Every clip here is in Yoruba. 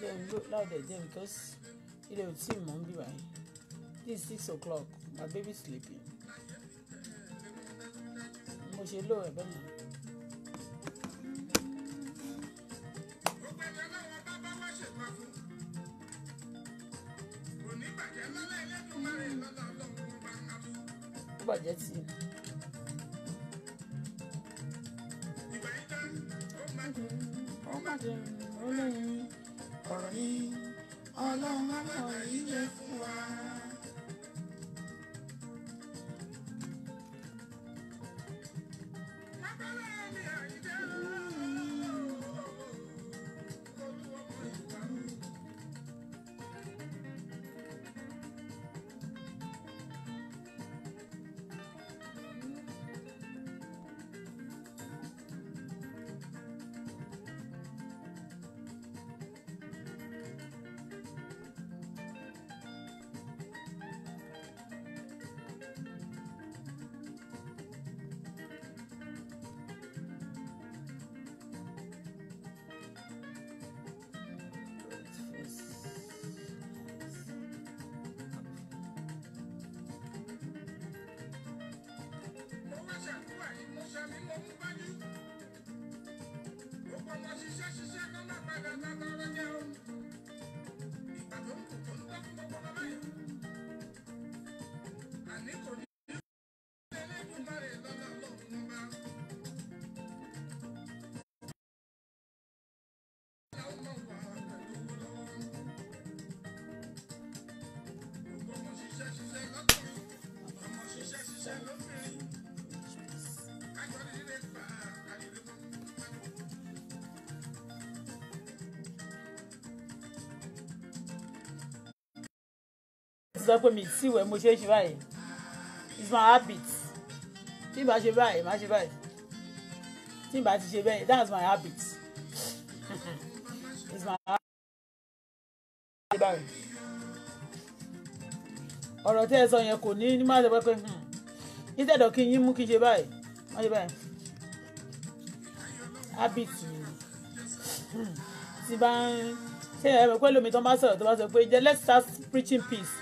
jẹ́ láòdẹ̀ jẹ́ because ilé will tí ì mọ̀ ń this six o'clock my baby sleeping mo ṣe lò ẹ̀ sọ pé mi tí ìwẹ̀ mo ṣe é ṣe báyìí it's my habit tí ìbá ṣe báyìí má ṣe báyìí tí ìbá ti ṣe bẹ́ẹ̀ that's my habit it's my habit. ọ̀rọ̀ tí ẹ sọ yẹn kò ní ní má ṣe pé pé hmm, instead of kí n yín mú kí n ṣe báyìí má ṣe báyìí habit ti hmm. bá ṣe ẹ̀rọ pẹ́lú mi tó bá sọ̀rọ̀ tó bá sọ pé let's start preaching peace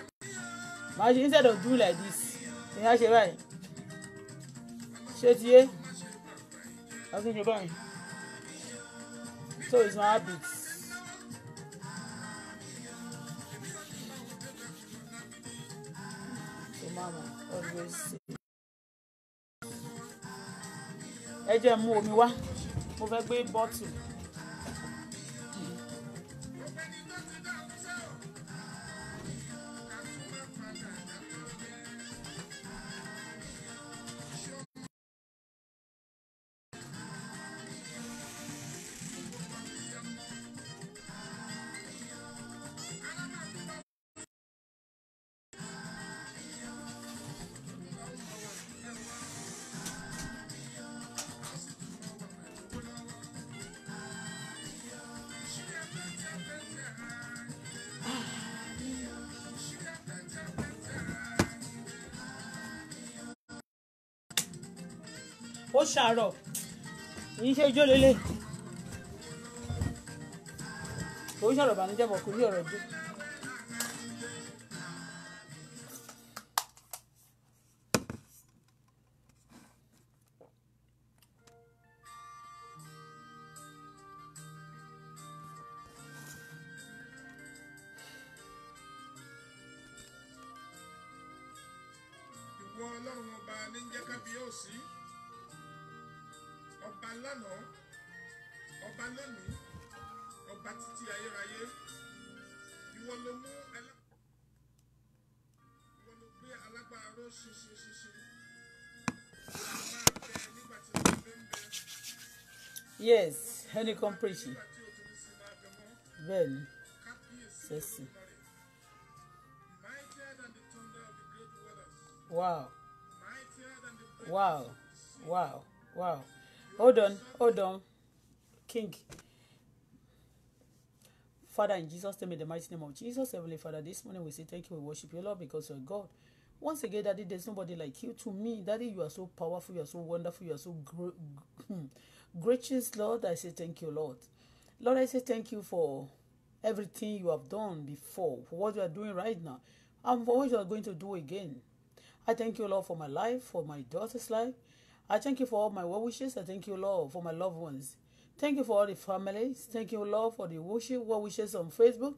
màá instead of doing like this you have to buy. ṣé ti I think ṣe báyìí so it's my habits. So mama always say. ẹ jẹ́ mú omi wá mo fẹ́ gbé bọ́tù. ó ṣàárọ̀ yìí ṣe ijó lélẹ̀ kò ń ṣọ̀rọ̀ bọ̀ kò ní ọ̀rọ̀ dé. yes ẹnìkan pèsè bẹ́ẹ̀ ni sẹ́sì wow wow wow wow hold on hold on king. Father, in Jesus' name, in the mighty name of Jesus, Heavenly Father, this morning we say thank you, we worship you, Lord, because you're God. Once again, Daddy, there's nobody like you. To me, Daddy, you are so powerful, you are so wonderful, you are so gr- hmm, gracious, Lord. I say thank you, Lord. Lord, I say thank you for everything you have done before, for what you are doing right now, and for what you are going to do again. I thank you, Lord, for my life, for my daughter's life. I thank you for all my well wishes. I thank you, Lord, for my loved ones. Thank you for all the families. Thank you, Lord, for the worship, well wishes on Facebook.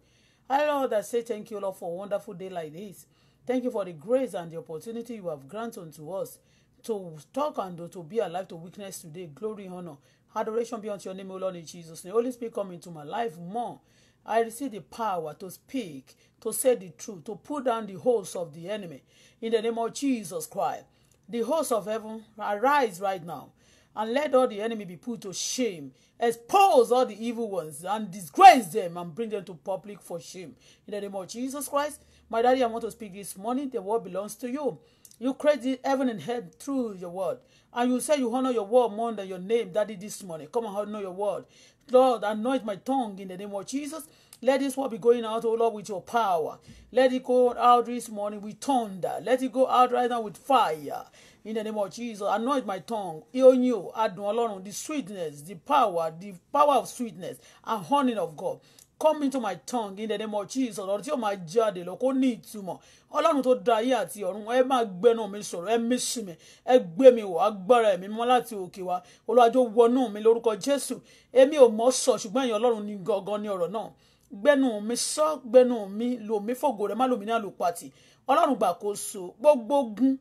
I, Lord, I say thank you, Lord, for a wonderful day like this. Thank you for the grace and the opportunity you have granted unto us to talk and to be alive to witness today. Glory, honor, adoration be unto your name, O Lord, in Jesus' name. Holy Spirit, come into my life more. I receive the power to speak, to say the truth, to put down the hosts of the enemy. In the name of Jesus Christ, the hosts of heaven arise right now and let all the enemy be put to shame. Expose all the evil ones and disgrace them and bring them to public for shame. In the name of Jesus Christ, My daddy, I want to speak this morning. The word belongs to you. You created heaven and head through your word. And you say you honor your word more than your name, daddy, this morning. Come and honor your word. Lord, anoint my tongue in the name of Jesus. Let this word be going out, O oh Lord, with your power. Let it go out this morning with thunder. Let it go out right now with fire. In the name of Jesus, anoint my tongue. On you, adùn alone the sweetness, the power, the power of sweetness, and honey of God come into my tongue in the name of Jesus ọ̀rọ̀ tí ó máa jáde lọ kó ní ìtumọ̀ ọlọ́run tó dá ayé àti ọ̀run ẹ máa gbẹnu mi sọ̀rọ̀ ẹ mí sí mi ẹ gbé mi wọ̀ agbára ẹ̀mí mọ́ láti òkè wa olùwàjò wọnú mi lórúkọ Jésù èmi ò mọ̀ sọ ṣùgbọ́n ẹ̀yin ọlọ́run ní gangan ní ọ̀rọ̀ náà gbẹnu mi sọ gbẹnu mi lò mí fògo rẹ má lò mí ní àlùpàtì ọlọ́run gbàkóso gbogbo ogun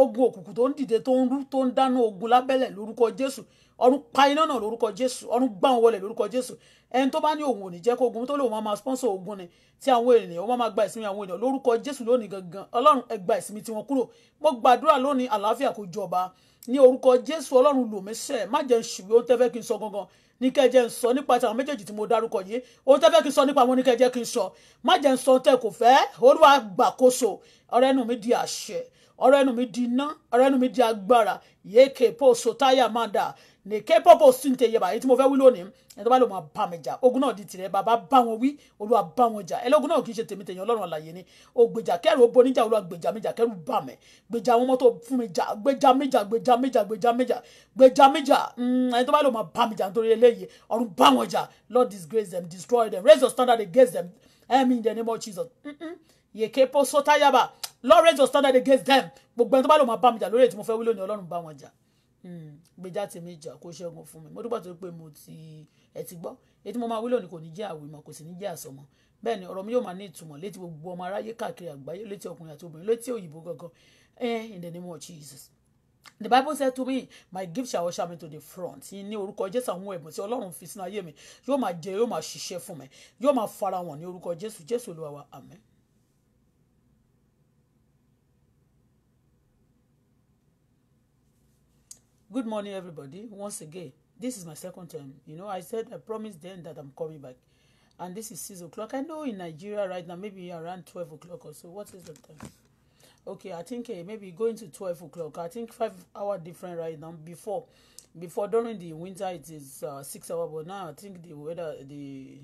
ogun òkùnkùn tó ń dìde tó ń rú tó ń dáná ogun lábẹ́lẹ̀ lórúkọ Jésù ọ̀run pa iná náà lórúkọ jésù ọ̀run gbá wọn wọlé lórúkọ jésù ẹni tó bá ní òun ò ní jẹ́ kó ogun tó lè wọ́n máa sponsor ogun ni tí àwọn ènìyàn wọ́n máa gba ìsinmi àwọn ènìyàn lórúkọ jésù lónìí gangan ọlọ́run ẹ gba ìsinmi tiwọn kúrò mo gbàdúrà lónìí àlàáfíà kó jọba ní orúkọ jésù ọlọ́run lò mí sẹ́ẹ̀ má jẹ́ ṣùgbọ́n ó tẹ́fẹ́ kí n sọ gangan ní kẹ́ jẹ́ ń sọ nípa tàwọn méjèèjì tí mo dárúkọ yìí ohun tẹ́ kí n sọ nípa wọn ní kí n sọ má jẹ́ ń sọ tẹ́ kò fẹ́ olúwa gbàkóso ọ̀rọ̀ ẹnu mi di àṣẹ ọ̀rọ̀ ẹnu mi di iná ọ̀rọ̀ ẹnu mi di agbára yéèké pòṣọ táyà máa dà lèké pọ́pọ́ sunte yé bá èyí tí mo fẹ́ wí lónìí ẹni tó bá lò máa bá mi jà ogun náà di tirẹ̀ bàbá bá wọn wí olúwa bá wọn jà ẹlẹ́gun náà kì í ṣe tèmi tèyàn ọlọ́run àlàyé ni o gbèjà kẹ́rù ó boníjà olúwa gbèjà mi jà kẹ́rù bà mí gbèjà àwọn mọ́tò fún mi jà gbèjà mi jà gbèjà mi jà gbèjà mi jà gbèjà mi jà hmm, ẹni tó bá lò máa bá mi jà nítorí eléyìí ọ̀run bá wọn jà Lord disgrace them destroy them raise your standard against them ẹ̀mí in the name of Jesus yèké pọ́ sọ́tà yaba Lord raise your standard against them gbogbo ẹni tó bá lò máa bá mi jà lórí èyí tí mo fẹ́ wí lónìí ọlọ́run bá wọn jà Hmm. gbèjà tèmi jà kó ṣẹ́gun fún mi mo dúpẹ́ tó pé mo ti ẹ̀ ti gbọ́ etí mo máa wí lónìí kò ní jẹ́ àwìmọ̀ kò sì ní jẹ́ àsọmọ́ bẹ́ẹ̀ ni ọ̀rọ̀ mi yóò máa ní ìtumọ̀ létí gbogbo ọmọ aráyé káàkiri àgbáyé létí ọkùnrin àti obìnrin létí òyìnbó gangan eh in the name of Jesus the bible said to me my gift shall usher me to the front ní orúkọ jésù àwọn ẹ̀bùn tí ọlọ́run fi sínú ayé mi yóò máa jẹ yóò máa ṣiṣẹ́ fún mi yóò máa farahàn ní orúkọ jésù jésù olúwa wa Amen. Good morning, everybody. Once again, this is my second time. You know, I said I promised them that I'm coming back. And this is six o'clock. I know in Nigeria right now, maybe around 12 o'clock or so. What is the time? Okay, I think uh, maybe going to 12 o'clock. I think five hour different right now. Before, before during the winter, it is uh, six hour, but now I think the weather, the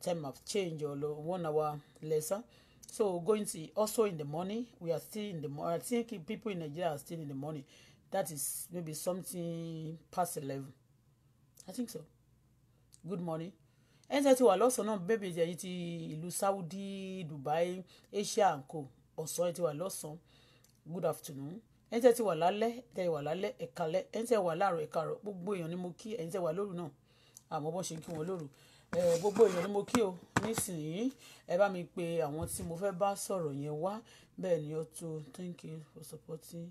time have changed or one hour lesser. So going to also in the morning, we are still in the morning. I think people in Nigeria are still in the morning that is maybe something past eleven i think so good morning ẹnjẹ ti wà lọ́sàn-án náà bẹ́ẹ̀ bẹ́ẹ̀ yẹn ti ìlú saudi dubai asia and co ọ̀sán ẹ ti wà lọ́sàn good afternoon ẹnjẹ ti wà lálẹ́ ẹnjẹ wà lálẹ́ ẹ̀kalẹ́ ẹnjẹ wà láàárọ̀ ẹ̀karọ̀ gbogbo èèyàn ni mo kí ẹnjẹ wà lóru náà àmọ́ bọ́n ṣe kí wọn lóru gbogbo èèyàn ni mo kí o nísìnyí ẹ bá mi pe àwọn tí mo fẹ́ bá sọ̀rọ̀ yẹn wá bẹ́ẹ̀ ni ó tó thank you for supporting.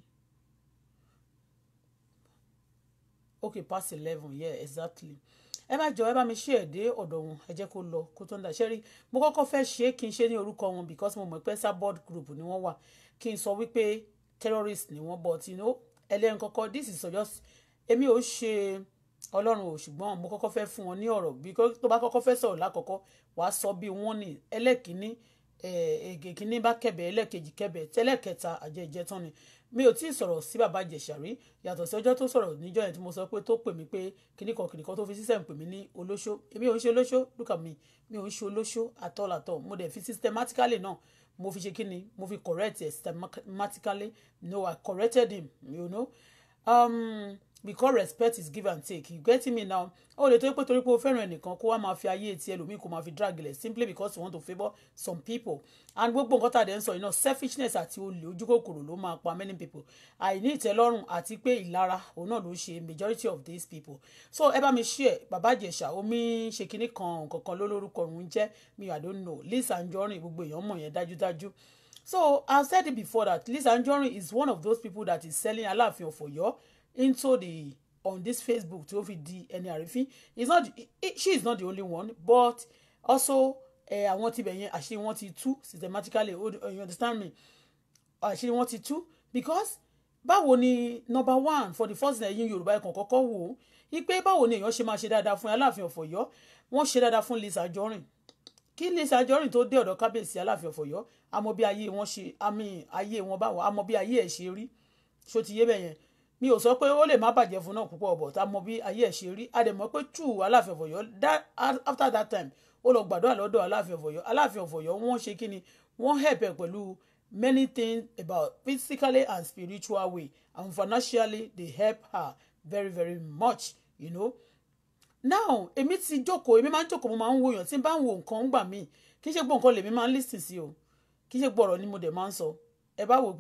okay past eleven yeah exactly ẹ má jọ ẹ bá mi ṣe ẹdẹ ọ̀dọ̀ wọn ẹ jẹ́ kó lọ kó tó ń dà ṣẹrí mo kọ́kọ́ fẹ́ ṣe é kí n ṣe ní orúkọ wọn because mo mọ̀ pé sabord group ni wọ́n wà kí n sọ wípé terrorist ni wọ́n but you know ẹlẹ́rìn kọ́kọ́ this is just èmi ò ṣe ọlọ́run ò ṣùgbọ́n mo kọ́kọ́ fẹ́ fún wọn ní ọ̀rọ̀ bí tó bá kọ́kọ́ fẹ́ sọ̀rọ̀ lákọ̀ọ́kọ́ wàá sọ bí wọ́n ní ẹlẹ́kìíní eh, ègè kìíní bá kẹ̀bẹ̀ ẹlẹ́kejì kẹ̀bẹ̀ tẹ́lẹ̀kẹta àjẹjẹ tán ni mi ò tí ì sọ̀rọ̀ sí bàbá ìjẹ̀ṣà rí yàtọ̀ sí ọjọ́ tó sọ̀rọ̀ níjọ́ yẹn tí mo sọ pé tó pè mí pé kìnnìkan kìnnìkan tó fi sísẹ̀m pè mí ní olóṣó èmi ò ń ṣe olóṣó look at me mi ò ń ṣe olóṣó àtọ̀làtọ̀ mo dẹ̀ fi systematically náà mo fi ṣe kí ni mo fi correct ẹ̀ systematically no I corrected him you know um, because respect is give and take you get me now Oh, lè tó pé torí pé o fẹ́ràn ẹnìkan kó wá máa fi ayé etí ẹlòmíì kó máa fi drag lẹ̀ simply because you want to favour some people and gbogbo nǹkan tàdé ń sọ iná selfishness àti olè ojú kòkòrò ló máa pa many people àìní ìtẹ́lọ́rùn àti pé ìlara òun náà ló ṣe majority of these people so ẹ bá mi share bàbá Ìjẹ̀ṣà omi ṣe kinní kan nǹkan kan lólórúkọ òun jẹ́ mi I don't know Liz Anjorin gbogbo èèyàn mọ̀ yẹn dájúdájú so I said it before that Liz Anjorin is one of those people that is selling Aláàfin of Ọ̀yọ́ into the on this Facebook to ó fi di ẹni àrífín is not the, she is not the only one but also eh, àwọn tibẹ̀ yẹn àṣírí wọn ti tú systematically eh, you understand me àṣírí wọn ti tú because báwo ni number one for the first time ẹ̀yin Yorùbá ẹ̀kan kọ́kọ́ wò ó ipe báwo ni èèyàn ṣe máa ṣe dáadáa fún Aláàfin of Ọ̀yọ́ wọ́n ṣe dáadáa fún Lisa Anjorin kí Lisa Anjorin tó dé ọ̀dọ̀ kábíyèsí Aláàfin of Ọ̀yọ́ àmọ́ bí ayé wọn ṣe àmì ayé wọn báwọn àmọ́ bí ayé ẹ̀ ṣe rí ṣó ti yé bẹ́ẹ̀ yẹn mi ò sọ pé ó lè má bàjẹ́ fún náà púpọ̀ bọ̀ tá a mọ bí ayé ẹ̀ ṣe rí a pé tù aláàfin ọ̀fọ̀yọ́ after that time ó lọ gbàdúrà lọ́dọ̀ aláàfin ọ̀fọ̀yọ́ aláàfin ọ̀fọ̀yọ́ wọ́n ṣe kí ni wọ́n help ẹ̀ pẹ̀lú many things about physically and spiritual way and financially they help her very very much you know now èmi ti jókòó èmi máa ń jókòó mo máa ń wo èèyàn tí n bá ń wo nǹkan gbà mí kì í ṣe gbọ́ nǹkan lèmi máa ni mo dẹ̀ máa ń sọ mo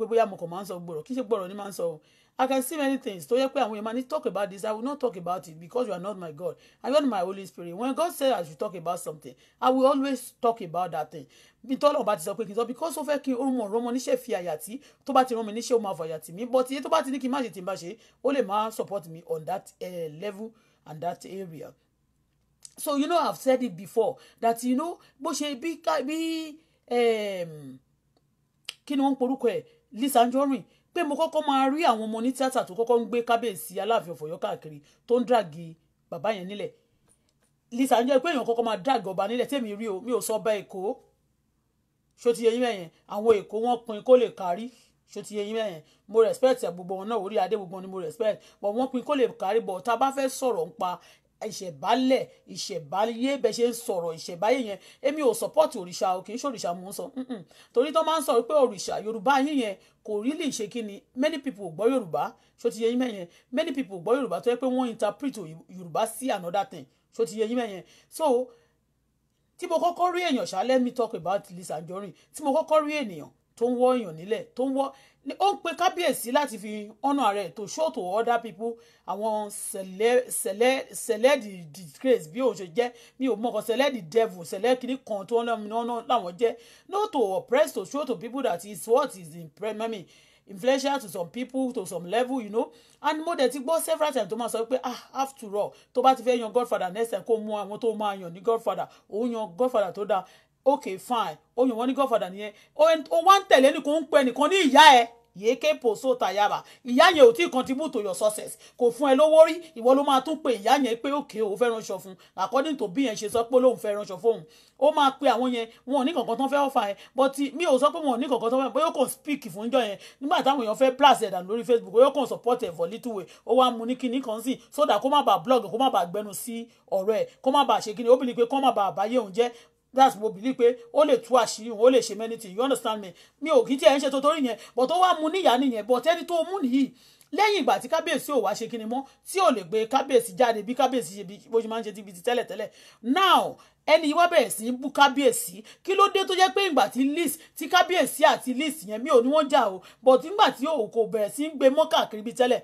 kàn máa ń ni máa ń I can see many things. So yẹ pé àwọn èèyàn máa talk about this. I will not talk about it because you are not my God. I am my Holy Spirit. When God says I should talk about something, I will always talk about that thing. Nítorí ọba ti sọ pé kí n sọ because ó fẹ́ kí ọmọ ọ̀rọ̀mọ níṣẹ́ fi àyà tí tó bá ti rán mi níṣẹ́ ó máa fọ àyà tí mi but iye tó bá ti ní kí n má ṣe tí n bá ṣe ó lè máa support me on that uh, level and that area. So you know I've said it before that you know bó ṣe bí bí eh, kí ni wọ́n ń porúkọ ẹ̀ Liz Anjorin pé mo kọ́kọ́ máa rí àwọn ọmọ ní tíátà tó kọ́kọ́ ń gbé kábíyèsí aláàfin ọ̀fọ̀yọ́ káàkiri tó ń dàgì bàbá yẹn nílẹ̀ lisa ń jẹ́ pé èèyàn kọ́kọ́ máa dàgì ọba nílẹ̀ tèmi rí o mi ò sọ ọba èkó ṣó mẹ́yẹn àwọn èkó wọ́n pin kó lè kárí ṣó mẹ́yẹn mo respect gbogbo wọn náà orí adé gbogbo ni mo respect but wọ́n pin kó lè kárí but tá bá fẹ́ sọ̀rọ̀ ń pa ìṣẹ̀bálẹ̀ ìṣẹ̀báyé bẹ́ẹ̀ ṣe ń sọ̀rọ̀ ìṣẹ̀báyé yẹn èmi ò support òrìṣà ò kì í ṣòrìṣà mò ń sọ torí tó máa ń sọ pé òrìṣà yorùbá yín yẹn kò rí lè ṣe kí ni many people gbọ́ yorùbá ṣó ti yẹ yín mẹ́yẹn many people gbọ́ yorùbá tó yẹ pé wọ́n interpret yorùbá sí another thing ṣó ti yẹ yín mẹ́yẹn so tí mo kọ́kọ́ rí èèyàn ṣá let me talk about Lizzy Anjorin tí mo kọ́kọ́ rí ènìyàn tó ń wọ́ èèyàn nílẹ̀ tó ń wọ́ ó ń pe kábíyèsí láti fi honour rẹ̀ to show to other people àwọn sẹ̀lẹ̀ di disgrace bí o ṣe jẹ́ mi ò mọ̀kàn sẹ̀lẹ̀ di devil sẹ̀lẹ̀ kìíní kan tó náà làwọn jẹ́ no to oppress to show to people that is what is in primary influential to some people to some level you know and mo dẹ̀ ti gbọ́ several times tó máa sọ pé ah after all tó bá ti fẹ́ yan godfather next time kó mú àwọn tó máa yan ní godfather òun yan godfather tó dáa okay fine ó yan wọn ní godfather nìyẹn ó wá ń tẹ̀lé nìkan ń pẹ́ nìkan ní ìyá ẹ̀ yéèké pòso tàyàrà ìyá yẹn ò tí ì contribute to your success kò fún ẹ lówó rí ìwọ ló máa tún pe ìyá yẹn pé òkè òun fẹ́ ránṣọ fún according to bí yẹn ṣe sọ pé lóun fẹ́ ránṣọ fóun ó máa pe àwọn yẹn wọn ò ní kankan tán fẹ́ ọ̀fà ẹ but mi ò sọ pé wọn ò ní kankan tán fẹ́ bóyá ó kàn speak fún jọ yẹn nígbà táwọn èèyàn fẹ́ blast ẹ̀ lórí facebook ó yóò kàn support ẹ̀ for little way ó wá mu ní kinní kan sí so that kó má bàa blog kó má bàa gbẹnu sí ọ̀rọ̀ ẹ̀ kó má bàa ṣe kinní ó bìlí pé kó má bàa àbáyé òun jẹ́ that's mo believe pé ó lè tú àṣírí wọn ó lè ṣe you understand me mi ò kí tí ẹ ń ṣe tó but ó wá mu níyà nìyẹn but ẹni tó mú nìyí lẹ́yìn ìgbà tí kábíyèsí ò wá ṣe kíni mọ́ tí ò lè gbé kábíyèsí jáde bí kábíyèsí ṣe bó ṣe máa ń ṣe tibiti tẹ́lẹ̀tẹ́lẹ̀ now ẹni wá bẹ̀rẹ̀ sí í bú kábíyèsí kí ló dé tó jẹ́ pé ìgbà tí list tí kábíyèsí àti list yẹn mi ò ní wọ́n jà o but ìgbà tí òun kò bẹ̀rẹ̀ sí í gbé mọ́ káàkiri bíi tẹ́lẹ̀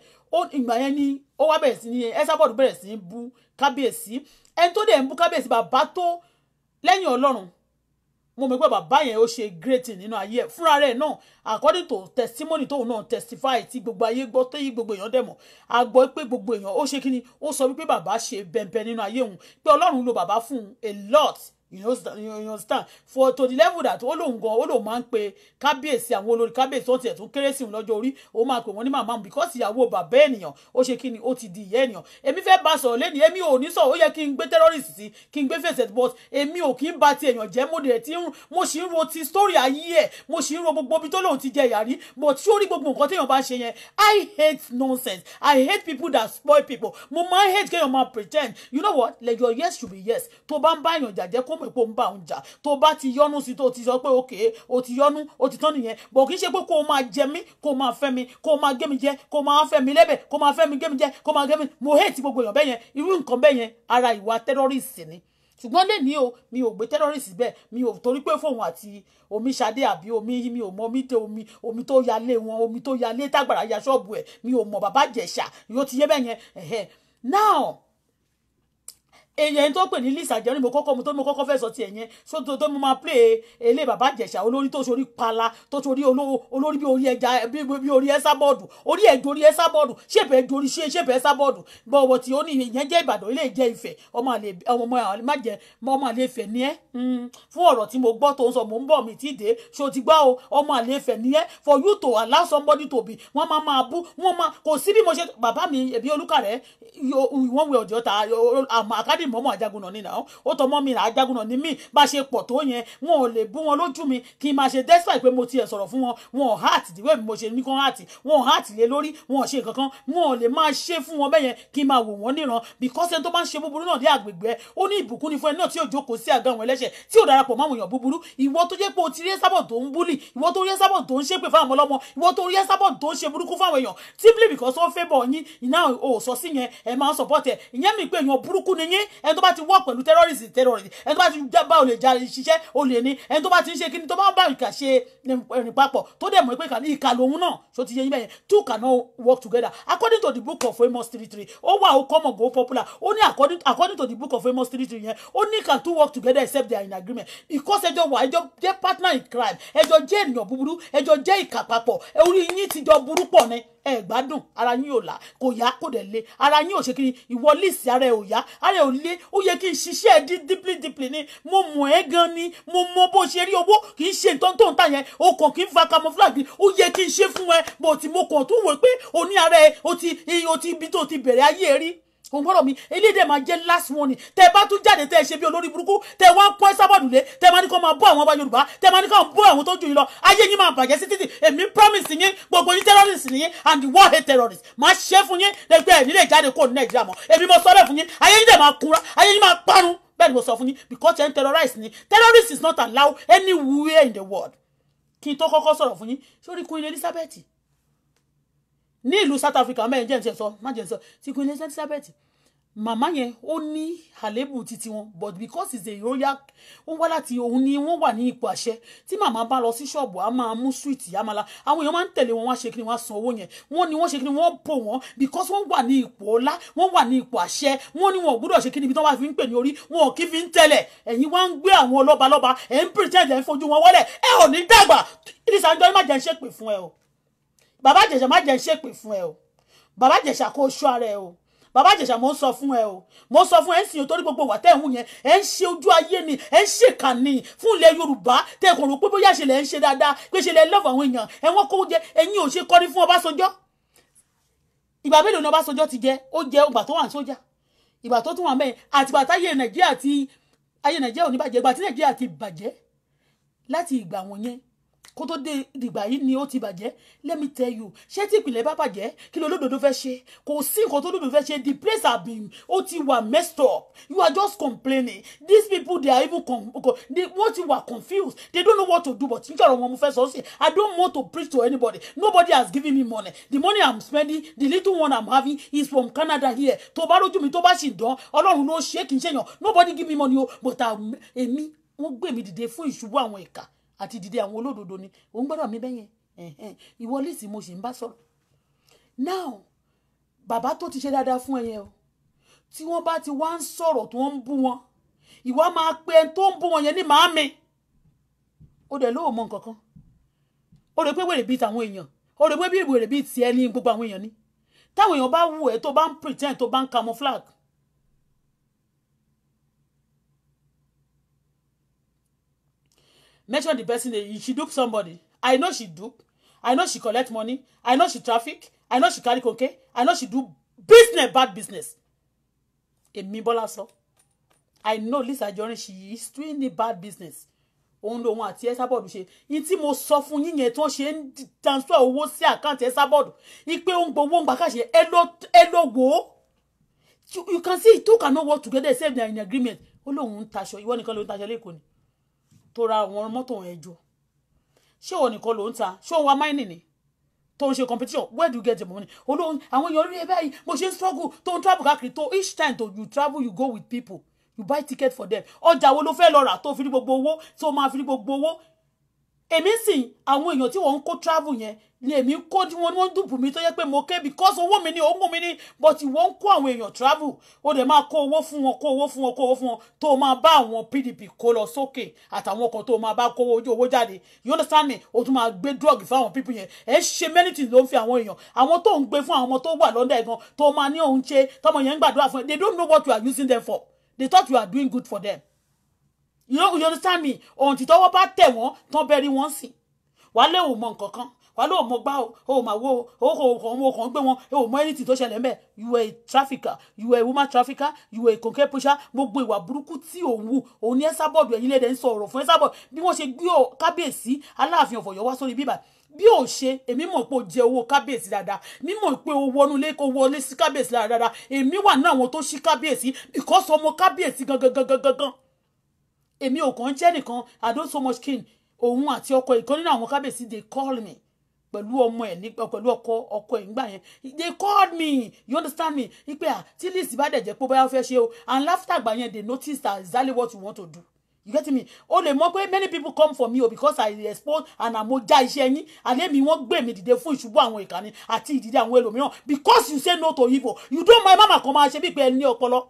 ìgbà yẹn ni ó wá bẹ̀rẹ̀ sí ní ẹsàbọ̀dù bẹ̀rẹ̀ sí í bú kábíyèsí lẹ́yìn ọlọ́run mo mọ̀ pé bàbá yẹn ó ṣe great nínú ayé ẹ̀ fúnra rẹ̀ náà according to testimony tóun náà testify tí gbogbo ayé gbọ́ tó yí gbogbo èèyàn dẹ̀ mọ̀ a gbọ́ pé gbogbo èèyàn ó ṣe kí ni ó sọ wípé bàbá ṣe bẹ̀m̀bẹ̀ nínú ayé òun pé ọlọ́run lo bàbá fún un a lot you know you understand for to the level that ó lóun gan ó lóun máa ń pe kábíyèsí àwọn olórí kábíyèsí wọn tiẹ̀ tún kéré sí òun lọ́jọ́ orí òun máa pè wọ́n ní màmá òun because ìyàwó bàbá ènìyàn ó ṣe kí ni ó ti di ìyá ènìyàn èmi fẹ́ bá sọ̀rọ̀ lẹ́ni èmi ò ní sọ̀rọ̀ ó yẹ kí n gbé terrorist sí kí n gbé fèsì but èmi ò kí n ba ti èèyàn jẹ́ mo dẹ̀ ti ń mo sì ń ro ti story ayé ẹ̀ mo sì ń ro gbogbo ibi tó lóun ti jẹ yàrí but sórí gbogbo nǹkan téèyàn bá ṣe yẹn I hate nonsense I hate people that spoil people mo máa hate kéèyàn máa pretend you know what let your yes should be yes tó bá ń bá èèyàn jàjẹ́ kó pé kó ń bá òun jà tó bá ti yọnu sí tó ti sọ pé òkè o ti yọnu o ti tán nìyẹn bọ̀ kì í ṣe pé kó máa jẹ mí kó máa fẹ́ mi kó máa gé mi jẹ kó máa fẹ́ mi lẹ́bẹ̀ kó máa fẹ́ mi gé mi jẹ kó máa gé mi mo hate gbogbo èèyàn bẹ́yẹn irú nǹkan bẹ́yẹn ara ìwà terrorist ni ṣùgbọ́n lè ní o mi ò gbé terrorist bẹ́ẹ̀ mi ò torí pé fóun àti Omiṣadé àbí omi mi ò mọ omi tẹ omi omi tó ya lé wọn omi tó ya lé tágbàrá ya ṣọ́ọ̀bù ẹ̀ mi ò mọ bàbá jẹ̀ṣà yóò ti yé bẹ́ẹ̀ yẹn now èyàn tó pè ní Lizzy Anjorin mo kọ́kọ́ mo tó mo kọ́kọ́ fẹ́ sọ tiẹ̀ yẹn so tó tó mo máa play ilé bàbá Ìjẹ̀ṣà olórí tó sori pala tó sori olórí bí orí ẹja bí orí ẹsà bọ́ọ̀dù orí ẹ̀jọ̀ orí ẹsà bọ́ọ̀dù ṣèpè ẹjọ̀ orí ṣèpè ẹsà bọ́ọ̀dù bọ̀wọ̀ tí ó ní ìyẹn jẹ́ Ìbàdàn ilé ìjẹ́ Ifẹ̀ ọmọ àlè ọmọ àlè má jẹ ọmọ àlè Ifẹ̀ ni ẹ́ hmm, fún ọ̀rọ̀ tí mo gbọ́ tó ń sọ mò ń bọ̀ mi tíde ṣo ti gbá o ọmọ àlè Ifẹ̀ ni ẹ́ for you to allow somebody to be wọ́n máa máa bú wọ́n máa kò sí bí mo ṣe bàbá mi ẹ̀bí olúkàrẹ́ ìwọ̀n wẹ̀ ọ̀jọ́ ta àkádé dádì mọ́mọ́ àjágúnà ni náà ó tọ́ mọ́ mi náà àjágúnà mí bá ṣe pọ̀ tó yẹn wọn ò lè bú wọn lójú mi kí n máa ṣe despite pé mo tiẹ̀ sọ̀rọ̀ fún wọn wọn ò heart ìdíwẹ́ mi mo ṣe nìkan heart wọn ò heart lé lórí wọn ò ṣe kankan wọn ò lè máa ṣe fún wọn bẹ́yẹn kí n máa wò wọ́n níran because ẹni tó bá ń ṣe búburú náà dé àgbègbè ẹ ó ní ìbùkún ni fún ẹni náà tí ò jókòó sí àga àwọn ẹlẹ́ṣẹ̀ ẹni tó bá ti wọ́ pẹ̀lú terrorism terrorism ẹni tó bá ti jábá olè jà ṣiṣẹ́ olè ní ẹni tó bá ti ń ṣe kíni tó bá ń bá ìkà ṣe rìn papọ̀ tó dẹ̀ mọ̀ pé ìkà lòun náà ṣó ti yẹ yín bẹ́yẹn two cannot work together according to the book of Amos three three ó wà ó common go popular ó ní according according to the book of Amos three three yẹn ó ní can two work together except their in agreement because ẹjọ́ wà ẹjọ́ jẹ́ partner in crime ẹjọ́ jẹ́ ènìyàn búburú ẹjọ́ jẹ́ ìkà papọ̀ orí yín ti jọ burú pọ̀ ni ẹ gbádùn ara yín ò là kò yá kò dẹ̀ le ara yín ò ṣe kí ìwọ líìsì ara ẹ ò yá ara ẹ ò le ó yẹ kí n ṣiṣẹ́ ẹ dípìlì dípìlì ni mo mọ̀ ẹ́ gan ni mo mọ bó ṣe rí owó kì í ṣe nǹkan tó ń tà yẹn o kàn kì í fa camouflage ó yẹ kí n ṣe fún ẹ bó ti mo kàn tún wò pé o ní ara ẹ o ti ibi tó ti bẹ̀rẹ̀ ayé rí kò gbọ́dọ̀ mi eléyìí dẹ̀ máa jẹ́ last warning tẹ bá tún jáde tẹ ṣe bí olórí burúkú tẹ wá ń pọ́ sábọ̀dù lé tẹ máa ní kó máa bọ́ àwọn ọba yorùbá tẹ máa ní kó bọ́ àwọn tó jù yín lọ ayé yín máa bàjẹ́ sí títì èmi promise yín gbogbo yín terrorist nìyín and the war hate terrorist máa ṣe fún yín lẹgbẹ́ ẹ̀ nílé jáde kó ní nàìjíríà mọ́ èmi mo sọ bẹ́ẹ̀ fún yín ayé yín dẹ̀ máa kunra ayé yín máa parun bẹ́ẹ̀ ni mo sọ fún yín because ẹ̀ ń terrorize ni terrorist is not allowed anywhere in the world kí n tó kọ́kọ́ sọ̀rọ̀ fún yín sórí Queen Elizabeth ní ìlú South Africa mẹ́rin jẹ́ ìṣẹ̀sọ má jẹ́ ìṣẹ̀sọ ti Queen Elizabeth màmá yẹn ó ní àléébù títí wọn but because it's a royal wọ́n wá láti òun ni wọ́n wà ní ipò àṣẹ tí màmá bá lọ sí ṣọ́ọ̀bù á máa mú sweet á la àwọn èèyàn máa ń tẹ̀lé wọn wá ṣe kí ni wọ́n á san owó yẹn wọ́n ni wọ́n ṣe kí ni wọ́n bò because wọ́n wà ní ipò ọlá wọ́n wà ní ipò àṣẹ wọ́n ní wọn ò gbúdọ̀ ṣe kí ni ibi tí wọ́n bá fi ń pè ní orí wọn ò kí fi ń tẹ̀lẹ̀ ẹ̀yin wá ń gbé àwọn lọ́balọ́ba ẹ̀ ń pretend ẹ̀ ń fojú wọn wọlé ẹ̀ ò ní dàgbà ìdísàjọ́ ẹ má jẹ́ ń ṣépè fún ẹ bàbá ìjẹ̀ṣà má jẹ́ ṣépè fún ẹ o bàbá ìjẹ̀ṣà kó ṣọ́ ara ẹ o bàbá ìjẹ̀ṣà mo ń sọ fún ẹ o mo sọ fún ẹ ń sìn torí gbogbo wà tẹ́ ẹ̀ ń yẹn ẹ ń ṣe ojú ayé ni ẹ ń ṣèkà ni fún ilẹ̀ yorùbá tẹ́ ẹ kò rò pé bóyá ṣe lẹ̀ ń ṣe dáadáa pé ṣe lẹ̀ lọ́fọ̀ àwọn èèyàn ẹ wọ́n kó jẹ ẹ̀yin ò ṣe kọrin fún ọbásanjọ́ ìgbà mélòó ni ọbásanjọ́ ti jẹ ó jẹ ìgbà tó wà ní sójà ìgbà tó tún wà mẹ́rin àtìgbà táyé nàìjíríà ti ayé nàìjíríà ò bàjẹ́ ìgbà tí nàìjíríà ti bàjẹ́ láti ìgbà wọn yẹn kó tó dé ìgbà yìí ni ó ti bàjẹ́ let me tell you ṣé tí ìpìlẹ̀ bá bàjẹ́ kí ló lódodo fẹ́ ṣe kò sí nǹkan tó lódodo fẹ́ ṣe the place have been ó ti wà messed up you are just complaining these people they are even they wọ́n ti wà confused they don't know what to do but nígbà ọ̀rọ̀ wọn mo fẹ́ sọ sí i don't want to preach to anybody nobody has given me money the money i'm spending the little one i'm having is from Canada here tó bá lójú mi tó bá sì dán ọlọ́run ló ṣe é kì í ṣèyàn nobody give me money o but èmi wọ́n gbé mi dìde fún ìṣubú àwọn ìka àti dìde àwọn olódodo ni òun gbọ́dọ̀ mi bẹ́yẹn ìwọ Lizzy mo sì ń bá sọ̀rọ̀ now bàbá tó ti ṣe dáadáa fún ẹyẹ o tí wọ́n bá ti wá ń sọ̀rọ̀ tó ń bú wọn ìwọ máa pe ẹni tó ń bú wọn yẹn ní màámi ó dẹ̀ lóò mọ nǹkan kan ó rẹ pé wèrè bíi tàwọn èèyàn ó rẹ pé bí wèrè bíi tiẹ̀ ní gbogbo àwọn èèyàn ni táwọn èèyàn bá wù ẹ́ tó bá ń pretend tó bá ń camouflage mention the person that she dupe somebody i know she dupe i know she collect money i know she traffic i know she carry konke i know she do business bad business èmi bọ́lá sọ i know Lisa Anjorin she is doing the bad business òun lòun àti ẹsábọọdù ṣe ní tí mo sọ fún yín yẹn tí wọn ṣe ń transfer owó sí àkáǹtì ẹsábọọdù ní pé ó ń gbowó ń gbà káṣe ẹ ló wò ó you can see two cannot work together save their agreement ó lóun ń taṣọ ìwọ nìkan ló ń taṣọ lẹ́kọ̀ọ́ ni tó ra àwọn mọ́tò wọn ẹjọ́ ṣé òun nìkan ló ń ta ṣé òun wa máìnì ni tó ń ṣe competition where do you get the money olóhùn àwọn èèyàn rí ẹ báyìí mo ṣe ń struggle tó ń travel káàkiri tó each time to you travel you go with people you buy ticket for them ọjà wo ló fẹ́ lọ rà tó fi ní gbogbo owó tó máa fi ní gbogbo owó èmi sì àwọn èèyàn tí wọ́n ń kó travel yẹn ni èmi kó tí wọ́n wọ́n dùbù mi tó yẹ pé mo ké because owó mi ni òun mi ni but wọ́n ń kó àwọn èèyàn travel ó dẹ̀ máa kó owó fún wọn kó owó fún wọn kó owó fún wọn tó o máa bá àwọn PDP kó lọ sókè àtàwọn kan tó o máa bá kó owó jáde you understand me o tún máa gbé drug fún àwọn people yẹn ẹ ṣe many things ló ń fi àwọn èèyàn àwọn tó ń gbé fún àwọn ọmọ tó wà lọ́ndà ẹ̀gan tó o máa ní òun ṣe tọmọ yẹn ń gbàdúrà fún ẹ they don't know what you are using them for they thought you are doing good for them you know understand me ohun tí tọwọ́ ba tẹ̀ wọ́n tán bẹ́ẹ̀ rí si. Wa le o òun mọ nǹkan kan wàá lé òun o ma wo o kò kàn gbé wọn o mọ anything tó ṣẹlẹ̀ mẹ́ẹ̀ you were a trafficker you were a woman trafficker you were a cocaine pusher gbogbo ìwà burúkú tí o wù òun ní Esabod ẹ̀yin lẹ́dẹ̀ ń sọ ọ̀rọ̀ fún Esabod bí wọ́n ṣe gbé kábíyèsí aláàfin ọ̀fọ̀yọ́ wá sórí bíbà bí ò ṣe èmi mọ̀ pé o jẹ owó kábíyèsí dáadáa mi mọ̀ pé o wọnú ilé kó wọlé sí kábíyèsí dáadáa èmi wà ní àwọn tó ṣí kábíyèsí because ọmọ kábíyèsí gangan gangan gangan èmi ò kàn jẹ́ nìkan i don't so much kin òun àti ọkọ ìkan nínú àwọn kábíyèsí they call me pẹ̀lú ọmọ ẹ̀ nípa pẹ̀lú ọkọ ọkọ ẹ̀ ńgbà yẹn they called me you understand me ipe à tí list bá dẹ̀ jẹ́ pé bóyá ó fẹ́ ṣe o and after àgbà yẹn they notice that exactly what you want to do you get me o lè mọ̀ pé many people come for me o because i expose and àmọ́ já iṣẹ́ yín àlẹ́ mi wọ́n gbé mi dìde fún ìṣubú àwọn ìkànnì àti ìdílé àwọn ẹlòmíràn because you say no to evil you don't mind mama kan máa ṣe bí pé ẹni ní ọpọlọ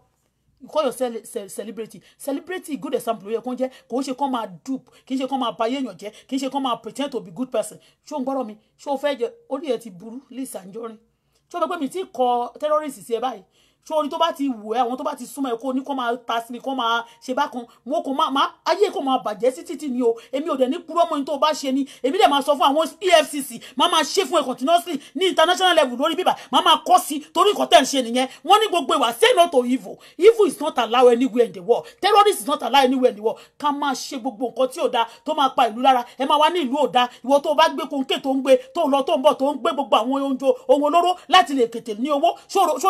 you call yourself celebrity celebrity good example ló yẹ kó ń jẹ́ kò ń ṣe kó máa dupe kì í ṣe kó máa ba yéèyàn jẹ́ kì í ṣe kó máa pretend to be good person ṣó ń gbọ́rọ̀ mi ṣó fẹ́ jẹ orí ẹ ti burú Lizzy Anjorin ṣó fẹ́ pé mi ti kọ terrorist sí ẹ báyìí sórí tó bá ti wù ẹ́ àwọn tó bá ti súnmọ́ ẹ kó ní kó máa ta sí mi kó máa ṣe bákan mo kò máa ayé kó máa bàjẹ́ sí títì ni o èmi ò dẹ̀ ní kúrọ́ mọ́ ní tó o bá ṣe ni èmi dẹ̀ máa sọ fún àwọn EFCC máa máa ṣe fún ẹ continuously Ni international level lórí bíbà máa máa kọ́ sí torí nǹkan tẹ̀ ń ṣe nìyẹn wọ́n gbogbo ìwà say not to evil evil is not allowed anywhere in the world terrorist is not allowed anywhere in the world ká máa ṣe gbogbo nǹkan tí ò da tó máa pa ìlú lára ẹ máa wá ní ìlú ò da ìwọ tó o bá gbé kóńké tó ń gbé tó ń lọ tó ń bọ̀ tó ń gbé gbogbo àwọn ohun olóró láti lè kètè ní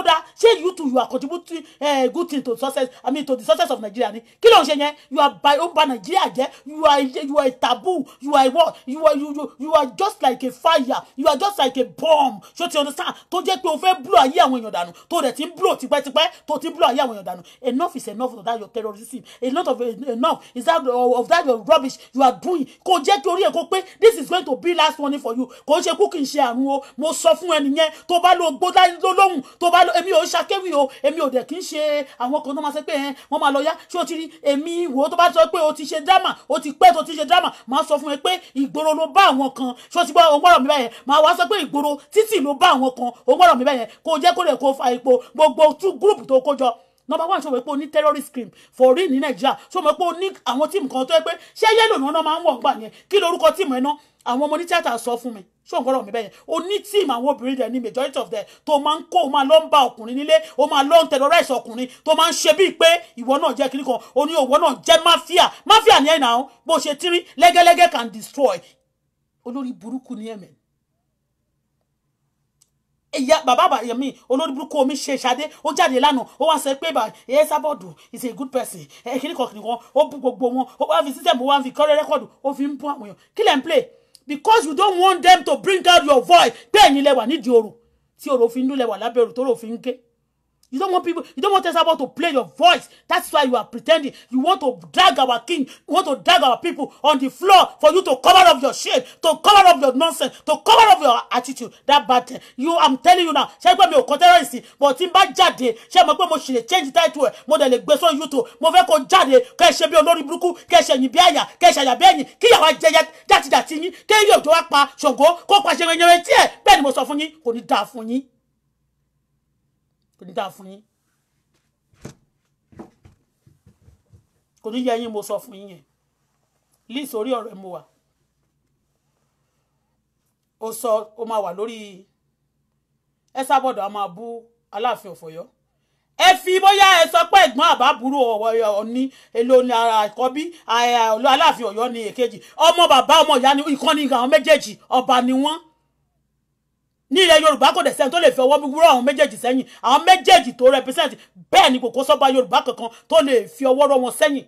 da ṣé YouTube to you are contributing uh, good thing to success i mean to the success of nigeria ni kí ló ń ṣe yẹn you are by ó nigeria jẹ́ you are you are a taboo you are a what you are you, you you are just like a fire you are just like a bomb ṣó ti understand tó jẹ́ pé o fẹ́ blow ayé àwọn èèyàn dànù tó dẹ̀ ti ń blow tipẹ́tipẹ́ tó ti ń blow ayé àwọn èèyàn dànù enough is enough of that your terrorism enough of enough is that uh, of that your rubbish you are doing kó jẹ́ kí orí ẹ̀ kó pé this is going to be last warning for you kò ń ṣe kú kì í ṣe àrùn o mo sọ fún ẹnìyẹn tó bá lo gbódá lóhùn tó bá lo èmi ò ń ṣàkéwì o èmi ò dẹ̀ kí ń ṣe àwọn kan tó máa ṣe pé ẹ wọ́n máa lọ yá ṣé o ti rí èmi wò ó tó bá sọ pé o ti ṣe drama o ti pẹ́ tó ti ṣe drama máa sọ fún ẹ pé ìgboro ló bá àwọn kan ṣé o ti gbọ́ ọgbọ́rọ̀ mi báyẹn máa wá sọ pé ìgboro títì ló bá àwọn kan ọgbọ́rọ̀ mi báyẹn kó jẹ́ kó lè kó fa ipò gbogbo two group tó kó jọ number one ṣòwò pé o ní terrorist crime for real Nigeria, so ṣòwò pé o ní àwọn tíìmù kan tó yẹ pé ṣé yẹ́lò ni wọ́n máa ń wọ̀ gbà yẹn kí lorúkọ tíìmù ẹ̀ náà àwọn ọmọ onítìátà sọ fún mi ṣòǹgọ́rọ̀ mi bẹ́yẹn o ní tíìmù àwọn obìnrin rẹ̀ ní majority of them To máa ń kó o máa lọ ń bá ọkùnrin o máa lọ terrorize ọkùnrin tó máa ń ṣe bíi pé ìwọ náà jẹ́ kiri kan o ní ìwọ náà jẹ́ mafia mafia ni ẹ̀ náà bó ṣe tírí lẹ́gẹ́lẹ́gẹ́ can destroy olórí buruku ni ẹ̀mẹ́ ìyá bàbá àbàyẹ mi olórí burúkú omi ṣe ṣadé ó jáde lánàá ó wá sọ pé ẹ sábọ̀dù is a good person ẹ kiri kọ̀ọ̀kì nìkan ó bú gbogbo wọn ó wá fi system ó wá fi kọ́rẹ́ rẹ́kọ̀dù ó fi ń bú àwọn èèyàn kí play because you don't want them to bring out your voice pé ẹ̀yin lẹ́wà nídìí oru tí oru fi ń dún lẹ́wà lábẹ́ oru tó fi ń You don't want people, you don't want us about to play your voice. That's why you are pretending. You want to drag our king, you want to drag our people on the floor for you to cover up your shame, to cover up your nonsense, to cover up your attitude. That bad thing. you I'm telling you now. Ṣé pé mi ò kọ but tí n bá jáde, ṣé mo pé mo ṣì title ẹ̀, mo dẹ̀ lè gbé YouTube, mo fẹ́ kó jáde, kẹ́ ẹ ṣe bí olórí burúkú, kẹ́ ẹ ṣe ẹ̀yìn bí àyà, kẹ́ ẹ ṣe àyà bí ẹ̀yìn, kí ìyàwó ajẹyẹ jàtijàti yín, kẹ́ yóò jọ wá mo sọ fún yín, kò níta fún yín kò ní yẹ yín mo sọ fún yín yẹn liz orí ọ̀rọ̀ ẹ̀ mo wà ó sọ ó máa wà lórí ẹ sábọ̀dọ̀ a máa bú aláàfin ọ̀fọ̀yọ́ ẹ fi bóyá ẹ sọ pé ẹ̀gbọ́n àbábúrò ọ̀ní èlò ní ara àkọ́bí aláàfin ọ̀yọ́ ní èkejì ọmọ bàbá ọmọ ìyá ni ìkànnì àwọn méjèèjì ọba ni wọ́n ní ilẹ̀ yorùbá kò dẹ̀ sẹ́ni tó lè fi ọwọ́ wúrọ̀ àwọn méjèèjì sẹ́yìn àwọn méjèèjì tó represent bẹ́ẹ̀ ni kò kó sọ́ba yorùbá kankan tó lè fi ọwọ́ rọ wọn sẹ́yìn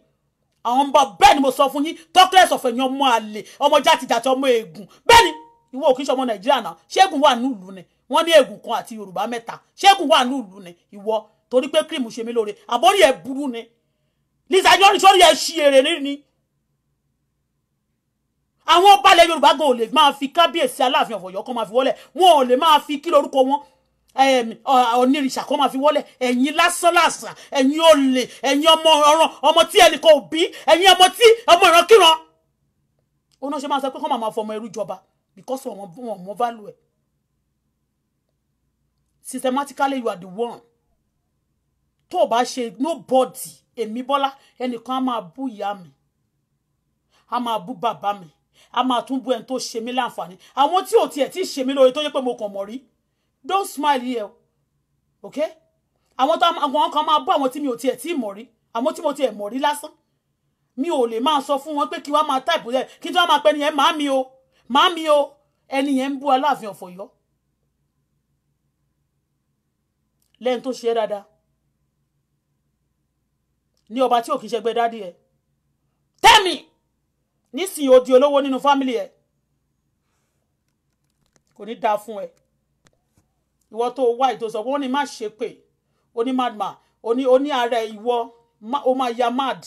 àwọn ń bọ bẹ́ẹ̀ ni mo sọ fún yín tọ́kílẹ̀sì ọ̀fẹ́ yẹn ọmọ àlè ọmọ jàtijàti ọmọ ègùn bẹ́ẹ̀ ni ìwọ òkìṣẹ́ ọmọ nàìjíríà náà ṣẹ́gun wà nílùú ni wọ́n ní ègùn kan àti yorùbá mẹ́ta ṣẹ́gun wà nílùú ni ìwọ torí pé kírìmù ṣe mí lóore àbórí ẹ̀ burú ni lisa yọrin sórí ṣí èrè ní ni àwọn ọba ilẹ̀ yorùbá gan ò lè máa fi kábíyèsí aláàfin ọ̀fọ̀yọ́ kan máa fi wọ́lẹ̀ wọn ò lè máa fi kí lorúkọ wọn onírìṣà kan máa fi wọ́lẹ̀ ẹ̀yin lásánlàsàn ẹ̀yin olè ẹ̀yin ọmọ ọ̀ràn ọmọ tí ẹnìkan ò bí ẹ̀yin ọmọ tí ọmọ ìrankíran ó náà ṣe máa sọ pé kọ́ máa fọmọ ẹrú jọba because wọn wọn mọ value ẹ systematically you are the one tó o bá ṣe nobody èmi bọ́lá ẹnìkan á máa bú ìyá mi á máa bú bàbá mi a máa tún bú ẹni tó ṣe mí láǹfààní àwọn tí ò tiẹ̀ tí ì ṣe mí lóore tó yẹ pé mo kàn mọ̀ rí don't smile here okay? àwọn tó àwọn kan máa bú àwọn tí mi ò tiẹ̀ tí ì mọ̀ rí àwọn tí mo tiẹ̀ mọ̀ rí lásán mi ò lè máa sọ fún wọn pé kí wọ́n máa táìpù rẹ̀ kí tí wọ́n máa Ni nìyẹn má mi o má mi o ẹni yẹn ń bú aláàfin ọ̀fọ̀ yọ lẹ́yìn tó ṣe é dáadáa ní ọba tí ò kì í ṣẹgbẹ́ dádì ẹ̀ tẹ́mi nísìnyí o di olówó nínú fámìlì ẹ kò ní dáa fún ẹ ìwọ tó wá ìtòsọ wọn ni má ṣe pé o ní madman o ní ìwọ o máa ya mad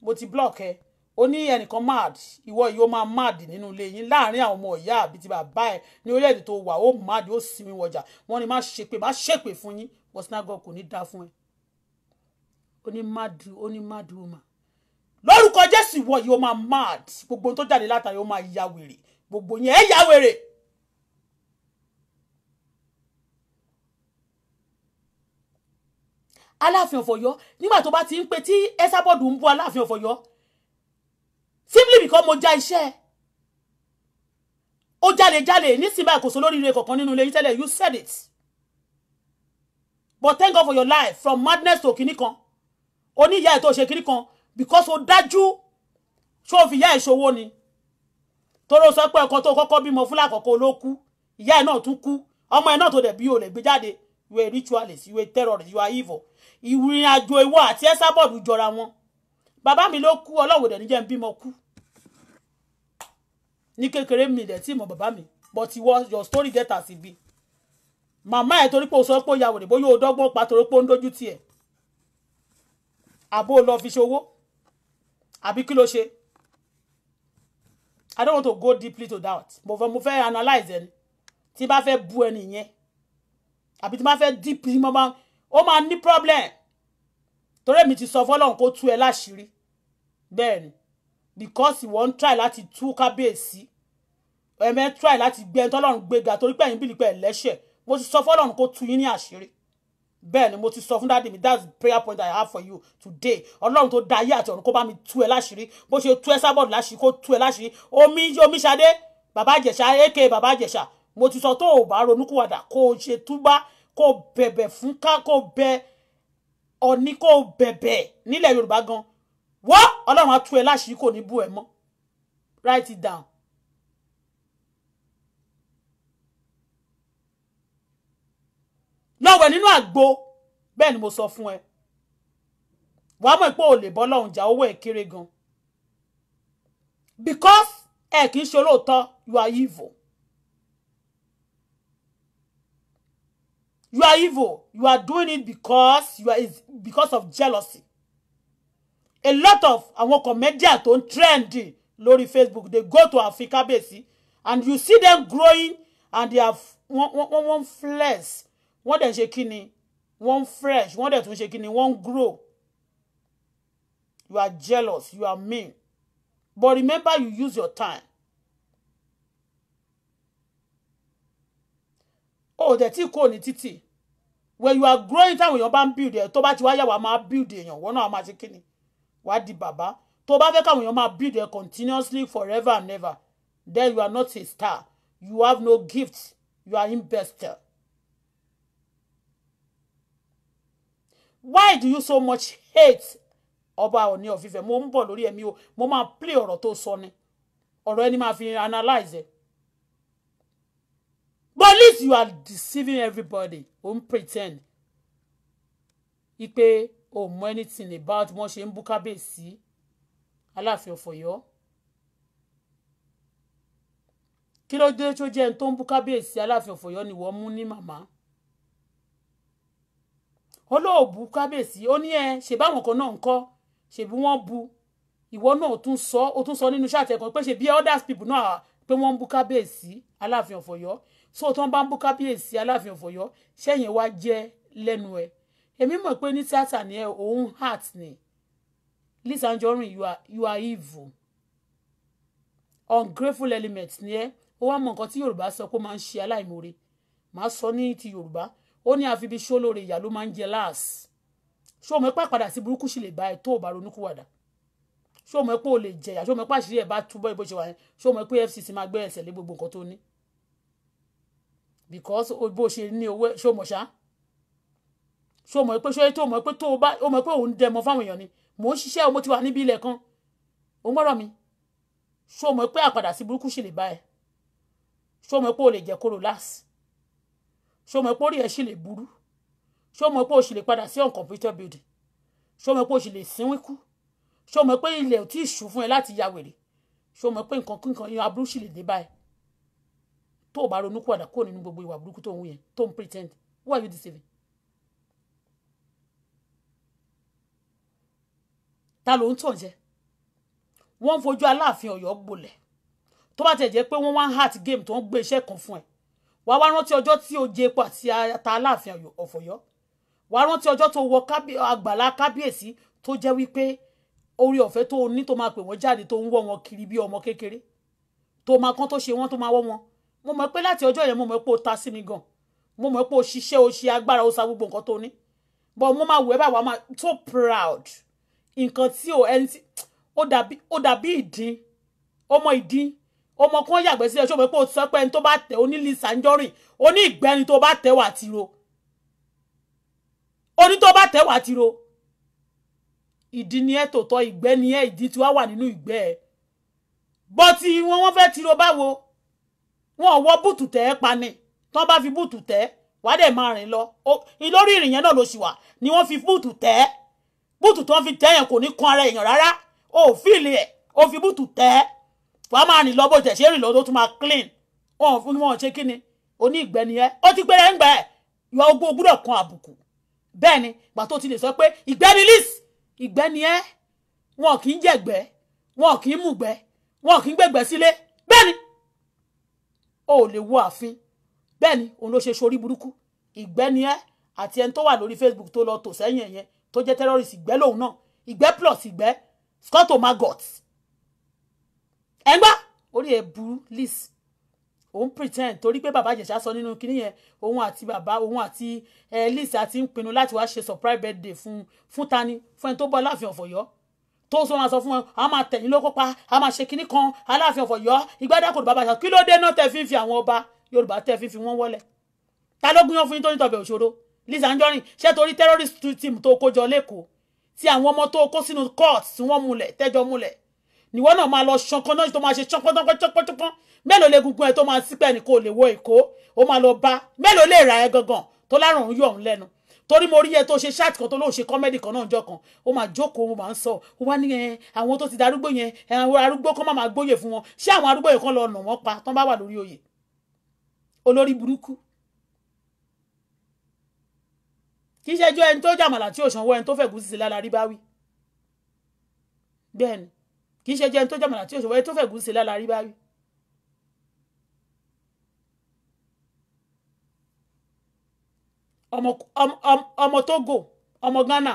mo ti block ẹ o ní ẹnìkan mad ìwọ yìí ó máa mad nínú ilé yín láàrin àwọn ọmọ ìyá àbí ti bàbá ẹ ní orílẹ̀-èdè tó wà ó mad ó sinmi wọjà wọn ni má ṣe pé má ṣe pé fún yín wọ́n sinagogo kò ní dáa fún ẹ o mad o mad woman lórúkọ jésù ìwọ yìí ó máa mad gbogbo tó jáde látàrí ó máa ya wèrè gbogbo yẹn ẹ ya wèrè. aláàfin ọ̀fọ̀yọ́ nígbà tó bá ti ń pe tí ẹsábọ́ọ̀dù ń bú aláàfin ọ̀fọ̀yọ́ simply because mo já iṣẹ́ ó jalè jalè nísìnyí báyìí kò sọ lórí ire kọ̀ọ̀kan nínú ilé yìí tẹ́lẹ̀ you said it but thank God for your life from madness to kinní kan oníyá ẹ̀ tó ṣe kinní because o dájú ṣó o fi ìyá ẹ̀ ṣòwò ni torí o sọ to ọkọ tó kọ́kọ́ bímọ fún lákọ̀ọ́kọ́ ló kú ìyá ẹ̀ náà tún kú ọmọ ẹ̀ náà tó dẹ̀ bí o lè gbé jáde you are ritualist you are terrorist you are evil ìrìn àjò ìwọ àti Esabod jọra wọn bàbá mi ló kú ọlọ́wọ́ dẹ̀ níjẹ́ ń bímọ kú ní kékeré mi dẹ̀ tí mọ̀ Baba mi but ìwọ your story get as e be màmá ẹ̀ torí pé o sọ pé o yà wèrè bóyá o dọ́gbọ́n pa torí pé o ń dójú tiẹ̀ àbó o fi ṣòwò àbí kí ló ṣe i don't want to go deeply to that mo fẹ́ mo fẹ́ analyze ẹni tí bá fẹ́ bu ẹni yẹn àbí tí bá fẹ́ deeply mo máa ó máa ní problem torí èmi ti sọ fọlọ́run kó tú ẹ láṣìírí bẹ́ẹ̀ ni because ìwọ ń try láti tú kábíyèsí ẹ̀mẹ́ try láti gbé ẹni tọ́lọ́run gbéga torí pé ẹ̀yin bìlì pé ẹ̀ lẹ́ṣẹ̀ mo ti sọ fọlọ́run kó tú yín ní àṣírí bẹ́ẹ̀ ni mo ti sọ fún dáàdì mi that's the prayer point I have for you today ọlọ́run tó da ayé àti ọ̀run kó bá mi tú ẹ láṣìírí bó ṣe tú ẹ sábọ̀dù láṣìírí kó tú ẹ láṣìírí omi omi ṣadé bàbá àjẹsà aka bàbá àjẹsà mo ti sọ tó o bá ronúkúwàdà kó o ṣe túbá kó o bẹ̀bẹ̀ fún ká kó o bẹ ọ̀ní kó o bẹ̀bẹ̀ nílẹ̀ yorùbá gan wọ́n ọlọ́run á tú ẹ láṣìírí kò ní bú ẹ mọ́ write it down lọ wẹ̀ nínú àgbo bẹ́ẹ̀ ni mo sọ fún ẹ wàá mọ̀ pé o lè bọ́ lọ́hùn jà owó ẹ̀ kéré gan because ẹ kì í ṣe olóòótọ́ you are evil you are evil you are doing it because you are because of jealousy a lot of àwọn comedian tó ń trend lórí Facebook dey go to Africa base and you see them growing and they are one one one flex wọ́n dẹ̀ ṣe kí ni wọ́n fresh wọ́n dẹ̀ tún ṣe kí ni wọ́n grow you are jealous you are mean but remember you use your time o oh, dẹ̀ tí kò ní títì when you are growing time èèyàn bá ń build ẹ̀ tó bá ti wá yà wá máa build èèyàn wọ́n náà máa ṣe kí ni wàá di bàbá tó bá fẹ́ káwọn èèyàn máa build ẹ̀ continuously forever and ever then you are not a star you have no gift you are imposter. why do you so much hate ọba Ọọ̀ni of Ife mo ń bọ̀ lórí ẹ̀mí o mo máa play ọ̀rọ̀ tó sọ ni ọ̀rọ̀ ẹni máa fi analyze ẹ̀ but at least you are deceiving everybody o n pretend ipe o mọ anything about wọn ṣe ń bú kábíyèsí aláàfin ọ̀fọ̀yọ́ kí ló dé tó jẹ́ ẹni tó ń bú kábíyèsí aláàfin ọ̀fọ̀yọ́ ni wọ́n mú ní màmá olóòbù kábíyèsí ó ní ẹ ṣèbá àwọn kan náà ń kọ́ ṣèbí wọ́n bu ìwọ náà tún sọ ó tún sọ nínú ṣáàtì ẹ̀kan pé ṣèbí others people náà ah, pé wọ́n ń bú kábíyèsí aláàfin ọ̀fọ̀yọ́ so tó ń bá ń bú kábíyèsí aláàfin ọ̀fọ̀yọ́ ṣẹ́yìn wá jẹ́ lẹ́nu ẹ̀ èmi mọ̀ pé ní tíátà ni ẹ òun heart ni Lizzy Anjorin you are you are evil ungrateful element ni ẹ ó wá mọ nǹkan tí Yorùbá sọ pé ó máa ń ṣe aláìmoore màá sọ ní ti Yorùbá ó ní àfi ibi ṣó lóore ìyá ló máa ń jẹ láàsì ṣó mọ̀ pé àpàdà sí burúkú sì lè bá ẹ tó ò bá ronúkúwàdà ṣó mọ̀ pé ò lè jẹyà ṣó mọ̀ pé àṣírí ẹ̀ bá túbọ̀ ibo ṣe wà yẹn ṣó mọ̀ pé FCC máa gbé ẹsẹ̀ lé gbogbo nǹkan tó ní because bó ṣe ní owó ṣó mọ̀ ṣá ṣó mọ̀ pé ṣó tó mọ̀ pé tó bá ó mọ̀ pé òun dẹmọ fáwọn èèyàn ni mò ń ṣiṣẹ́ ọmọ tí wà níbi ilẹ̀ kan òun gbọ́dọ̀ mi ṣó mọ̀ pé àpàdà sí burúkú sì lè bá ẹ ṣó mọ̀ pé ò lè jẹ kóró láàsì ṣé o mọ̀ pé orí ẹ̀ ṣì lè burú ṣé o mọ̀ pé o ṣì lè padà sí uncompleted building ṣé o mọ̀ pé o ṣì lè sínwín kú ṣé o mọ̀ pé ilẹ̀ ò tí ì ṣú fún ẹ láti ya wèrè ṣé o mọ̀ pé nǹkan kíkan ìyẹn aburú ṣì lè dé báyìí tó o bá ronú padà kúrò nínú gbogbo ìwà burúkú tó ń wù yẹn tó ń pretend who are you deceiving? ta ló ń tàn jẹ wọ́n ń fojú aláàfin Ọ̀yọ́ gbolẹ̀ tó bá tẹ̀ jẹ́ pé wọ́n wá ń heart game tó ń gbé iṣẹ́ kan fún ẹ wàá wá rántí ọjọ́ tí o jẹ epo àti ata aláàfin ọ̀fọ̀yọ́ wàá rántí ọjọ́ tó wọ àgbàlá kábíyèsí tó jẹ́ wípé orí ọ̀fẹ́ tó ní tó máa pè wọ́n jáde tó ń wọ́ wọn kiri bí ọmọ kékeré tó máa kán tó ṣe wọ́n tó máa wọ́ wọn mo mọ̀ pé láti ọjọ́ yẹn mo mọ̀ pé o ta sí mi gan mo mọ̀ pé o ṣiṣẹ́ o ṣe agbára o sa gbogbo nǹkan tó ní but mo máa wù ẹ́ báwa máa tó proud nǹkan tí o ẹni tí ó dàbí ìdín ọmọ ìdín ọmọ kan yàgbẹ́ sílẹ̀ ṣó pé o ti sọ pé ẹni tó bá tẹ̀ oní Lizzy Anjorin oní ìgbẹ́ni tó bá tẹ̀ wà ti ro oní tó bá tẹ̀ wà ti ro ìdí ni ẹ tòótọ́ ìgbẹ́ ni ẹ ìdí tí wá wà nínú ìgbẹ́ ẹ bọ́tì wọn wọ́n fẹ́ ti ro báwo wọn ò wọ bùtù tẹ́ ẹ ni tí wọ́n bá fi bùtù tẹ́ ẹ wàá dẹ̀ máa rìn lọ lórí ìrìn yẹn náà ló sì wà ni wọ́n fi búùtù tẹ́ búùtù tó ń fi tẹ́ yẹn kò ní kan ara èèyàn rárá o ò ẹ̀ o fi búùtù tẹ́ wàá máa rìn lọ bó tẹ̀ ṣe rìn lọ tó máa clean wọn fún wọn ṣe kí ni oní ìgbẹ́ nìyẹn ó ti pẹ́rẹ́ ń gbẹ́ ìwà ogbó gbúdọ̀ kan àbùkù bẹ́ẹ̀ ni gbà ti lè sọ pé ìgbẹ́ lis ìgbẹ́ nìyẹn wọn kì í jẹ̀gbẹ́ wọn kì í mùgbẹ́ wọn kì í gbẹ̀gbẹ́ sílé bẹ́ẹ̀ ni ó lè wo ààfin bẹ́ẹ̀ ni òun ló ṣe sorí burúkú ìgbẹ́ nìyẹn àti ẹni tó wà lórí Facebook tó lọ tò sẹ́yìn ẹ̀yẹn tó jẹ́ terrorist ìgbẹ́ lòun náà ìgbẹ́ plus ìgbẹ́ scott omagot ẹ ń gbọ́ orí ẹ burú Liz òun pretend torí pé bàbá Ìjẹ̀ṣà sọ nínú kinní yẹn òun àti bàbá òun àti ẹ Liz àti ń pinnu láti wá ṣe surprise birthday fún fún tani fún ẹni tó bọ́ láàfin ọ̀fọ̀yọ́ tó sọ wọn sọ fún wọn a máa tẹ̀yìn ló kópa a máa ṣe kinní kan aláàfin ọ̀fọ̀yọ́ ìgbádà kò bàbá ṣá kí ló dé náà tẹ fífi àwọn ọba Yorùbá tẹ fífi wọn wọlé ta ló gúnyán fún yín tó ní tọbẹ̀ òṣòro Liz Anjorin ṣé torí terrorist team tó kójọ lẹ́kọ̀ọ́ ti àwọn ọmọ tó kó sínú court tí wọ́n múlẹ̀ tẹ́jọ́ múlẹ̀ níwọ náà máa lọ ṣankan náà tó máa ṣe ṣankan tán pẹ́tọ́pẹ́ tó pọ́n mélòó lè gungun ẹ̀ tó máa sípẹ́ ní kò lè wọ èkó ó máa lọ bá mélòó lè ra ẹ gangan tó lárùn òun yọ òun lẹ́nu torí mo rí ẹ tó ṣe ṣáàtì kan tó lóun ṣe kọ́mẹ́dì kan náà jọ́ kan ó máa jókòó mo máa ń sọ ó wá níyẹn àwọn tó ti darúgbó yẹn àwọn arúgbó kan máa gbóyè fún wọn ṣé àwọn arúgbó yẹn kan lọ nà wọ́n pa tán bá wà lórí oyè olórí burúkú kì í ṣẹjọ́ ẹni tó jàmàlà tí ò sanwó ẹni tó fẹ̀gúsí sí lára rí báwí bẹ́ẹ̀ ni kì í ṣe jẹun tó jẹ́ mọ̀nà tí òṣèwọ́ tó fẹ̀gùn ṣe lára rí ọmọ Togo ọmọ Ghana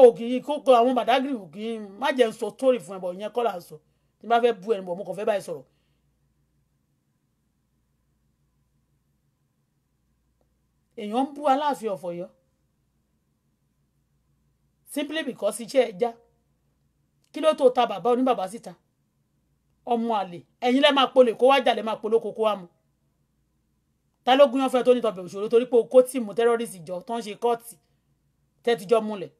ògì kókó àwọn Badagry ògì má jẹ́ ń sọ tóòrì fún ẹ bọ̀ ìyẹn kọ́ là ń sọ tí n bá fẹ́ bú ẹnu bọ̀ mo kàn fẹ́ báyìí sọ̀rọ̀ èèyàn ń bú Aláàfin ọ̀fọ̀ yọ simply because iṣẹ́ ẹja kí ló tó ta bàbá oníbàbá síta ọmọ àlè ẹ̀yin lẹ́ máa polè kó wájà lẹ́ máa polóko kó wá mu ta ló gúnyán fún ẹ tó ní tọbẹ̀ òṣòro torí pé okó tìmù tẹ́rọ́rìsì jọ tó ń ṣe kọ́ọ̀tì tẹ́tijọ́ múlẹ̀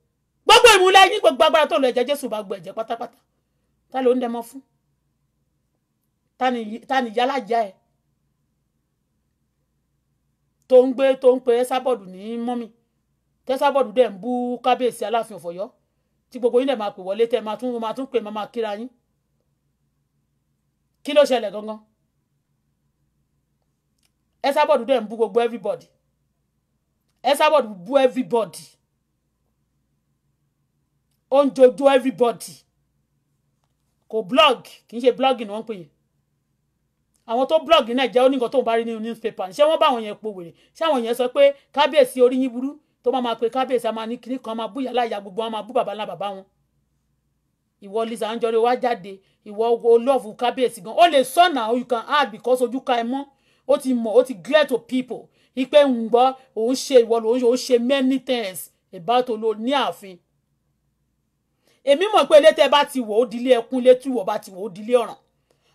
gbogbo ìmúlẹ̀ yín gbogbo agbára tó lọ ẹ̀jẹ̀ Jésù bá gbọ ẹ̀jẹ̀ pátápátá ta ló ń dẹmọ fún ta ni yálàjá ẹ tó ń gbé tó ń pe ẹ sábọ̀dù ní mọ́mì tẹ́sàbọ̀dù dẹ̀ ń bú kábíyèsí aláàfin ọ̀fọ̀yọ́ tí gbogbo yín dẹ̀ máa pè wọlé tẹ́ máa tún máa tún pè máa kíra yín kí ló ṣẹlẹ̀ gangan ẹsàbọ̀dù dẹ̀ ń bú gbogbo everybody ẹsàbọ̀dù bú everybody ó ń jojo everybody kò blog kì í ṣe blog ni wọ́n ń pè yẹn àwọn tó blog ní nàìjíríà ó ní nǹkan tó ń bá rí nínú newspaper ṣé wọ́n bá àwọn yẹn po wèrè ṣé àwọn yẹn sọ pé kábíyèsí orí yín burú tó máa máa pe kábíyèsí a máa ní kinní kan máa bú yàrá ìyá gbogbo wọn máa bú bàbá ńlá bàbá wọn ìwọ Lizzy Anjorin wá jáde ìwọ olóòfù kábíyèsí gan ó lè sọ̀nà you can add because ojú ka ẹ mọ́ ó ti mọ̀ ó ti clear to people ipe ń gbọ́ òun ṣe ìwọ lòun ṣe òun ṣe many things about olóò ní ààfin èmi mọ̀ pé ilé tẹ́ bá ti wò ó dilé ẹkún ilé tí wò bá ti wò ó dilé ọ̀ràn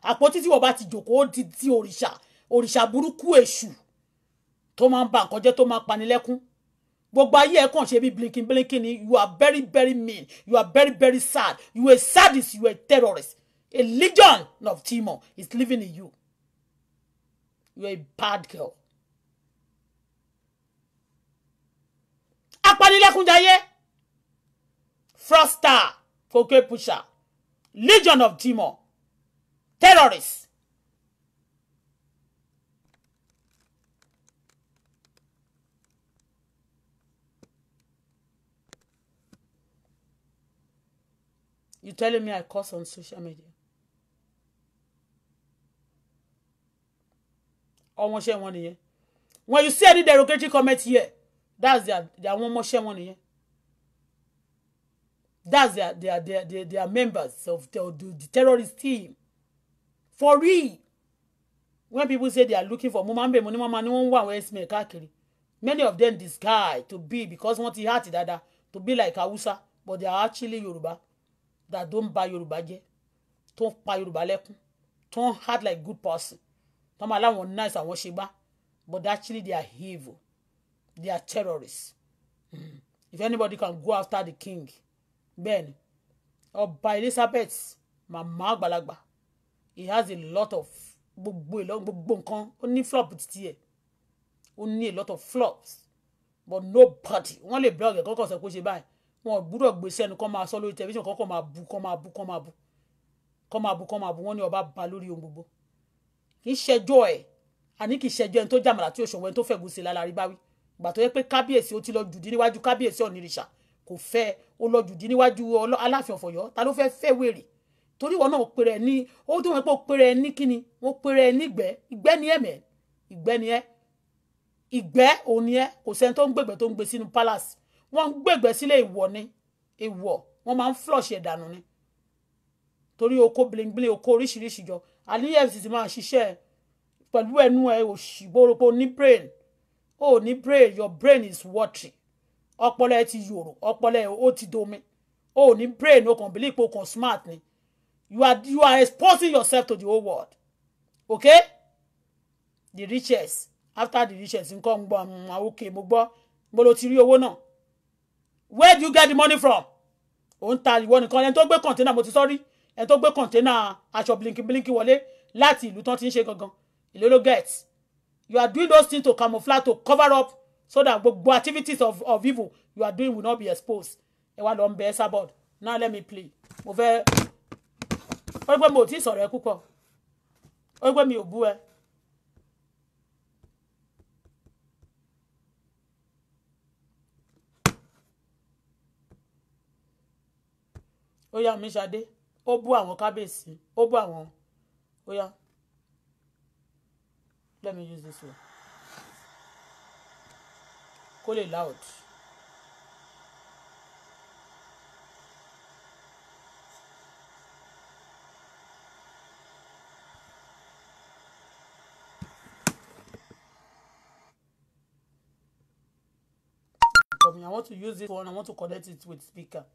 àpótí tí wò bá ti jòkó ó di ti òrìṣà òrìṣà burúkú èṣù tó máa ń ba nǹkan jẹ́ tó máa panilẹ́kún gbogbo ayé ẹ kàn ṣe bí blinking blinking ni you are very very mean you are very very sad you a sadist you a terrorist a legion of demon is living in you you are a bad girl. apanilẹ́kúnjayé fraudster cocaine pusher legion of demon terrorist You telling me I cuss on social media? ọmọọṣẹ́ wọn nìyẹn when you see any derogatory comment here that's their their ọmọọṣẹ́ wọn nìyẹn that's their their their their, their members of the, the, the terrorist team for real when people say they are looking for mumambe mo ní wọn máa ní wọn ń many of them disguise to be because wọn ti hàtì dáadáa to be like Hausa but they are actually Yoruba that don ba Yorùbá jẹ́ tó ń pa Yorùbá lẹ́kún tó ń hard like good person tó máa láwọn nice àwọn ṣe gbá but actually they are evil they are terrorists mm. if anybody can go after the king bẹ́ẹ̀ni ọba Elizabeth màmá àgbàlagbà he has a lot of gbogbo gbogbo nǹkan ó ní flop títí ẹ̀ ó ní a lot of flops but nobody wọ́n lè blog ẹ̀ kọ́kọ́ sọ pé ó ṣe báyìí wọn ò gbúdọ̀ gbé sẹ́nu kọ́ máa sọ lórí tẹlifíṣàn kọ́ kọ́ máa bu kọ́ máa bu kọ́ máa bu kọ́ máa bu kọ́ máa bu wọ́n ní ọba ba lórí ohun gbogbo kì í ṣẹjọ́ ẹ̀ àní kì í ṣẹjọ́ ẹni tó jàmàlà tí òṣòwò ẹni tó fẹ́ gùn sí lálárí báwí ìgbà tó yẹ pé kábíyèsí ó ti lọ jùdí níwájú kábíyèsí ọ̀nìrìṣà kò fẹ́ ó lọ jùdí níwájú aláàfin ọ̀fọ̀yọ́ ta ló fẹ́ fẹ́ wèrè torí wọn náà pèrè ní ó tó wọn pé ó pèrè ní kíni wọn pèrè ní ìgbẹ́ ìgbẹ́ ni ẹ̀ mẹ́ ìgbẹ́ ni ẹ̀ ìgbẹ́ òun ni ẹ̀ kò sẹ́ni tó ń gbẹ̀gbẹ́ tó ń gbé sínú palace wọ́n ń gbẹ̀gbẹ́ sílẹ̀ ìwọ ni ìwọ wọ́n máa ń flush ẹ̀dànù ni torí oko blingbling oko oríṣiríṣi jọ àní EFCC máa ṣiṣẹ́ pẹ̀lú ẹnu ẹ òṣì boropo ní brain o oh, ní brain your brain is watery ọpọlọ ẹ ti yòrò ọpọlọ ẹ ó ti domi o oh, ní brain o kàn believe pé o kàn smart ni you are you are exposing yourself to the whole world okay the riches after the riches. nǹkan ń gbọ́ àwọn òkè hmm, mo gbọ́ mo lo ti rí owó náà where do you get the money from òun ta ìwọ nìkan ẹni tó gbé kọ̀ǹténà mo ti sọ́rí ẹni tó gbé kọ̀ǹténà aṣọ blinky blinky wọlé láti ìlú tán ti ń ṣe gangan ìlú ló get you are doing those things to camouflage to cover up so that gbogbo activities of of evil you are doing will not be exposed ẹ wá lọ ń bẹ ẹ sábọd now let me play mo fẹ́ ó rí pé mo ò tí ì sọ̀rọ̀ ẹ púpọ̀ ó rí pé mi ò bú ẹ. ó yá mi ṣadé ó bú àwọn kábíyèsí ó bú àwọn ó yá let me use this one kó lè loud. I want to use this one. I want to connect it with speaker.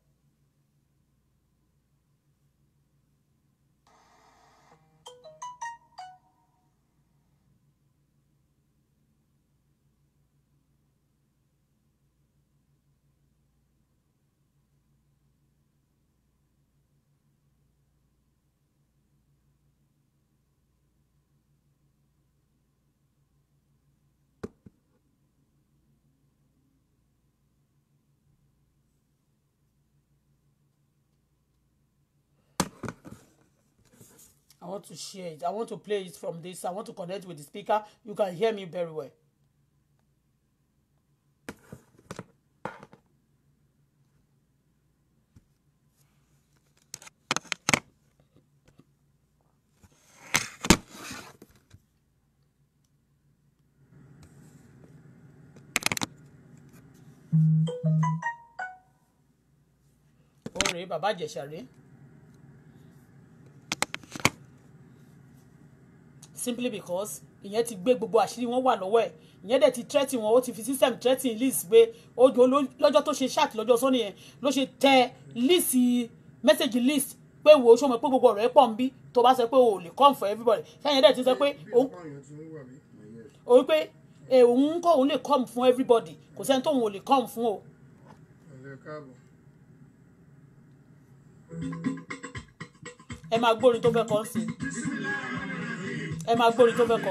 I want to share it. I want to play it from this. I want to connect with the speaker. You can hear me very well. orin oh, bàbá Ìjẹ̀ṣà rèé. simply because ìyẹn ti gbé gbogbo àṣírí wọn wà lọ́wọ́ ẹ̀ ìyẹn dẹ̀ ti threatening wọn ó ti fi system threatening list pé lọ́jọ́ tó ṣe ṣáàtì lọ́jọ́ sọ́ni yẹn ló ṣe tẹ list message list pé wo ṣó mọ̀ pé gbogbo ọ̀rọ̀ ẹ̀ pọ̀ ń bí tó bá sọ pé o lè come for everybody ṣáàyẹn dẹ̀ ti sọ pé òun pé eh, òun kọ́ òun lè come fún everybody kò sẹ́ni tóun ò lè come fún o. ẹ máa gbórin tó fẹ́ kọ́ sí i ẹ máa gbórí tó fẹ́ kọ.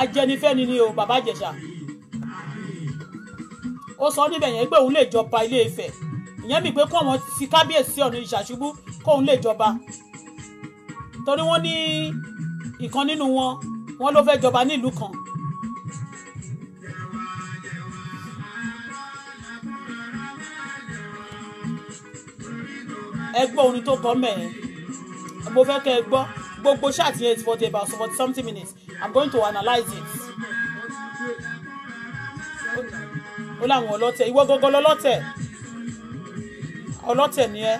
ajẹnifẹ́ni ni o bàbá Ìjẹ̀ṣà ó sọ níbẹ̀ yẹn pé òun lè jọba Ilé Ifẹ̀ ìyẹn mi pé kó àwọn fi kábíyèsí ọ̀nà ìṣàṣubú kóun lè jọba torí wọ́n ní ìkan nínú wọn wọ́n ló fẹ́ jọba nílùú kan ẹ gbọ́ orin tó kọ́ mẹ́ ẹ mo fẹ́ kẹ́ ẹ gbọ́ gbogbo ṣáàtì yẹn ti for about forty something minutes i'm going to analyse it. ó láwọn ọlọ́tẹ̀ ìwọ gọ́gọ́ lọ́lọ́tẹ̀ ọlọ́tẹ̀ ni ẹ́.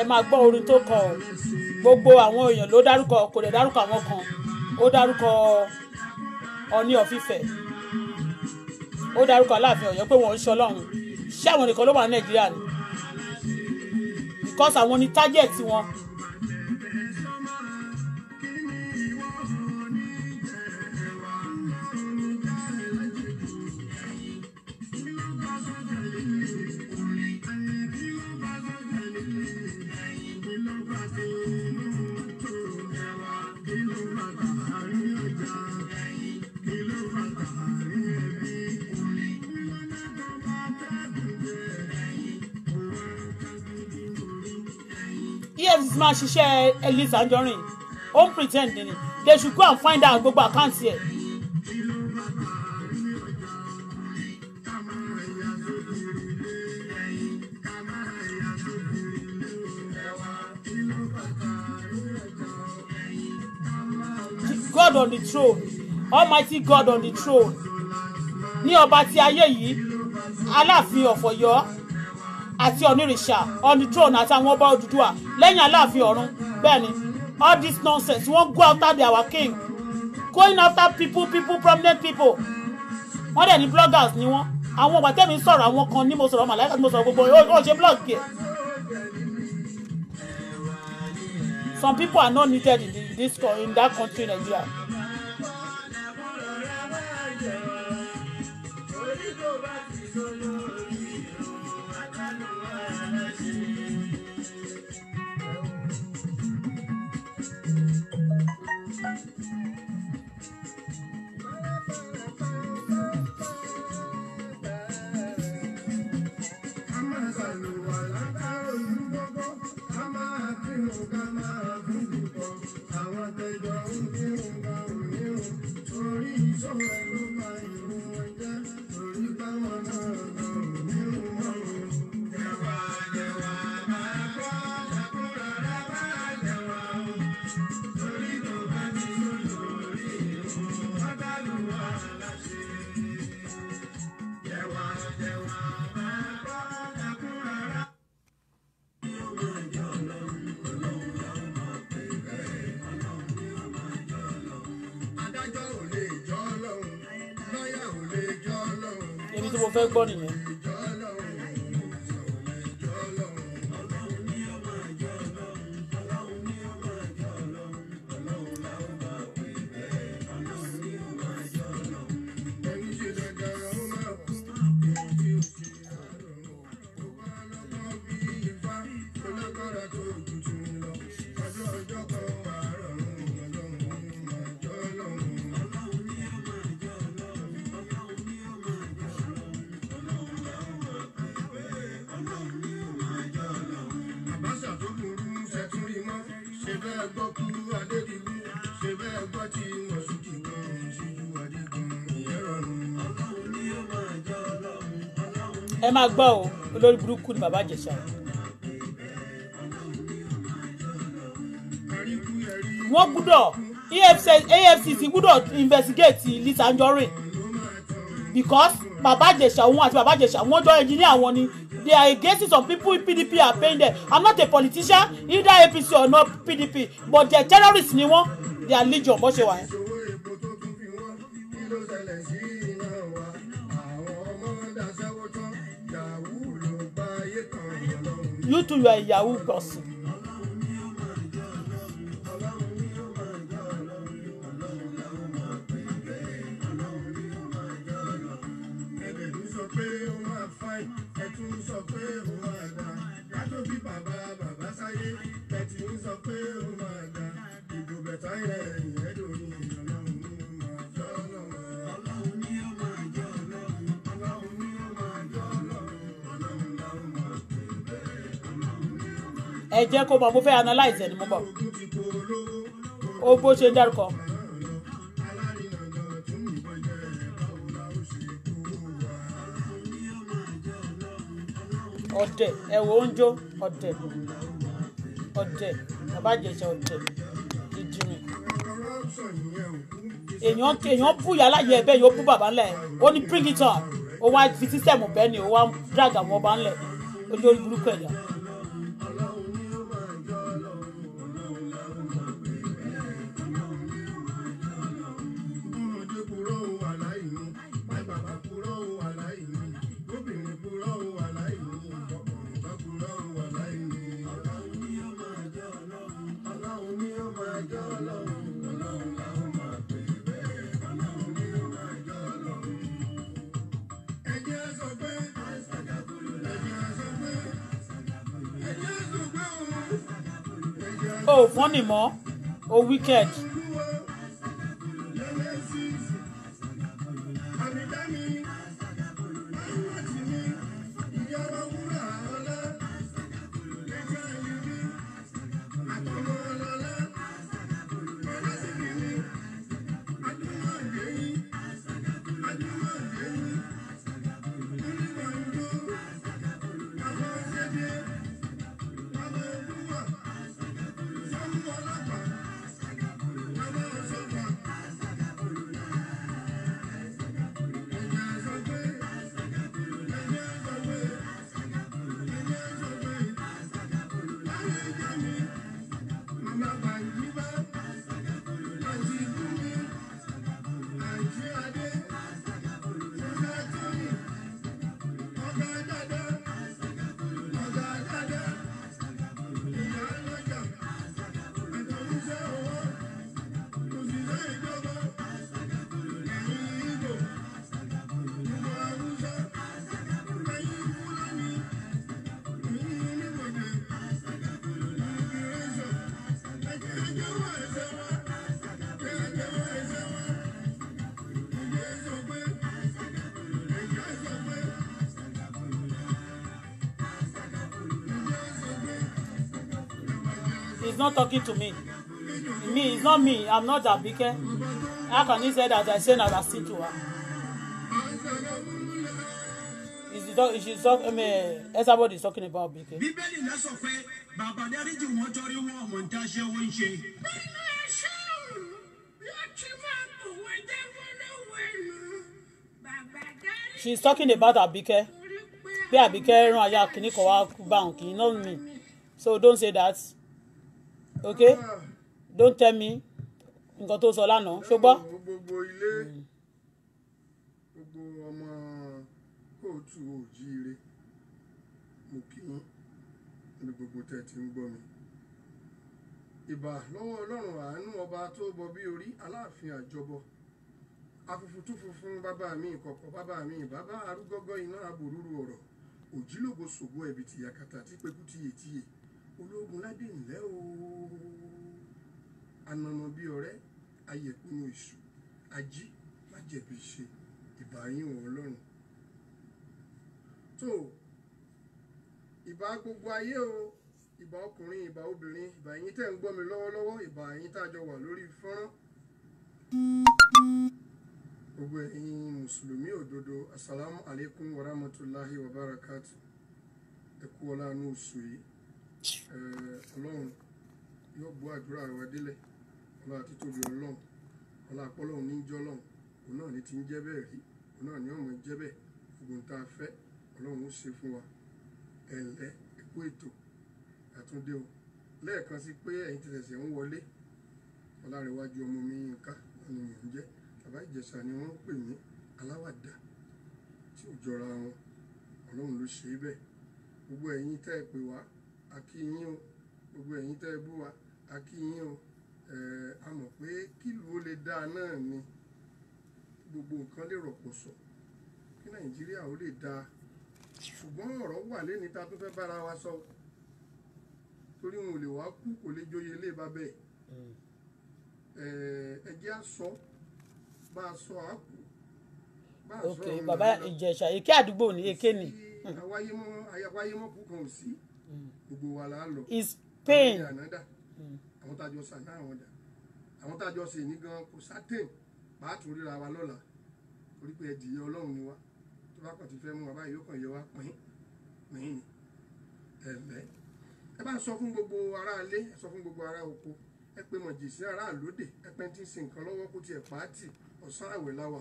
ẹ máa gbọ́ orin tó kọ gbogbo àwọn èèyàn ló dárúkọ kò dẹ̀ dárúkọ àwọn kan ó dárúkọ Ọọ̀ni of ó dárúkọ Aláàfin Ọ̀yọ́ pé wọ́n ń ṣọlọ́run ṣé àwọn nìkan ló wà ní Nàìjíríà ni because àwọn ni target wọn. Thank you. láti máa ṣiṣẹ́ Eliza Anjorin ó ń pretend ni they should go and find out gbogbo àkáǹtì ẹ̀. God on the throne Almighty God on the throne ní ọba ti ayé yìí Aláàfin of Ọ̀yọ́ àti onírìṣà onítróònù àti àwọn ọba Odùduwà lẹ́yìn aláàfin ọ̀run bẹ́ẹ̀ ni all this nonsense wọ́n go after their king going after people people prominent people wọ́n dẹ̀ ní bloggers ni wọ́n àwọn ọgbà tẹ́mi sọ̀rọ̀ àwọn kan ní mo sọ̀rọ̀ màláìka ni mo sọ̀rọ̀ gbogbo ó ṣe blog yẹ. some people are not needed in, this, in that country Nigeria máa gbọ́ o olórí burúkú ni bàbá àjẹsà o. wọ́n gbúdọ̀ efcc gbúdọ̀ investigate Lizzy Anjorin because bàbá àjẹsà òun àti bàbá àjẹsà wọ́n jọ engineer àwọn ni they are against some people PDP are paying them I'm not a politician either APC or not PDP but they are terrorists ni wọ́n they are legion bó ṣe wà yẹn. You too, you are a Yahoo person. Bàbá sáyé, ẹ jẹ́ kó mọ̀ mo fẹ́ analyze ẹ̀ ni mo mọ̀ ó bó ṣe ń dárúkọ. ọ̀dẹ̀ ẹ̀wọ̀ oúnjẹ ọ̀dẹ̀ ọ̀dẹ̀ àbájẹsẹ̀ ọ̀dẹ̀ ìdìrín èèyàn èèyàn bú yàrá yẹ ẹbẹ yóò bú bàbá ńlẹ ó ní bring it on ó wá fi sísẹ̀mù bẹ́ẹ̀ ni ó wá drag àwọn ọba ńlẹ olórí burúkú ẹ̀yà. Oh, ò mo. Oh, o wicked. not talking to me me it's not me i'm not Abike how can he say that i say na Wasiu to her is the talk she talk I mean everybody is talking about Abike. She's talking about Abike Yeah, Abike ran aya kìnnìkan wa bá òun kì know me so don't say that ok don't tell me nǹkan tó sọ lánàá ṣùgbọ́n. gbogbo ilé gbogbo ọmọ kóòtù òjíire mo kí yín ní gbogbo tẹ́ ti ń gbọ́ mi ìbà lọ́wọ́ ọlọ́run àánú ọba tó bọ bí orí aláàfin àjọbọ afufutu funfun bàbá mi ìkọ̀kọ̀ bàbá mi bàbá arúgọ́gọ́ iná aburúru ọ̀rọ̀ òjìlógo ṣògo ẹ̀bìtì yakata tí pẹ́kú tiyetiye. Tiye ológun ládé ńlẹ́ o ànànà bíi ọ̀rẹ́ ayẹ̀kúnnú èṣù ají májẹ̀bi ṣe ìbáyín wọn ọlọ́run tó ìbà gbogbo ayé o ìbà ọkùnrin ìbà obìnrin ìbà yín tẹ̀ ń gbọ́ mi lọ́wọ́lọ́wọ́ ìbà yín tàjọ wà lórí fọ́nrán gbogbo ẹ̀yin mùsùlùmí òdodo asalaamu alaykum wa rahmatulahi wa barakatu ẹ kú ọlá ní oṣù yìí ọlọ́run yóò gbọ́ àdúrà wa délẹ̀ ọlá àti tóbi ọlọ́run ọlá àpọ́lọ́run ní jọ́ ọlọ́run òun náà ní ti ń jẹ́ bẹ́ẹ̀ rí òun náà ní ọ̀mọ̀ jẹ́ bẹ́ẹ̀ ogun tá a fẹ́ ọlọ́run ó ṣe fún wa ẹ̀lẹ́ ẹ̀kú ètò àtúndé o lẹ́ẹ̀kan sí pé ẹ̀yin tẹ̀sẹ̀ ń wọlé ọlárẹ̀wájú ọmọ mi Yínká wọn ni mò ń jẹ́ bàbá Ìjẹ̀ṣà ni wọ́n pè mí aláwàdà tí ò jọra wọn ọlọ́run ló ṣe é bẹ́ẹ̀ gbogbo ẹ̀yin tẹ́ ẹ pè wá akínyìn o gbogbo ẹ̀yin tẹ́ ẹ bú wa akínyìn o a mọ̀ pé kílùú ó lè dáa náà ni gbogbo nǹkan lè rọ̀pọ̀ sọ kí nàìjíríà ó lè dáa ṣùgbọ́n ọ̀rọ̀ wà lẹ́ni ta tó fẹ́ bára wa sọ torí wọn ò lè wá kú kò lè joyè ilé bá bẹ́ẹ̀ hmm. ẹ á sọ bá a sọ á kú bá a sọ ọ̀rọ̀ náà ok bàbá ìjẹ̀ṣà èké àdúgbò ni èké ni. àwáyémọ́ àyàwáyémọ́ kú kan ò sí. Si is pain hmm. àwọn tájọ sànà ní gan kò sátẹ̀n bá tún ríra wa lọ́la torí pé ẹ̀dìyẹ ọlọ́run ni wa tó bá kàn ti fẹ́ mú wa báyìí yóò kàn yẹ wa pín pín ẹ̀lẹ́ ẹ bá sọ fún gbogbo ará ilé ẹ sọ fún gbogbo ará oko ẹ pé mọ̀jì sí ará àlódè ẹ pẹ́ tí ń sin nǹkan lọ́wọ́ kó tiẹ̀ pàátì ọ̀sán àwẹ̀ láwà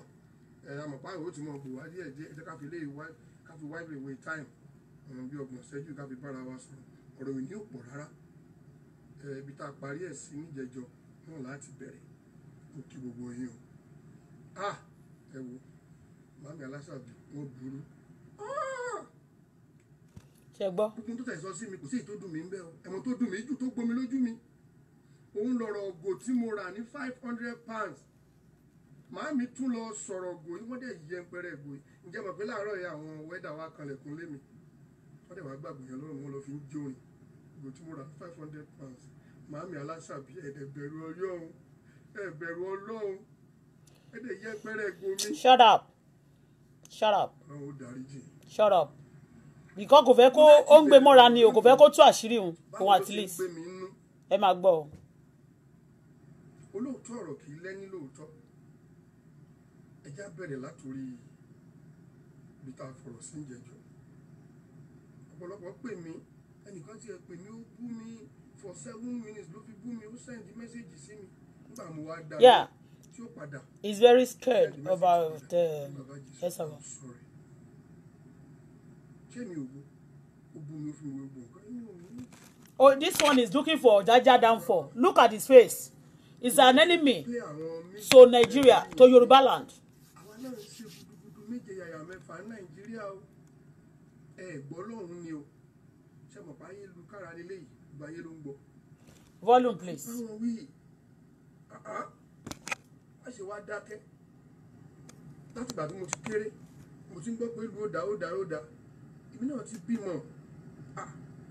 ẹ àmọ̀pá ìwé tí mo bò wá díẹ̀ díẹ̀ ẹ jẹ́ ká fi lé ìwá ká fi wá ìwé time ọ̀nà bí ọgbọ̀n ọ̀rọ̀ òní ò pọ̀ rárá ibi tá a parí ẹ̀ sí níjẹjọ náà láti bẹ̀rẹ̀ kí gbogbo yín o ah ẹ wo màmí aláṣàbí wọn burú ṣe gbọ́. gbogbo tó tẹ̀sán sí mi kò sí èyí tó dùn mí ń bẹ́ ọ ẹ̀wọ̀n tó dùn gbomi lójú mi òun lọ̀rọ̀ ògò tí mo rà ní five hundred pounds màámi tún lọ sọ̀rọ̀ ògò yìí wọ́n dẹ̀ yẹ pẹ̀rẹ̀ ògò yìí ǹjẹ́ mọ̀ pé láàárọ̀ yìí àwọn wẹ́dà wa kanlẹ̀kùn lé mi tí five hundred pounds màámi aláṣàbí ẹ̀dẹ̀ bẹ̀rù ọlọ́run ẹ̀bẹ̀rù ọlọ́run ẹ̀dẹ̀ yẹ pẹ́rẹ́ gomi. shut up shut up shut up nǹkan kò fẹ́ kó ó ń gbé mọ́ra ni o kò fẹ́ kó tú àṣírí òun òun at least ẹ máa gbọ́ o. olóòótọ́ ọ̀rọ̀ kì í lẹ́ni lóòótọ́ ẹja bẹ̀rẹ̀ látòrí ibi tá a fọ̀rọ̀ sí ìjẹ́jọ́ ọ̀pọ̀lọpọ̀ pè mí ẹnìkan ti pè mí ó bú mi for seven minutes ló fi bú mi ó send message sí mi nígbà mo wá dá mi tí ó padà. he is very scared about the yes oh this one is looking for jaja downfall look at his face he's an enemy so Nigeria to Yoruba land báyé lu kára lélẹ̀ yìí báyé ló ń gbọ́. volume please. báwọn wí a ṣe wá dákẹ́ láti ìgbà mo ti kéré mo ti ń gbọ́ pé ìlú ó dá ó dá ó dá èmi náà ti bímọ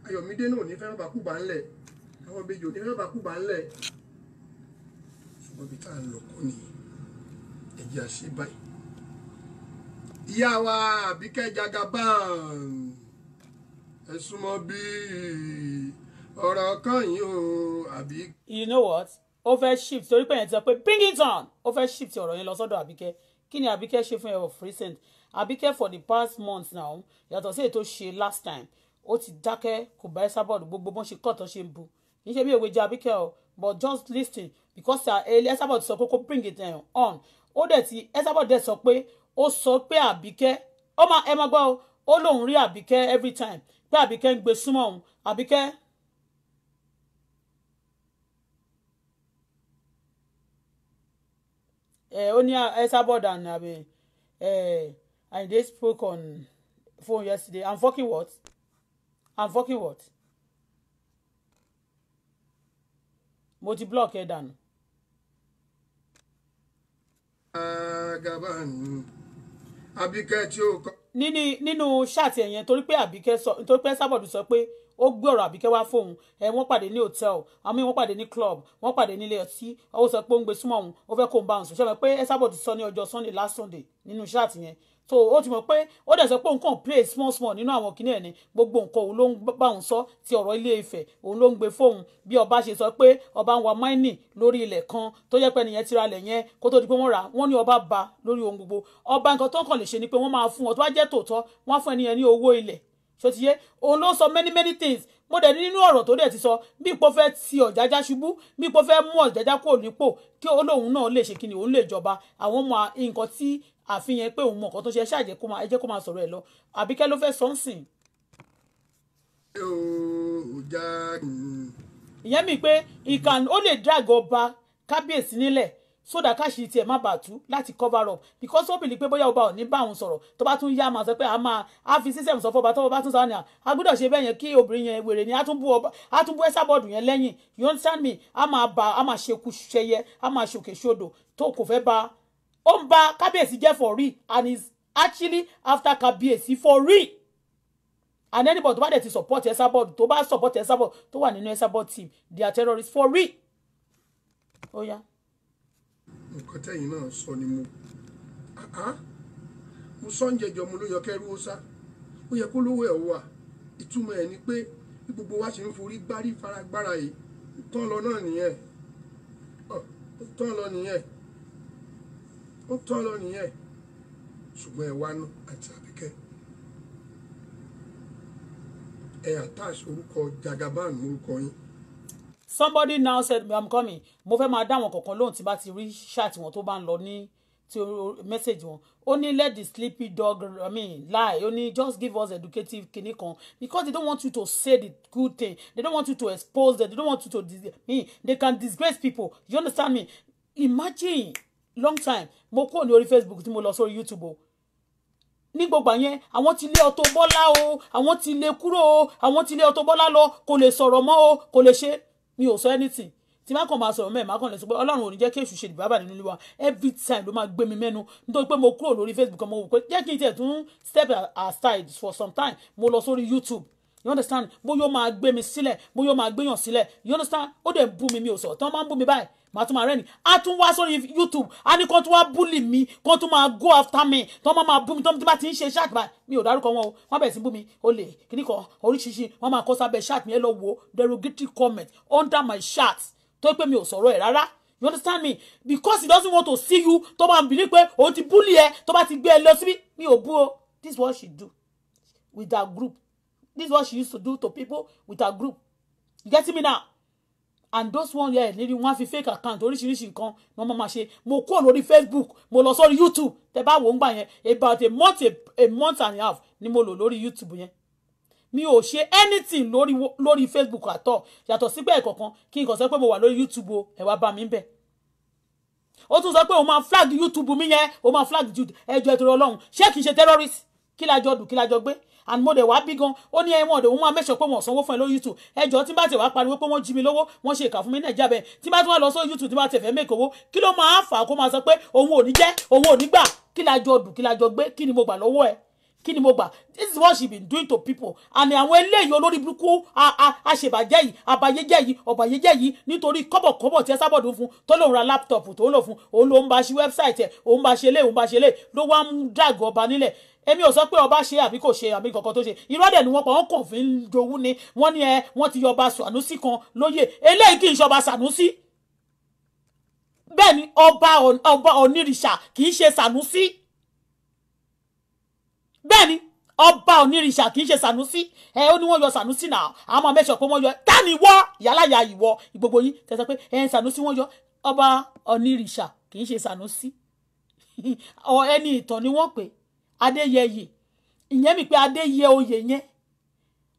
Ayọ̀mídé náà ò ní fẹ́ràn bàkúbà ńlẹ̀ àwọn ìbejì ò ní fẹ́ràn bàkúbà ńlẹ̀ ṣùgbọ́n ibi tá à lọ kọ́ nìyí ẹ̀jẹ̀ àṣẹ báyìí ìyá wa Àbíkẹ́ Jagaban ẹ bí ọ̀rọ̀ kan yìí o àbí. you know what ó fẹ́ shift torí pé yẹn ti sọ pé bring it on ó fẹ́ shift ọ̀rọ̀ yẹn lọ sọ́dọ̀ àbíkẹ́ kí ni àbíkẹ́ ṣe fún ẹ of recent àbíkẹ́ for the past month now yàtọ̀ sí ètò ṣe last time ó ti dákẹ́ kò bá ẹ sábọ̀dù gbogbo bó ṣe kọ́tọ̀ ṣe ń bu kì í ṣe bí òwe jẹ àbíkẹ́ o but just listen because ẹ sábọ̀dù sọ pé kó bring it on ó dẹ̀ ti ẹ sábọ̀dù dẹ̀ sọ pé ó sọ pé àbíkẹ́ ó ẹ máa gbọ́ ó lóun rí àbíkẹ́ every time pé àbíkẹ́ ń gbé súnmọ́ òun àbíkẹ́ eh, ó ní Esabod and àbí eh, and they spoke on phone yesterday I'm fucking what I'm fucking what mo ti block ẹ dànù. àgàbà àbíkẹ́ tí ó kọ́ nínú nínú ṣáàtì ẹ̀yẹn torí pé àbíkẹ́ sọ torí pé sábọ̀dù sọ pé ó gbé ọ̀rọ̀ àbíkẹ́ wá fóun ẹ wọ́n pàdé ní hòtẹ́ẹ̀lì àmì wọ́n pàdé ní club wọ́n pàdé nílé ọtí ó sọ pé ó ń gbé súnmọ́ òun ó fẹ́ kó ń bá òun sùn ṣẹ́mi pé ẹ sábọ̀dù sọ ní ọjọ́ sunday last sunday nínú ṣáàtì yẹn so ó ti mọ̀ pé ó dẹ̀ sọ pé òun kàn play small small nínú àwọn kinní ẹ̀ ni gbogbo nǹkan òun ló ń bá òun sọ ti ọ̀rọ̀ ilé Ifẹ̀ òun ló ń gbé fóun bí ọba ṣe sọ pé ọba ń wa mining lórí ilẹ̀ kan tó jẹ́ pé nìyẹn tira lẹ̀ yẹn kó tó di pé wọ́n rà wọ́n ní ọba ba lórí ohun gbogbo ọba nǹkan tó kàn lè ṣe ni pé wọ́n máa fún wọn tó bá jẹ́ tòótọ́ wọ́n fún ẹniyẹn ní owó ilẹ̀ ṣòtìyẹ òun ló sọ many many things mo dẹ̀ nínú ọ̀rọ̀ tó dẹ̀ ti sọ bí ipò fẹ́ ti ọ̀jájá ṣubú bí ipò fẹ́ mú ọ̀jájá kò nípò kí olóhùn náà lè ṣe òun lè jọba àwọn ọmọ nǹkan tí àfihàn pé òun mọ̀ nǹkan tó ṣe ẹ ṣáà jẹ́ kó máa ẹ jẹ́ kó máa sọ̀rọ̀ ẹ lọ àbíkẹ́ ló fẹ́ sọ́nsìn. ìyẹn mi pé ìkàn ó lè drag ọba kábíyèsí nílẹ̀ sódà káṣí tiẹ̀ má bàa tú láti cover up because ó bìlí pé bóyá ọba ò ní bá òun sọ̀rọ̀ tó bá tún yá máa sọ pé a máa a fi system sọ fọba tó bá tún sọ ní à a gbọ́dọ̀ ṣe bẹ́ẹ̀ yẹn kí obìnrin yẹn wèrè ni a tún bú ọba a tún bú ẹ́sà bọ́ọ̀dù yẹn lẹ́yìn you understand me a máa ba a máa ṣekú ṣẹyẹ a máa ṣòkè ṣodò tó kò fẹ́ ba ó ń ba kábíyèsí jẹ́ for real and is actually after kábíyèsí for real and anybody tó bá dẹ̀ ti support Esabod tó bá support Esabod tó wà nínú Esabod team they are terrorists for real. ó yá. nǹkan tẹ́yìn náà sọ ni mo mo sọ ń jẹjọ mo ló yọ kẹrù ó ó yẹ kó lówó ẹ̀ wà ìtumọ̀ ẹ̀ ni pé bí gbogbo wa ṣe ń forí gbárí faragbára yìí tán lọ náà nìyẹn tán lọ nìyẹn ó tán lọ nìyẹn ṣùgbọ́n ẹ wá nú àti àbíkẹ́ ẹ attach orúkọ jagaban orúkọ yín. somebody now said i'm coming mo fẹ́ máa dá àwọn kọ̀ọ̀kan lóhùn tí bá ti rí ṣáàtì wọn tó bá ń lọ ní ti message wọn ó ní let the sleepy dog i mean lie ó ní just give us educative kinní kan because they don't want you to say the good thing they don't want you to expose them they don't want you to dis mean they can disgrace people you understand me imagine long time mo kúrò ní orí Facebook tí mo lọ sórí YouTube o ní gbogbo àyẹn àwọn ti lé Auto Bola o àwọn ti lé kúrò o àwọn ti lé Auto Bola lọ kò lè sọ̀rọ̀ mọ́ o kò lè ṣe mi ò sọ anything tí má kàn máa sọ̀rọ̀ mẹ́ẹ̀ má kàn lè sọ pé ọlọ́run ò ní jẹ́ kí èṣù ṣe ìbábà nínú ilé every time ló máa gbé mi mẹ́nu nítorí pé mo kúrò lórí Facebook mo wò pé jẹ́ kí n tiẹ̀ tún step aside for some time mo lọ sórí YouTube you understand bóyá ó máa gbé mi sílẹ̀ bóyá ó máa gbéyàn sílẹ̀ you understand ó dẹ̀ bú mi mi ò sọ tí wọ́n máa ń bú mi báyìí màá tún máa rẹ́ni á tún wá sórí youtube á ní kó tún wá búlì mi kó tún máa go after me tó máa máa bú mi tó bá ti ń ṣe ṣáàtì bá mi ò dárúkọ wọn o wọn bẹ̀rẹ̀ sí bú mi olè kíní kan oríṣiríṣi wọn máa kọ́ sábẹ́ ṣáàtì mi ẹ lọ wo derogatory comment under my shirt tó pé mi ò sọ̀rọ̀ ẹ̀ rárá you understand me because he doesn't want to see you tó bá ń bìlí pé òun ti búlì ẹ tó bá ti gbé ẹ lọ síbí mi ò bú o this is what she do with her group this is what she used to do to people with her group you get me now and those one yeah, níbi wọn fi fake account oríṣiríṣi nǹkan ni wọn máa ṣe mo kúrò lórí facebook mo lọ sórí youtube tẹ bá wò ó ń gbà yẹn about a month a, a month and a half ni mo lò lórí youtube yẹn mi ò ṣe anything lórí lórí facebook àtọ yàtọ̀ sígbà ẹ̀kọ̀kan kí n kàn sọ pé mo wà lórí youtube o ẹ wá bá mi bẹ̀ ó tún sọ pé o máa flag youtube mi yẹn o máa flag jude ẹjọ ìtòrò ọlọ́run ṣé kìí ṣe terrorist kí lájọ dùn kí lájọ gbé and mo dẹ̀ wá bí gan ó ní ẹ̀wọ̀n òde òun máa mẹ́sọ̀ pé wọ́n sanwó fún ẹ lórí youtube ẹjọ́ tí bá tẹ̀ wá pariwo pé wọ́n jí mi lówó wọ́n ṣe ìkà fún mi nàìjíríà bẹ́ẹ̀ tí bá tún wà lọ sórí youtube tí bá tẹ̀ fẹ́ mẹ́kọ̀ owó kí ló máa fà kó máa sọ pé òun ò ní jẹ́ òun ò ní gbà kí la jọ dùn kí la jọ gbé kí ni mo gbà lọ́wọ́ ẹ kí ni mo gbà this is what she been doing to people and àwọn eléyìí olórí burúkú àṣebàjẹ́ yìí àbàyéjẹ́ yìí ọ̀bàyéjẹ́ yìí nítorí kọ́bọ̀kọ́bọ̀ tí ẹ sábọ̀dún fún tó lòun ra laptop tó lò fún òun ló ń bá ṣí wẹ́bsáìtì ẹ̀ òun bá ṣe lé òun bá ṣe lé ló wá ń dàgọ̀ ọba nílẹ̀ èmi ò sọ pé ọba ṣe àbí kò ṣe àbí kankan tó ṣe irọ́ dẹ̀ ni wọ́n pa wọ́n kàn fi ń dowú ni wọ́n ní ẹ wọ́n ti yọba Sànúsì kan lóyè eléyìí kì í ṣọba Sànúsì bẹ́ẹ̀ ni ọba ọba onírìṣà kì í ṣe Sànúsì bẹ́ẹ̀ ni ọba onírìṣà kì í ṣe Sànúsì ẹ ó ní wọ́n yọ Sànúsì náà àwọn máa mẹ́sọ̀ pé wọ́n yọ tani wọ́ yálàyà ìwọ gbogbo yín tẹ̀sán pé ẹ Sànúsì wọ́n yọ ọba onírìṣà kì í ṣe Sànúsì ẹni ìtàn ni wọ́n pè é adéyẹyè ìyẹn mi pé adéyẹ oyè yẹn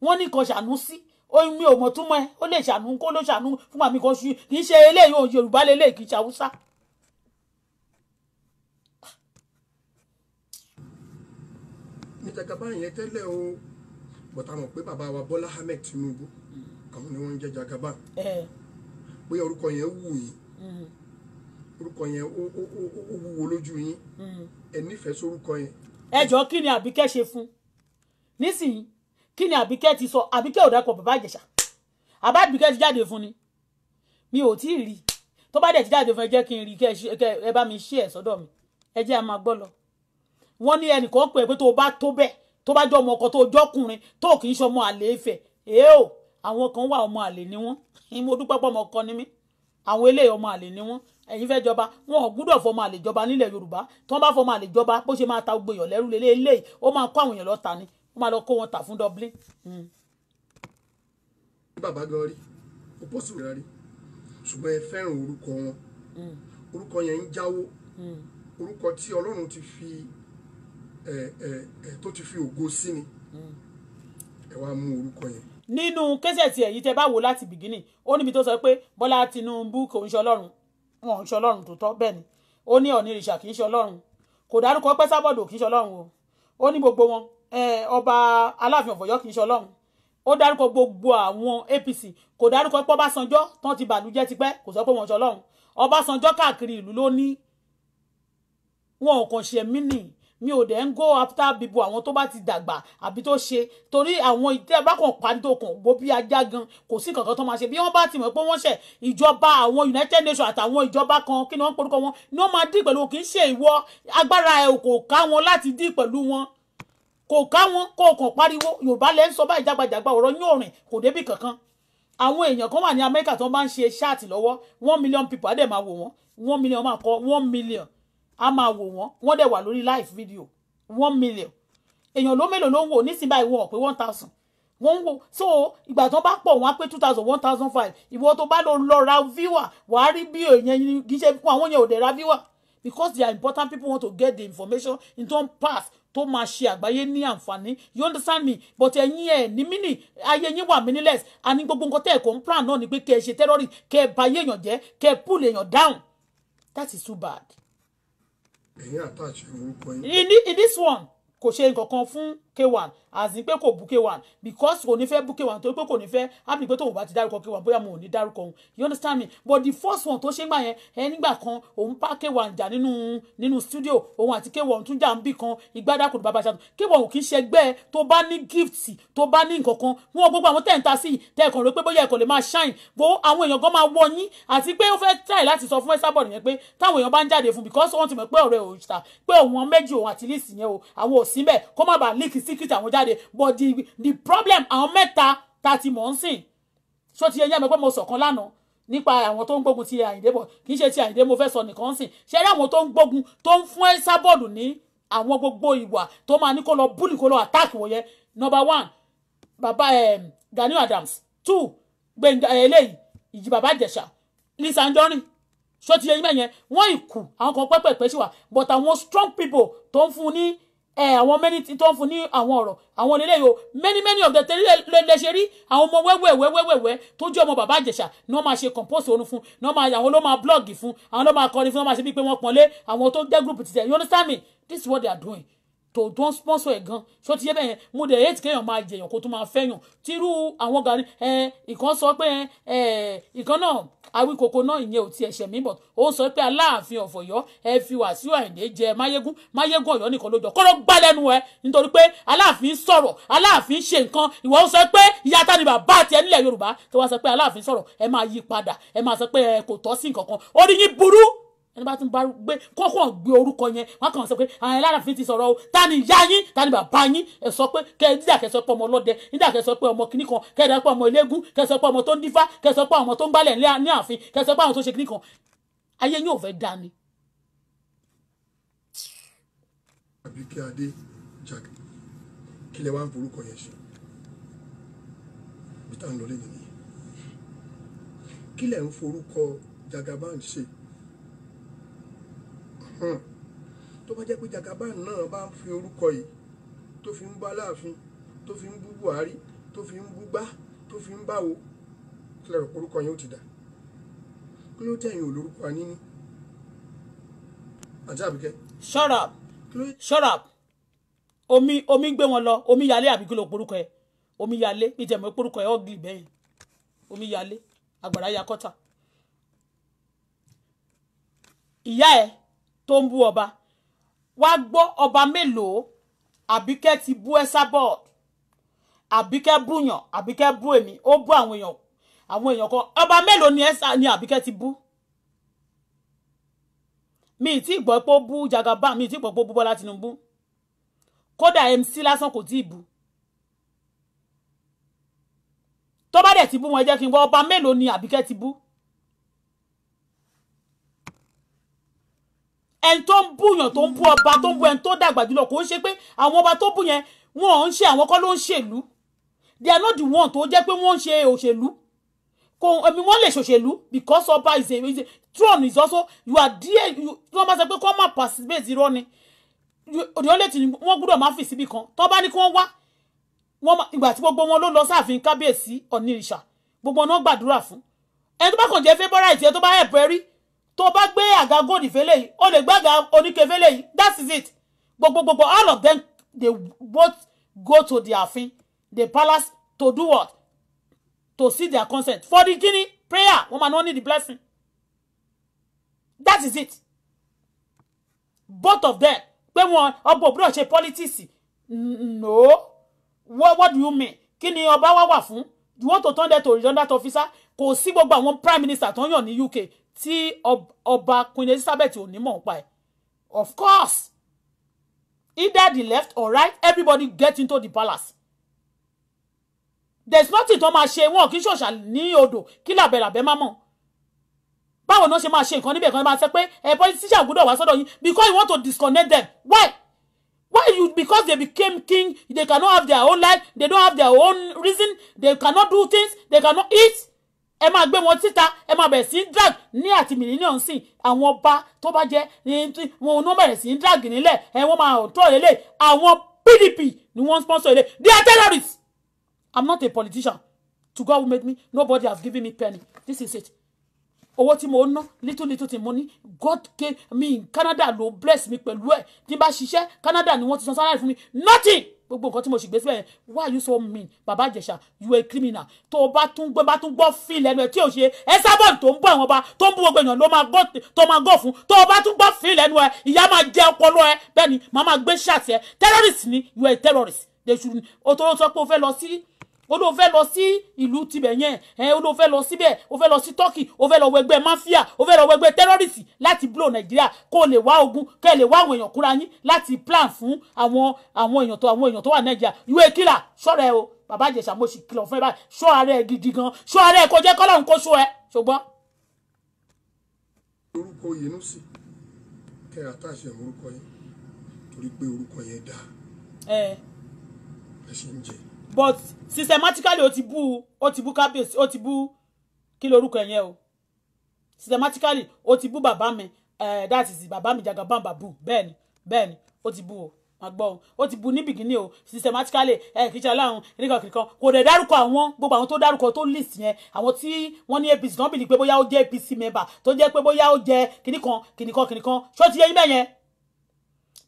wọ́n ní kan ṣàánú sí oyin mi ò mọ̀ túmọ̀ ẹ ó lè ṣàánú kó ló ṣàánú fún màmí kan ṣu kì í ṣe eléyìí ò yorùbá lélẹ̀ kì í ṣe haúsá. ní jagaba yẹn tẹ́lẹ̀ o bọ̀tà mọ̀ pé bàbá wa bọ́lá ahmed tinubu àwọn ni wọ́n ń jẹ́ jagaba pé orúkọ yẹn wù yín mm-hmm. orúkọ yẹn ó wúwo lójú yín mm-hmm. ẹ nífẹ̀ẹ́ sórúkọ yẹn ẹjọ́ kí ni àbíkẹ́ ṣe fún nísìnyí kí ni àbíkẹ́ ti sọ àbíkẹ́ ò dápọ̀ bàbá ìjẹ̀ṣà àbá àbíkẹ́ ti jáde fún ni mi ò tí ì rí tó bá dẹ̀ ti jáde fún ẹ jẹ́ kí n rí kẹ́ ẹ bá mi ṣí ẹ̀ sọ́dọ̀ mi ẹ jẹ́ a máa gbọ́ lọ. wọ́n ní ẹnìkan pè é pé tó o bá tó bẹ́ẹ̀ tó bá jọ ọmọ ọkọ tó o jọkùnrin tó kì í ṣe àlè Ifẹ̀ èé o àwọn kan wà mo dúpẹ́ pọ̀ ọmọ ọkọ ni ọmọ àlè ni wọ́n ẹ̀yin fẹ́ jọba wọn ò gbúdọ̀ fọmọ àlè jọba nílẹ̀ yorùbá tí wọ́n bá fọmọ àlè jọba bó ṣe máa ta gbogbo èèyàn lẹ́rú lélẹ́ eléyìí ó máa kó àwọn èèyàn lọ ta ni ó máa lọ kó wọn tà fún dublin. Hmm. bàbá gan rí ó pọ̀ sí ìrẹ́rí ṣùgbọ́n ẹ fẹ́ràn orúkọ wọn hmm. orúkọ yẹn ń jáwó hmm. orúkọ tí ọlọ́run ti fi tó ti fi ògo sí ni ẹ wá mú orúkọ yẹn nínú kẹsẹ̀tì ẹ̀yí tẹ bá wò láti bìgínì ó níbi tó sọ pé bọ́lá tinubu kò ń ṣe ọlọ́run wọn ò ṣe ọlọ́run tó tọ́ bẹ́ẹ̀ ni ó ní ọ̀nìrìṣà kì í ṣe ọlọ́run kò dárúkọ pẹ́ sábọ̀dọ̀ kì í ṣe ọlọ́run o ó ní gbogbo wọn ọba aláàfin ọ̀fọ̀yọ́ kì í ṣe ọlọ́run ó dárúkọ gbogbo àwọn APC kò dárúkọ pé ọbásanjọ́ tán ti bàlújẹ́ tipẹ́ kò sọ pé wọn ṣe ọlọ́run ọbásanjọ́ káàkiri ìlú ló ní wọn ò kàn ṣe mí nìyí mi ò dẹ̀ ń go after bibu àwọn tó bá ti dàgbà àbí tó ṣe torí àwọn ìtẹ́ bá kàn pàdó kan bó bí ajá gan kò sí kankan tó máa ṣe bí wọ́n bá ti mọ̀ pé wọ́n ṣẹ̀ ìjọba àwọn United Nations àtàwọn ìjọba kan kí ni wọ́n porúkọ wọn ni wọ́n máa dì pẹ̀lú kì í ṣe ìwọ agbára ẹ̀ kò ká wọn láti dì pẹ̀lú wọn kò ká wọn kò kàn pariwo Yorùbá lẹ́ ń sọ báyìí jágbajàgba ọ̀rọ̀ yín òrìn kò débì kankan àwọn èèyàn kan wà ní Amẹ́ríkà tó bá ń ṣe ṣáàtì lọ́wọ́ one million people á dẹ̀ máa wò wọ́n one million máa kọ one million á máa wò wọ́n wọ́n dẹ̀ wà lórí live video one million èèyàn ló mélòó ló ń wò nísìnyí báyìí wọ́n pé one thousand wọ́n ń wò so ìgbà tó bá pọ̀ wọ́n á pé two thousand one thousand five ìwọ tó bá lọ lọ ra viewer wàá rí bí èèyàn kì í ṣe fún àwọn yẹn ò dẹ̀ ra viewer because they are important people want to get the information in turn pass tó máa ṣe àgbáyé ní àǹfààní you understand me but ẹ̀yin ẹ̀ ní mínì ayé yín wà meaningless àní gbogbo nǹkan tẹ́ ẹ̀ kò ń plan náà ni pé kẹ́ ẹ ṣe terrorist kẹ́ ẹ bà ayé èèyàn jẹ́ kẹ́ ẹ pull èèyàn down that is too bad in this one kò ṣe nǹkan kan fún k1 àti pé kò bu k1 because kò ní fẹ́ bu k1 torí pé kò ní fẹ́ àbí pé tóun bá ti dárúkọ k1 bóyá mo ò ní dárúkọ òun you understand me but the first one tó ṣe ń gbà yẹn ẹ nígbà kan òun bá k1 jà nínú nínú studio òun àti k1 tún jà ń bì kan ìgbádàkùn bàbá ṣàtún k1 ò kí ń ṣẹgbẹ́ tó bá ní gift tó bá ní nǹkan kan wọn gbogbo àwọn tẹ̀ǹta sí tẹ̀kàn rẹ pé bóyá ẹ̀kọ́ lè máa shine bó àwọn èèyàn gan máa wọ yín àti pé ó fẹ́ try láti sọ fún Esabod yẹn pé táwọn èèyàn bá ń jáde fún because wọ́n ti mọ̀ pé ọ̀rẹ́ òòṣà pé òun méjì òun àti líìsì yẹn o àwọn ò sí bẹ́ẹ̀ kó má bàa líìkì secret àwọn jáde but the the problem àwọn mẹ́ta tá a ti mọ̀ ń sìn ṣó ti yẹ mi pé mo sọ̀kan lánàá nípa àwọn tó ń gbógun ti àyìndé bọ̀ kì í ṣe ti àyìndé mo fẹ́ sọ nìkan sìn ṣe rí àwọn tó ń gbógun tó ń fún ẹ́ sábọ̀dù ní àwọn gbogbo ìwà tó máa ní kó lọ búlì kó lọ attack wọ̀nyẹn number one baba um, ehm, Gani Adams two gbẹ̀ngà eh, eléyìí ìjì Baba Ìjẹ̀ṣà Lisa Anjorin ṣó ti yẹ yín mẹ́yẹn wọ́n ìkù àwọn kan pẹ́pẹ́pẹ́ sí wa but àwọn strong people tó ń fún ní Eh, àwọn many tí tó ń fún ní àwọn ọ̀rọ̀ àwọn onílé yìí o many many of the tẹ̀lé lẹ́sẹ̀ rí àwọn ọmọ wẹ́wẹ́ wẹ́wẹ́wẹ́ tó jẹ́ ọmọ bàbá àjẹsà ni wọ́n máa ṣe compose orin fún ni wọ́n máa àwọn ló máa blog fún àwọn ló máa kọrin fún wọ́n máa ṣe bí pé wọ́n pọ́nlé àwọn tó jẹ́ group ti tẹ̀ you understand me this is what they are doing tó tó sponsor ẹ̀ gan So ti yẹ bẹ́ẹ̀ yẹn mo dẹ̀ hate kéèyàn máa jẹ̀yàn kó tó máa fẹ́yàn tírú àwọn gani ìkan sọ pé ìkan náà awíkoko náà ìyẹn ò ti ẹ̀ṣẹ̀ mí bọ̀ ó sọ pé aláàfin ọ̀fọ̀ yọ ẹ fi Wàsíù Àyìndé jẹ máyégún máyégún ọ̀yọ́ nìkan ló jọ kọ́rọ́ gbá lẹ́nu ẹ nítorí pé aláàfin sọ̀rọ̀ aláàfin ṣe nǹkan ìwọ ó sọ pé ìyá ta ni bàbá àti ẹ nílẹ̀ Yorùbá tó wá sọ pé aláàfin sọ̀rọ̀ ẹ máa yí padà ẹ máa sọ pé ẹ kò tọ́ sí nǹkan kan ó burú ẹni bá tún bá gbé kọ́kọ́ gbé orúkọ yẹn wọn kàn sọ pé àwọn Aláàfin ti sọ̀rọ̀ o ta ni ìyá yín ta ni bàbá yín ẹ sọ pé kẹ nígbà kẹ sọ pé ọmọ ọlọ́dẹ nígbà kẹ sọ pé ọmọ kìnnì kan kẹ sọ pé ọmọ eléégún kẹ sọ pé ọmọ tó ń dífá kẹ sọ pé ọmọ tó ń gbálẹ̀ ní ààfin kẹ sọ pé àwọn tó ṣe kìnnì kan ayé yín ò dá ni. Àbíkẹ́ Adé jack kí lẹ wá ń forúkọ yẹn ṣe bí táwọn lọ lẹ́yìn kí lẹ ń forúkọ Jagaban ṣe Hmm. tó bá jẹ́ pé Jagaban náà bá ń fi orúkọ yìí tó fi ń bá láàfin tó fi ń bú Buhari tó fi ń bú gbá tó fi ń báwo kí lẹ́rọ̀ orúkọ yẹn ó ti dà kí ló tẹ̀yìn olórúkọ anínú àti àbíkẹ́. shut up shut up omi omi gbé wọn lọ omi yalé àbí kí ló porúkọ ẹ omi yalé ní tẹ̀mọ́ porúkọ ẹ ọ́gìlì bẹ́yìn omi yalé àgbàrá yakọ́ta ìyá ẹ tó ń bú ọba wá gbọ́ ọba mélòó àbíkẹ́ ti bú Esabod àbíkẹ́ búyàn àbíkẹ́ bú èmi ó bú àwọn èèyàn àwọn èèyàn kan ọba mélòó ni ẹsà ni àbíkẹ́ ti bú mi ì tí ì gbọ́ pé ó bú Jagaban mi ì tí ì gbọ́ pé ó bú Bọ́lá Tinubu kódà MC lásán kò tí ì bú tó bá dẹ̀ ti bú wọn jẹ́ kí n gbọ́ ọba mélòó ni àbíkẹ́ ti bú. ẹni tó ń búyàn tó ń bú ọba tó ń bú ẹni tó dàgbà jùlọ kò ń ṣe pé àwọn ọba tó bú yẹn wọn ò ń ṣe àwọn kọ́ ló ń ṣèlú they are not the one tó jẹ́ pé wọ́n ń ṣe òṣèlú kò ẹ̀mí wọ́n lè ṣòṣèlú because ọba is a is a throne is also you are there you wọ́n bá sọ pé kọ́ máa participate Zero ni òdìwọ́n lè tì wọ́n gbúdọ̀ máa fi síbi kan tó bá ní kí wọ́n wá wọ́n ìgbà tí gbogbo wọn ló lọ sáàfin kábíyèsí ọ̀nì gbogbo wọn náà gbàdúrà fún ẹni tó bá kàn jẹ́ favourite ẹni tó bá help ẹ tó bá gbé àga góòdì fẹ́lẹ̀ yìí o lè gbàgà oníke fẹ́lẹ̀ yìí that is it gbogbogbogbo all of them they both go to the ààfin the palace to do what to see their consent for the kini prayer Woman máa ná ní the blessing that is it both of them pé wọn ọba òbúrò ṣe politics no what, what do you mean Kini ni ọba wá wà fún you want to turn there to a redundant officer kò sí gbogbo àwọn prime minister tó ń yàn ní UK tí ọba Queen Elizabeth ò ní mọ̀ nípa ẹ̀ of course either the left or right everybody get into the palace there is nothing to máa ṣe wọn kì í ṣòṣà ní odò kí làbẹ̀làbẹ̀ má mọ̀ báwo ni wọ́n ṣe máa ṣe nǹkan níbẹ̀ kan máa ṣe pé ẹ̀ eh, politician gbọ́dọ̀ wá sọ́dọ̀ yín because you want to disconnect them why why you because they became king they cannot have their own life they don't have their own reason they cannot do things they cannot eat ẹ máa gbé wọn síta ẹ máa bẹ̀rẹ̀ sí í drag ní àti mílíọ̀nù sí àwọn ọba tó bá jẹ́ wọn ò ní bẹ̀rẹ̀ sí í drag nílẹ̀ ẹ wọ́n máa tọ́ ilé àwọn PDP ni wọ́n sponsor ilé they are terrorists I'm not a politician to God who made me nobody has given me penny this is it owó tí mo ná little little tí mo ní God gave me Canada ló bless me pẹ̀lú ẹ̀ tí n bá ṣiṣẹ́ Canada ni wọ́n ti san salary fún mi nothing gbogbo nǹkan tí mo sì gbé síbẹ̀ why you so mean Baba àjẹsà you a criminal tó o bá tún gbé bá tún gbọ́ fíìl ẹnu ẹ̀ tí o ṣe ẹ sábọ̀ tó ń bọ̀ àwọn ọba tó ń bú gbogbo èèyàn ló máa gbọ́ tó máa gọ̀ fún tó o bá tún gbọ́ fíìl ẹnu ẹ ìyá máa jẹ ọpọlọ ẹ bẹ́ẹ̀ ni màá máa gbé ṣàtì terrorist ni you a terrorist they should o tó sọ pé o fẹ́ lọ sí ó ló fẹ́ lọ sí ìlú tibẹ̀ yẹn ẹ ó ló fẹ́ lọ síbẹ̀ ó fẹ́ lọ sí turkey ó fẹ́ lọ wẹgbẹ́ mafia ó fẹ́ lọ wẹgbẹ́ terrorist láti blow nàìjíríà kó lè wá ogun kẹ́ lè wá àwọn èèyàn kúra yín láti plan fún àwọn àwọn èèyàn tó àwọn èèyàn tó wà nàìjíríà ìwé kìlà ṣọ́ra ẹ o bàbá ìjẹ̀ṣà mo sì kìlọ̀ fún ẹ báyìí ṣọ́ ara ẹ gidi gan ṣọ́ ara ẹ kó jẹ́ kọ́lọ́run ẹ ṣe ń jẹ but systematically ó ti bú ó ti bú kábíyèsí ó ti bú kí lorúkọ ẹ̀ o systematically ó ti bú bàbá mi uh, that is bàbá mi Jagaban Babu bẹ́ẹ̀ ni bẹ́ẹ̀ ni ó ti bú o máa o ti bu ní bìgínní o systematically ẹ eh, kìí ṣe aláwọn nìkankan kò dẹ̀ dárúkọ àwọn gbogbo àwọn tó dárúkọ tó list yẹn àwọn tí wọ́n ní APC náà bìlì pé bóyá ó jẹ́ APC member tó jẹ́ pé bóyá ó jẹ́ kìnìkan kìnìkan kìnìkan ṣó ti yẹ yín bẹ́yẹn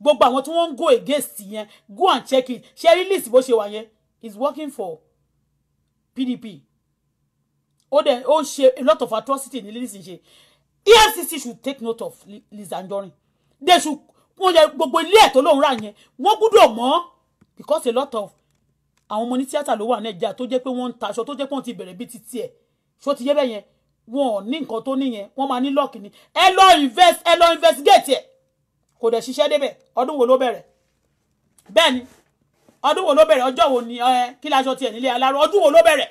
gbogbo àwọn tí wọ́n go against yẹn go and check it Share rí list bó ṣe wà yẹn is working for PDP ó dẹ̀ ó ń a lot of atrocity in Lizzy ṣe EFCC should take note of Lizzy Anjorin they should go go gbogbo ilé Run tó lóun good yẹn wọ́n because a lot of our money. ní tíátà ló wà nàìjíríà tó jẹ́ pé wọ́n ń taṣọ tó jẹ́ pé wọ́n ti bẹ̀rẹ̀ bí ti tiẹ̀ ṣó ti yẹ bẹ́ẹ̀ yẹn wọn ò ní nǹkan tó níyẹn wọ́n máa ní lọ́ọ̀kì ni ẹ lọ invest ẹ lọ investigate ẹ̀ kò dẹ̀ ṣiṣẹ́ débẹ̀ ọdún don't ló bẹ̀rẹ̀ bẹ́ẹ̀ ni ọdún wo ló bẹ̀rẹ̀ ọjọ́ wo ni ẹ kí laṣọ tiẹ̀ nílé aláró ọdún wo ló bẹ̀rẹ̀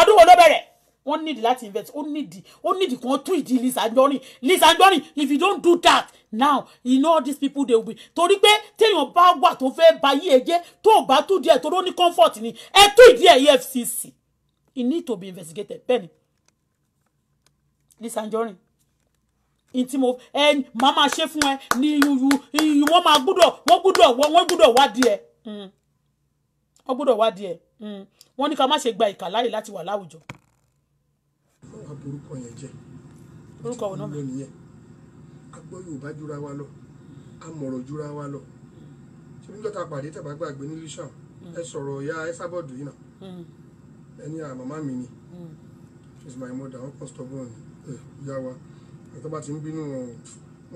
ọdún wo ló bẹ̀rẹ̀ wọ́n need láti invest ó need ó need kan tún ìdí Lizzy Anjorin Lizzy Anjorin if you don't do that now you know all these people dey win torí pé téèyàn bá wà tó fẹ́ ba yí ẹ jẹ́ tó o bá tún díẹ̀ tó ló ní comfort ni ẹ tún ìdí ẹ̀ EFCC it need to be investigated bẹ́ẹ̀ ni Lizzy Anjorin ntí mo ẹ màá máa ṣe fún ẹ ní iyùn iyùn wọn máa gbúdọ̀ wọ́n gbúdọ̀ wọ́n gbúdọ̀ wádìí ẹ wọ́n gbúdọ̀ wádìí ẹ hmm. hmm. wọ́n ní ká má ṣe gba ìkà láàyè láti wà láwùjọ. wọ́n á borúkọ yẹn jẹ́ orúkọ wọn náà nìyẹn a gbọ́ Yorùbá jura wa lọ a mọ̀rọ̀ jura wa lọ ṣé níjọ́ ta pàdé tẹ̀ gbàgbé ní lishan hmm. ẹ sọ̀rọ̀ ya ẹ sábọ̀dù yìí náà ẹni àmàmá mi ni she's my mother wọn kàn stubborn ẹ eh, yá wa tó bá ti ń bínú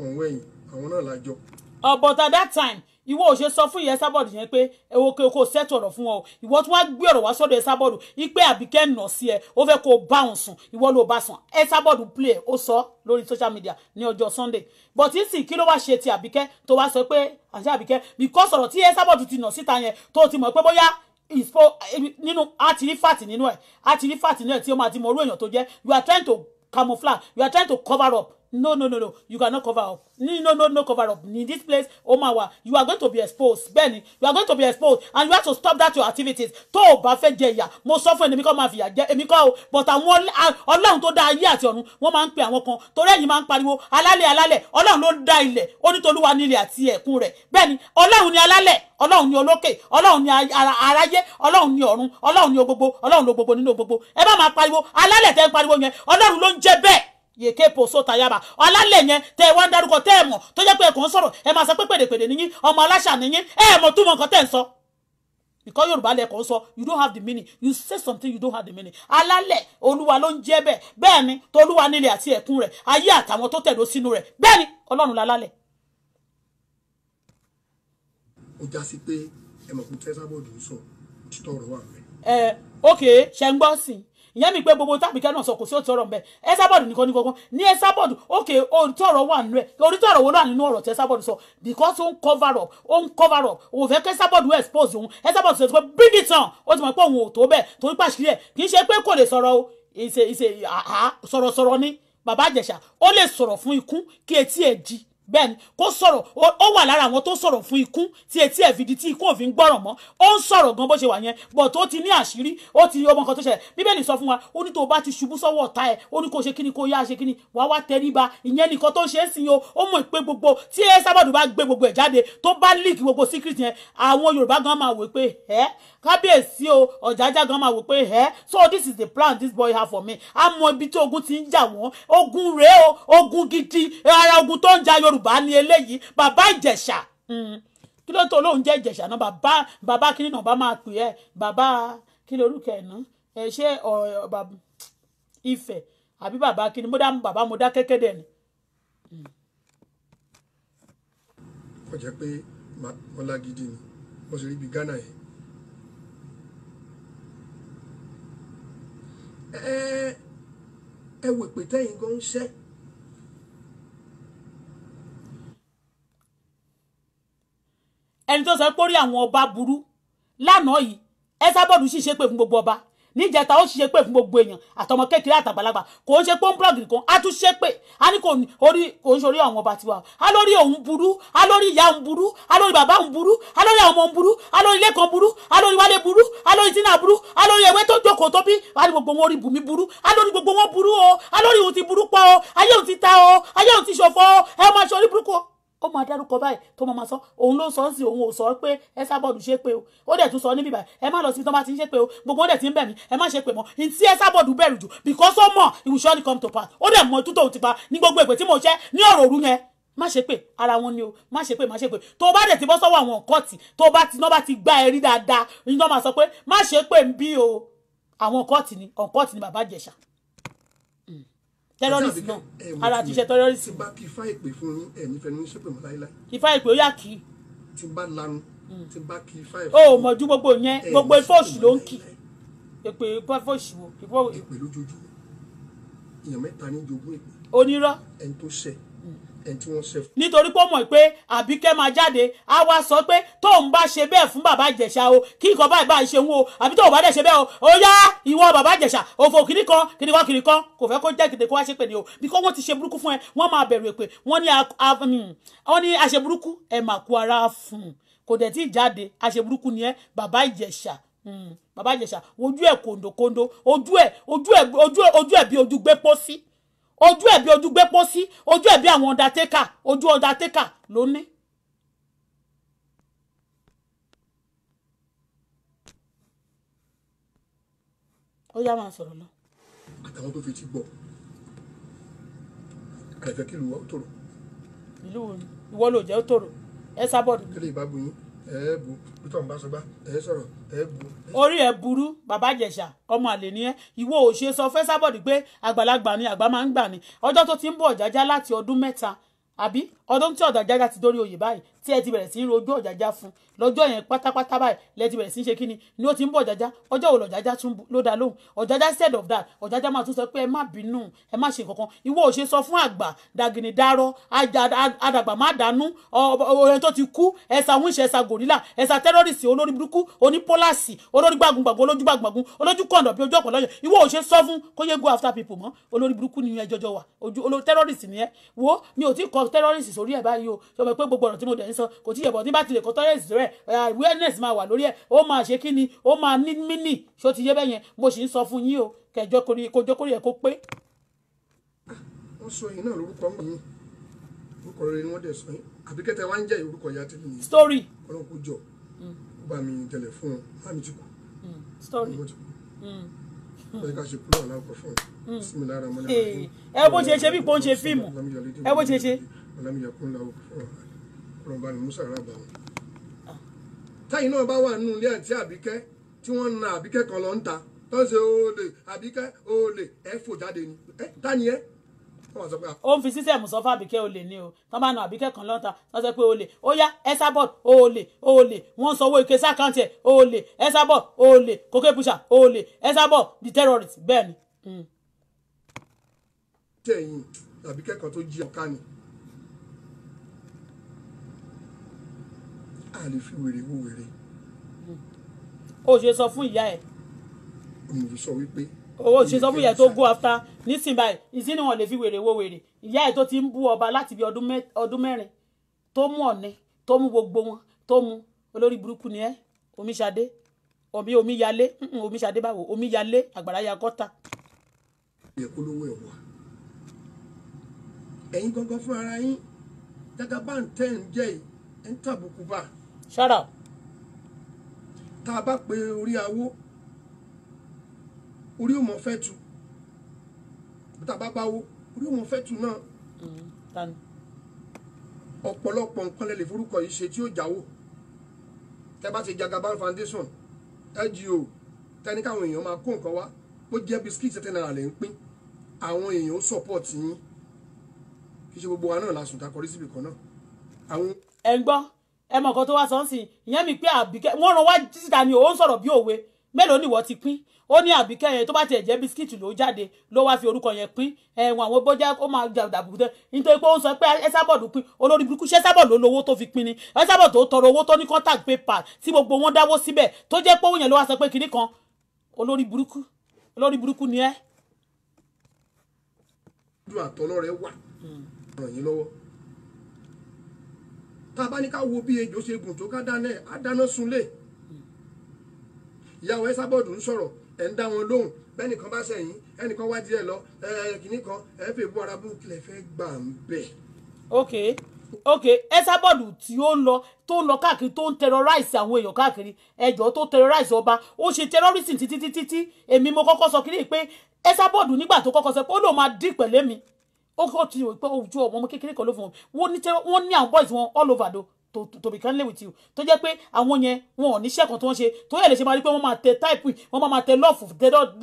ọ̀hún wẹ̀yìn àwọn náà lájọ. Uh, but at that time ìwọ ò ṣe sọ fún ìyẹn sábọ̀dù yẹn pé èwo kò kò sẹ́tù ọ̀rọ̀ fún ọ ìwọ tí wọ́n á gbé ọ̀rọ̀ wá sọ́dọ̀ ẹ sábọ̀dù ipe àbíkẹ́ nà sí ẹ ó fẹ́ kó o bá òun sùn ìwọ ló bá sùn ẹ sábọ̀dù play ó sọ lórí social media ní ọjọ́ sunday but ní sìn kí ló wá ṣe ti àbíkẹ́ tó wá sọ pé àṣẹ àbíkẹ́ because ọ̀rọ̀ tí ẹ sábọ̀dù ti nà síta yẹn tó ti mọ̀ pé bóyá nínú àtìrí fàtì nínú ẹ̀ àtìrí fàtì nínú ẹ̀ tí ó máa ti mọ̀ orú èèyàn tó jẹ́ you are trying to camouflage you are trying to cover up no no no no you cannot cover up no no no cover up in this place Omawa. you are going to be exposed Benny. you are going to be exposed and you have to stop that your activities tó o bá fẹ́ jẹ mo sọ fún èmi kọ́ máa fìyà jẹ èmi kọ́ o but àwọn ọlọ́run tó dá ayé àti ọ̀run wọ́n máa ń pe àwọn kan torí ẹ̀yin máa ń pariwo alálẹ̀ alálẹ̀ ọlọ́run ló dá ilẹ̀ onítolúwa ní ilẹ̀ àti ẹ̀kún rẹ̀ bẹ́ẹ̀ni ọlọ́run ni alálẹ̀ ọlọ́run ni olókè ọlọ́run ni aráyé ọlọ́run ni ọ̀run ọlọ́run ni ogbogbo ọlọ́run ló gbogbo nínú gbogbo ẹ bá máa pariwo alálẹ̀ tẹ́ pariwo yẹn ọlọ́run ló ń jẹ́ bẹ́ẹ̀ yèké poso tayaba ọlálẹ̀ yẹn tẹ wá ń darúkọ tẹ ẹ mọ̀ tó jẹ́ pé ẹ kàn ń sọ̀rọ̀ e ẹ máa sọ pé pèdèpèdè níyín ọmọ aláṣà níyín ẹ e mọ̀ túmọ̀ nǹkan tẹ̀ ń sọ. ìkọ́ yorùbá lẹ̀ kàn ń sọ you don't have the meaning you say something you don't have the meaning alálẹ̀ olúwa ló ń jẹ́ bẹ́ẹ̀ bẹ́ẹ̀ ni tolúwa nílẹ̀ àti ẹ̀kún rẹ̀ ayé àtàwọn tó tẹ̀dó sínú rẹ̀ bẹ́ẹ̀ ni ọlọ́run lálálẹ̀. ó já sí pé ẹ ìyẹn mi pé gbogbo tábìkẹ́ náà sọ kò sí òtí ọ̀rọ̀ mbẹ́ Esabod nìkan ní gbogbo ní Esabod òkè òtí ọ̀rọ̀ wà nínú ẹ̀ òtí ọ̀rọ̀ wo náà nínú ọ̀rọ̀ tí Esabod sọ because ó ń cover up ó ń cover up òun fẹ́ kí Esabod wọ́n expose òun Esabod sọ pé bring it on ó ti mọ̀ pé òun ò tó bẹ́ẹ̀ torí pàṣírí ẹ̀ kì í ṣe pé kò lè sọ̀rọ̀ o ìṣe ìṣe sọ̀rọ̀sọ̀rọ̀ ni bàbá àjẹsà ó bẹ́ẹ̀ ni kó sọ̀rọ̀ ó wà lára àwọn tó sọ̀rọ̀ fún ikú tí etí ẹ̀ fi di tí ikú òfin gbọ́rọ̀ mọ́ ó ń sọ̀rọ̀ gan bó ṣe wà yẹn but ó ti ní àṣírí ó ti ọmọ kan tó ṣẹlẹ̀ bíbélì sọ fún wa ó ní tó bá ti ṣubú sọ́wọ́ ọ̀tá ẹ̀ ó ní kó ṣe kíni kó yá ṣe kíni wá wá tẹríba ìyẹn nìkan tó ń ṣe é sìn o ó mọ̀ pé gbogbo tí ẹ sábàdù bá gbé gbogbo ẹ̀ jáde tó bá líìkì gbogbo secret yẹn àwọn yorùbá gan máa wò pé ẹ kábíyèsí o ọ̀jájá gan máa wò pé ẹ so this is the plan this boy have for me àmọ́ ibi tí ogun ti ń jà wọ́n ogun rèé o ogun gidi ara ogun tó ń ja yorùbá yorùbá ni eléyìí bàbá ìjẹ̀ṣà hmm. kí ló tó olóhùn jẹ́ ìjẹ̀ṣà náà bàbá bàbá kí nínú ọba máa pè ẹ́ bàbá kí lorúkọ ẹ̀ náà ẹ̀ ṣe ìfẹ́ àbí bàbá kí ni mo dá bàbá mo dá kékeré ni. Hmm. ó jẹ́ pé mọ́lá gidi ni mo sì rí ibi ghana yẹn ẹ ẹ wò pé tẹ́yìn gan ń ṣẹ́ ẹni tó sọ pé ó rí àwọn ọba burú lánàá yìí Ẹsábọ̀dù sì ṣépè fún gbogbo ọba níjẹta ó ṣiṣẹ́ pé fún gbogbo èèyàn àtọmọ kékeré àtàgbàlagbà kò ń ṣe pé ó ń búlọ̀gì kan á tún ṣe pé a ní kò orí kò ń ṣe orí àwọn ọba tiwa a lórí òun burú a lórí ìyá òun burú a lórí bàbá òun burú a lórí àwọn ọmọ òun burú a lórí ilé kan burú a lórí wálé burú a lórí tina burú a lórí ewé tó jókòó tó bí a ní gbogbo wọn orí bùnmi burú a lórí gbogbo wọn burú o a lórí òun ti burú pọ̀ o ayé òun ti ta o ayé òun ti ṣòfò o ẹ ó máa dárúkọ báyìí tó máa sọ òun ló sọ sí òun ò sọ pé ẹ sábọọdù ṣe pé o ó dẹ̀ tún sọ níbí báyìí ẹ má lọ sí tó bá ti ń ṣe pé o gbogbo ó dẹ̀ ti ń bẹ̀ mí ẹ má ṣe pé mọ́ ní tí ẹ sábọọdù bẹ̀rù jù because ó mọ̀ it will surely come to pass ó dẹ̀ mọ tútò òtìpa ní gbogbo èpè tí mo ṣẹ́ ní ọ̀rọ̀ òru yẹn má ṣe pé ara wọn ni o má ṣe pé má ṣe pé tó bá dẹ̀ ti bọ́ sọ́wọ́ àwọn kọ́ọ̀tì tó bá ti náà bá ti gbá ẹ rí dáadáa ní tó máa sọ pé má ṣe pé ń bí o àwọn kọ́ọ̀tì ni ọ̀kọ́ọ̀tì ni bàbá jẹ̀ṣà terrorist náà ara ti ṣe terrorist. tí bá kí ifá ìpè fún yín ẹ̀mí fẹ́ ní sọ́pẹ̀ mọ́ láíláí. ifá ìpè ó yà kí. tí bá lanu hmm. tí bá kí ifá ìpè. o mọ̀ ju gbogbo yẹn gbogbo ifá òṣì ló ń kì èpè ifá òṣì wo. èpè lójoojúmọ́ èèyàn mẹ́ta ní jogún èpè. onírọ́. ẹni tó ṣẹ̀ nítorí pé ó mọ̀ pé àbíkẹ́ máa jáde á wá sọ pé tóun bá ṣe bẹ́ẹ̀ fún bàbá ìjẹ̀ṣà o kí nǹkan báyìí báyìí ṣe ń wo àbí tóun bá dẹ̀ ṣe bẹ́ẹ̀ o ó yá ìwọ bàbá ìjẹ̀ṣà òfò kìnnì kan kìnnì kan kìnnì kan kò fẹ́ kó jẹ́ kìnnì kó wá ṣe pè ní o bí kò wọ́n ti ṣe burúkú fún ẹ wọ́n máa bẹ̀rù èpè wọ́n ní àṣẹ mm, burúkú ẹ̀ mà kú ara fún kò dẹ̀ tí jáde àṣẹ burúkú ni ẹ bàbá ìjẹ̀ṣà mm, bàbá ìjẹ̀ṣà ojú ẹ̀ kòndòkòndò ojú ẹ̀ ojú ẹ̀ ojú ẹ̀ bí ojú gbé pósí ojú ẹ̀ bí ojú gbé pósí ojú ẹ̀ bí àwọn undertaker ojú undertaker ló ní. ó yá máa sọ̀rọ̀ lọ. àtàwọn tó fi ti gbọ́ kàìfẹ́ kí ìlú wa ó tòrò. ìlú ìwọ ló jẹ́ ó tòrò ẹ sábọ̀dù. kílè ìbá bu yín ẹ bu bítọ̀ ń bá sọgbà ẹ sọ̀rọ̀ ẹ bu. orí ẹ burú bàbá jẹ̀ṣà ọmọ àlè ni ẹ ìwọ ò ṣe sọ fẹ́ sábọ̀dì pé àgbàlagbà ni àgbà máa ń gbà ni ọjọ́ tó ti ń bọ̀ jájá láti ọdún mẹ́ta àbí ọdún tí ọ̀dà ti dórí oyè báyìí tí ẹ ti bẹ̀rẹ̀ sí í rojọ́ ọ̀jájá fún lọ́jọ́ yẹn pátápátá báyìí lẹ ti bẹ̀rẹ̀ sí í ṣe kíni ni ó ti ń bọ̀ ọ̀jájá ọjọ́ wo lọ̀jájá tún ló dá lóhùn ọ̀jájá instead of that ọ̀jájá máa tún sọ pé ẹ má bínú ẹ má ṣe kankan ìwọ ò ṣe sọ fún àgbà dàgìnì dárọ àdàgbà má dànù ọ̀rẹ́ tó ti kú ẹ̀sà wíṣẹ̀ ẹ̀sà gòrílà ẹ̀sà tẹ́rọ́rìsì olórí burúkú onípólàsì olórí gbàgùngbàgùn olójú gbàgùngbàgùn olójú kọ̀ǹdọ̀ bí ojú ọ̀pọ̀ lọ́yọ̀ ìwọ ò ṣe go after people mọ́ olórí burúkú nìyẹn jọjọ wà tẹ́rọ́rìsì nìyẹn wo mi ò tí kọ tẹ́rọ́rìsì sórí ẹ̀ báyìí o sọ pé ní sọ kò tí yẹ̀bọ̀ ní bá ti lè kọ́ toilet awareness máa wà lórí ẹ̀ ó máa ṣe kí ni ó máa ní mínì ṣó ti yé bẹ́yẹn mo sì ń sọ fún yín o kẹjọ kórè kójọ kórè ẹ̀ kó pé. wọ́n sọ yìí náà lórúkọ mọ̀ mí orúkọ rere ni wọ́n dẹ̀ sọ yín àbí kẹ́tẹ́ wá ń jẹ́ orúkọ ìyá tèmi ni. story. ọlọ́run kò jọ mm. ó bá mi tẹ̀lẹ̀ fún un má mi ti kú. Mm. story mm. eh, ẹ bó ṣe ṣe bí kò ń ṣe fíìmù ẹ bó ṣe ṣe ọlọ́run bá ní musa ìran bá wọn. táyìn náà bá wà nínú ilé àti àbíkẹ́ tí wọ́n ń na àbíkẹ́ kan lọ ń ta tó ń ṣe olè àbíkẹ́ olè ẹ̀ fò jáde ni ẹ̀ dání ẹ̀ ó ń fi sísẹ̀mù sọ fún àbíkẹ́ olè ni o tó bá na àbíkẹ́ kan lọ́ta wọ́n sọ pé olè ó yá ẹ́sàbọ̀t olè olè wọ́n sanwó ike sàkáǹtì ẹ̀ olè ẹ́sàbọ̀t olè kókè pusa olè ẹ́sàbọ̀t the terrorist bẹ́ẹ̀ ni. Hmm. tẹ̀yìn àbíkẹ́ kan tó jí ọ̀ká ni a lè fi wèrè mú wèrè. o ṣe sọ fún ìyá ẹ. mo fi sọ wípé. owó ṣe sọ fún ìyá ẹ tó go after nísìnyí báyìí ìsín ni wọn lè fi wèrè wo wèrè ìyá ẹ tó ti ń bú ọba láti bí ọdún mẹ́rin tó mú ọ̀nẹ́ tó mú gbogbo wọn tó mú olórí burúkú ni ẹ Omíṣadé omi omíyalé Omíṣadé báwo omíyalé àgbàrá ya gọ́ta. ìyẹ polówó ẹ wà ẹ̀yin gangan fún ara yín gàgà bá ń tẹ́ ń jẹ́ ẹ̀ ń tàbùkù bá shut up. tá a bá pe orí awó orí ò mọ fẹ́ tu tá a bá bá wo orí ò mọ fẹ́ tu náà mm, ọ̀pọ̀lọpọ̀ nǹkan lè lè forúkọ yìí ṣe tí ó jáwó tẹ́ bá ṣe Jagaban Foundation ngo tẹ́ni káwọn èèyàn máa kó nǹkan wá ó jẹ́ bisikíìtì tẹ́tẹ́ náírà lè ń pín àwọn èèyàn ó support yín kì í ṣe gbogbo wa náà la sùn ká kọrí síbi kan náà. ẹ gbọ́ ẹ mọ̀ kan tó wá sọ́nsìn ìyẹn mi pé àbíkẹ́ wọ́n ran wá síta ni òun sọ̀rọ̀ bí òwe mélòó ni ìwọ ti pín ó ní àbíkẹ́ yẹn tó bá tiẹ̀ jẹ́ bisikíìtì ló jáde ló wá fi orúkọ yẹn pín ẹ̀wọ̀n àwọn bọ́jà ó máa dàbùkù tẹ́ nítorí pé ó ń sọ pé ẹ́sàbọ̀dù pín olórí burúkú ṣé ẹ́sàbọ̀dù ló lówó tó fi pín ni ẹ́sàbọ̀dù tó tọrọ owó tó ní contact paper tí gbogbo wọn dáwó síbẹ̀ tó jẹ́ pé òun yẹn ló wá sọ pé kinní kan olórí burúkú olórí burúkú ni ẹ́. ojú àtọ́lọ́ rẹ wà hmm. ràn yín lọ́wọ́ tá bá ní ká wo bí ejò ṣe gùn tó ká dáná á dáná sunlé ìyàwó ẹ sábọ̀dù ń sọ̀rọ̀ ẹ̀ ń dá wọn lóhùn bẹ́ẹ̀ nìkan bá sẹ̀yìn ẹnìkan wá díẹ̀ lọ ẹ̀ kìíní kan ẹ̀ fẹ́ bú ara búrúkú lẹ̀ fẹ́ gbà ń bẹ̀. ok ok ẹ sábọ̀dù tí ó ń lọ tó ń lọ káàkiri tó ń terrorize àwọn èèyàn káàkiri ẹjọ́ tó terrorize ọba ó ṣe terrorism títí títí èmi mo kọ́kọ́ sọ kiri pé ẹ sábọ̀dù nígbà tó kọ́kọ́ sọ pé ó ó kọ́ ti rò pé ojú ọmọ ọmọ kékeré kan ló fún wọn wọ́n ní àwọn boys wọn all over do to to be kindly with you tó jẹ́ pé àwọn yẹn wọn ò níṣẹ́ kan tí wọ́n ṣe tó yẹ lè ṣe máa rí pé wọ́n máa tẹ type wọ́n máa tẹ love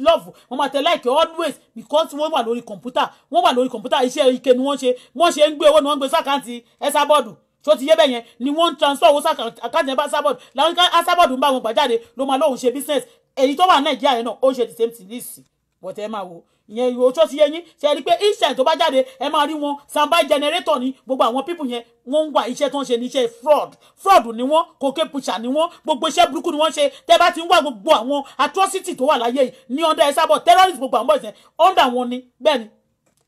love wọ́n máa tẹ like always because wọ́n wà lórí kọ̀ǹpútà wọ́n wà lórí kọ̀ǹpútà iṣẹ́ ike ni wọ́n ṣe wọ́n ṣe ń gbé owó ni wọ́n ń gbé sákàǹtì ẹ̀sà bọ́ọ̀dù tó ti yé bẹ́ẹ̀ yẹn ni wọ́n ń transfer owó sákàǹtì ẹ̀bá sábọ̀dù làwọn sábọ̀dù ń bá wọn gbà jáde ló máa lóun ṣe business èyí tó wà Nàìjíríà yẹn náà ó ṣe the same thing nísì bọ̀tẹ́ máa wo ìyẹn ìwé oṣó ti yẹ yín ṣe rí pé iṣẹ́ tó bá jáde ẹ máa rí wọn samba generator ni gbogbo àwọn pípù yẹn wọ́n ń wá iṣẹ́ tó ń ṣe ní iṣẹ́ fraud fraud ni wọ́n kòkè puṣà ni wọ́n gbogbo iṣẹ́ burúkú ni wọ́n ṣe tẹ́ bá ti ń wá gbogbo àwọn atrocity tó wà láyé yìí ní ọ̀dà ẹ̀ sábọ̀ terrorist gbogbo àwọn bọ̀ọ̀sẹ̀ ọ̀dà wọn ni bẹ́ẹ̀ ni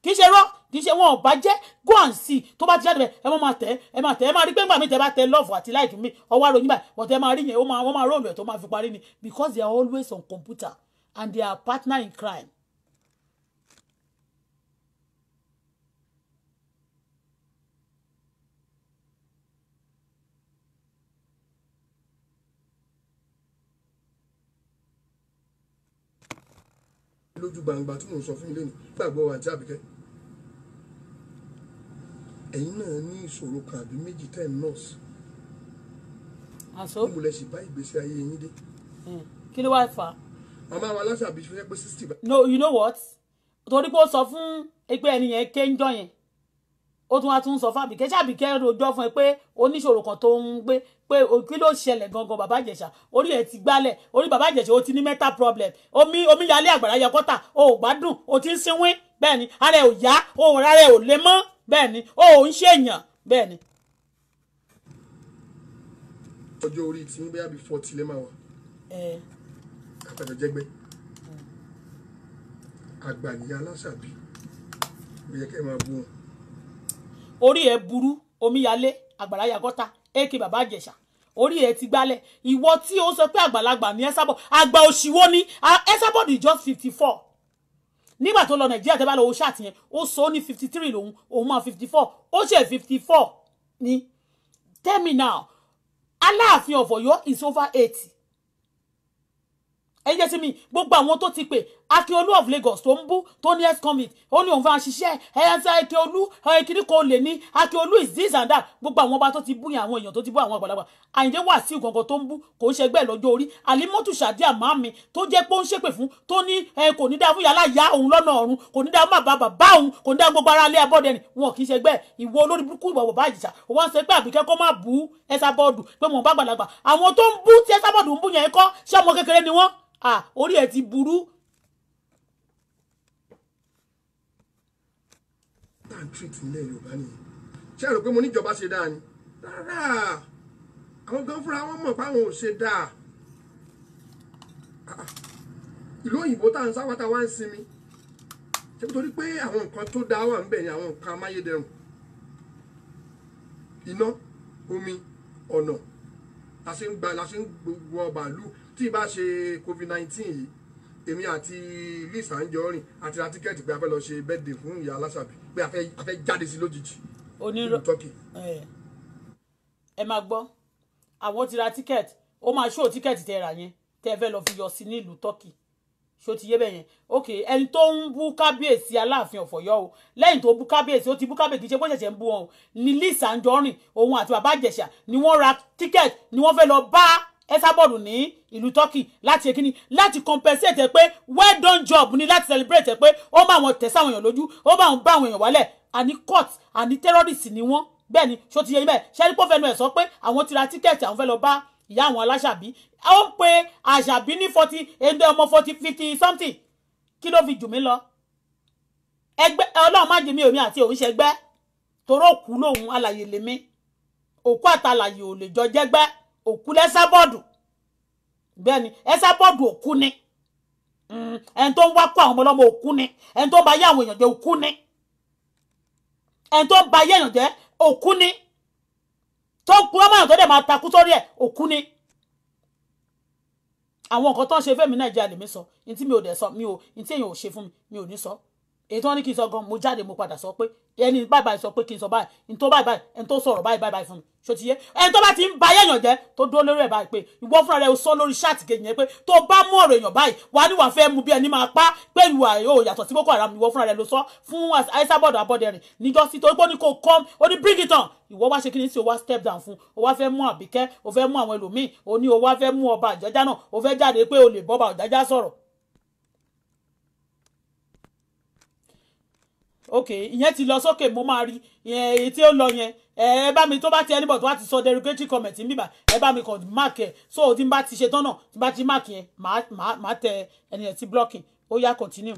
kì í ṣe rọ́ kì í ṣe wọn ò bá jẹ́ go and see tó bá ti jáde bẹ́ẹ̀ ẹ máa tẹ̀ ẹ máa tẹ̀ ẹ máa rí pé ńgbà mi tẹ̀ bá tẹ̀ love àti like mi ọwọ́ àròyìn báyìí wọ́n tẹ̀ máa rí yẹn wọ́n máa róòlù ẹ̀ tó máa fi parí ni because they are always on computer and they are partner in crime lójú gbangba tí mò ń sọ fún ilé ní gbàgbọ́ àti àbíkẹ́ ẹ̀yin náà ní ìṣòro kan àbí méjì tẹ́ ẹ̀ nọ́ọ̀sì àṣọ lẹ sì bá ìgbésí ayé yín dé. kí ló wá fà á. màmá wa aláṣà àbí fẹ́ pé sixty. no you know what torí pé ó sọ fún ẹgbẹ́ ẹni yẹn kéńjọ yẹn ó tún wá tún sọ fún àbíkẹ́ ṣàbíkẹ́ rojọ́ fún ẹ pé oníṣòro kan tó ń gbé pé kí ló ṣẹlẹ̀ gangan bàbá ìjẹ̀ṣà orí ẹ̀ ti gbálẹ̀ orí bàbá ìjẹ̀ṣà ó ti ní mental problem omi omi yalé àgbàrá yẹ kọ́tà o ò gbádùn o ti ń sinwín bẹ́ẹ̀ ni ara ẹ̀ ò yá o ò rárẹ̀ ò lé mọ́ bẹ́ẹ̀ ni o ò ń ṣèyàn bẹ́ẹ̀ ni. ọjọ́ orí tí yín bẹ́ẹ̀ bí fọ́ọ̀tì lè máa wà àpẹẹrẹ jẹgbẹ́ àgbà nìyá aláṣàbí ó yẹ kẹ́ máa bú wọn orí ẹ burú omíyalé àgbàrá yagọ́ta ak bàbá àjẹsà orí ẹ ti gbálẹ̀ ìwọ tí ó sọ pé àgbàlagbà ní ẹsàbọ̀ àgbà òṣìwọ́ ni ẹsàbọ̀ ni just fifty four nígbà tó lọ nàìjíríà tẹ́ bá lọ wo ṣáàtì ó sọ ó ní fifty three lòun òun máa fifty four ó ṣe fifty four ní tell me now aláàfin of Ọ̀yọ́ is over eighty ẹ jẹ́ sí mi gbogbo àwọn tó ti pè Akeolu of Lagos tó ń bú tó ní ex-convict ó ní òun fẹ́ ṣiṣẹ́ ẹ̀yẹ́nsẹ́ Akeolu ẹ̀kíní kan lè ní Akeolu is this and that gbogbo àwọn ọba tó ti bú yẹn àwọn èèyàn tó ti bú àwọn àgbàlagbà Àyìndé Wàsíù gangan tó ń bú kò ń ṣẹgbẹ́ lọ́jọ́ orí Àlímọ́tù Ṣàdí àmàmì tó jẹ́ pé ó ń ṣépè fún tó ní kò ní dáa fún yàrá ìyá òun lọ́nà ọ̀run kò ní dáa fún bàbá bàbá òun kò ní dáa gbogbo ara alẹ́ abọ́dẹ ni wọn kì í ṣẹgbẹ́ ìwọ olórí burúkú ìwà bàbá àjìṣà wọn sọ pé àbíkẹ́ kọ́ máa bú ẹ̀sà bọ́ọ̀dù à ń treat nílẹ̀ yorùbá nìyẹn ṣé ẹ rò pé mo níjọba ṣe dáa ni rárá àwọn gan fúnra wọn mọ̀ páwọn ò ṣe dáa ah, ìlú òyìnbó tá à ń sáwá tá a wá ń sinmi ṣé nítorí pé àwọn nǹkan tó dáa wà ńbẹ̀ ni àwọn nǹkan amáyédẹrùn iná omi ọ̀nà la ṣe ń gba la ṣe ń wọ bàálù tí ì bá ṣe covid nineteen yìí èmi àti Lizzy Anjorin àti ra pé a fẹ́ lọ ṣe birthday fún ìyá aláṣàbí pé a fẹ́ jáde sí lójijì onírò eh. ẹ máa gbọ́ àwọn ti ra tíkẹ́ẹ̀tì ó máa ṣó tíkẹ́ẹ̀tì tẹ ra yẹn tẹ fẹ́ lọ fi yọ sí nílùú Turkey ṣó ti yé bẹ́ẹ̀ yẹn ok ẹni tó ń bú kábíyèsí aláàfin ọ̀fọ̀yọ́ o lẹ́yìn tó bú kábíyèsí ó ti bú kábíyèsí ṣe bó ṣẹ̀ṣẹ̀ ń bú wọn o ní Lizzy Anjorin òun àti bàbá Ìjẹ̀ṣà ni wọ́n ra tíkẹ́ẹ̀tì ni wọ́n fẹ́ lọ bá Esabod ní ìlú Turkey láti ekini láti compensate pé well done job ni láti celebrate pé ó bá wọn tẹ̀ sáwọn èèyàn lójú ó bá wọn bá àwọn èèyàn wálẹ̀ àní court àní terrorist ni wọ́n bẹ́ẹ̀ ni ṣó ti yẹ ibẹ̀ ṣẹ́rípò fẹnu ẹ̀ sọ pé àwọn ti ra tíkẹ́ẹ̀tì àwọn fẹ́ lọ bá ìyá àwọn aláṣàbí ó ń pe àṣàbí ní forty ẹgbẹ́ ọmọ forty fifty something kí ló fi jù mí lọ ẹgbẹ́ ọlọ́run má jẹ́ mi òmi àti òun ṣẹgbẹ́ toró kú lòun alàyè lèmi òkú àtàlàyè ò lè jọ jẹ́gbẹ́ òkú lẹ́sà bọ́ọ̀dù bẹ́ẹ̀ ni ẹ̀sà bọ́ọ̀dù òkú ni mm, ẹni tó ń wá kó àwọn ọmọ ọlọ́mọ òkú ni ẹni tó ń ba ayé àwọn èèyàn jẹ́ òkú ni ẹni tó ń ba ayé èèyàn jẹ́ òkú ni tó ń kúrọ́ mọ́yàn tó dẹ̀ máa takú sórí ẹ̀ òkú ni àwọn nǹkan tó ń ṣe fẹ́mi Nàìjíríà lèmi sọ ní tí mi ò dẹ̀ sọ mi ò ní tí èèyàn ò ṣe fún mi mi ò ní sọ. So èyí tí wọ́n ní kí n sọ gan mo jáde mo padà sọ pé ẹni báyìí báyìí sọ pé kí n sọ báyìí ẹni tó báyìí báyìí ẹni tó sọ̀rọ̀ báyìí báyìí fún mi ṣó ẹni tó bá ti ń ba ayé èèyàn jẹ́ tó dúró lórí ẹ̀ báyìí pé ìwọ fúnra rẹ̀ o sọ lórí ṣáàtì kejì yẹn pé tó bá mú ọ̀rọ̀ èèyàn báyìí wà ní wà fẹ́ mu bí ẹni máa pa pé ìwà yóò yàtọ̀ sí boko haram ìwọ fúnra rẹ̀ ló sọ fún àìsàbọ̀dù abọ́dẹrìn níjọ́ sí torí pé ó ní kò kọ́ ó ní bring it on ìwọ wá ṣe kí ni sí o wá step down fún o wá fẹ́ mú àbíkẹ́ o fẹ́ mú àwọn ẹlòmíì o ní o wá fẹ́ mú ọba àjọjá náà o fẹ́ jáde pé o lè bọ́ba àjọjá sọ̀rọ̀ ok ìyẹn ti lọ sókè mo máa rí ìyẹn èyí tí ó lọ yẹn ẹ bá mi tó bá ti ẹnibọ̀ tó bá ti sọ derogatory comment ń bíbà ẹ bá mi kàn mark ẹ so tí n bá ti ṣe tán náà tí n bá ti mark yẹn màá tẹ ẹni ẹ ti blocking ó yá continue.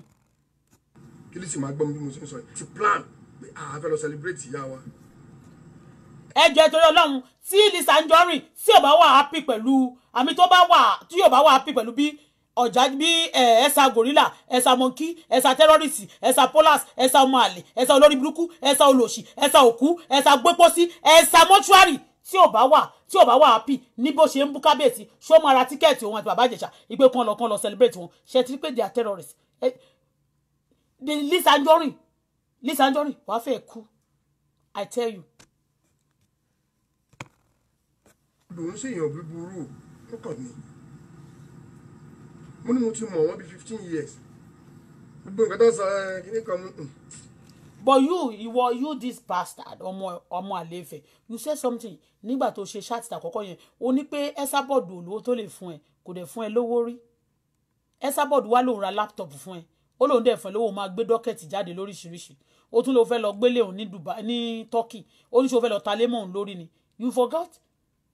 kí ló sì máa gbọ́ mi bí mo ṣe ń sọ yìí ti plan pé a lọ celebrate ìyá wa. ẹ jẹ́ torí Ọlọ́run tí Lizzy Anjorin tí ò bá wà happy pẹ̀lú àmì tó bá wà tí ò bá wà happy pẹ̀lú bí ọ̀já bí ẹ̀ẹ́sà gorilla ẹ̀ẹ́sà monkey ẹ̀ẹ́sà terrorist ẹ̀ẹ́sà polas ẹ̀ẹ́sà ọmọ àlè ẹ̀ẹ́sà olórí burúkú ẹ̀ẹ́sà olòṣì ẹ̀ẹ́sà òkú ẹ̀ẹ́sà gbépọ́sí ẹ̀ẹ́sà mọ́ṣúárì tí ò bá wà tí ò bá wà happy ní bó ṣe ń bú kábíyèsí ṣó mọ ara tíkẹ́ẹ̀tì òun àti bàbá ìjẹ̀ṣà ìgbé kan lọ kan lọ celebrate wọn ṣe ti pé they are terrorists the Lizzy Anjorin Lizzy Anjorin wàá fẹ́ kú I tell you. lòun ṣèyàn búburú ó kàn ní mo ní mo ti mọ̀ wọ́n bí fifteen years gbogbo nǹkan tó sọ ẹ kíní kan mú. Mm. but you ìwọ you, you this bastard ọmọ ọmọ àlefẹ you say something nígbà tó ṣe ṣáàtì àkọ́kọ́ yẹn o ní pé ẹsàbọ̀dù olówó tó lè fún ẹ kò dẹ̀ fún ẹ lówó rí ẹsàbọ̀dù wà lóun ra laptop fún ẹ ó lóun dẹ̀ fún ẹ lówó máa gbé dọ́kẹ̀tì jáde lóríṣiríṣi o tún lọ fẹ́ lọ gbélé òun ní Dubai ní Turkey ó ní ṣe o fẹ́ lọ ta lé mọ́ òun lórí ni you forgot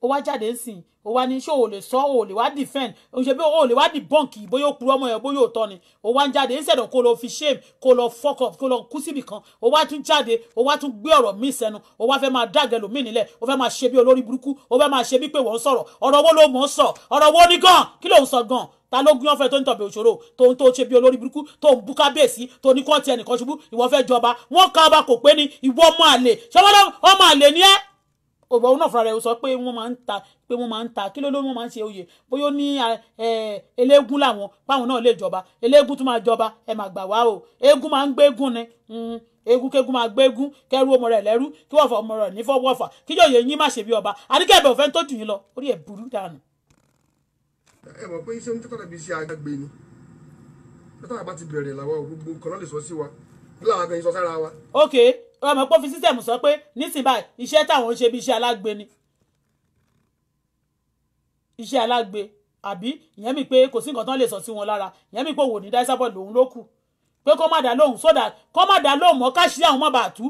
ó wá jáde nsìn ó wá ní ṣé o lè sọ o lè wá defend o ṣe bí o lè wá di bọ́ǹkì bóyá o kúrò ọmọ yẹn bóyá o tọ́ ni o wá jáde instead kó lọ fi shame kó lọ fuck up kó lọ kú síbì kan o wá tún jáde o wá tún gbé ọ̀rọ̀ míì sẹ́nu o wá fẹ́ máa dàgẹ̀ lómìn nílẹ̀ o fẹ́ máa ṣe bí olórí burúkú o fẹ́ máa ṣe bí pé wọ́n sọ̀rọ̀ ọ̀rọ̀ wo ló mọ̀ ń sọ ọ̀rọ̀ wo ni gan kí ló ń sọ gan ta ló gún ọ̀fẹ́ tó ń tọbẹ òṣòro tó ń tó ṣe bí olórí burúkú tó ń bú kábíyèsí tó ní kọ́ńtì ẹnìkan ṣubú ìwọ fẹ́ jọba wọn kà ọba kò pé ni ìwọ ọmọ àlè ṣọwọ́n ọmọ àlè ni ẹ́ òbọ̀ òun náà fúnra rẹ̀ sọ pé wọ́n máa ń ta pé wọ́n máa ń ta kí ló ló wọ́n máa ń ṣe oyè bóyá ó ní eléégún làwọn páwọn náà lè jọba eléégún tún máa jọba ẹ máa gbà wá o eégún máa ń gbégún ni hmm, egunkegun máa gbégún kẹrù ọmọ rẹ lẹrú kí wọn fọ ọmọ rẹ ní fọwọfà kí yóòyè yín má ṣe bí ọba àdìgẹ́ ẹ̀bẹ̀ òfẹ́ tó jù yín lọ orí ẹ̀ burú dànù. ẹ mọ̀ pé iṣẹ́ nítorí tàbí iṣẹ́ àgbẹ̀ ni tọ́tà bá ti bẹ̀rẹ̀ làwọn gbogbo nǹkan náà lè sọ sí wa bí làwọn akẹ́yìn okay ọmọ pé fi sísẹ̀mù sọ pé nísìnyí báyìí iṣẹ́ táwọn ń ṣe bí iṣẹ́ alágbe ni iṣẹ́ alágbe àbí ìyẹn mi pé kò sí nǹkan tán lè sọ sí wọn lára ìyẹn mi pé òwò ní dáísábọ̀ lòun ló kù pé kó má dá lóhùn sódà kó má dá lóhùn mọ́ káṣírí àwọn má bàa tú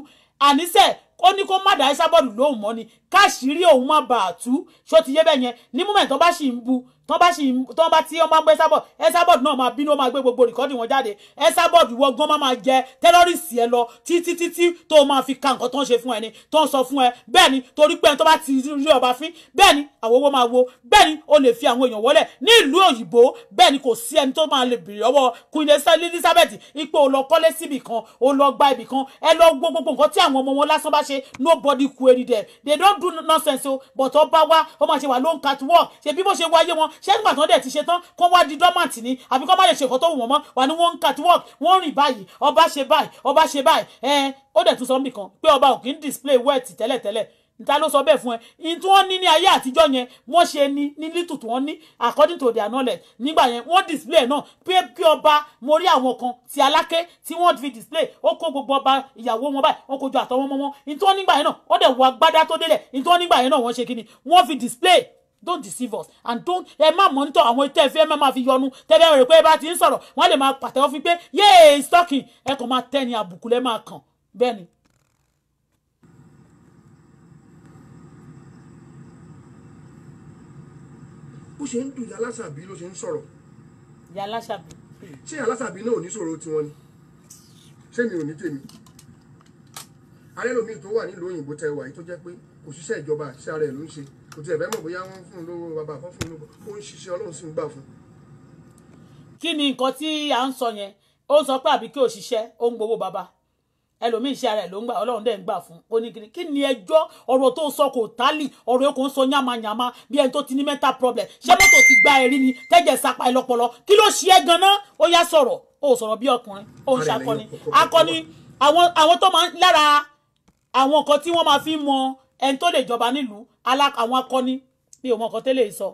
àníṣe ó ní kó má dá dáísábọ̀ lòun mọ́ ni káṣírí òun má bàa tú ṣó ti yé bẹ́ẹ̀ yẹn ní múmẹ̀ntàn bá sì ń bu tán bá sì tán bá tí wọn bá ń bọ ẹsàbọọdù ẹsàbọọdù náà máa bínú ó máa gbé gbogbo rìkọ́dì wọn jáde ẹsàbọọdù ìwọ gan máa jẹ tẹ́rọ́rìsì ẹ lọ títí títí tó máa fi ka nǹkan tó ń ṣe fún ẹ ni tó ń sọ fún ẹ bẹ́ẹ̀ ni torí pé tó bá ti rí ọba fín bẹ́ẹ̀ ni àwọn máa wo bẹ́ẹ̀ ni o lè fi àwọn èèyàn wọlé ní ìlú òyìnbó bẹ́ẹ̀ ni kò sí ẹni tó máa lè bèrè ọwọ́ Queen Elizabeth ipò ò lọ kọ́lé síbì kan ò lọ gba ibì kan ẹ lọ gbọ́ gbogbo nǹkan tí àwọn ọmọ wọn lásán bá ṣe nobody query them they don't do nonsense o but ọba wa ó máa ṣe wà ló ń catwalk ṣe bí bó ṣe wáyé wọn ṣé nígbà tí wọ́n dẹ̀ ti ṣe tán kó wá di dormant ni àbí kó má lè ṣe nǹkan tó wù wọ́n mọ́ wà ní wọ́n ń catwalk wọ́n rìn báyìí ọba ṣe báyìí ọba ṣe báyìí ẹ ó dẹ̀ tún sọ mí pé ọba ò kì display wet tẹ́lẹ̀tẹ́lẹ̀ ta ló sọ bẹ́ẹ̀ fún ẹ in tí wọ́n ní ní ayé àtijọ́ yẹn wọ́n ṣe ní ní lítù tí wọ́n ní according to their knowledge nígbà yẹn wọ́n display náà pé kí ọba mo rí àwọn kan ti aláké tí wọ́n fi display ó kó gbogbo ọba ìyàwó wọn báyìí wọ́n kojú àtọwọ́ mọ́ wọn in tí wọ́n nígbà yẹn náà wọ́n dẹ̀ wọ agbádá tó délẹ̀ in tí wọ́n nígbà yẹn náà wọ́n ṣe kí ni wọ́n fi display don't deceive us and don't ẹ má mọ́ńtọ̀ àwọn tẹ́ ẹ fẹ́ máa fi yọnu tẹ́ ẹ rẹ̀ pé ẹ bá ti ń sọ̀rọ̀ wọ́n lè máa pàtẹ́wọ́ fún pé yéè stocking ẹ kàn máa tẹ́ ni àbùkù lẹ́ máa kàn bẹ́ẹ̀ ni. bó ṣe ń dùn ìyá aláṣàbí ló ṣe ń sọ̀rọ̀. ìyá aláṣàbí. ṣé aláṣàbí náà ò ní sọ̀rọ̀ tiwọn ni ṣé mi ò ní tèmi arẹ́lòmíì tó wà nílùú òyìnbó tẹ́ wà yìí tó jẹ́ pé òṣìṣẹ́ ìjọba àṣìṣe ara ẹ̀ ló ń ṣe kò tiẹ̀ fẹ́ mọ̀ bóyá wọ́n fún un lówó bàbá kan fún un lówó ó ń ṣiṣẹ́ ọlọ́run sì ń gbà fún un. kí ni nǹkan tí à ń sọ yẹn ó ń sọ pé àbí kí òṣìṣẹ́ ó ń gbowó bàbá ẹlòmíì iṣẹ́ ara ẹ̀ ló ń gbà ọlọ́run dẹ̀ ń gbà fún oníkiri kí ni ẹjọ́ ọ̀rọ̀ tó ń sọ kò tálì ọ̀rọ̀ yóò kò ń sọ yàmàyàmà bí ẹni tó ti ní mental problem ṣé mọ́tò ti gba ẹ̀rí ni tẹ́jẹ̀ sapa ẹ̀ lọ́pọlọ kí ló ṣe é ganan ó yá sọ̀rọ̀ ó sọ̀rọ̀ bí ọkùnrin ó ń ṣakọni akọni àwọn tó máa ń lára àwọn nǹkan tí wọ́n máa fi mọ ẹni tó lè jọba nílùú àwọn akọni mi ò mọ nǹkan tẹ́lẹ̀ sọ.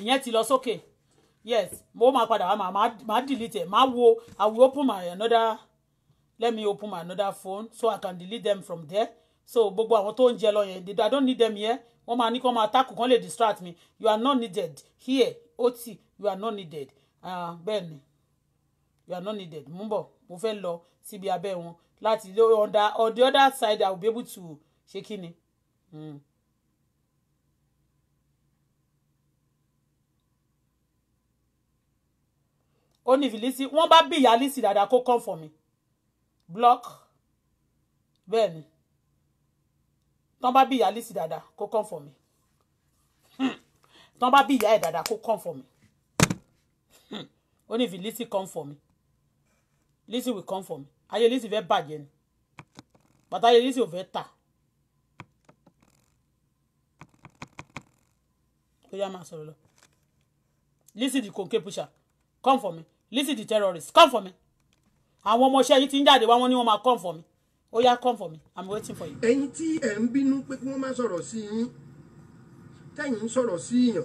ìyẹn ti lọ sókè yes mo máa padà wá máa delete ẹ̀ máa wo i will open my another let me open my another phone so i can delete them from there so gbogbo àwọn tó ń jẹ lọ yẹn i don't need them here wọ́n máa ní kí wọ́n máa tákù kán lè distract mi you are not needed here ot you are not needed uh, bẹ́ẹ̀ ni you are not needed mú bọ̀ mo fẹ́ lọ síbi abẹ́ wọn láti on the, on the other side i will be able to ṣe kí ni. Mm. ó ní ìfìlísí wọ́n bá bí ìyá lísì dáadáa kó come for me block bẹ́ẹ̀ ni tán bá bí ìyá Lizzy dáadáa kó come for me tán bá bí ìyá ẹ̀ dáadáa kó come for me ó ní if Lizzy come for me Lizzy will come for me ayé Lizzy fẹ́ bàjẹ́ ni bàtà ayé Lizzy ò fẹ́ tà ó yá máa sọ̀rọ̀ lọ Lizzy the conke pusher come for me Lizzy the terrorist come for me àwọn ọmọọṣẹ́ yìí ti ń jáde wá wọ́n ní wọ́n máa come for me ó yá come for me i'm waiting for you. ẹ̀yin tí ẹ ń bínú pé kí wọ́n má sọ̀rọ̀ sí yín tẹ̀yin ń sọ̀rọ̀ sí yàn.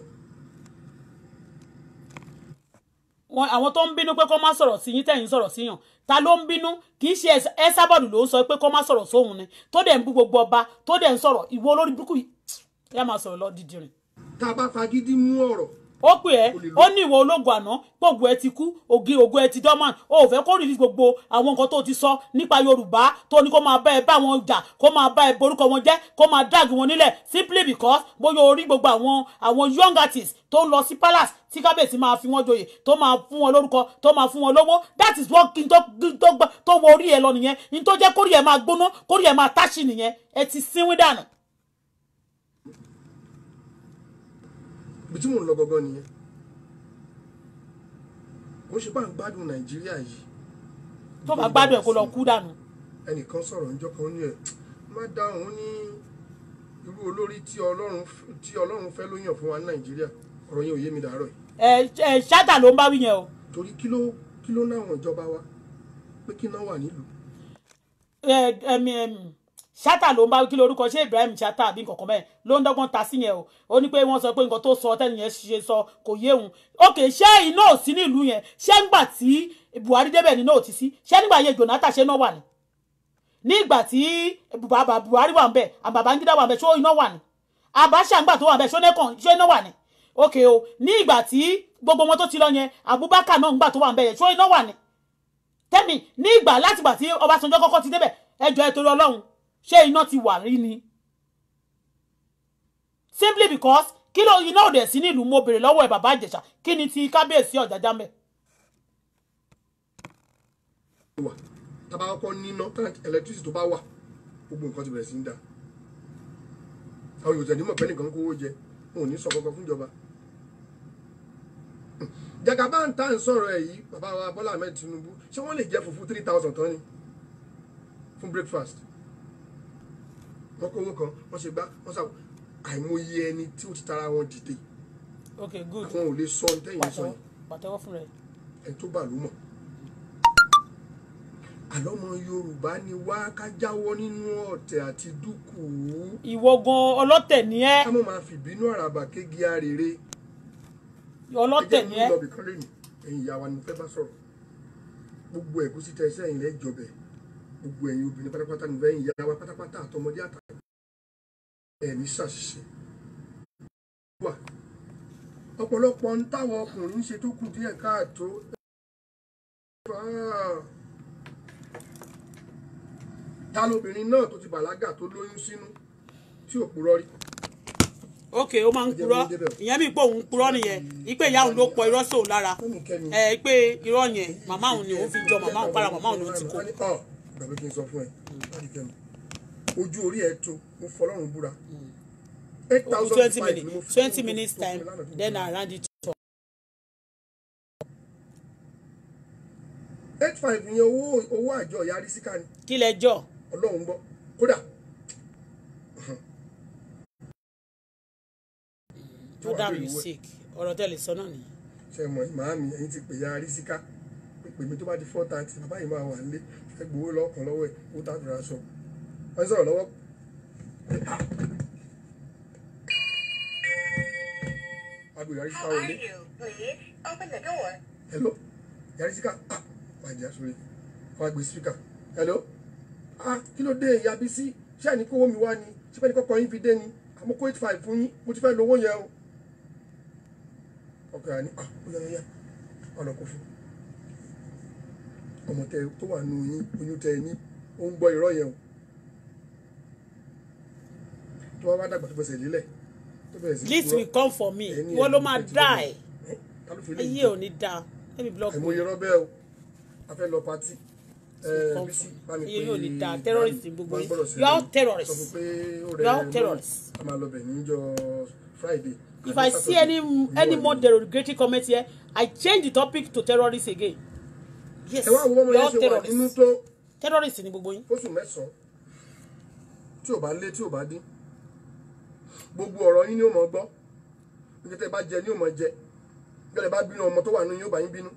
àwọn tó ń bínú pé kó má sọ̀rọ̀ sí yín tẹ̀yin sọ̀rọ̀ sí yàn ta ló ń bínú kì í ṣe ẹ sábọ̀dù ló ń sọ pé kó má sọ̀rọ̀ sóhun ni tó dẹ̀ ń bú gbogbo ọba tó dẹ̀ ń sọ̀rọ̀ ìwọ olórí burúkú yìí ẹ máa sọ̀rọ̀ lọ dídìrín. tá a bá fagídí mú ọ̀rọ̀ ó pè ẹ́ ó ní ìwọ ológun àná gbogbo ẹ ti kú ògì ògo ẹ ti dormant ó fẹ́ kó rìlí gbogbo àwọn nǹkan tó ti sọ nípa yorùbá tó ní kó máa bá ẹ bá wọn jà kó máa bá ẹ borúkọ wọn jẹ́ kó máa dáàgì wọn nílẹ̀ simply because bóyá orí gbogbo àwọn àwọn young artists tó ń lọ sí palace tí kábíyèsí máa fi wọn joyè tó máa fún wọn lórúkọ tó máa fún wọn lówó that is what kí n tó tó wọ orí ẹ lọ nìyẹn n tó jẹ́ kórìí ẹ máa gbóná kórìí ẹ máa táṣì nìyẹn ẹ ti sínwín dànù ibi tí mò ń lọ gangan nìyẹn kò ṣe bá ń gbádùn nàìjíríà yìí. tó bá gbádùn ẹ kó lọ kú dànù. ẹnìkan sọ̀rọ̀ níjọ́ kan ó ní ẹ̀ má dáhùn ó ní irú olórí tí ọlọ́run fẹ́ ló yàn fún wa ní nàìjíríà ọ̀rọ̀ yẹn ò yé mi dàárọ̀ yìí. ẹ ẹ ṣáàtà ló ń bá wí o. torí kí ló kí ló náwọn ìjọba wa pé kí náà wà nílùú. ẹ ẹ mi ẹ mi ṣátà ló ń bá kí lórúkọ ṣé Ibrahim ṣátà àbí nǹkan kan bẹ́ẹ̀ ló ń dọ́gbọ́n ta sí yẹn o ó ní pé wọ́n sọ pé nǹkan tó sọ tẹ́lẹ̀ yẹn ṣe sọ kò yé òun òkè ṣé iná ò sí nílùú yẹn ṣé ńgbà tí Buhari débẹ̀ níná ò ti sí ṣé nígbà yẹn Jonathan ṣe náà wà ní nígbà tí Buhari wà ń bẹ̀ wà ń ṣó iná wà ní Abacha ńgbà tó wà ń ṣó iná wà ní òkè o ní ìgbà tí gbogbo wọn tó ti lọ yẹn Abubakar náà ńgbà tó wà ń bẹ̀ yẹn ṣó iná wà ní tẹ́mi ní ìgbà láti ìgbà tí Ọbásanjọ́ kọ́kọ́ ti débẹ̀ ẹjọ́ ẹ torí Ọlọ́run ṣé iná ti wà rí ni simply because kí ló iná òde sí nílùú mo béèrè lọ́wọ́ ẹ̀ bàbá ìjẹ̀ṣà kí ni ti kábíyèsí ọ̀jájá mẹ́. tábà kọ́kọ́ níná tank electricity tó bá wà gbogbo nǹkan ti bẹ̀rẹ̀ sí ń dà àwọn yòòtẹ̀ nímọ̀ pẹ́ nìkan kówó jẹ wọn ò ní sọ kankan fún ìjọba jagaba ń tà ń sọ̀rọ̀ ẹ̀ yìí bàbá wa Bọ́lá Ahmed Tinubu ṣé wọ́n lè jẹ fùfú three thousand tán ni fún breakfast wọ́n kó owó kan wọ́n ṣe gbá wọ́n sàwọ́ àìmọye ẹni tí ó ti tara wọn dìde ok good àwọn ò lè sọ ní tẹ́yìn sọ yìí pàtẹ́wọ́ fún rẹ ẹni tó bà ló mọ̀ àlọ́mọ yorùbá ni wá ká jáwọ́ nínú ọ̀tẹ̀ àti dúkù. ìwọ gan ọlọ́tẹ̀ ni ẹ́. ká mọ̀ máa fi ìbínú àràbà kéegi arèrè. ọlọ́tẹ̀ ni ẹ́. ẹ jẹ́ mi lọ bìkan lónìí ẹ̀yin ìyá wa ni fẹ́ bá sọ̀rọ̀ gbogbo ẹ̀gúsí tẹ iṣẹ́ yìí lẹ́jọ́ bẹ́ẹ̀ gbogbo ẹ̀yin obìnrin pátápátá ní bẹ́ẹ̀ ìyá wa pátápátá àtọmọdé àtàwọn ẹ̀mí ṣàṣìṣe wà ọ̀pọ̀lọpọ̀ ń táwọn ọkùnrin ń ṣe tó kù díẹ̀ káàtó ah. ta lobìnrin náà tó ti bàlágà tó lóyún sínú tí ò purọ́ rí. ok ó máa ń purọ́ ìyẹn mi pé òun purọ́ nìyẹn ipe ìyá òun ló pọ irọ́ sóun lára ẹ pé irọ́ yẹn màmá òun ni òun fi jọ màmá òun para màmá òun ló ti kó tàbí kí n sọ fún ẹ láti kẹ́mi ojú orí ẹ tó mo fọlọ́run búra eight thousand five ni mo fi twenty minutes time then around it. eight five yẹn owó owó àjọ yarí síkà ni. kí lẹ jọ. ọlọ́run gbọ́ kódà. madam you sick ọ̀rọ̀ tẹ̀lé sọ náà nìyẹn. ṣe mọ̀ màámi ẹ̀yin ti pè yarí síkà pè mí tó bá di four thirty bàbá yìí máa wà nílé fẹ́ gbowó lọ́kàn lọ́wọ́ ẹ̀ kó tá a fìrà sọ wọ́n sọ̀rọ̀ lọ́wọ́. agbo yàrá ìsìká wọlé hello yàrá ìsìká ah máa jẹ́ àṣọyé wọ́n gbé síkà hello ah kí ló dé ìyá Bísí ṣé àní kówó mi wá ni ṣé bẹ́ẹ̀ ni kọ́kọ́ yín fi dé ni àmọ́ ah, kó eight five fún yín mo ti fẹ́ lówó yẹn o ọkọ̀ àní ah ó yẹ yẹ ọ̀nà kò fún un ọmọ tẹ tó wà nù yín oyún tẹ ní ó ń gbọ́ irọ́ yẹn o tó bá dàgbà tó fẹsẹ̀ lélẹ̀ tó fẹsẹ̀ sí. this will come for me wọ́n ló máa die ayé ò ní da let me block you. àìmọye irọ́ bẹ́ẹ̀ o a fẹ́ lọ pati bisi yóò ní da terrorist gbogbo you are terrorist you are terrorist. if i see any any more derogatory comment here i change the topic to terrorist again ẹ wá àwọn ọmọ yẹn ṣe wà nínú tó terrorist ni gbogbo yín. oṣù mẹ́sàn-án tí ò bá lé tí ò bá dín gbogbo ọ̀rọ̀ yín ni ó mọ̀ gbọ́ nígbà tẹ́ bá jẹ ni ó mọ̀ jẹ nígbà tẹ́ bá bínú ọmọ tó wà nínú yóò bá yín bínú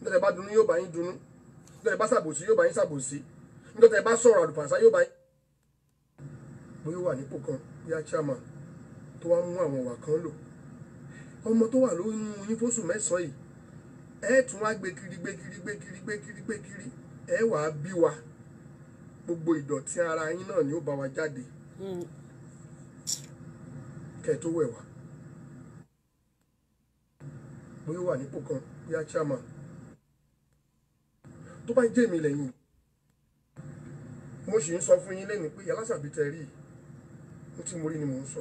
nígbà tẹ́ bá dunú yóò bá yín dunú nígbà tẹ́ bá ṣàbòsí yóò bá yín ṣàbòsí nígbà tẹ́ bá sọ̀rọ̀ àlùfànṣá yóò bá yín. bóyá wà nípò kan bóyá chairman tó wá mú àwọn ìwà kan lò ọmọ tó wà lóyún yín fóṣù mẹ́sàn-án yìí ẹ tún wá gbé kiri gbé kiri gbé kiri gbé kiri gbé kiri ẹ wà á bí wa gbogbo ìdọ̀tí ara yín náà ni ó bá wa jáde hmm. kẹ́ tó wẹ̀ wá bóyá wà nípò kan bóyá chairman tó bá jẹ́ èmi lẹ́yìn mo sì ń sọ fún yín lẹ́nu pé yálásàbí tẹ rí mo tí mo rí ni mò ń sọ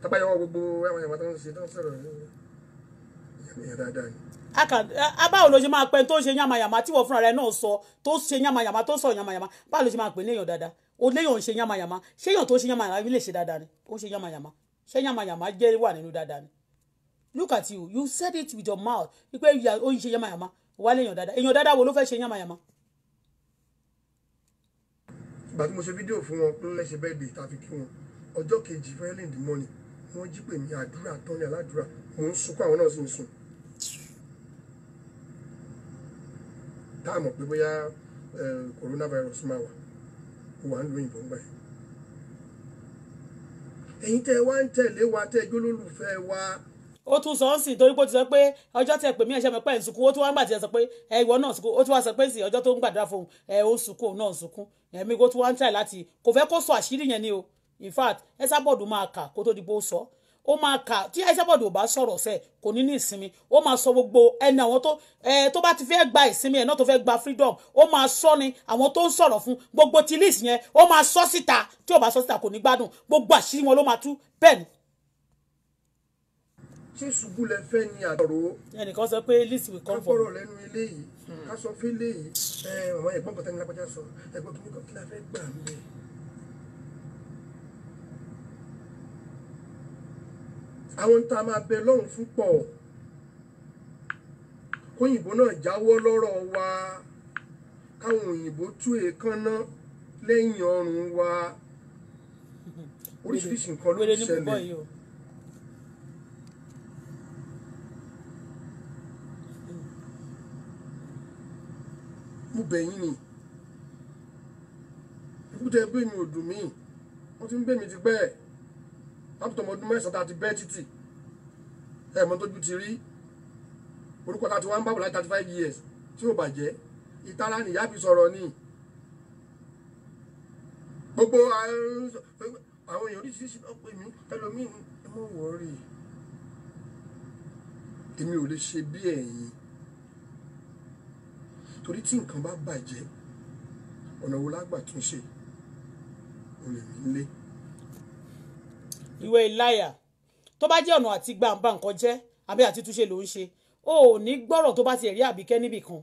tábàyẹ̀wò gbogbo ẹ̀wọ̀n ìwà tó ń ṣe tó ń sọ̀rọ̀ yìí ìyẹn dáadáa ni. abáwo ló ṣe máa pẹ́ tó ṣe yàmàyàmà tí wọ́n fúnra rẹ̀ náà sọ tó ṣe yàmàyàmà tó sọ yàmàyàmà báwo ló ṣe máa pè léèyàn dáadáa o léèyàn ṣe yàmàyàmà ṣé èèyàn tó ṣe yàmàyàmà ilé ṣe dáadáa ni ó ṣe yàmàyàmà ṣé yàmàyàmà jẹ́ wà nínú dáadáa ni look at you you said it with your mouth wípé ó ń ṣe yàmàyàmà wà léèyàn dáadáa èèyàn dáadáa wo ló fẹ́ ṣe yàmàyàmà ìgbà tí mo ṣe fídíò fún wọn pé lẹ́sẹ̀ bẹ́ẹ̀ dé tàbí kí wọn ọjọ́ kejì fẹ́ẹ́ lè wọ́n jí pè mí àdúrà tán ní aládùúrà mò ń sunkún àwọn náà sì ń sùn tá a mọ̀ pé bóyá coronavirus máa wà wà ń lo òyìnbó ń gbà yẹn ẹ̀yin tẹ́ wá ń tẹ̀lé wa tẹ́ jólólùfẹ́ wa. ó tún sọ ọ́ sìn torí pé ó ti sọ pé ọjọ́ tí ẹ pè mí ẹ̀ṣẹ̀ mi pẹ́ ń sunkún ó tún wá ń gbà tí ẹ sọ pé ẹ ìwọ náà sunkún ó tún wá sọ pé ọjọ́ tó ń gbàdúrà fún ẹ ó sunkún òun náà sunkún ẹ̀mí ó tún wá ń tẹ̀ láti kò fẹ́ kó sọ àṣírí yẹn ni o in fact Esabod máa kà kó tó di bó sọ ó máa kà tí Esabod ò bá sọ̀rọ̀ sẹ́ kò ní ní ìsinmi ó máa sọ gbogbo ẹni àwọn tó ẹ tó bá ti fẹ́ gba ìsinmi ẹ̀ náà tó fẹ́ gba freedom ó máa sọ ni àwọn tó ń sọ̀rọ̀ fún gbogbo ti list yẹn ó máa sọ síta tí ò bá sọ síta kò ní gbádùn gbogbo àṣírí wọn ló máa tú bẹ́ẹ̀ ni tí ṣubú lẹ fẹ́ ni àtọ̀rọ̀. ẹnìkan sọ pé list will come for. ká ká sọ fún ilé ẹ àwọn ẹ̀gbọ́n kan tẹ́ni lápájá sọ ẹ̀gbọ́n kìíní kí la fẹ́ gbà ń bẹ̀ àwọn tá a máa bẹ lọ́hùn fún pọ̀ kóyìnbó náà jáwọ́ lọ́rọ̀ wa káwọn òyìnbó tú èékánná lẹ́yìn ọrùn wa oríṣiríṣi nǹkan ló ti ṣẹlẹ̀. mo bẹ̀ yín ni ìkútẹ́ bí mi ò dùn mí wọ́n ti ń bẹ̀ mí ti pẹ́ ẹ̀ up to ọmọdún mẹ́sàn-án tá a ti bẹ́ títì ẹ̀ mọ́ tójú ti rí orúkọ tá a ti wá láti thirty five years tí ò bàjẹ́ ìtara nìyá fi sọ̀rọ̀ ni gbogbo àwọn èèyàn oríṣiríṣi náà pè mí ẹlòmíì ẹ mọ̀ wọ́ọ̀rì èmi ò lè ṣe bí ẹ̀yin torí tí nǹkan bá bàjẹ́ ọ̀nà wo lágbà tún ṣe olè mi ń lé you are a liar tó bá jẹ́ ọ̀nà àti gbàǹbà nǹkan jẹ́ àbí àti túnṣe ló ń ṣe o ò ní gbọ́rọ̀ tó bá ti rí àbíkẹ́ níbì kan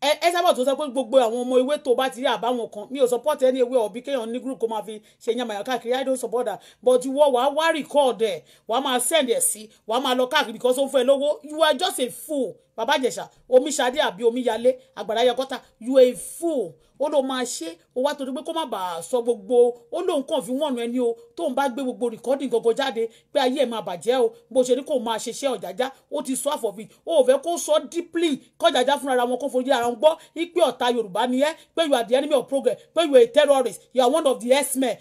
ẹ sábà tó sọ pé gbogbo àwọn ọmọ ewé tó bá ti rí àbáwọn kan mi ò support ẹni ewé ọ̀bí kéèyàn ní group kó máa fi ṣe yamayà káàkiri i don't support that but ìwọ wàá wá record ẹ wàá máa send ẹ sí wàá máa lọ káàkiri because ó ń fún lówó you are just a fool bàbá ìjẹ̀ṣà omi ṣadé àbí omi yalé àgbàrá yakọ́ta you are a fool ó lóun máa ṣe ó wá torí pé kó má bàa sọ gbogbo ó lóun kàn fi wọ́n nu ẹni o tóun bá gbé gbogbo rìkọ́dì gbogbo jáde pé ayé ẹ̀ máa bàjẹ́ o bó ṣe ní kó máa ṣiṣẹ́ ọ̀jájá ó ti sọ àfọ̀bì ó fẹ́ kó sọ dípìlì kọjájá fúnra wọn kó fojú ara wọn gbọ́ ipe ọ̀tá yorùbá ni ẹ́ pé you are the enemy of progress pé you are a terrorist you are one of the herdsmen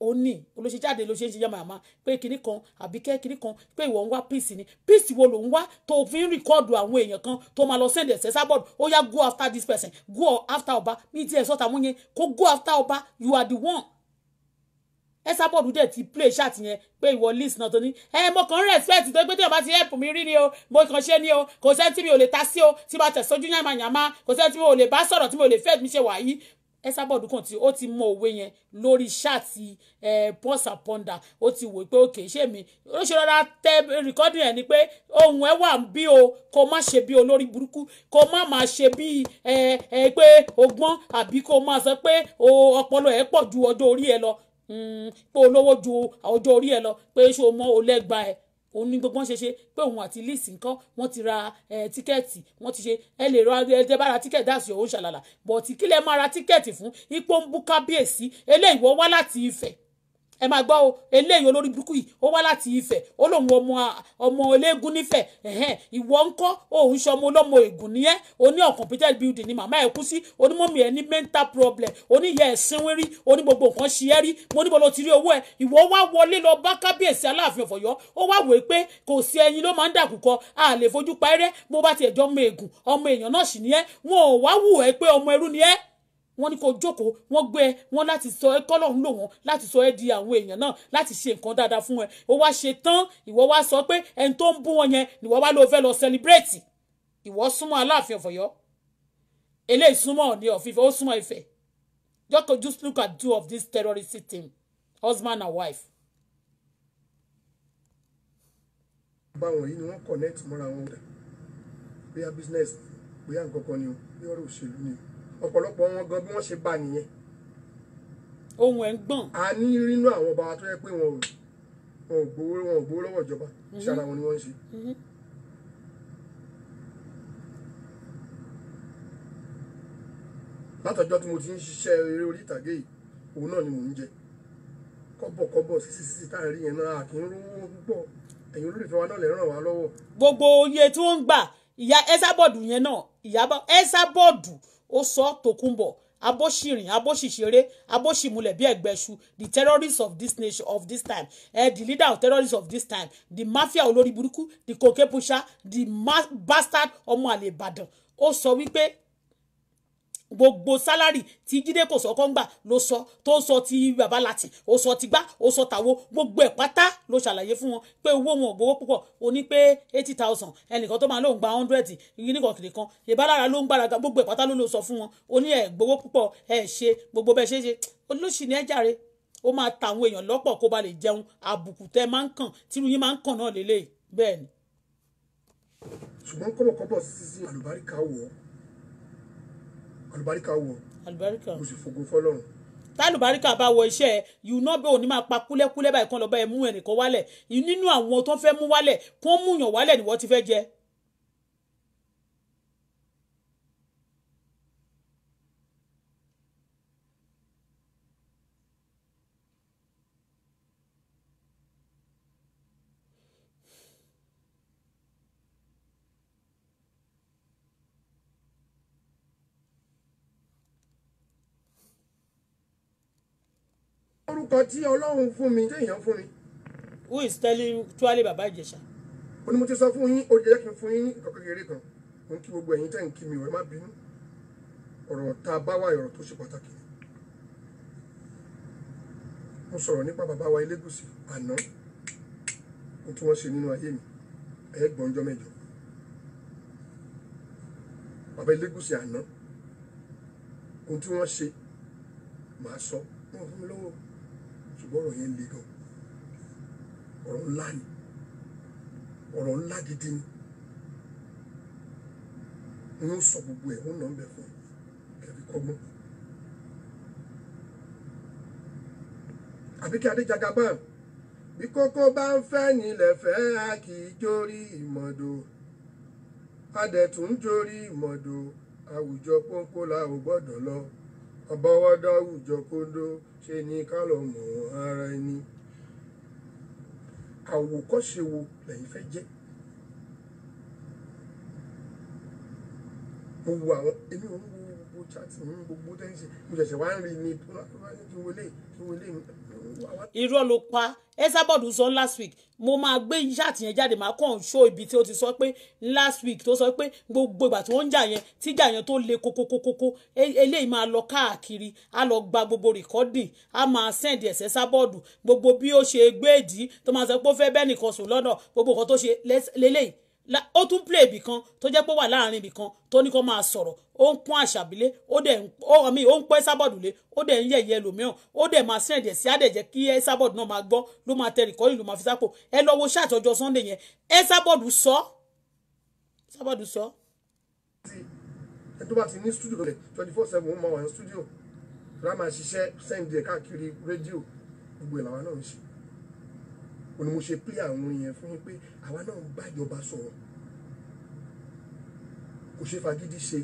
ó ní ló ṣe jáde ló ṣe ń ṣe yá màmá pé kinní kan àbí kẹ́ kinní kan pé ìwọ ń wá peace ni peace wo ló ń wá tó fi ń rìkọ́ọ̀dù àwọn èèyàn kan tó máa lọ send ẹ̀sẹ̀ sábọ̀dù ó yá go after this person go after ọba ní tí ẹ sọ́ta mú yẹn kó go after ọba you are the one ẹ sábọ̀dù dẹ̀ ti play chat yẹn pé ìwọ list náà tó ní ẹ mo kàn ń respect tó pé tí o bá ti help mi rí ni o mo kàn ṣe ni o kò sẹ́ni tí mi ò lè ta sí o tí ma tẹ̀sọ́jú yàmàyàmá kò sẹ́ni tí mi ò lè bá sọ̀rọ̀ tí mi ò lè fẹ́ mi ṣe wàyí Esabod kan tí ó ti mọ òwe yẹn lórí ṣáàtì pọ́sà pọ́ndà ó ti wò pé òkè ṣé mi ó ṣe rọra tẹ rìkọ́dì ẹ̀ ni pé ohun ẹ̀ wà bí o kò má ṣe bí olórí burúkú kò má má ṣe bí ẹ pé ọgbọ́n àbí kò má sọ pé ọpọlọ ẹ̀ pọ̀ ju ọjọ́ orí ẹ lọ hmm, pé olówó ju ọjọ́ orí ẹ lọ pé ṣé o mọ olẹ́gba ẹ̀ òun ní gbogbo wọn ṣe ṣe pé òun àti Lizzy ńkọ́ wọ́n ti ra eh, tíkẹ́ẹ̀tì wọ́n ti ṣe ẹ lè ra ẹ bá ra tíkẹ́ẹ̀tì that's your own ṣàlàlà bọ̀ọ̀tì kílẹ̀ máa ra tíkẹ́ẹ̀tì fún ipò ń bú kábíyèsí eléyìí wọ́n wá láti Ifẹ̀ ẹ máa gbọ́ o eléyìí olórí burúkú yìí ó wá láti Ifẹ̀ ó lóun ọmọ ọmọ eléégún nífẹ̀ ẹ̀hẹ́n ìwọ ńkọ́ òun ṣe ọmọ olómọ ègùn nìyẹn oní uncompleted building ni màmá ẹ̀ kú sí onímọ̀mí ẹ̀ ní mental problem oníyẹ ẹ̀ sínwín rí oní gbogbo nǹkan ṣe é rí mo ní bọ́lọ́ ti rí owó ẹ̀ ìwọ wá wọlé lọ bá kábíyèsí aláàfin ọ̀fọ̀yọ́ ó wá wòó pé kò sí ẹyin ló máa ń dàkúkọ a lè fojú pa ẹrẹ́ bó bá tiẹ̀ jọ ọmọ ègùn ọmọ èèyàn náà sì ni ẹ́ wọn ò wá wù ẹ́ pé ọmọ ẹrú ni ẹ́ wọ́n ní kó jókòó wọ́n gbé ẹ e, wọ́n láti sọ ẹ kọ́lọ́hún lò wọ́n láti sọ ẹ di àwọn èèyàn náà láti ṣe nǹkan dáadáa fún ẹ ó wá ṣe tán ìwọ wá sọ pé ẹni tó ń bú wọn yẹn ìwọ wá ló fẹ́ lọ sẹlibrétì ìwọ súnmọ́ aláàfin ọ̀fọ̀yọ́ eléyìí súnmọ́ ọ̀ní ọ̀fífẹ́ ó súnmọ́ ìfẹ́ just just look at two of this terrorist team husband and wife. báwọn yìí ni wọ́n connect mọ́ra wọn dà bóyá business bóyá nǹkan kan ni o bóyá ọ̀rọ̀ òṣèlú ni o ọ̀pọ̀lọpọ̀ wọn gan bí wọ́n ṣe bá nìyẹn. ohun ẹ̀ ń gbọ̀n. a ní rínú àwọn ọba tó yẹ pé wọn ò gbowó wọn ò gbowó lọ́wọ́ ìjọba mm-hmm. ṣe ara wọn ni wọ́n ń ṣe. Mm-hmm. látọjọ́ tí mo ti ń ṣiṣẹ́ eré orí ìtàgé yìí òun náà ni mò ń jẹ kọ́bọ̀kọ́bọ̀ sísí sísí tá à rí yẹn náà kì í rówó púpọ̀ ẹ̀yin olólùfẹ́ wa náà lè ràn wá lọ́wọ́. gbogbo iye tí wọ́n ń gbà ìyá ẹ́sà yẹn náà ìyá ẹ́sà ó sọ Tòkunbọ̀ abóṣìrìn abóṣìṣeré abóṣìmulẹ̀ bí ẹ̀gbẹ́ the terrorists of this nation of this time eh, the leader of terrorists of this time the mafia olórí buruku, the cocaine pusher the bastard ọmọ àlè Ìbàdàn ó sọ wípé gbogbo sálárì tí jíde kò sọ kọ́ńgbà ló sọ tó sọ ti bàbá latin ó sọ ti gbá ó sọ tàwo gbogbo ẹ̀ pátá ló ṣàlàyé fún wọn pé owó wọn ò gbowó púpọ̀ ó pé eighty thousand ẹnìkan tó máa lóun gba hundred yìnyínkàn kiri kan ìbálára ló ń gbára ga gbogbo ẹ̀ pátá ló ló sọ fún wọn ó ní ẹ̀ gbowó púpọ̀ ẹ̀ ṣe gbogbo bẹ́ẹ̀ ṣe ṣe olóṣì ní ẹ jàre ó máa ta àwọn èèyàn lọ́pọ̀ kó ba lè jẹun àbùkù tẹ máa ń kàn sí sí àlùbáríkà wọ̀ àlùbáríkà wọ̀ àlùbáríkà mo sì fògo fọlọ́run tálùbáríkà bá wọ iṣẹ́ yùnà bẹ́ẹ̀ òní máa pa kúlẹ́kúlẹ́ báyìí kan lọ́ba ẹ̀ mú ẹnìkan wálẹ̀ nínú àwọn tó fẹ́ mú wálẹ̀ kó mú yàn wálẹ̀ ni wọ́n ti fẹ́ jẹ́ orúkọ tí ọlọ́run fún mi téèyàn fún mi. who is telling you tuwale baba ìjẹsà. ó ní mo ti sọ fún yín ó jẹ́ kí n fún yín ní ìkọ̀kọ̀ kékeré kan mo ń kí gbogbo ẹ̀yin tẹ́ ń kí mi ò ẹ má bínú ọ̀rọ̀ tá a bá wà ọ̀rọ̀ tó ṣe pàtàkì mo sọ̀rọ̀ nípa bàbá wa Elégùṣì àná ohun tí wọ́n ṣe nínú ayé mi ẹ̀ mẹ́jọ bàbá Elégùṣì àná ohun tí wọ́n ṣe màá sọ wọ́n fún mi lọ́wọ́ ṣùgbọ́n ọ̀rọ̀ yẹn le gan ọ̀rọ̀ ńlá ni ọ̀rọ̀ ńlá gidi ni wọ́n sọ gbogbo ẹ̀ wọ́n nà ń bẹ̀ fún kẹ́bí kọ́gbọ́n. àbíkẹ́ adéjagaba bí kókó bá ń fẹ́ nílẹ̀ fẹ́ a kì í jórí ìmọ̀dò a dẹ̀ tún jórí ìmọ̀dò àwùjọ pọ́npọ́n la ò gbọ́dọ̀ lọ àbáwádá àwùjọ kóńdó ṣe ní kálọ̀ mọ̀ ara ẹni àwòkọ́ṣe wo lẹ́yìn fẹ́ jẹ́ mo wo àwọn èmi ò ń wo gbogbo chat mi gbogbo tẹ́ǹsì mo ṣẹ̀ṣẹ̀ wá ń rí ni tó wọlé kí wọlé mi irọ́ ló pa Esabod sọ last week mo máa gbé yàtì yẹn jáde máa kàn ṣó ibi tí ó ti sọ pé last week tó sọ pé gbogbo ìgbà tí wọ́n ń jà yẹn tíjà yẹn tó le kókókókókó e, eléyìí máa lọ káàkiri á lọ gba gbogbo recording á máa send ẹ̀sẹ̀ sábọ́ọ̀dù gbogbo bí ó ṣe gbé ìdí tó máa sọ pé ó fẹ́ bẹ́ẹ̀ nìkan sùn lọ́nà gbogbo nǹkan tó ṣe lélẹ́yìí ó tún play ibì kan tó jẹ́ pé ó wà láàrin ibì kan tó ní kó máa sọ̀rọ̀ ó ń kún àṣàbílé ó dẹ̀ ó mi ó ń pẹ́ sábọ̀dù lé ó dẹ̀ ń yẹ̀yẹ́ ẹlòmíràn ó dẹ̀ máa sẹ́ǹd ẹ̀ sí àdẹ̀jẹ́ kí ẹ sábọ̀dù náà máa gbọ́ ló máa tẹ rìkọ́lì ló máa fi sápò ẹ lọ wo ṣàtọ́jọ́ Sunday yẹn ẹ sábọ̀dù sọ sábọ̀dù sọ. ẹ tó bá ti ní stúdíò lẹ twenty four seven ó máa wà ní stúdíò máa ṣiṣẹ́ sẹ́ǹd ẹ̀ káàkiri rédíò gbogbo ìlànà náà ń ṣe òní mo ṣe pé àwọn yẹn fún yín pé àwa náà ń bá ìjọba sọ̀rọ̀ kò ṣe fagídí ṣe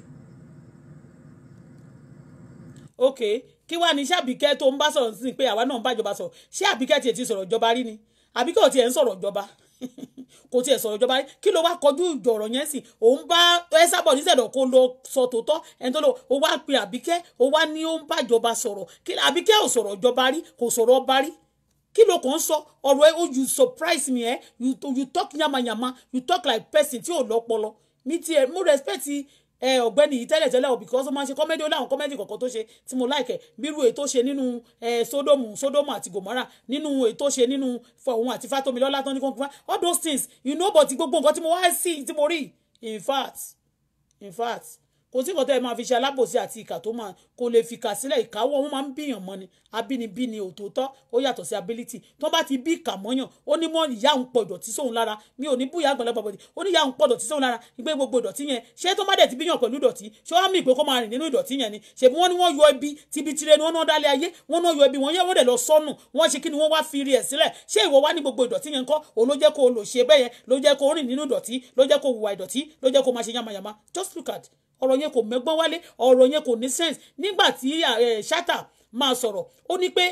ok kí wàá ní ṣé àbíkẹ́ tó ń bá sọ̀rọ̀ sí pé àwa náà ń bájọba sọ̀rọ̀ ṣé àbíkẹ́ tiẹ̀ ti sọ̀rọ̀ ìjọba rí ni àbíkẹ́ ò tiẹ̀ ń sọ̀rọ̀ ìjọba kò tiẹ̀ sọ̀rọ̀ ìjọba rí kí ló wá kọjú ìjọ̀rọ̀ yẹn sí òun bá ẹ sábọ̀ nísẹ̀dọ̀ kó lọ sọ tòótọ́ ẹni tó lọ ó wá pe àbíkẹ́ ó wá ní ó ń bájọba sọ̀rọ̀ àbíkẹ́ ò sọ̀rọ̀ ìjọba rí kò sọ̀rọ̀ ọba rí kí ló kàn ń sọ ọ̀rọ̀ ẹ o you surprise me eh? you, you talk yamayama you talk like person tí ò lọ́pọlọ mi tiẹ̀ mo respect ọ̀gbẹ́ni yìí tẹ́lẹ̀ tẹ́lẹ̀ o because ó máa ń ṣe kọ́mẹ́dì ó láwọn kọ́mẹ́dì kọ̀ọ̀kan tó ṣe tí mo láìkẹ̀ bírú èyí tó ṣe nínú Sódómù Sódómù àti Gòmárà nínú èyí tó ṣe nínú fọ̀hún àti Fátómilọ́lá tán ní kọ́ńkọ́ all those things you know but gbogbo nǹkan tí mo wá sí tí mo rí in fact in fact kò sí nǹkan tẹ́ ẹ máa fi ṣe alábòsí àti ìkà tó máa kò lè fìkà sílẹ̀ ìkáwọ́ wọn máa ń bíyàn mọ́ ni abínibí ni òtòótọ́ ó yàtọ̀ sí ability tó bá ti bí ìkà mọ́yàn ó ní mọ́ ìyá òun pọ̀ ìdọ̀tí sóun lára mi ò ní búyà àgbàlagbà bọ̀dì ó ní ìyá òun pọ̀ ìdọ̀tí sóun lára ìgbé gbogbo ìdọ̀tí yẹn ṣé tó má dẹ̀ ti bíyàn pẹ̀lú ìdọ̀tí ṣé wàá mí ìpè kó máa rìn nínú ìdọ̀tí yẹn ni ṣèbí wọ́n ní wọ́n yọ ibi tibi tirẹ̀ ni wọ́n náà dálé ayé wọ́n náà yọ ibi wọ́n yẹ wọ́n dẹ̀ lọ sọ́nù wọ́n ṣe kí ni wọ́n wá fi rí ẹ̀ sílẹ̀ ṣé ìwọ wá ní gbogbo ìdọ̀tí yẹn kọ́ òun ló jẹ́ kó o lò ṣe bẹ́yẹn ló jẹ́ kó o rìn nínú ìdọ̀tí ló jẹ́ kó o hùwà ìdọ̀tí ló jẹ́ kó o máa ṣe yamayama just look at ọ̀rọ̀ yẹn kò mẹ́gbọ́n wálé ọ̀rọ̀ yẹn kò ní sense nígbà tí ṣátà eh, máa sọ̀rọ̀ ó ní pé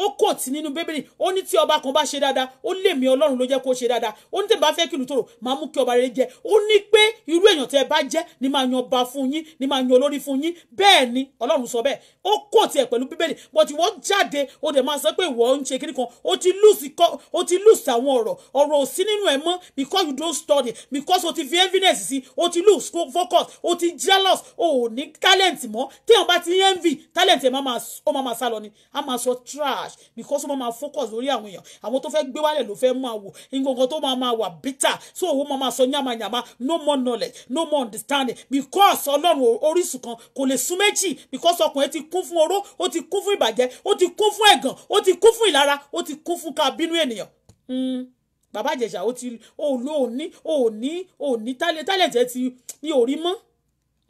ó kò tí nínú bíbélì ó ní tí ọba kan bá ṣe dáadáa ó lè mí ọlọ́run ló jẹ́ kó ṣe dáadáa ó ní tẹ̀ bá fẹ́ kí ìlú máa mú kí ọba rere jẹ ó ní pé irú èèyàn tẹ́ bá jẹ́ ni máa yan ọba fún yín ni máa yan olórí fún yín bẹ́ẹ̀ ni ọlọ́run sọ bẹ́ẹ̀ ó kò tiẹ̀ pẹ̀lú bíbélì but ìwọ jáde ó dẹ̀ máa sọ pé ìwọ ń ṣe kíní kan ó ti lose àwọn ọ̀rọ̀ ọ̀rọ̀ ò sí nínú ẹ̀ mọ́ because you don't study because o ti fi evidence sí o ti lose focus o ti jealous o ò ní talent mọ́ téèyàn bá ti envy talent ẹ̀ máa máa sá lọ ni a máa sọ try trash because wọ́n máa focus lórí àwọn èèyàn àwọn tó fẹ́ gbé wálẹ̀ ló fẹ́ máa wò nǹkan tó máa máa wà bitter so owó máa máa sọ yàmàyàmà no more knowledge no more understanding because ọlọ́run orísun kan kò lè sún méjì because ọkùnrin ti kún fún oró ó ti kún fún ìbàjẹ́ ó ti kún fún ẹ̀gàn ó ti kún fún ìlara ó ti kún fún ká bínú ènìyàn hmm. bàbá àjẹsà ó ti ó ló ò ní ò ní ò ní tálẹ̀tẹ̀ ti ní orí mọ́.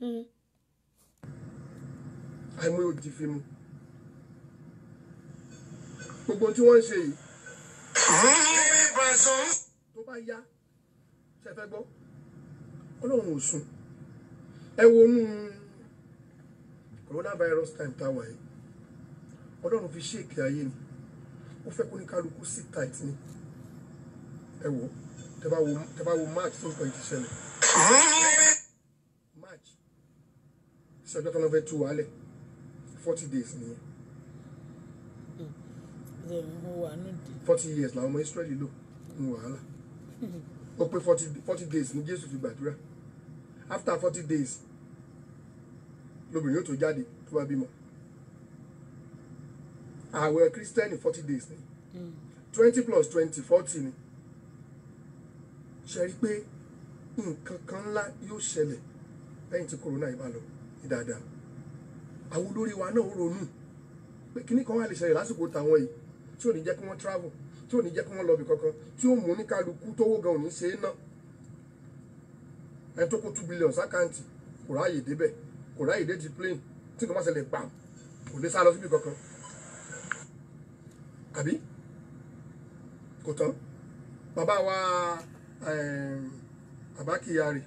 Hmm. àìmọye òdì fi mu gbogbo tí wọ́n ń ṣe yìí. tó bá yá ṣe fẹ́ gbọ́ ọlọ́run ò sùn ẹ wo nú coronavirus time táwa yìí ọlọ́run fi ṣéèkì ayé ni ó fẹ́ kó ní kálukú sí tight ni ẹ wo tẹ bá wo march tó ń pẹ́ ti ṣẹlẹ̀ march ṣọjọ́ tó lọ́ fẹ́ tú wálẹ̀ forty days nìyẹn forty years làwọn ọmọ Israẹli lò ń wàhálà ó pé forty days ní Jésù fi gbàdúrà after forty days lóbìnrin yóò tó jáde tó bá bímọ ààwẹ̀ Kristẹni forty days ni hmm. twenty plus twenty forty ni ṣe rí pé nǹkan kan ńlá yóò ṣẹlẹ̀ lẹ́yìn tí corona yìí bá lọ ní dáadáa àwọn olórí wa náà ronú pé kíní kan wà lè ṣẹlẹ̀ lásìkò tàwọn yìí tí ò ní jẹ́ kí wọ́n travel tí ò ní jẹ́ kí wọ́n lọ ibì kankan tí ó mú oníkálukú tówó gan ò ní ṣe é ná ẹni tó kó two billion sákàǹtì kò ráàyè débẹ̀ kò ráàyè dé ti plane tí nǹkan bá ṣẹlẹ̀ gbàm kò ní sá lọ síbi kankan àbí kò tán bàbá wa ehm, bàbá kiyari.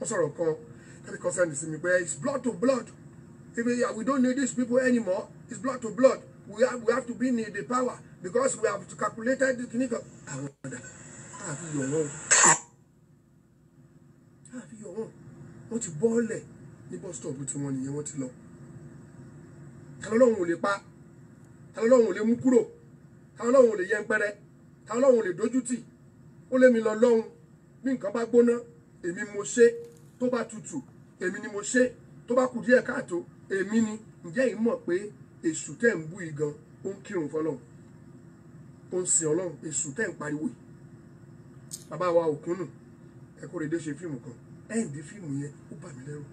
wọ́n sọ̀rọ̀ kan tẹ́lẹ̀ kan sẹ́ni sí mi pé it's blood to blood if we don't need these people anymore it's blood to blood we have, we have to be in the power because we have calculated the clinical. àwọn ọ̀dà àfi yọ̀ wọ́n àfi yọ̀ wọ́n wọ́n ti bọ́ọ̀lẹ̀ ní bus stop tí wọ́n nìyẹn wọ́n ti lọ talọ́lọ́hún ò lè pa talọ́lọ́hún ò lè mú kúrò talọ́lọ́hún ò lè yẹ ń pẹ́rẹ́ talọ́lọ́hún ò lè dójú ó lé mi lọ lọ́hún bí nǹkan bá gbóná èmi mo ṣe tó bá tutù èmi ni mo ṣe tó bá kù díẹ̀ káàtó èmi ni ǹjẹ́ ìmọ̀ pé èṣù tẹ̀ ń bú igan ó ń kírun fọlọ́hún ó ń sin ọlọ́run èṣù tẹ́ ń pariwo bàbá wa òkúnnù ẹ̀kọ́ rèdè ṣe fíìmù kan ẹ̀ǹdí fíìmù yẹn ó bà mí lẹ́rù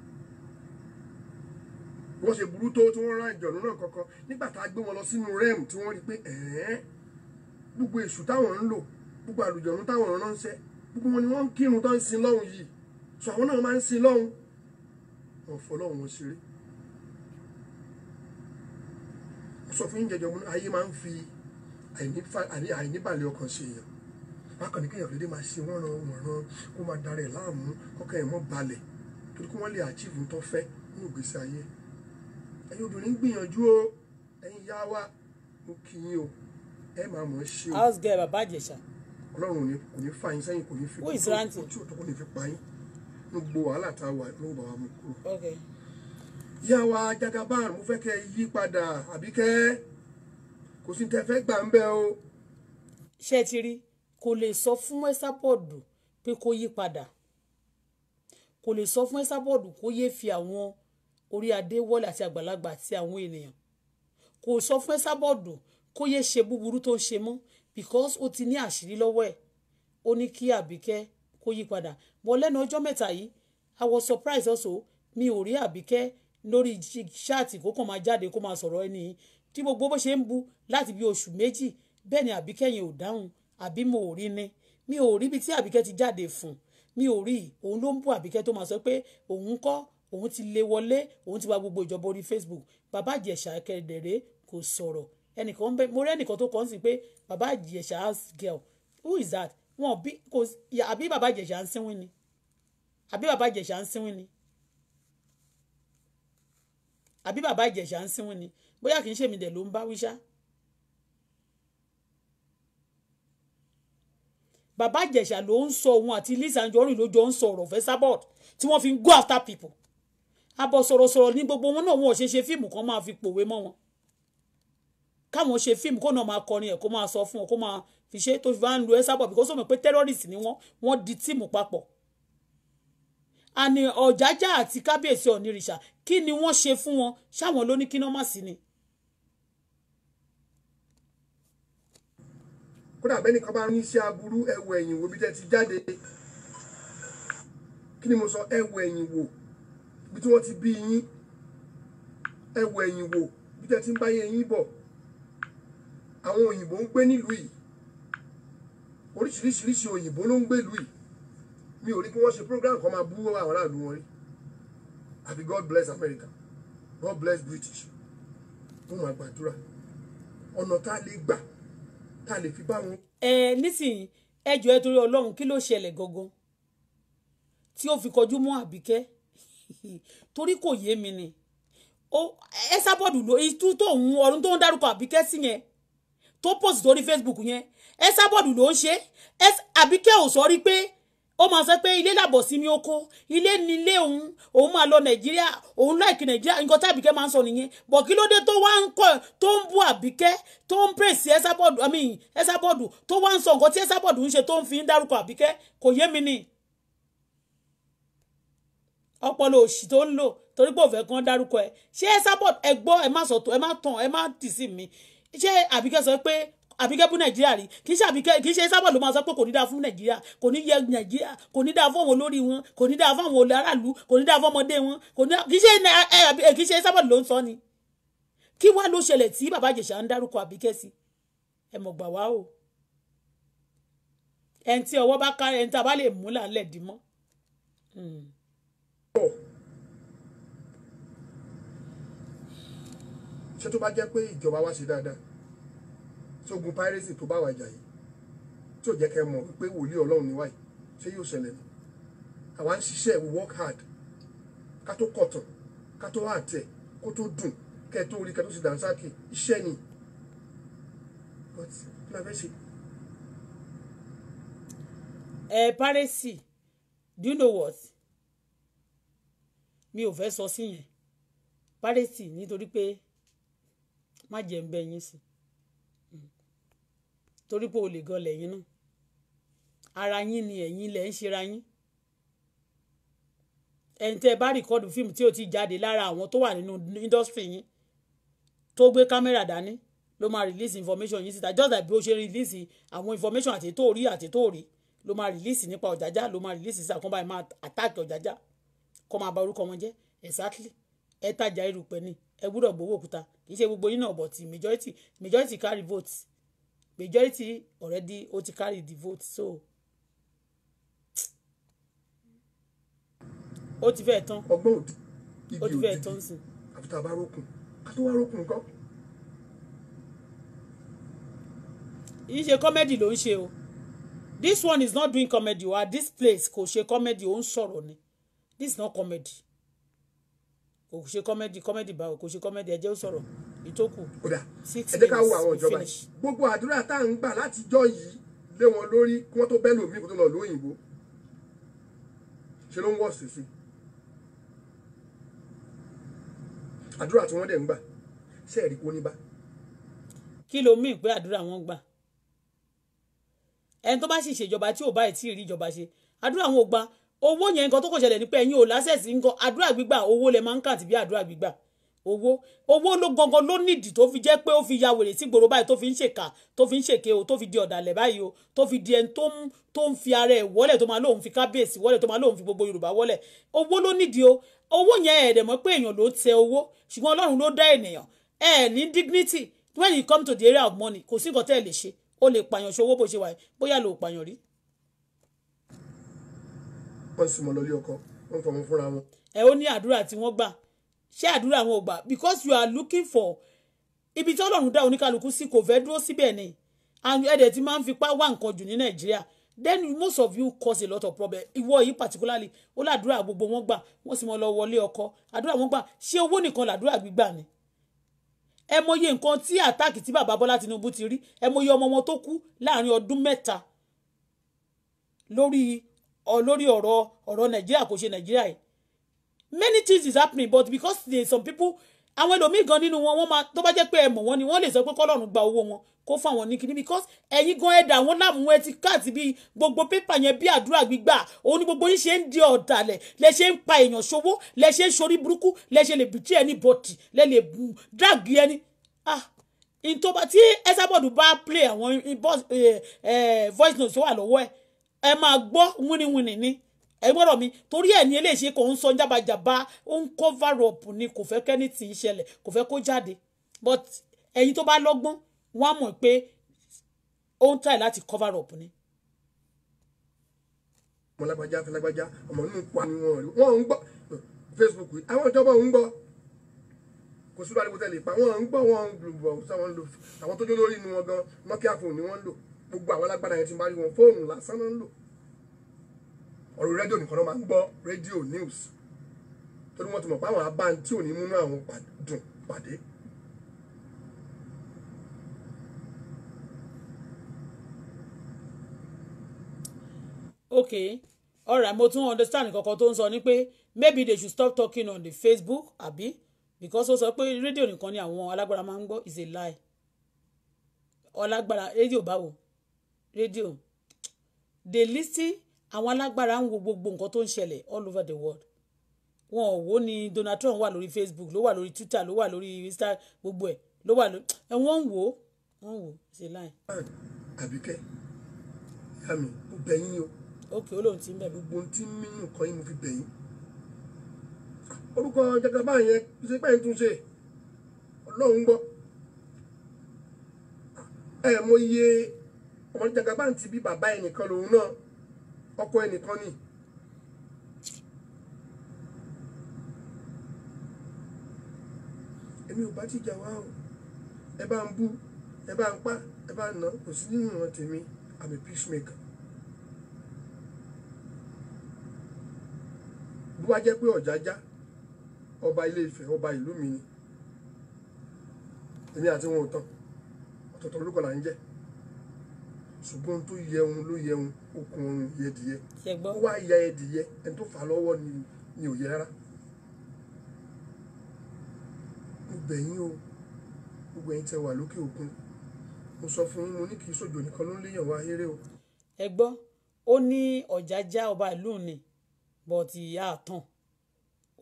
wọ́n ṣe burú tó tí wọ́n rán ìjọ̀nù náà kankan nígbà tá a gbé wọn lọ sínú rem tí wọ́n rí pé ẹ̀ẹ́n gbogbo èṣù táwọn ń lò gbogbo àlùjọ̀nù táwọn ránṣẹ́ gbogbo wọn ni wọ́n ń kírun tó ń sin lọ́hùn yìí sọ àwọn náà máa ń sin lọ́hùn wọn fọ lọ́hùn wọn ṣeré sọ fún yín jẹjọ ayé máa ń fi àìníbàlẹ̀ ọkàn ṣe èèyàn bákan ní kéèyàn lédè máa ṣe wọ́nran wọ̀nran kó máa darẹ̀ láàmú kọ́kọ́ ẹ̀ mọ́ balẹ̀ torí kí wọ́n lè achieve ń tọ́ fẹ́ nínú ìgbésí ayé ẹ̀yin obìnrin gbìyànjú o ẹ̀yin yá wa mo kì í o ẹ máa mọ̀ ọ́ ṣe o. house girl bàbá àjẹsà. ọlọ́run kò ní fà yín sẹ́yìn kò ní fi kó tí òtún kò ní fi pa yín ní gbogbo wàhálà tá a wà ló bá wa mú kúrò. yá wa jagaban mo fẹ́ kẹ́ yí padà àbíkẹ́ kò sí tẹ fẹ́ gbà ń bẹ o. ṣé ẹ ti rí kò lè sọ fún ẹ́sàbọ̀dù pé kó yí padà kò lè sọ fún ẹ́sàbọ̀dù kó yé fi àwọn orí adé wọlé àti àgbàlagbà àti àwọn ènìyàn kò sọ fún ẹ́sàbọ̀dù kó yé ṣe búburú tó ń ṣe mọ́ because ó ti ní àṣírí lọ́wọ́ ẹ̀ ó ní kí àbíkẹ́ kó yí padà bọ́ lẹ́nu ọjọ́ mẹ́ta yìí I was surprised also mi ò rí àbíkẹ́ lórí ṣáàtì kó kàn máa jáde kó máa sọ̀rọ̀ ẹni tí gbogbo bó ṣe ń bu láti bí oṣù méjì bẹ́ẹ̀ ni àbíkẹ́ yẹn ò dáhùn àbí mo ò rí ni mi ò rí ibi tí àbíkẹ́ ti jáde fún mi ò rí òun ló ń bú àbíkẹ́ tó máa sọ pé òun kọ́ òun ti lé wọlé òun ti wá gbogbo ìjọba orí Facebook bàbá ìjẹ̀ṣà kẹ̀dẹ̀rẹ́ kò sọ̀rọ̀ ẹnìkan ń bẹ mo rẹ́nìkan tó kàn sí pé bàbá ìjẹ̀ṣà girl who is that wọn bí kò àbí bàbá ìjẹ̀ṣà ń sínwín ni àbí bàbá ìjẹ̀ṣà ń sínwín ni àbí bàbá ìjẹ̀ṣà ń sínwín ni bóyá kì í ṣèmi dẹ̀ ló ń bá wíṣá bàbá ìjẹ̀ṣà ló ń sọ òun àti Lizzy Anjorin ló jọ ń sọ ọ̀rọ̀ Festabout tí wọ́n fi ń go after people abọ sọ̀rọ̀sọ̀rọ̀ ní gbogbo wọn náà wọn ò ṣe ṣe fíìmù kan máa fi pòwe mọ́ wọn káwọn ṣe fíìmù kó náà máa kọrin ẹ̀ kó máa sọ fún wọn kó máa fi ṣe tó fi bá ń lu Festabout bí kò sọ mọ̀ pé terrorist ni wọ́n wọ́n di tíìmù papọ̀ àní ọ̀jájá àti kábíyèsí ọ̀nìrìṣà kí ni wọ́n ṣe fún wọn ṣáwọn ló ní kí náà má sí ni kódà bẹ́ẹ̀ nìkan bá ń ṣe aburú ẹwọ ẹ̀yìn wo bí tẹ́ ti jáde kí ni mo sọ ẹwọ ẹ̀yìn wo bí tí wọ́n ti bí yín ẹwọ ẹ̀yìn wo bí tẹ́ ti ń báyé yín bọ̀ àwọn òyìnbó ń gbé nílùú yìí oríṣiríṣiríṣi òyìnbó ló ń gbé ìlú mi ò rí kí wọ́n ṣe program kan máa bú àwọn aráàlú wọn rí àbí God bless America God bless British wọ́n máa gbàdúrà ọ̀nà tá a lè gbà tá a lè fi bá wọn. ẹ nísìnyí ẹjọ ẹ torí Ọlọ́run kí ló ṣẹlẹ̀ gangan tí ó fi kọjú mọ́ Àbíkẹ́ torí kò yé mi ni ẹ sábọ̀dù ló itú tó ń ọdún tó ń dárúkọ Àbíkẹ́ sí yẹn tó post sórí Facebook yẹn ẹ sábọ̀dù ló ń ṣe Àbíkẹ́ ò sọ rí pé ó máa sọ pé ilé làbọ̀ sí mi oko ilé ni ilé òun òun máa lọ nàìjíríà òun láìkí nàìjíríà nǹkan tí àbíkẹ́ máa ń sọ nìyẹn bọ̀ kí ló dé tó wá ń kọ́ tó ń bú àbíkẹ́ tó ń pèsè ẹ́sàbọ̀dù àmì ẹ́sàbọ̀dù tó wá ń sọ nǹkan tí ẹ́sàbọ̀dù ń ṣe tó ń fi ń dárúkọ àbíkẹ́ kò yé mi ni. ọpọlọ òṣì tó ń lò torí pé òfẹ́ kan dárúkọ ẹ ṣé ẹ́sàbọ̀dù ẹ àbíkẹ́ bú nàìjíríà rí kì í ṣe àbíkẹ́ kì í ṣe sábà ló máa sọ pé kò ní dáa fún nàìjíríà kò ní yẹ nàìjíríà kò ní dáa fún àwọn olórí wọn kò ní dáa fún àwọn aráàlú kò ní dáa fún ọmọdé wọn kò ní kì í ṣe kì í ṣe sábà ló ń sọ ni kí wá ló ṣẹlẹ̀ tí bàbá ìjẹ̀ṣà ń dárúkọ àbíkẹ́ sí ẹ mọ̀ gbà wá o ẹni tí ọwọ́ bá ká ẹni tí a bá lè mú làálẹ̀ dì mọ́. Hmm. ṣé tó bá jẹ́ pé ìjọba wa ṣe dáadáa sógun piracy tó bá wà jà yìí tí ò jẹ́ kẹ́ mọ̀ wípé wòlíì ọlọ́run ni wáyé ṣé yóò ṣẹlẹ̀ ni àwa ń ṣiṣẹ́ we work hard ká tó kọ̀tàn ká tó àtẹ̀ kó tó dùn kẹ́ tó rí kẹ́ tó sì dànsákì iṣẹ́ ni but kí la fẹ́ ṣe. ẹ piracy do you know what mi ò fẹ́ sọ sí yẹn piracy nítorí pé má jẹ́ ń bẹ yín sí i torí pé olè gan lẹ̀yin náà ara yín ni ẹ̀yin lẹ̀ ń ṣera yín ẹni tẹ́ ẹ bá rìkọ́dù fíìmù tí ó ti jáde lára àwọn tó wà nínú indọ́sítírì yín tó gbé kámẹ́rà dání ló máa release information yìí síta just like bí ó ṣe release àwọn information àti tó rí àti tó rí ló máa release nípa ọ̀jájá ló máa release síta kó báyìí máa attack ọ̀jájá kó máa bà orúkọ wọn jẹ́ exactly ẹ tajà irúpẹ́ ni ẹ gbúdọ̀ gbowó òkúta kì í ṣe gbogbo yín náà but majority majority carry vote majority already o ti carry the vote so ó ti fẹ́ tán ọgbọ́n òdì ó ti fẹ́ tán sí. àfi tá a bá rókun ká tó wá rókun nǹkan. yìí ṣe kọ́mẹ́dì ló ń ṣe o this one is not doing comedy o this place kò ṣe comedy ó ń sọ̀rọ̀ ni this is not comedy kò ṣe comedy comedy báwo kò ṣe comedy ẹ jẹ́ ó sọ̀rọ̀ ìtókù six minutes finish. gbogbo àdúrà tá à ń gbà látijọ́ yìí lé wọn lórí kí wọ́n tó bẹ́ẹ̀ lòmíì kó tó lọ lóyìnbó ṣe ló ń wọ̀ sí sí àdúrà tí wọ́n dẹ̀ ń gbà ṣe ẹ̀rí kó ní bá. kí ló mí pé àdúrà wọn gbà ẹni tó bá sì ṣèjọba tí ò bá ì tí ì rí ìjọba ṣe àdúrà wọn ò gbà owó yẹn nǹkan tó kàn ṣẹlẹ̀ ni pé ẹ̀yin ò lásẹ̀sì nǹkan àdúrà gbígbà owó lẹ máa ń kà tìbí àdúrà gbígbà owó owó ló gangan ló nídìí tó fi jẹ́ pé ó fi ya wèrè sí gbòòrò báyìí tó fi ń ṣèkà tó fi ń ṣèké o tó fi di ọ̀dàlẹ̀ báyìí o tó fi di ẹni tó ń tó ń fi ara ẹ̀ wọ́lẹ̀ tó máa lóun fi kábíyèsí wọ́lẹ̀ tó máa lóun fi gbogbo yorùbá wọ́lẹ̀ owó ló nídìí o owó yẹn ẹ̀ dẹ̀ mọ́ pé èèyàn ló tẹ owó ṣùgbọ́n ọlọ́run ló dá ènìyàn ẹ̀ ní dignity when you come to the area of money kò sí nǹkan tẹ́ ẹ lè ṣe o lè pààyàn ṣòwò bó ṣe wà bóyá lò pààyàn rí. ẹ ó ní àdúrà tí wọ́n gbà ṣé àdúrà wọn ò because you are looking for ibi tí ọlọ́run dá oníkálukú sí kò fẹ́ dúró síbẹ̀ ni ẹ̀dẹ̀ tí máa ń fipá wá nǹkan jù ní nàìjíríà then most of you cause a lot of problem ìwọ yìí particularly ó làdúrà gbogbo wọn gbà wọ́n sì mọ lọ wọlé ọkọ àdúrà wọn gbà ṣé owó nìkan làdúrà gbígbà ni ẹ mọye nǹkan tí àtàkì tí bàbá bọ́lá tinubu ti rí ẹ mọye ọmọ wọn tó kú láàrin ọdún mẹ́ta lórí ọ̀rọ̀ nàìjíríà kò ṣe nàìjíríà yìí many things is happening but because there some people àwọn ẹlòmíì gan nínú wọn wọn máa tó bá jẹ́ pé ẹ mọ̀ wọ́n ni wọ́n lè sọ pé kọ́lọ́run gba owó wọn kó fún àwọn nìkíní because ẹ̀yin gan ẹ̀dà wọn láàmú ẹ ti káàtì bíi gbogbo pépà yẹn bí àdúrà gbígbà òun ni gbogbo yín ṣe ń di ọ̀dàlẹ̀ lẹ ṣe ń pa èèyàn ṣòwò lẹ ṣe ń ṣorí burúkú lẹ ṣe lè bìtì ẹni bọ̀tì lẹ lè dàgì ẹni ah ìtọ́ba tí Esabod bá play àwọn eh, eh, voice note tó wà lọ́wọ́ ẹ ẹ máa gbọ́ wíníwíní ni ẹ gbọ́dọ̀ mi torí ẹ̀ ní eléyìí ṣe kò ń sọ jábàjábá ó ń cover up ni kò fẹ́ kẹ́ni tì í ṣẹlẹ̀ kò fẹ́ kó jáde but ẹ̀yin tó bá lọ́gbọ́n wọ́n á mọ̀ pé ó ń tàì láti cover up ni. ọmọ lágbájá fẹlágbájá ọmọ inú pa ni wọn rí wọn ń gbọ́ Facebook àwọn ìjọba ń gbọ́ kò sí lórí tẹlẹ ìpa wọn ń gbọ́ wọn ń lò wọn lò àwọn tó jó lórí inú wọn gan Nokia fóònù ni wọn lò gbogbo àwọn alágbára yẹn ti máa rí wọn fóònù lásán náà ń lò ọ̀rọ̀ rédíò nìkan náà máa ń gbọ́ rédíò news torí wọ́n ti mọ̀ pé àwọn abáni tí ò ní múnú àwọn dùn pàdé. okay alright mo tún understand kankan tó ń sọ ni pé maybe they should stop talking on the Facebook àbí because ó sọ pé rédíò nìkan ni àwọn alágbára máa ń gbọ́ is a lie ọlágbára rédíò báwo rédíò they listen àwọn alágbára ń wo gbogbo nǹkan tó ń ṣẹlẹ̀ all over the world wọn ò wo ni Donald Trump wà lórí Facebook ló wà lórí Twitter ló wà lórí insta gbogbo ẹ̀ ló wà lórí ẹ wọ́n ń wò ó wọ́n ń wò ó ṣe láì. àbíkẹ́ ìyá mi mo bẹ̀ yín o. ok olóhùn ti ń bẹ̀ mí. gbogbo ohun tí mímú kan yín mo fi bẹ̀ yín. orúkọ jagaba yẹn ṣe pẹ́yìn tún ṣe ọlọ́run gbọ́ ẹ̀ mo yẹ ọmọ jagaba ti bí bàbá ẹnìkan lòun náà. ọkọ ẹnìkan ni. èmi ò bá ti jà wá o ẹ bá ń bú ẹ bá ń pa ẹ bá ń nà kò sí nínú ìran tèmi I'm a peacemaker. bó bá jẹ́ pé ọ̀jájá ọba ilé Ifẹ̀ ọba ìlú mi ni èmi àti wọn ò tán ọ̀tọ̀ọ̀tọ̀ lórúkọ là ń jẹ́ ṣùgbọ́n tó yẹ òun ló yẹ òun okùn òun yẹdìyẹ ó wá ya ẹdìyẹ ẹni tó fà lọ́wọ́ ni ni ò yẹ rárá mo bẹ̀ yín o gbogbo ẹ̀yin tẹ wà lókè òkun mo sọ fún yín mo ní kì í ṣòjò nìkan ló ń léèyàn wá eré o. ẹ gbọ́ ó ní ọ̀jájá ọba ìlú ni bọ̀tì ìyá àtàn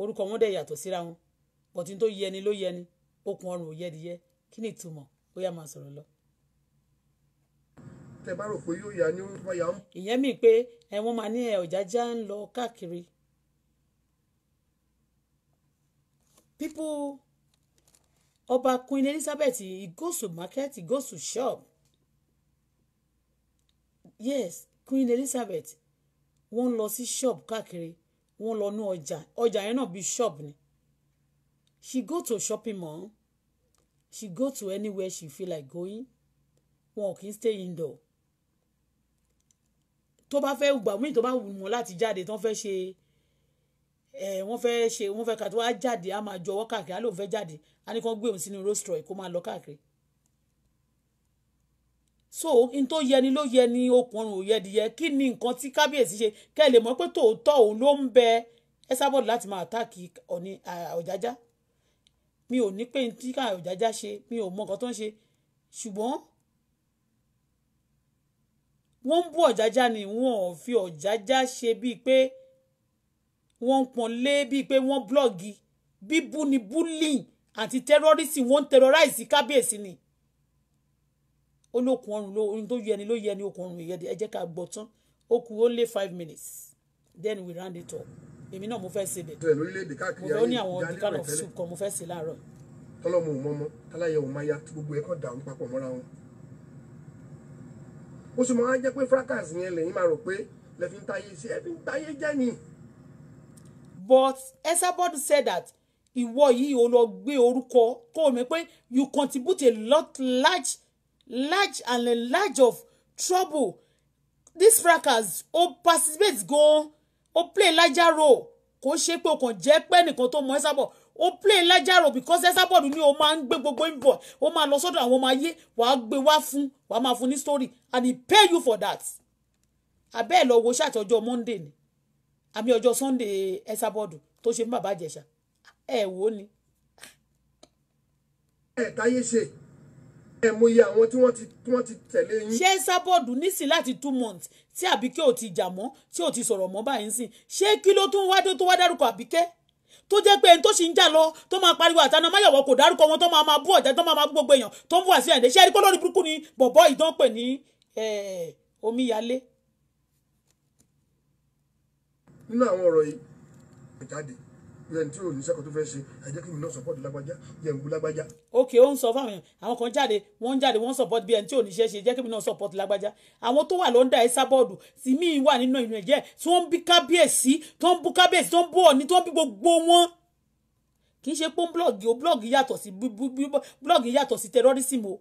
orúkọ wọn dẹ̀ yàtọ̀ síra wọn bọ̀tì tó yẹni ló yẹni okùn ọrùn ò yẹdìyẹ kí ni ìtumọ̀ ó yá máa sọ̀rọ̀ lọ tẹ bá rò pé yóò yá ní wọ́n yá. ìyẹn mi pé ẹ máa ní ẹ Ọ̀jájá ń lọ káàkiri. people ọba Queen Elizabeth he goes to market he goes to shop yes Queen Elizabeth wọ́n lọ sí shop káàkiri wọ́n lọ nú ọjà ọjà yẹn náà bíi shop ni she go to shopping mall she go to anywhere she feel like going wọn kì í stay indoor tó bá fẹ́ gbà míì tó bá wù wọ́n láti jáde tó fẹ́ ṣe ẹ eh, wọ́n fẹ́ ṣe wọ́n fẹ́ kàtó wá jáde á máa jọwọ́ káàkiri á lóun fẹ́ jáde á ní kàn gbé òun sínú rostroy kó máa lọ káàkiri. so n tó yẹni ló yẹni okùn ọrùn ò yẹdìyẹ kí ni nǹkan tí kábíyèsí ṣe kẹ́ ẹ lè mọ̀ pé tòótọ́ òun ló ń bẹ ẹ sábọ̀dù láti máa àtáàkì ọ̀ní ọ̀jájá mi ò ní pé tí ká ọ̀jájá ṣe mi ò mọ nǹkan tó ń ṣe ṣùgbọ́n wọ́n ń bú ọ̀jájá ni wọ́n ò fi ọ̀jájá ṣe bíi pé wọ́n ń pọ́n lé bíi pé wọ́n blọ́ọ̀gì bíbú ni bullying àti terrorism wọ́n ń terrorize kábíyèsí ni ó lókun ọrùn ló ohun tó yẹ ni ló yẹ ni okun ọrùn ìyẹn ẹ jẹ́ ká gbọ́ tán ó kù ó lé five minutes then we round it up èmi náà mo fẹ́ ṣe bẹ̀ mo fẹ́ ó ní àwọn kind of soup kan mo fẹ́ ṣe láàárọ̀. tọ́lọ́mù ò mọ́mọ́ táláyẹ̀ ò máa ya tí gbogbo ẹ̀kọ́ dàrú papọ̀ mọ́ra wọn ó sì máa ń jẹ́ pé fracas yẹn lẹ́yìn máa rò pé lẹ́fi ń táyé sí ẹ̀fi ń táyé jẹ́ ni. but Esabod said that ìwọ yìí ò lọ gbé orúkọ kó o mọ̀ pé you contribute a lot large large and a large of trouble this fracas o participate gan o play larger role kò ṣe pé o kàn jẹ́ pé nìkan tó mọ Esabod o play lajaro because Esabod ni o máa ń gbé gbogbo invoice o máa lọ sọ́dọ̀ àwọn ọmọ ayé wàá gbé wá fún wàá máa fún ní story and he pay you for that abẹ́ ẹ̀ lọ wo ṣáàtì ọjọ́ monday ni àmì ọjọ́ sunday Esabod tó ṣe fún bàbá àjẹsà ẹ wò ó ni. ẹ táyé ṣe ẹ mọ iye àwọn tí wọ́n ti tẹ̀lé yín. ṣé Esabod nísìn láti two months tí àbíkẹ́ ò ti jà mọ́ tí ò ti sọ̀rọ̀ mọ́ báyìí ń sìn ṣé kí ló tún wá tó wá dárúkọ àbíkẹ́ tó jẹ́ pé ẹni tó sì ń jà lọ tó máa pariwo àtàná máyọ̀wọ̀ kò dárúkọ wọn tó máa máa bú ọ̀já tó máa máa bú gbogbo èèyàn tó ń bú àṣìyàn ìdè ṣé ẹni kọ́ lórí burúkú ni bọ̀bọ́ ìdán pè ní omíyalé. nínú àwọn ọ̀rọ̀ yìí kò yẹn tí ò ní sẹ́kọ̀ọ́ tó fẹ́ ṣe ẹ jẹ́ kí mi náà support lágbájá yẹn gbú lágbájá. ok ó ń sọ fáwọn èèyàn àwọn kan jáde wọ́n jáde wọ́n support bí ẹni tí ò ní ṣe ṣe jẹ́ kí mi náà support lágbájá àwọn tó wà lọ́ndà ẹ̀sà bọ́ọ̀dù tí mí wà nínú ìlú ẹ̀jẹ̀ tí wọ́n ń bí kábíyèsí tó ń bú kábíyèsí tó ń bú ọ̀ní tó ń bí gbogbo wọn kì í ṣe pé blọọgì o blọọgì yàtọ̀ sí blọọgì yàtọ̀ sí terrorism o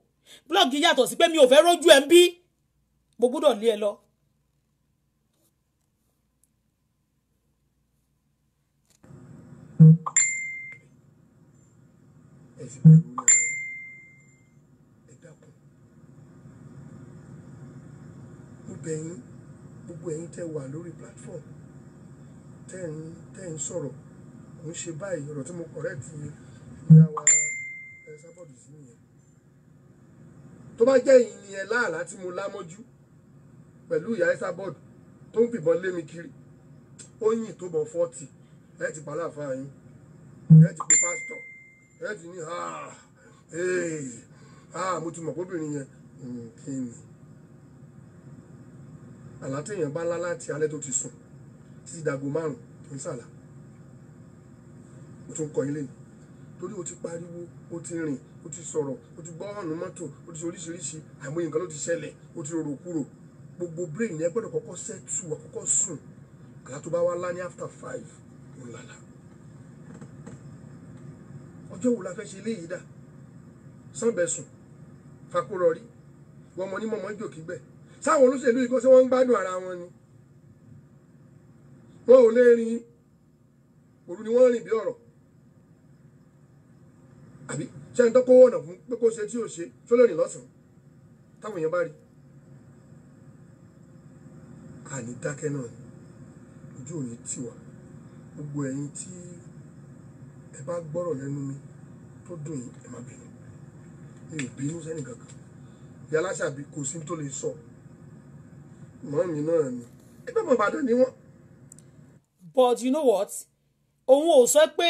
blọọgì yàtọ̀ sí pé mi ò fẹ́ rójú ẹ̀ ń bí gbogbo dọ̀ lé ẹ lọ gbogbo ẹ̀yin gbogbo ẹ̀yin tẹ́ wà lórí platform tẹ́ ń tẹ́ ń sọ̀rọ̀ kò ń ṣe báyìí ọ̀rọ̀ tí mo correct ìyá wa ẹ sábọ̀dù sí nìyẹn tó bá jẹ́ ẹ̀yin ni ẹ láàlá tí mo lámọ́jú pẹ̀lú ìyá ẹ sábọ̀dù tó ń fìbọn lé mi kiri ó yìn tó bọ̀ fọ́ọ̀tì ẹ ti pa láàfáà yín ẹ ti pe pásítọ̀ ẹ ti ní mo ti mọ̀ bóbìnrin yẹn kí ni àlá téèyàn bá lá láti alẹ́ tó ti sùn títí dàgò márùn tó ń sàlà mo tún kọ ilé torí o ti pariwo o ti rìn o ti sọ̀rọ̀ o ti gbọ́ ọ̀nà mọ́tò o ti ṣe oríṣiríṣi àìmọye nǹkan ló ti ṣẹlẹ̀ o ti rorò kúrò gbogbo brain yẹn gbọ́dọ̀ kọ́kọ́ sẹ́tù àkọ́kọ́ sùn àlá tó bá wá lá ní after five kún lálá ọjọ́ wo la fẹ́ ṣe léyìí dà sànbẹ̀sùn fakúrọ̀rí gbọmọ ní mọ̀mọ́ jòkí bẹ́ẹ̀ sáwọn olóṣèlú yìí kó ṣe wọ́n ń gbádùn ara wọn ni wọn ò lè rin òru ni wọ́n rìn bí ọ̀rọ̀ àbí ṣé ń tọ́kọ́ ọ̀nà fún pé kó ṣe tí ò ṣe tó lè rìn lọ́sàn-án táwọn èèyàn bá rí àní dákẹ́ náà ojú ò tiwa gbogbo ẹ̀yin tí ẹ bá gbọ́rọ̀ lẹ́nu mi tó dùn yín ẹ má bínú mi ò bínú sẹ́nì kankan yálà ṣàbí kò sí tó lè sọ mọ́ náà ni ẹgbẹ́ mọ̀ Ìbàdàn ni wọ́n. but you know what òun ò sọ pé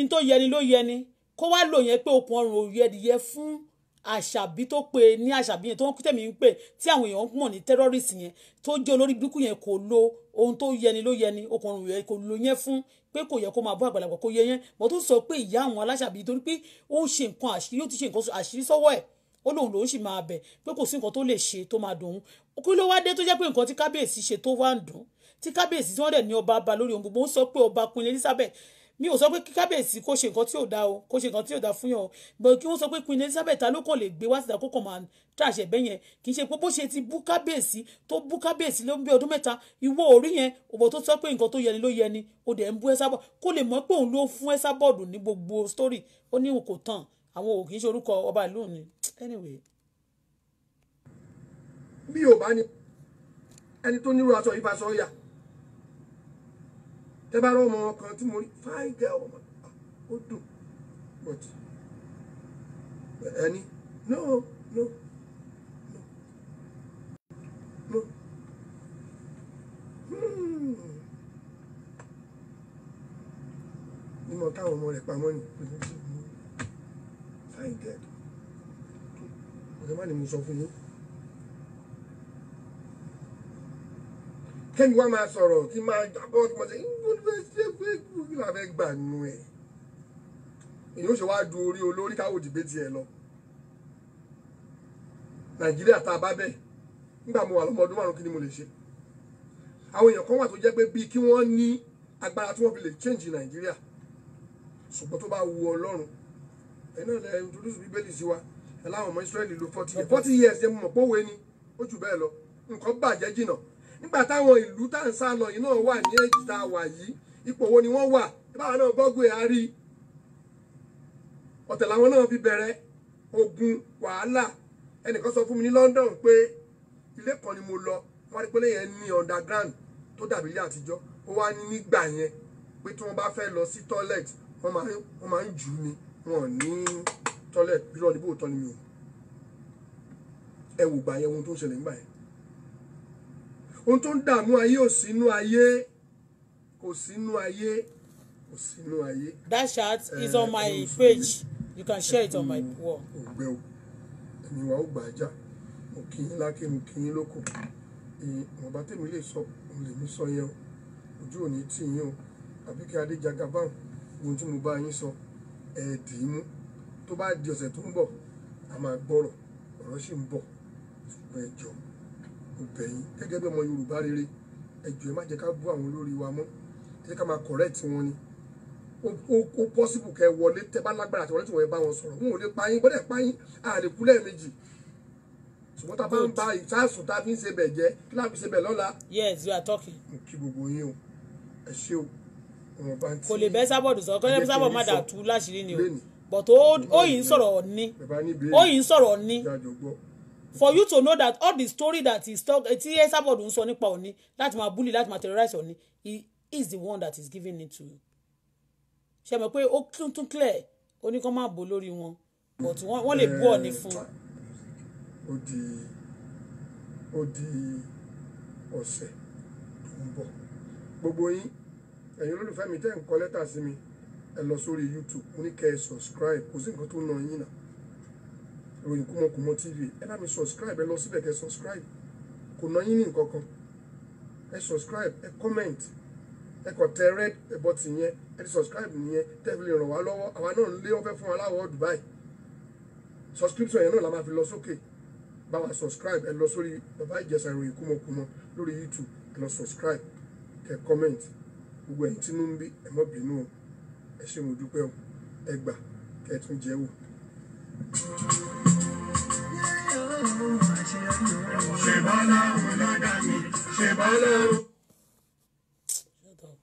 n tó yẹni ló yẹni kó wá lò yẹn pé okùn ọrùn ò yẹ fún àṣàbí tó pe ní àṣàbí yẹn tó ń tẹ̀mí ń pè tí àwọn èèyàn mọ̀ ní terrorist yẹn tó jẹ́ olórí burúkú yẹn kò lo ohun tó yẹni ló yẹni okòrùn yẹn kò lo yẹn fún pé kò yẹ kó máa bọ́ àgbàlagbà kó yẹ yẹn mo tún sọ pé ìyá àwọn aláṣàbí torí pé ó ń ṣe nǹkan àṣírí ó ti ṣe nǹkan àṣírí sọ́wọ́ ẹ̀ ó lóun lòun sì máa bẹ̀ pé kò sí nǹkan tó lè ṣe tó máa dùn ún kí ló wá dé tó jẹ́ pé nǹkan tí kábíyèsí ṣe tó wá ń dùn tí kábíyèsí tí wọ́n dẹ̀ ní ọba ọba lórí ohun gbogbo ń sọ pé ọba Queen Elizabeth mi ò sọ pé kí kábíyèsí kó ṣe nǹkan tí ò dáa o kó ṣe nǹkan tí ò dáa fún yàn o gbọ́n kí wọ́n sọ pé queen elizabeth ló kàn lè gbé wá síta kó kàn máa tàṣẹ bẹ́ yẹn kì í ṣe pé bó ṣe ti bú kábíyèsí tó bú kábíyèsí ló ń bí ọdún mẹ́ta ìwọ orí yẹn òbò tó sọ pé nǹkan tó yẹni ló yẹni o dẹ̀ ń bú ẹsà bọ́ọ̀dù kó lè mọ̀ pé òun ló fún ẹsà bọ́ọ̀dù ní gbogbo story ó ní òkò tán àwọn ò kì í ṣe orúkọ ọba ìlú ni anyway. bí ò bá ẹni tó nírú aṣọ ìbáṣọ yà tẹ́ bá rọ ọmọ kan tí mo rí fine girl ọmọ ó dùn but ẹni no no no no hmm. ni mo káwọn ọmọ rẹ̀ pamọ́ ni fine girl ọ̀dọ́ má ni mo sọ fún yín. kẹ́mi wá máa sọ̀rọ̀ tí máa jábọ́ tí mo ṣe ìfúnfẹ́sẹ̀ pé kí la fẹ́ gbà nù ẹ̀ èyí ó ṣe wá du orí olórí káwò dìbé tiẹ̀ lọ nàìjíríà tá a bá bẹ̀ nígbà mo wà lọ́mọ ọdún márùn kí ni mo lè ṣe àwọn èèyàn kan wà tó jẹ́ pé bíi kí wọ́n ní agbára tí wọ́n fi lè change nàìjíríà ṣùgbọ́n tó bá wu ọlọ́run ẹ̀ náà lẹ́ introduce bíbélì sí wa ẹ̀ láwọn ọmọ israẹli lo forty years forty years ẹ̀ mọ̀ pọ́wé ni ó jù bẹ́ẹ̀ lọ nǹkan bàjẹ́ jìnnà nígbà táwọn ìlú tá ń sá lọ yìí náà wà ní èjì tá a wà yìí ipò wo ni wọ́n wà báwa náà gọ́gùn ẹ̀ á rí ọ̀tẹ̀ làwọn náà fi bẹ̀rẹ̀ ogun wàhálà ẹnìkan sọ fún mi ní London pé ilé kan ni mo lọ wọ́n rí pé lẹ́yìn ní underground tó dàbí ilé àtijọ́ ó wá ní nígbà yẹn pé tí wọ́n bá fẹ́ lọ sí toilet wọ́n máa ń jù mí wọn ní toilet bí lọ́ọ́ ní bóòtọ́ ni mi ò ẹ wò gbà yẹn ohun tó ń ṣẹlẹ̀ nígbà yẹn ohun tó ń dààmú ayé ò sínú ayé kò sínú ayé kò sínú ayé. that chart eh, is on my page you can share it on my wall. ògbẹ́ o ẹ̀yin wa ó gbà á mo kì í lákè mo kì í lóko ìwọ̀nba tèmi lè sọ òun lèmi sọ yẹn o ojú ò ní tì yín o àbí kí adéjaga báwọn ohun tí mo bá yín sọ ẹ dì í mú tó bá di ọ̀sẹ̀ tó ń bọ̀ a máa gbọ́rọ̀ ọ̀rọ̀ sì ń bọ̀ ṣùgbọ́n ẹ jọ̀ọ́ mo gẹ́gẹ́ bí ọmọ Yorùbá rere ẹ ẹ má jẹ́ ká bú àwọn olórí wa mọ́ ẹ ká máa correct wọn ni ó possible kẹ́ wọlé tẹ́ bá lágbára àti wọlé tí wọ́n bá wọn sọ̀rọ̀ wọn ò lè pa yín bọ́dẹ̀ pa yín a lè kú lẹ́ẹ̀mejì ṣùgbọ́n tá a bá ń ba ìtàsùn tá a fi ń ṣe bẹ̀ jẹ́ kí láàbí ṣe bẹ̀ lọ́la. yes you are talking. kí gbogbo yín o ẹ ṣé o wọn bá ń tí. kò lè bẹ́ sábọ̀dù sọ kọ́lẹ́ sábọ̀ má dà láṣìírí ni o but ó yìí ń sọ̀rọ̀ ní ó yìí ń sọ̀rọ̀ ní for you to know that all the story that he talk eh, ti esabod ń sọ nípa Ọ̀ọ̀ni láti máa bully láti máa terrorize Ọ̀ọ̀ni he is the one that is giving it to you ṣe mọ̀ pé ó tuntun clear oníkan máa bò lórí wọn but wọ́n lè bú Ọ̀ọ̀ni eh, fún. ó di ó di ọ̀sẹ̀ tó ń bọ̀ gbogbo yín ẹ̀yin olólùfẹ́ mi tẹ́ ń kọ lẹ́tà sí mi ẹ lọ sórí YouTube mo ní subscribe kò sí nǹkan tó ń nà yín náà ìròyìn kú wọn kò mọ tv ẹ bá mi subscribe ẹ lọ síbẹ̀ kẹ subscribe kò ná yín ní nǹkan kan ẹ subscribe ẹ comment ẹ kàn tẹ red button yẹn ẹ ti subscribe nìyẹn tẹ́ẹ̀fì lè ràn wá lọ́wọ́ àwa náà ń lé ọ̀fẹ́ fún wa láwọ̀ Dubai subscription yẹn náà la máa fi lọ sókè bá wa subscribe ẹ lọ sórí bàbá ìjẹsà ìròyìn kú wọn kò mọ lórí YouTube ẹ lọ subscribe kẹ comment gbogbo ẹ̀yin tí inú ń bí ẹ mọ́ bínú o ẹ ṣé mo dúpẹ́ o ẹ gbà kẹ tún jẹ́ wò. Thank you ṣe bá láwọn lọ́dà mi ṣe Shut up.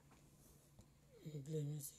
Play music.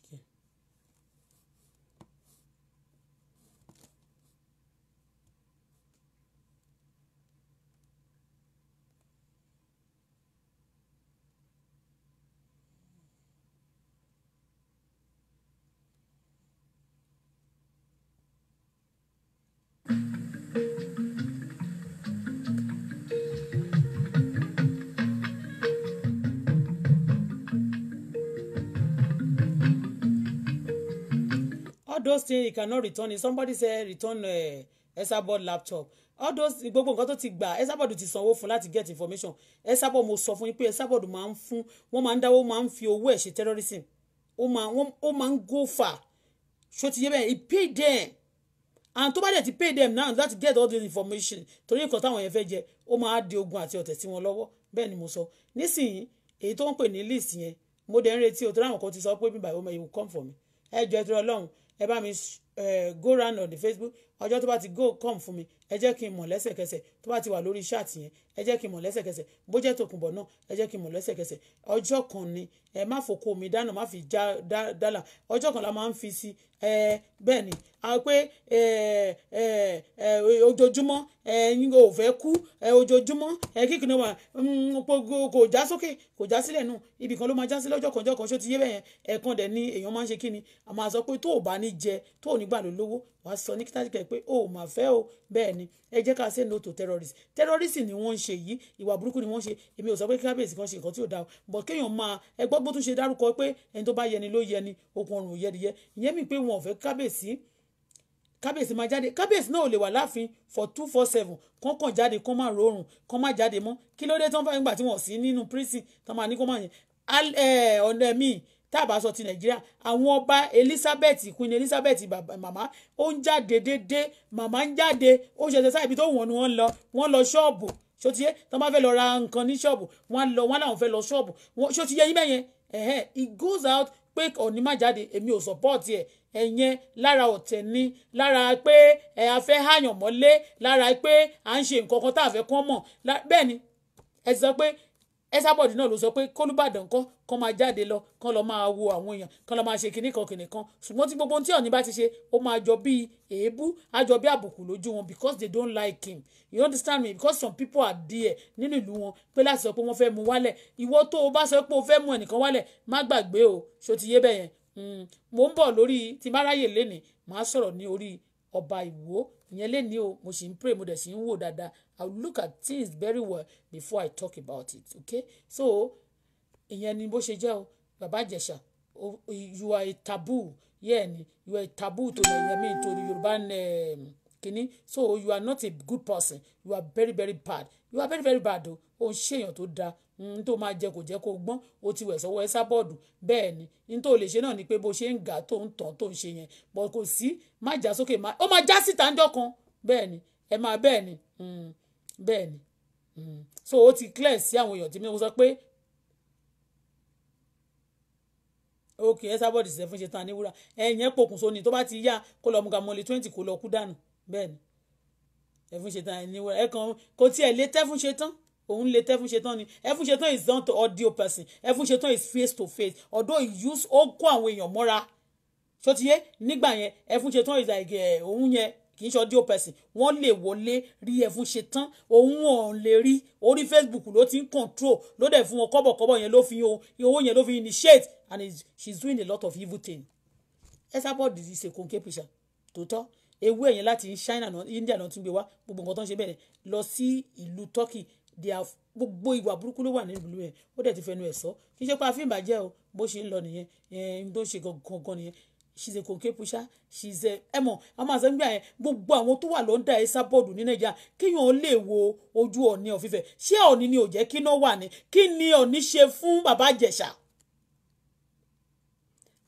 all those things you cannot return it somebody say return uh, eh, Esabod laptop all those gbogbo nǹkan tó ti gbà Esabod ti sanwó fún láti get information Esabod mo sọ fún yín pé Esabod máa ń fún wọ́n máa ń dáwọ́ máa ń fi owó ẹ̀ ṣe terrorism ó máa ó máa ń go far ṣó ti yé pay them and tó bá dẹ̀ ti pay them now láti get all those information torí nǹkan táwọn yẹn fẹ́ jẹ ó máa di ogun àti ọ̀tẹ̀ sí wọn lọ́wọ́ bẹ́ẹ̀ ni mo sọ nísìnyí èyí tó ń pè ní list yẹn mo dẹ̀ ń retí o torí àwọn kan ti sọ pé bíbá ìwọ́n mọ̀ you will come for me ẹ jọ ẹ torí ọlọ́run ẹ bá mi go round on the Facebook ọjọ́ tó bá ti go come fún mi ẹ jẹ́ kí n mọ̀ lẹ́sẹ̀kẹsẹ̀ tó bá ti wà lórí iṣẹ́ àtìyẹn ẹ jẹ́ kí n mọ̀ lẹ́sẹ̀kẹsẹ̀ bó jẹ́ tòkùnbọ̀ náà ẹ jẹ́ kí n mọ̀ lẹ́sẹ̀kẹsẹ̀ ọjọ́ kan ni ẹ má fòkó omi dáná má fi já dálà ọjọ́ kan la máa ń fi sí ẹ bẹ́ẹ̀ ni a pé ẹ ẹ ẹ ojoojúmọ́ ẹ ò fẹ́ kú ẹ ojoojúmọ́ ẹ kíkì náà wà mm, kò já sókè kò já sílẹ̀ nù ibì kan ló máa já sí lọ́jọ́ kanjọ́ kan ṣó ti yé bẹ́yẹn ẹ̀ẹ̀kan dẹ̀ ni èèyàn máa ń ṣe kí ni a máa sọ pé tó ò bá ní jẹ tó ò ní gbà lólówó wàá sọ ní kíkàtìkà pé o ò mà fẹ́ o bẹ́ẹ̀ ni ẹ jẹ́ ká ṣe no to terror terrorist terrorism ni wọ́n ń ṣe yìí ìwà burúkú ni wọ́n ń ṣe èmi ò sọ pé kábíyèsí kan ṣe nǹkan tí ò dáa bọ̀ kéèyàn máa ẹgbọ́n bó tún ṣe dárúkọ pé ẹni tó bá yẹni ló yẹni okùn ọrùn yẹdiyẹ ìyẹn mi pé wọn ò fẹ́ kábíyèsí kábíyèsí máa jáde kábíyèsí náà ò lè wà láàfin for two four seven kán kàn jáde kán má rọrùn kán má jáde mọ́ kí ló dé tán fáwọn ìgbà tí wọ́n sí nínú prison tán máa ní kán má yẹn eh, ọ̀nà míì tá a bá sọ ti nàìjíríà àwọn ọba elizabeth queen elizabeth màmá ó ń jáde déédéé màmá ń jáde ó ń ṣẹṣẹ sáìbí tó wọ̀n ni wọ́n lọ wọ́n lọ ṣọ́ọ̀bù ṣòtíyé tó máa fẹ́ lọ ra nǹkan ní ṣọ́ọ̀bù wọ́n lọ wọ́n làwọn fẹ́ lọ ṣọ́ọ̀bù ṣòtíyé yín bẹ́yẹn ẹ̀hẹ́n it goes out pé ọ̀ní má jáde èmi ò support ẹ̀ ẹ̀yẹn lára ọ̀tẹ̀ ni lára pé ẹ̀ a fẹ́ hàyàn mọ́lé lára pé à ń ṣe nǹkan kan tá a fẹ́ kán mọ̀ bẹ́ẹ̀ ni ẹ sọ pé Esabod náà ló sọ pé kólúbàdàn kọ́ kọ́ máa jáde lọ kọ́ lọ máa wo àwọn èèyàn kọ́ lọ máa ṣe kinní kan kinní kan ṣùgbọ́n tí gbogbo tí Ọọ̀ni bá ti ṣe ó máa jọ bí èébú á jọ àbùkù lójú wọn because they don't like him you understand me because some people are there nínú ìlú wọn pé láti sọ pé wọ́n fẹ́ mú wálẹ̀ ìwọ tó o bá sọ pé o fẹ́ mú ẹnìkan wálẹ̀ má gbàgbé o ṣó ti yé bẹ́yẹn hmm. mo ń bọ̀ lórí tí má ráyè lénìí sọ̀rọ̀ ní orí ọba Ìwó ìyẹn lè ní o mo sì ń pray mo dẹ̀ sì ń wò dáadáa I will look at things very well before I talk about it okay so ìyẹn ni bó ṣe jẹ́ o bàbá ìjẹ̀ṣà you are a taboo yẹ́ẹ̀ ni you are a taboo to ẹ̀yẹ́mí to the Yorùbá um, so you are not a good person you are very very bad you are very very bad o ò ń ṣèyàn tó dáa n tó máa jẹ kò jẹ́ kó gbọ́n o ti wẹ̀ sọ́wọ́ ẹ sábọ́ọ̀dù bẹ́ẹ̀ ni n tó lè ṣe náà ni pé bó ṣe ń gà tó ń tàn tó ń ṣe yẹn bọ̀ kò sí má já sókè má ó máa já síta ńjọ́ kan bẹ́ẹ̀ ni ẹ máa bẹ́ẹ̀ ni hmm, bẹ́ẹ̀ ni hmm, so ó ti clear sí àwọn èèyàn tí mo sọ pé ok ẹ sábọ́ọ̀dù ṣiṣẹ́ fún ṣe tán níwúrà ẹ̀yìn ẹ̀ pokùnso ni tó bá ti yá kó lọ mú gamọ́lé twenty kó lọ kú dànù bẹ́ẹ̀ ni ẹ fún ṣe tán níwúrà ẹ kàn kò tiẹ̀ lé tẹ́ fún ṣe tán òun lè tẹ́fún ṣetán ni ẹfún is down to audio person ẹfún ṣetán is face to face although he use ó kó àwọn èèyàn mọ́ra ṣọtiyé nígbà yẹn ẹfún ṣetán is like eh, òun yẹn kì í ṣe audio person wọ́n lè wọlé rí ẹfún ṣetán òun ò lè rí orí Facebook ló ti ń control ló dẹ̀ fún wọn kọ́bọ̀kọ́bọ̀ yẹn ló fi owó yẹn ló fi initiate and she is doing a lot of evil thing ẹ sábọ̀ dìdí ṣe kòńké pèsè tòótọ́ ewé ẹ̀yẹn láti China India náà tún gbé wá gbogbo nǹkan tó ń ṣe bẹ́ẹ̀ lọ sí ìlú Turkey gbogbo ìwà burúkú ló wà nínú ẹ̀ ó dẹ̀ ti fẹnu ẹ̀ sọ kì í ṣe pé a fi ìbàjẹ́ o bó ṣe ń lọ nìyẹn ẹ̀ẹ́n tó ṣe gangan nìyẹn she's a kòkè pusha she's a ẹ mọ àwọn àṣẹgbẹ yẹn gbogbo àwọn tó wà lọ́ndà ẹ̀sà bọ́ọ̀dù ní nàìjíríà kíyàn lè wo ojú ọ̀ní ọ̀fífẹ́ ṣé ọ̀ní ni ò jẹ́ kí iná wà ní kí ni ọ̀ní ṣe fún bàbá àjẹsà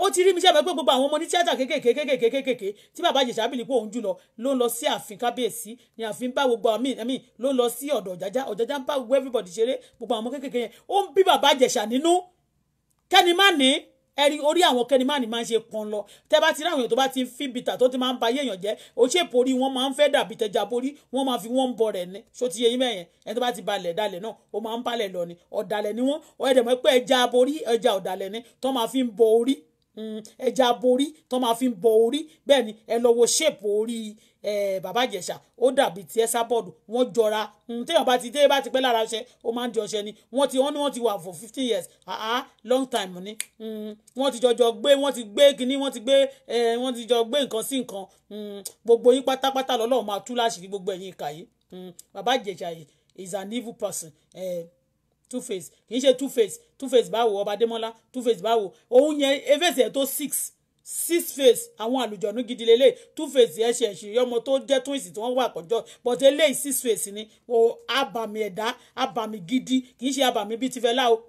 ó ti rí mi sábà pé gbogbo àwọn ọmọ ní tíátà kékèké kékèké kékèké tí bàbá ìjẹ̀sà bìlì pé òun jùlọ ló ń lọ sí ààfin kábíyèsí ni ààfin bá gbogbo àmì ẹ̀mí ló ń lọ sí ọ̀dọ̀ ọ̀jàjà ọ̀jàjà ń bá gbogbo everybody ṣeré gbogbo àwọn ọmọ kékèké yẹn ó ń bí bàbá ìjẹ̀sà nínú kẹ́ni má ní ẹ̀rí orí àwọn kẹ́ni má ní máa ń ṣe kan lọ tẹ́ bá ti ráwọn èèyàn tó bá ti fi bìtà tó ti máa ń ba yéèyàn jẹ́ òṣèpò orí wọn máa ń fẹ́ dàbí tẹja borí wọn máa fi wọn ń bọ rẹ̀ ní ṣó ti yẹ yín bẹ́yẹn ẹni tó ti balẹ̀ dalẹ̀ náà ó máa ń balẹ̀ lọ ni ọ̀dàlẹ̀ ni wọ́n ọ̀ẹ́dẹ̀mọ́ pé ẹja borí ẹja ọ̀dàlẹ̀ ni tó máa fi ń bọ Mm, ẹja borí tó máa fi ń bọ orí bẹ́ẹ̀ ni ẹ lọ wo ṣèpù orí bàbá ìjẹ̀ṣà ó dàbí ti ẹ́sà bọ́ọ̀dù wọ́n jọra mm, téèyàn bá ti dé bá ti pẹ́ lára ọṣẹ ó máa ń di ọṣẹ ni wọ́n ti wọ́n ní wọ́n ti wà for fifteen years ah long time ni mm, wọ́n ti jọjọ gbé wọ́n ti gbé kinní wọ́n ti gbé wọ́n ti jọ gbé nǹkan sí nǹkan gbogbo yín pátápátá lọ́lọ́run máa tú láṣìírí gbogbo ẹ̀yin ìkà yìí bàbá ìjẹ̀ṣà is an evil person. Eh, two face kì í ṣe two face two face báwo ọba adémọ́lá two face báwo òun yẹn efèsì ẹ̀ tó six six face àwọn àlùjọ̀nù gidi lélẹ̀ two face ẹ̀ ṣe ẹ̀ṣìn ọmọ tó jẹ́ twins tí wọ́n wà kọjọ́ but eléyìí six face ni o abàmì ẹ̀dá abàmì gidi kì í ṣe abàmì bíi tìfẹ́lá o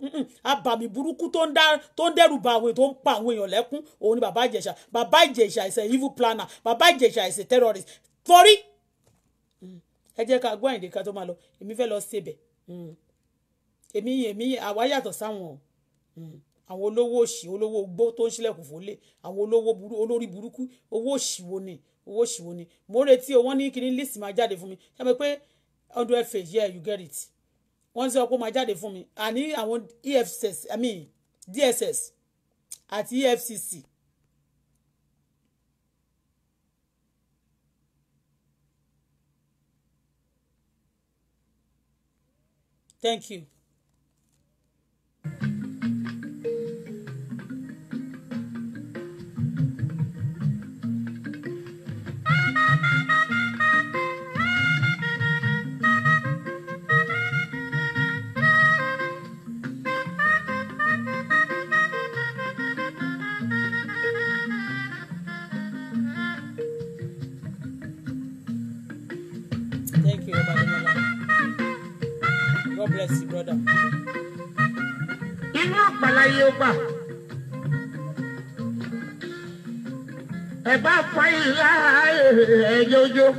abàmì burúkú tó ń dẹ́rù ba àwọn tó ń pa àwọn èèyàn lẹ́kún òun ni bàbá ìjẹ̀ṣà bàbá ìjẹ̀ṣà is a evil planner bàbá ìjẹ̀ṣà is a terrorist torí mm. ẹ jẹ́ ká gbọ́ àyìndé ká tó máa lọ èmi fẹ́ lọ ṣebẹ̀. Mm èmi èmi àwa yàtọ̀ sáwọn o hmm, àwọn olówó òṣì olówó gbó tó ń ṣílẹ̀kùn fólè àwọn olówó olórí burúkú owó òṣì wo ni owó òṣì wo ni mo ń retí o wọ́n ní kíní list máa jáde fún mi ṣàbẹ̀ pé ọdún ẹ̀fẹ̀ yeah you get it wọ́n sọ pé ó máa jáde fún mi àní àwọn efcc i mean dss àti efcc thank you. Thank you, Obadenola. God bless you, brother gbà. ẹ bá fa ìlà ẹ̀yọ́jọ́.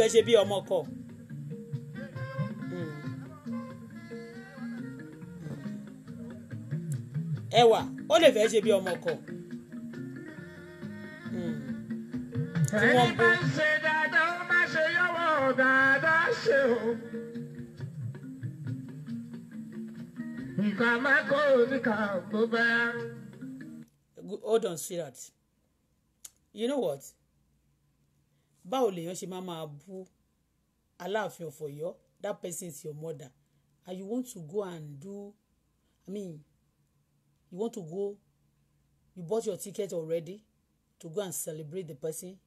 fẹ́ ṣe bí ọmọ kọ. ẹwà ó lè fẹ́ ṣe bí ọmọ kọ. ẹni bá ń ṣe dáadáa ó má ṣe yọ̀wọ̀ dáadáa ṣe o. nǹkan má kó oníkà bó bá. hold on see you know what báwo lèèyàn ṣe máa máa bú aláàfin of Ọ̀yọ́ that person is your mother and you want to go and do i mean you want to go you bought your ticket already to go and celebrate the person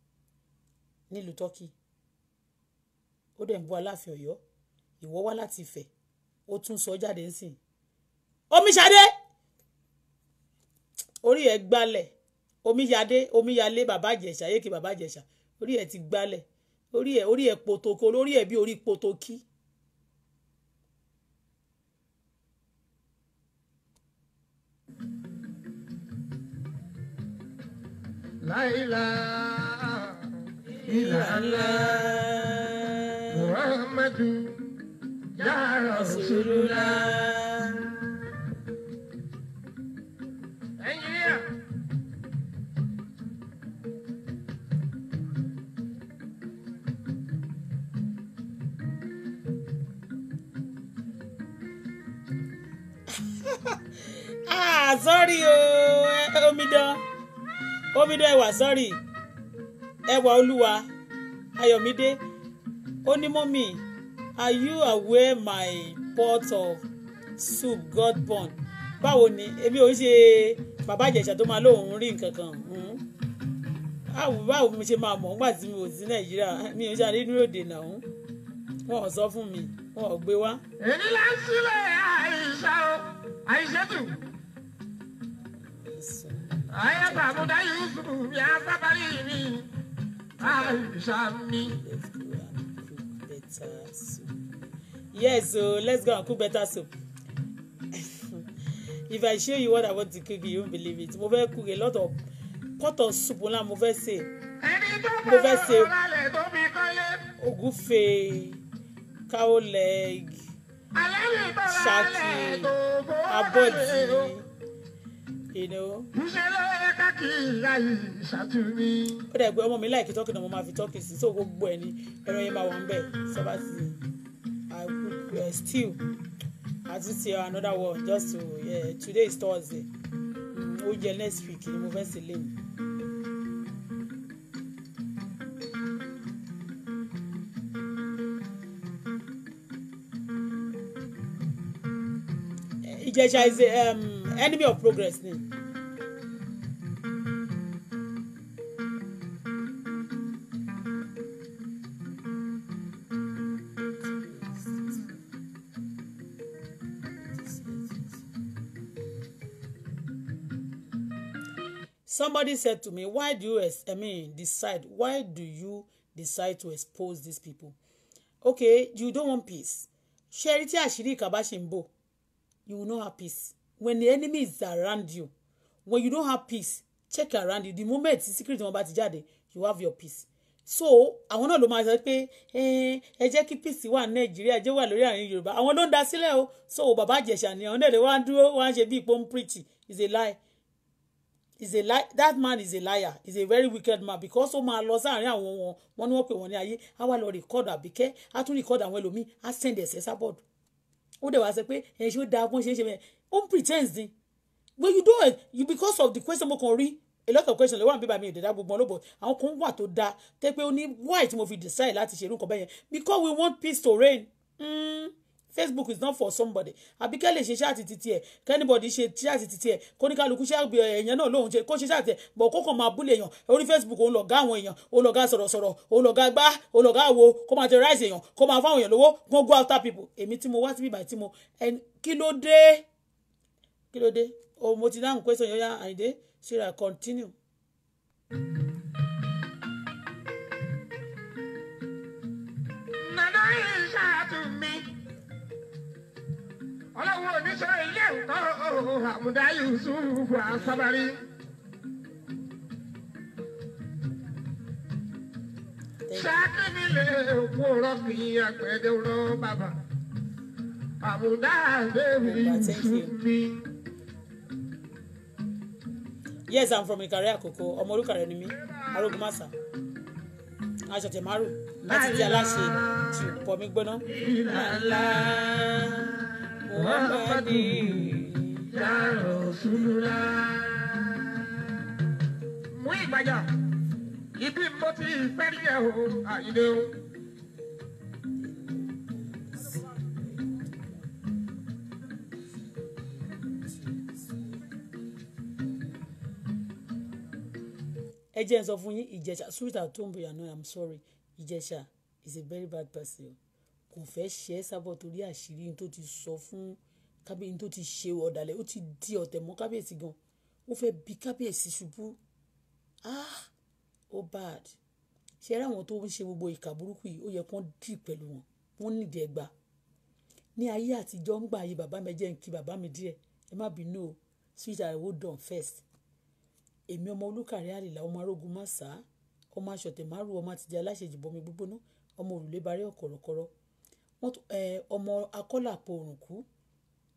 nílùú Turkey ó dẹ̀ ń bú aláàfin Ọ̀yọ́ ìwọ wá láti Ifẹ̀ ó tún sọ jáde ńsìn Omíṣadé orí ẹ̀ gbalẹ̀ Omíyadé Omíyalé bàbá Ìjẹ̀ṣà yéèké bàbá Ìjẹ̀ṣà orí ẹ̀ ti gbálẹ̀ orí ẹ̀ orí ẹ̀ potoko orí ẹ̀ bí orí potoki. láìla ìlàlá muhammadu ya rasulullah. sọ́ọ̀rì o omidan omidan ẹwà sọ́ọ̀rì ẹwà olúwa ayọ̀mídé onímọ̀mí are you aware my pot of soup god born báwo ni èmi ò ń ṣe bàbá ìjẹ̀ṣà tó máa lóun rí nǹkan kan hmm? báwo mo ṣe máa mọ̀ nígbà tí mi ò sí nàìjíríà mi ò ṣàlẹ́ ní òde náà wọn ò sọ fún mi wọn ò gbé wá. èyí lásìlẹ̀ àìsàn àìsẹ́tù. Aya Bamuda Yes, so let's go and cook better soup. If I show you what I want to cook, you won't believe it. Mo fẹ́ cook a lot of pot of soup ńlá mo fẹ́ sè. Mo fẹ́ sè ògúfe, cow leg, ṣáàkì, abọ́dì. You know. ó dẹ̀ gbé ọmọ mi láì kí tọ́kì náà mo máa fi tọ́kì sí so gbogbo ẹ̀ ni ẹran yẹn máa wà ń bẹ̀ sábà sí àti ti eh, ah, another one just to yeah, today is Thursday mm, oúnjẹ next week ni mo fẹ́ sí lé mi. Eh, Ìjẹ̀ṣà is a. Um, enemy of progress ni. Somebody said to me, why do you, I mean, decide, why do you decide to expose these people? Okay, you don't want peace. Charity ẹ rí tí you will not have peace when the enemy is around you when you don't have peace check around you the moment the secret wọn bá ti jáde you have your peace so àwọn náà ló máa sọ pé eh, ẹ jẹ́ kí peace wà ní nàìjíríà jẹ́ wà lórí àárín yorùbá àwọn ló ń da sílẹ̀ o so bàbá àjẹsà ni àwọn náà wá ń dúró wá ń ṣe bí ipò ń preach is a lie is a lie that man is a liar is a very wicked man because ó máa lọ sáàrin àwọn wọn wọn ni wọn pè wọn ní ayé á wá lọ rìkọ́dù àbíkẹ́ á tún rìkọ́dù àwọn ẹlòmíì á send ẹ̀sẹ̀ sábọ̀dù ó dẹ̀ wá sọ pé ẹ̀ ṣe ó da bó ṣe ń ṣe bẹ́ẹ̀ ó ń pretend ni when you do it you because of the question mo kàn rí a lot of questions lọ́wọ́ àbí bàmí ìdẹ̀dá gbogbo ọlọ́bọ̀ àwọn kan wà tó dáa tẹ́ pé ó ní why tí mo fi decide láti ṣe irú nǹkan bẹ́yẹn because we want peace to reign. Mm facebook is not for somebody àbí kẹ́ lè ṣe ṣáàtì títí ẹ̀ kẹ́nìbọ̀dì ṣe ṣáàtì títí ẹ̀ kóníkálukú ṣáàbì ẹ̀yẹn náà lòun ṣe kó ṣe ṣáàtì ẹ̀ bọ̀ kó máa búlẹ̀ èèyàn orí facebook òun lọ̀gá àwọn èèyàn òun lọ̀gá sọ̀rọ̀sọ̀rọ̀ òun lọ̀gá gbá òun lọ̀gá wo. kó máa terrorize èèyàn kó máa fáwọn èèyàn lówó kó go after people èmi tí mo wá síbí báyìí tí mo kí ló dé kí ló dé o oh, mo ti dáhùn question yọ̀yà àyíndé ṣe ra continue. ọlọ́run oníṣẹ́ ilé ẹ̀kọ́ àmúdá Yusuf àṣàbárí. ṣáàkì nílé òkú rọ́ọ̀kì àgbẹ̀dẹ̀ rọ́ bàbá àmúdá àdébí Yusuf mi. Yes, I'm from Ìkàrẹ́ Àkókò ọmọ Olúkàrẹ́ ni mí arógunmáṣá aṣọ̀tẹ̀márù láti di aláṣẹ tù pọ̀ mí gbóná muhammadi ya rasulullah. mú ìgbàjà ibi mo ti fẹ́ rí ẹ̀ ẹ jẹ́ n sọ fún yín ìjẹ̀ṣà sweet at home but you know i'm sorry ìjẹ̀ṣà is a very bad person kò fẹ́ ṣe ẹ́ sábọ̀ torí àṣírí tó ti sọ fún kábíyèsí tó ti ṣe ọ̀dàlẹ̀ ó ti di ọ̀tẹ̀ mọ́ kábíyèsí gan ó fẹ́ bí kábíyèsí ṣubú ah ó bad ṣe rí àwọn tó ń ṣe gbogbo ìkà burúkú yìí ó yẹ kó dì pẹ̀lú wọn wọ́n nídìí ẹgbàá ní ayé àtijọ́ ń gbà yí bàbá mi jẹ́ ń kí bàbá mi díẹ̀ ẹ má bínú o sweet i hold on first èmi ọmọ olúkàrí àlìlà ọmọ arógun má sá ọmọ aṣọ̀tẹ̀ márùn ọmọ àtijọ́ aláṣejìbọmi gbígbóná ọmọ òrùlé barẹ́ ọ̀kọ̀rọ̀kọ̀rọ̀ wọ́n ọmọ akọ́làpọ̀ òrùnkú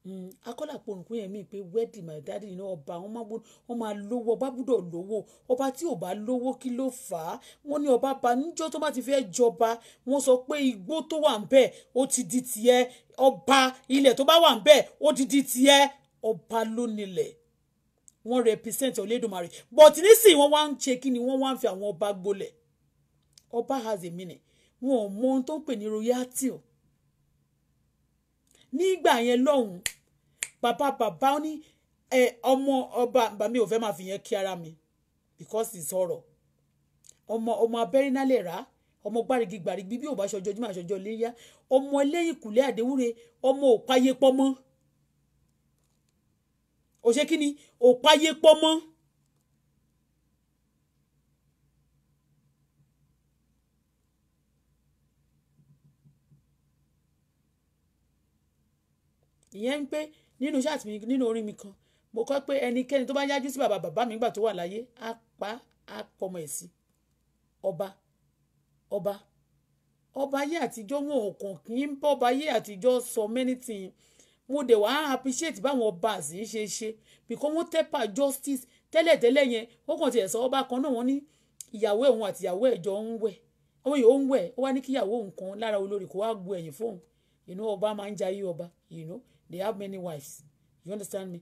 hmm, akọ́làpọ̀ òrùnkú yẹn mi pé wẹ́ẹ̀dì my daddy iná ọba wọn máa gbọ́dọ̀ wọn máa lówó ọba gbọ́dọ̀ lówó ọba tí ò bá lówó kí ló fà á wọ́n ní ọba bá níjọ́ tó bá ti fẹ́ jọba wọ́n sọ pé igbó tó wà ń ó ti di tiẹ̀ ọba ilẹ̀ tó bá wà ń ó ti di tiẹ̀ ọba ló nílẹ̀ wọ́n represent Olódùmarè but nísìnyí wọ́n wá ń ṣe kí ni wọ́n wá ń fi àwọn ọba gbolẹ̀ ọba has a meaning wọn ò mọ ohun tó ń pè ní royalty nígbà yẹn lọ́hùn bàbá bàbá ó ní ọmọ ọba bàbá mi ò fẹ́ máa fi yẹn kí ara mi because it's ọ̀rọ̀ ọmọ ọmọ abẹ́rínálẹ̀ rà á ọmọ gbárígi gbárígi bí bí òbá ṣọjọ ojúmọ àṣọjọ léyà ọmọ ẹlẹ́yìn kùlẹ̀ àdéwúre ọmọ òpáyé pọ́mọ́ òṣèkíní òpáyé pọ́mọ́ ìyẹn ń pé nínú ṣáàtì mi nínú orin mi kan mo kọ́ pé ẹnikẹ́ni tó bá yájú sí bàbá bàbá mi nígbà tó wà láyé á pa á pọmọ ẹ̀ sí ọba ọba ọba ayé àtijọ́ wọn ò kàn kí ń bọ́ ọba ayé àtijọ́ sọ many things mo dẹ̀ wá appreciate báwọn ọba àsìn ṣe ṣe because wọ́n tẹ́pà justice tẹ́lẹ̀tẹ́lẹ̀ yẹn ó kàn tiẹ̀ sọ ọba kan náà wọ́n ní ìyàwó ẹ̀ òun àti ìyàwó ẹ̀ jọ ń wẹ̀ àwọn èèyàn ó ń wẹ̀ ó wá ní kíyàwó nǹkan lára olórí kó wá gbu ẹ̀yìn fóun ìnú ọba máa ń jayé ọba ìnú they have many wives you understand me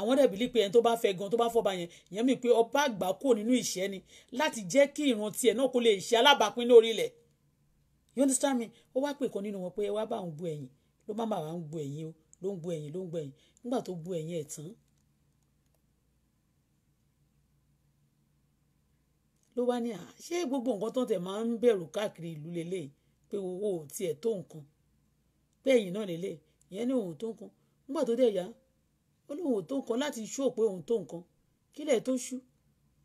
àwọn dẹ̀ bìlí pé ẹni tó bá fẹ́ gan tó bá fọba yẹn ìyẹn mi pé ọba àgbà kò nínú ìṣẹ́ ni láti jẹ́ kí ìran tiẹ̀ náà kó lè ṣe alábàápín lórí ilẹ̀ you understand me ó wá pè kan nínú wọn pé ẹ wá bá òun bu ẹ̀yìn ló má bàa ń bu ẹ̀yìn o ló ń bu ẹ̀yìn ló ń bu ẹ̀yìn nígbà tó bu ẹ̀yìn ẹ̀ tán ló wá ní à ṣé gbogbo nǹkan tó ń tẹ̀ máa ń bẹ̀rù káàkiri ìlú lélẹ̀ pé owó tiẹ̀ tó nǹkan bẹ́ẹ̀ yìí náà lélẹ̀ ìyẹn ní òun tó nǹkan nígbà tó dẹ̀ yá ó ní òun tó nǹkan láti ṣó pé òun tó nǹkan kílẹ̀ tó ṣú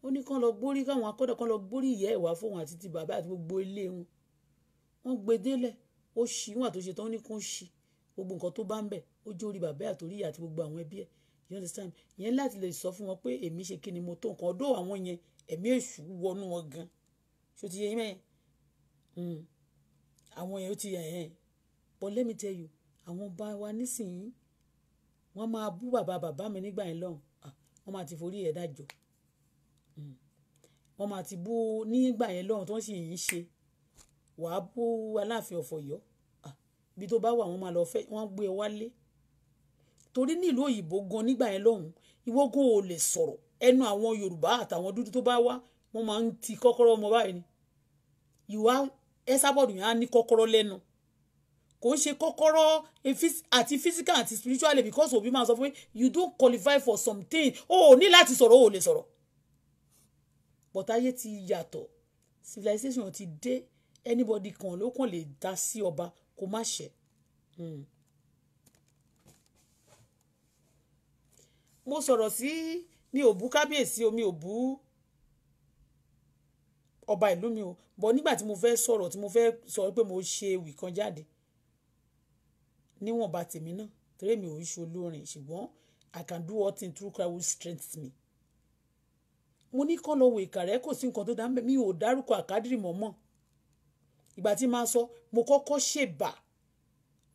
ó ní kán lọ gbórí káwọn akọ́dọ̀ kán lọ gbórí ìyá ẹ̀ wá fóun àti ti bàbá àti gbogbo ilé wọn wọ́n gbé délẹ̀ ó ṣí wọn àtúnṣe tán ó ní kó ṣí gbogbo nǹkan tó bá ń bẹ̀ ó jó orí bàbá àtòrí ìyá àti gbogbo àwọn ẹbí ẹ̀ you understand ìyẹn láti lè sọ fún wọn pé èmi ṣe kí ni mo tó nǹkan ọ̀dọ̀ àwọn yẹn ẹ̀mí èṣù wọnú wọn gan ṣó ti yẹ yín mẹ́yìn hmm. àwọn yẹn ó ti yẹ yẹn but let me tell you àwọn bá wa nísìnyí wọ́n máa bú bàbá bàbá mi nígbà yẹn lọ́hùn wọ́n máa ti forí ẹ̀ dájọ́ hmm. wọ́n máa ti bú nígbà yẹn lọ́hùn tó ń sì yín ṣe wàá bú aláàfin ọ̀fọ̀yọ́ ibi tó bá wà wọ́n máa lọ fẹ́ wọ́n gbé ẹ wálé torí nílùú òyìnbó gan nígbà yẹn lọ́hùn ìwọ gan ò lè sọ̀rọ̀ ẹnu àwọn yorùbá àtàwọn dúdú tó bá wá wọ́n máa ń ti kọ́kọ́rọ́ ọmọ báyìí ni ìwà ẹ sábọ̀dù yẹn á ní kọ́kọ́rọ́ lẹ́nu kò ń ṣe kọ́kọ́rọ́ àti physical àti spiritual because òbí máa sọ fún mi you don't qualify for something o ò ní láti sọ̀rọ̀ o ò lè sọ̀rọ̀ but ayé ti yàtọ̀ civilization ti dé anybody kan ló kàn lè dá sí ọba kó má ṣe. Hmm. mo sọ̀rọ̀ sí mi ò bú kábíyèsí o mi ò bú ọba ìlú mi o bọ̀ nígbà tí mo fẹ́ sọ̀rọ̀ tí mo fẹ́ sọ pé mo ṣe ewì kan jáde níwọ̀nba tèmi náà torí mi ò ń ṣe olórin ṣùgbọ́n I can do all things through Christ who strengthens me. mo ní kọ́ lọ wo ìkà kò sí nǹkan tó dá mi ò dárúkọ àkádìrì mọ́mọ́ ìgbà tí máa sọ mo kọ́kọ́ ṣèbà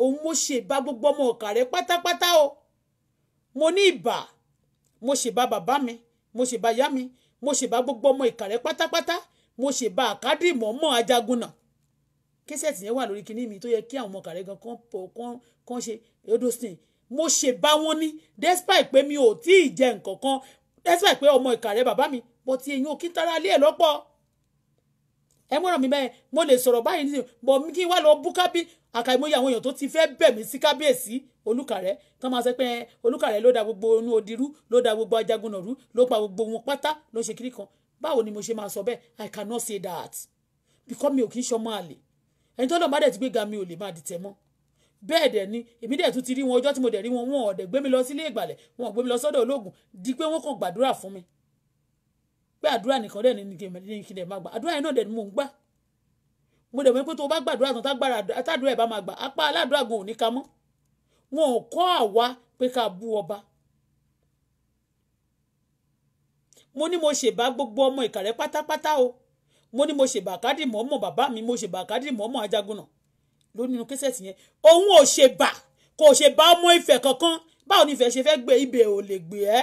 òun mo ṣèbà gbogbo ọmọ ọ̀kà pátápátá o mo ní ìbà mo ṣèbà bàbá mi mo ṣèbà yá mi mo ṣèbà gbogbo ọmọ ìkà rẹ pátápátá mo ṣèbà àkádìrì mọ́mọ́ ajagun náà kẹsẹ̀tì yẹn wà lórí kinní mi tó yẹ kí àwọn ọmọ gan kan pọ̀ kan ṣe edosin mo ṣe bá wọn ní despite pé mi ò tí ì jẹ nǹkan kan despite pé ọmọ ìkàrẹ́ bàbá mi bọ́ ti eyín òkè tara lé ẹ̀ lọ́pọ̀ ẹ mọ̀ràn mi bẹ́ẹ̀ mo lè sọ̀rọ̀ báyìí nísìnyí bọ̀ mi kí n wá lọ bú kábí àkàìmọye àwọn èèyàn tó ti fẹ́ bẹ̀ mí sí kábíyèsí olùkàrẹ́ tán máa sọ pé olùkàrẹ́ ló da gbogbo onú odirú ló da gbogbo ajagunnà rú ló pa gbogbo wọn pátá ló ṣe kiri kan báwo ni mo ṣe máa sọ bẹ́ẹ̀ i cannot say that because mi ò kì í ṣọmọ àlè ẹni tọ́lọ́ bá dẹ̀ ti gbéga mi ò lè máa dìtẹ̀ mọ́ bẹ́ẹ̀ dẹ̀ ni èmi dẹ̀ tún ti rí wọn ọjọ́ tí mo dẹ̀ rí wọn wọn ọ̀dẹ̀ gbé mi lọ sílé ìgbàlẹ̀ wọn gbé mi lọ sọ́dọ̀ ológun di pé wọ́n kàn gbàdúrà fún mi pé àdúrà nìkan dẹ̀ ni kí n dẹ̀ máa gbà àdúrà yẹn náà dẹ̀ ni mò ń gbà mo dẹ̀ mọ̀ pé tó o bá gbàdúrà tán tágbára àtàdúrà ẹ̀ bá máa gbà apá aládùúrà gan ò ní ka mọ́ wọn ò kọ́ àwa pé ká bú ọba mo ní mo ṣèbá gbogbo ọmọ ìkàrẹ́ pátápátá o mo ní mo ṣe bàkádì mọ́mọ́ bàbá mi mo ṣe bàkádì mọ́mọ́ ajagunà ló nínú kẹsẹ̀tì yẹn òun ò ṣe bà kò ṣe bá ọmọ ìfẹ́ kankan báwo ni ìfẹ́ ṣe fẹ́ gbé ibẹ̀ ò lè gbé ẹ́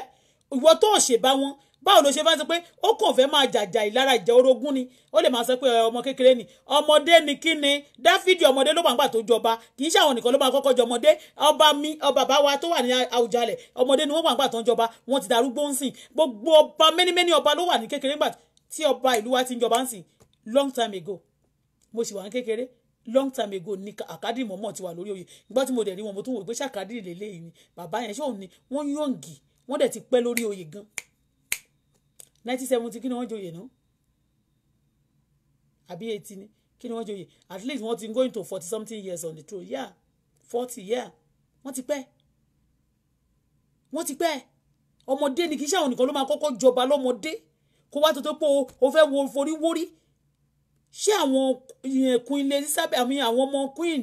ìwọ tó ò ṣe bá wọn báwo ló ṣe fẹ́ sọ pé ó kàn fẹ́ máa jàjà ìlara ìjà orogún ni ó lè máa sọ pé ọmọ kékeré ni ọmọdé ni kí ni dáfídì ọmọdé ló máa ń gbà tó jọba kì í ṣe àwọn nìkan ló máa kọ́kọ́ jọ ọmọdé ọba mi bàbá wa tó wà ní Àwùjalẹ̀ ọmọdé ni wọ́n máa ń gbà tó ń jọba wọ́n ti darúgbó ń sìn gbogbo ọba mẹ́nimẹ́ni ọba ló wà ní kékeré ńgbà tí ọba ìlú wa ti ń jọba ń sìn long time ago mo sì wà ní kékeré long time ago ni àkádìrì mọ̀mọ́ ti wà lórí oyè nígbà tí mo dẹ̀ rí wọn mo tún wò pé ṣàkádìrì lélẹ́yìí ni bàbá yẹn ṣóun ni wọ́n yọ̀ǹgì wọ́n dẹ̀ ti pẹ́ lórí oyè gan nineteen seventy kí ni wọ́n joyè náà àbí eighty ni kí ni wọ́n joyè at least wọ́n ti going to forty something years on the throne yeah forty yeah wọ́n ti pẹ́ wọ́n ti pẹ́ ọmọdé ni kì í ṣe àwọn nìkan ló máa kọ́kọ́ jọba lọ́mọdé kó wá tuntun pé o fẹ́ wo forí wórí ṣé àwọn ẹ̀kún ilé Elizabeth àmì àwọn ọmọ queen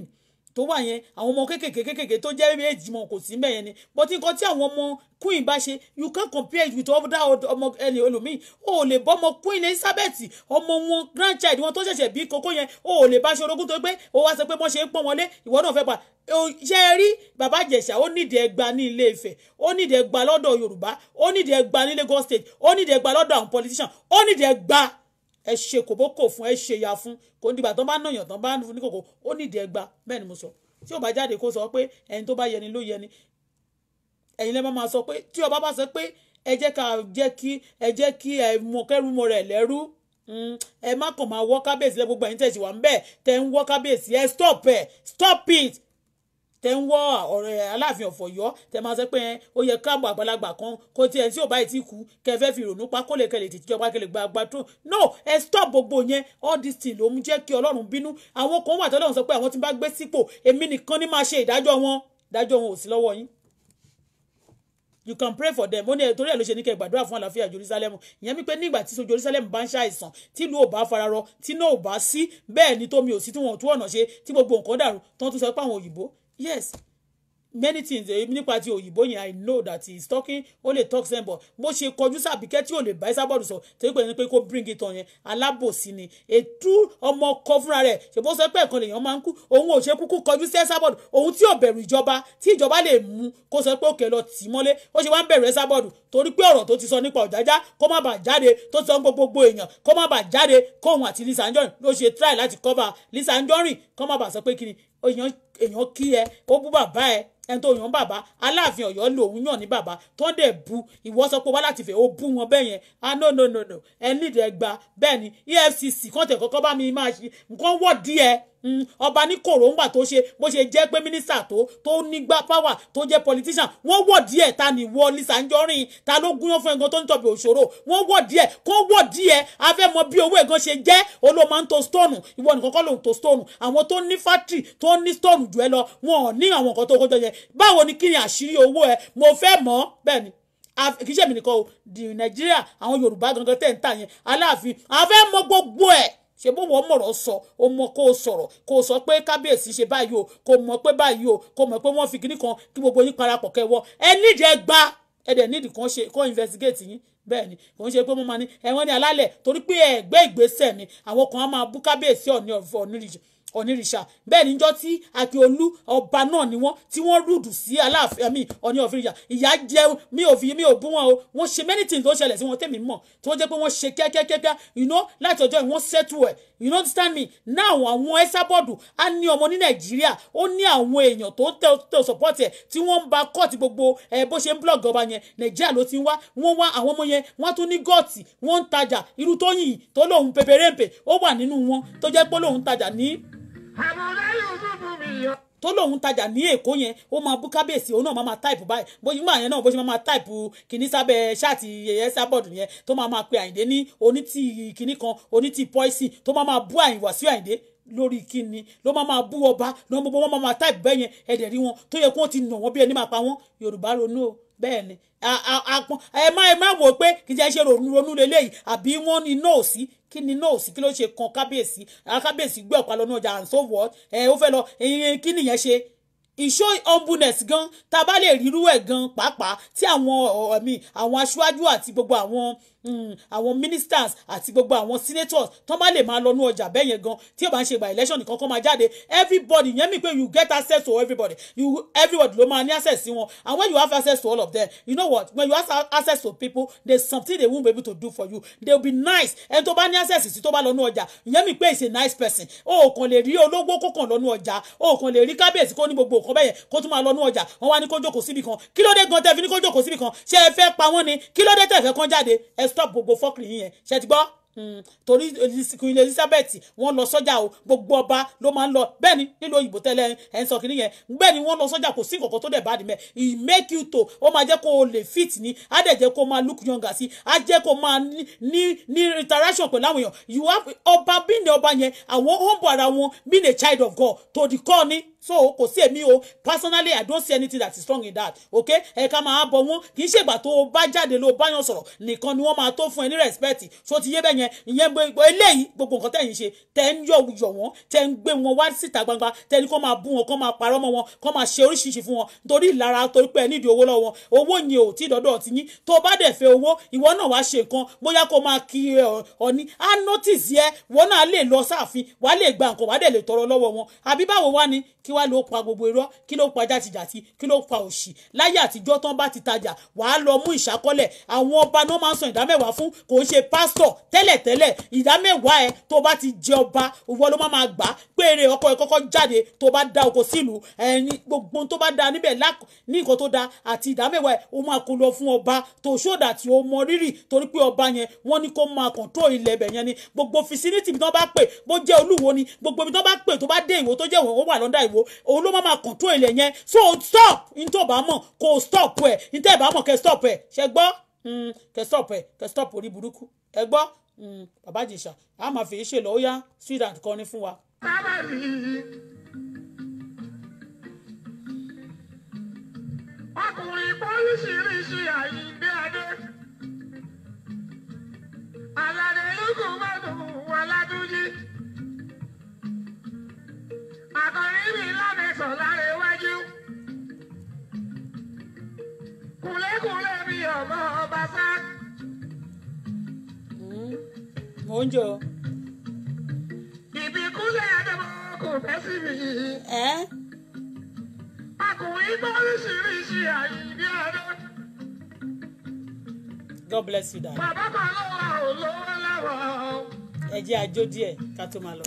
tó wà yẹn àwọn ọmọ kékèké kékèké tó jẹ́ méjì mọ̀ kò sí mẹ́yẹn ni but nǹkan tí àwọn ọmọ queen bá ṣe you can compare it with other ọmọ ẹni olùmíì o ò lè bọ́ ọmọ queen elizabeth ọmọ wọn grandchild wọn tó ṣẹ̀ṣẹ̀ bí kókó yẹn o ò lè bá ṣe orogún tó pé o wá sọ pé wọ́n ṣe ń pọ́n wọlé ìwọ náà fẹ́ pa ṣe é rí bàbá ìjẹ̀ṣà ó nídìí ẹgba ní ilé ifẹ̀ ó nídìí ẹgba lọ́dọ̀ yorùbá ó nídìí ẹgba ní lagos state ó nídìí ẹgba lọ́dọ̀ àwọn politician ó nídìí ẹgba ẹ ṣe kòbókò fún ẹ ṣe ya fún kò ní dìgbà tán bá nàyàn tán bá ní kòkó ó nídìí ẹgbàá bẹ́ẹ̀ ni mo sọ tí ò bá jáde kó sọ pé ẹni tó bá yẹni ló yẹni ẹ̀yin lẹ́ máa sọ pé tí ọba bá sọ pé ẹ jẹ́ ká jẹ́ kí ẹ jẹ́ kí ẹ mọ kẹ́rù mọ rẹ̀ lẹ́rú mm, ẹ má kàn máa wọ́ kábíyèsí lẹ́ ẹ̀yin tẹ̀síwá ń bẹ̀ tẹ̀ ń wọ́ kábíyèsí ẹ stop ẹ stop it tẹ ń wọ́ ọ̀rẹ́ aláàfin ọ̀fọ̀ yọ tẹ máa sọ pé ó yẹ káàbọ̀ àgbàlagbà kan kó tiẹ̀ tí ò bá ti kú kẹ fẹ́ fi ìrònú pa kó lè kẹlẹ̀ tètè jọba kẹlẹ̀ gba àgbà tó no ẹ stop gbogbo yẹn all this thing ló ń jẹ́ kí ọlọ́run bínú àwọn kan wà tọ́lọ́run sọ pé àwọn tí bá gbé sípò èmi nìkan ni máa ṣe ìdájọ́ wọn ìdájọ́ wọn ò sí lọ́wọ́ yín you can pray for them ó ní torí ẹ ló ṣe ní kẹ́ gbàdúrà fún àlàáfíà jerusalem ìyẹn wípé nígbà tí so jerusalem bá ń ṣàìsàn tílu ò bá fararọ tínú ò bá sí bẹ́ẹ̀ ni tómi ò sí tí wọn ò tú ọ̀nà ṣe tí gbogbo nǹkan dàrú tó ń tún sọ pé àwọn òyìnbó yes many things eh, nípa ti òyìnbó yẹn i know that he is talking ó lè talk same but bó ṣe kọjú sàbíkẹ́ tí ò lè bá Esabod sọ torí pé ní pé kó bring it on yẹn alábòsí ni ètú ọmọ ọkọ fúnra rẹ̀ ṣèbó sọ pé ẹ̀kan lèèyàn máa ń kú òun ò ṣe kúkú kọjú sí Esabod òun tí ò bẹ̀rù ìjọba tí ìjọba lè mú kó sọ pé òkè lọ tì mọ́lé ó ṣe wá ń bẹ̀rù Esabod torí pé ọ̀rọ̀ tó ti sọ nípa Ọjájá kó má bàa jáde tó ti sọ gbogbo èèyàn kó má bàa jáde kóun àti Lisa Anjorin ló ṣe try láti cover Lisa Anjorin kó má bàa sọ pé kí ni èèyàn èèyàn kí ẹ ó bú bàbá ẹ ẹni tó yàn bàbá aláàfin Ọ̀yọ́ lòun yàn ní bàbá tó dẹ bu ìwọ sọ pé wá láti fẹ́ ó bú wọn bẹ́ẹ̀ yẹn ah no no no no ẹ nídìí ẹ gba bẹ́ẹ̀ ni EFCC kọ́ńtẹ̀ kọ́kọ́ bá mi máa ṣe nǹkan wọ̀ díẹ̀ Mm, ọba ní kòróngbà tó ṣe bó ṣe jẹ́ pé mínísítà tó tó nígbà power tó jẹ́ politician wọ́n wọ̀ díẹ̀ ta ni wọ Lisa Anjorin ta ló gúnyán fún ẹ̀gán tó ń tọ̀bì òṣòro wọ́n wọ̀ díẹ̀ kó wọ̀ díẹ̀ afẹ́mọ bí owó ẹ̀gán ṣe jẹ́ olóò máa ń to stone ìwọ nìkan kọ́ ló ń to stone àwọn tó ní factory tó ní stone jù ẹ lọ wọn ò ní àwọn nǹkan tó kọjọ yẹn báwo ni kí ni àṣírí owó ẹ mo fẹ́ mọ̀ bẹ́ẹ̀ ni kì di Nàìjíríà àwọn Yorùbá gangan tẹ̀ ń tà yẹn Aláàfin àfẹ́ mọ̀ gbogbo ṣe bó wọ́n mọ̀rọ̀ sọ o mọ kó o sọ̀rọ̀ kó o sọ pé kábíyèsí ṣe báyìí o kó o mọ̀ pé báyìí o kó o mọ̀ pé wọ́n fi kíní kan kí gbogbo yín parapọ̀ kẹwọ́ ẹ nídìí ẹ gbá ẹ dẹ̀ nídìí kan ṣe kó investigate yín bẹ́ẹ̀ ni kò ń ṣe pé mo máa ní ẹ̀wọ̀n ní alálẹ̀ torí pé ẹ̀gbẹ́ ìgbésẹ̀ ni àwọn kan á máa bú kábíyèsí ọ̀ní ọ̀fọ̀ nílìjì onírìṣà bẹ́ẹ̀ níjọ́ tí akíolú ọba náà ni wọ́n tí wọ́n rúdù sí aláàfin mi ọ̀ní ọ̀fìrìyà ìyá jẹ mi ò fi mi ò bú wọn o wọ́n ṣe many things tó ṣẹlẹ̀ sí wọn tẹ̀mí mọ̀ tó jẹ́ pé wọ́n ṣe kíákíákíá you know láti ọjọ́ ìwọ́n settle ẹ̀ you know understand me now àwọn ẹ́sàbọ̀dù á ní ọmọ ní nàìjíríà ó ní àwọn èèyàn tó tẹ̀ support ẹ̀ tí wọ́n ń ba court gbogbo ẹ̀ bó ṣe ń blog ọba yẹn nàìjíríà ló ti ń wá wọ́n wá àwọn ọmọ yẹn wọ́n tún ní gọ́ọ̀tì wọ́n ń tajà irú Tóyìn tó lóun pèpèrèǹpè ó wà nínú wọn tó jẹ́ pé lóun tajà ní tó lóun tajà ní èkó yẹn ó máa bú kábíyèsí òun náà máa máa táìpù báyìí bóyá ìgbà yẹn náà bó ṣe máa máa táìpù kìíní sábẹ́ ṣáàtì yẹyẹ sábọ̀dù yẹn tó máa máa pe àyìndé ní onítì kìíní kan onítì pọ́ìsì tó máa máa bú àyìnwá sí àyìndé lórí kíni ló máa máa bú ọba ló máa gbogbo wọn máa máa táìpù bẹ́ẹ̀ yẹn ẹ̀dẹ̀ rí wọn tó yẹ kó ti nà wọ́n bí ẹni máa pa wọ́n yorùbá ronú o ni àpọn ẹ má ẹ má wò ó pé kìí ṣe ronú ronú lélẹ́yìí àbí wọ́n ní náà sí kí ni náà sí kí ló ṣe kan kábíyèsí kábíyèsí gbé ọ̀pá lọ́nà ọjà and so what ẹ̀ ó fẹ́ lọ kí nìyẹn ṣe ìṣó humbleness gan tá bá lè rírú ẹ̀ gan pàápàá tí àwọn ọ̀mí àwọn aṣáájú àti gbogbo àwọn mm, àwọn ministers àti gbogbo àwọn senators tó bá lè máa lọ́nú ọjà bẹ́ẹ̀ yẹn gan tí ó bá ń ṣe ìgbà election nìkan kan máa jáde everybody yẹn mi pé you get access to everybody you everybody ló máa ní access sí wọn and when you have access to all of them you know what when you have access to people there's something they won't be able to do for you they will be nice ẹni tó bá ní access sí tó bá lọ́nú ọjà yẹn mi pé he's a nice person o kàn lè rí ológbó kó kàn lọ́nú ọjà o kàn lè rí kábíyèsí kó ní gbogbo òwò kan bẹ́yẹn kó tún máa lọ nú ọjà wọ́n wá ní kó jókòó síbi kan kí ló dé gan tẹ́ fi ní kó jókòó síbi kan ṣé ẹ fẹ́ pa wọ́n ni kí ló dé tẹ́ fẹ́ kán jáde ẹ stop gbogbo fọ́ọ̀kì yín yẹn ṣe ti gbọ́ hmm, torí queen elizabeth wọ́n lọ sọ́jà o gbogbo ọba ló máa ń lọ bẹ́ẹ̀ ni nílùú òyìnbó tẹ́lẹ̀ ẹ ń sọ kiri yẹn bẹ́ẹ̀ ni wọ́n lọ sọ́jà kò sí nǹkan tó dẹ̀ bá dì mẹ e make you to ó máa jẹ́ kó o lè fit ni á dẹ̀ jẹ́ kó o máa look younger sí á jẹ́ kó o máa ní ní interaction pẹ̀lú àwọn èèyàn ọba bí ní ọba yẹn àwọn ó ara wọn being a child of god to the core ni so kò sí èmi o personally i don't see anything that is strong in that okay ẹ̀ka máa bọ̀ wọ́n kì í ṣègbà tó o bá jáde ló bá yàn sọ̀rọ̀ nìkan ni wọ́n máa tó fún ẹ ní respect so ti yé bẹ́ẹ̀ yẹn ìyẹn gbogbo eléyìí gbogbo nǹkan tẹ̀yìn ṣe tẹ̀ ń yọ yọ̀ wọ́n tẹ̀ ń gbé wọn wá síta gbangba tẹ̀ ní kó máa bú wọn kó máa parọ́ mọ́ wọn kó máa ṣe oríṣiríṣi fún wọn torí ìlara torí pé ẹ nídìí owó lọ́wọ́ owó yẹn ò tí dọ́dọ̀ ti yín tó bá dẹ̀ fẹ́ owó ìwọ náà wá ṣe nǹkan bóyá kó máa kí ọ̀ní á notice yẹ wọn náà lè lọ sáàfin wàá lè gba nǹkan wàá dẹ̀ lè tọrọ lọ́wọ́ wọn àbí báwo wá ni k kí wàá ló pa gbogbo irọ́ kí ló pa jàtijàti kí ló pa òṣì láyé àtijọ́ tán bá ti tajà wàá lọ mú ìṣákọ́lẹ̀ àwọn ọba náà máa ń san ìdámẹ́wàá fún kò ń ṣe pásítọ̀ tẹ́lẹ̀tẹ́lẹ̀ ìdámẹ́wàá ẹ tó bá ti jẹ ọba òwò ló máa gbà péré ọkọ ẹ kọ́kọ́ jáde tó bá da oko sílùú ẹni gbogbo tó bá da níbẹ̀ ní nǹkan tó da àti ìdámẹ́wàá ẹ ó máa kó lọ fún ọba tó ṣódà tí ó mọ rírì torí pé ọba yẹn wọ́n ní kó máa kọ̀ǹtró ilẹ̀ ibẹ̀ yẹn ni gbogbo fisiniti bí wọ́n bá pè bó jẹ́ olúwo ni gbogbo bí wọ́n bá pè tó bá dé ìwò tó jẹ́ ìwò ó wà lọ́ndà ìwò òyìnbó òun ló má máa control ilẹ̀ yẹn so stop nítorí bá mọ̀ kò stop ẹ̀ nítorí bá mọ̀ kẹ́ stop ẹ̀ ṣẹ gbọ́ hmm, kẹ́ stop ẹ̀ kẹ́ stop orí burúkú ẹ gbọ́ hmm, bàbá ìjìṣà a máa fi ṣe lọ ó yá sweetheart kọrin fún wa. ọkùnrin pọ́líṣìíríṣìí àyíǹde adé aládé lókùn mọ́tò wà ládùújí. Àkànní mi lámẹ̀sán lára iwájú. Kùlékùlé mi ọmọ ọba sá. Hmm, mò ń jọ. Ìbíkúnlẹ̀ Adébọ̀ kò fẹ́ sí mi. Ọkùnrin gbọ́ oríṣiríṣi àyè ní ọdún. God bless you, Dad. Bàbá kan ló wà ó lówó lọ́wọ́. Ẹ jẹ́ àjò díẹ̀ ká tó máa lọ.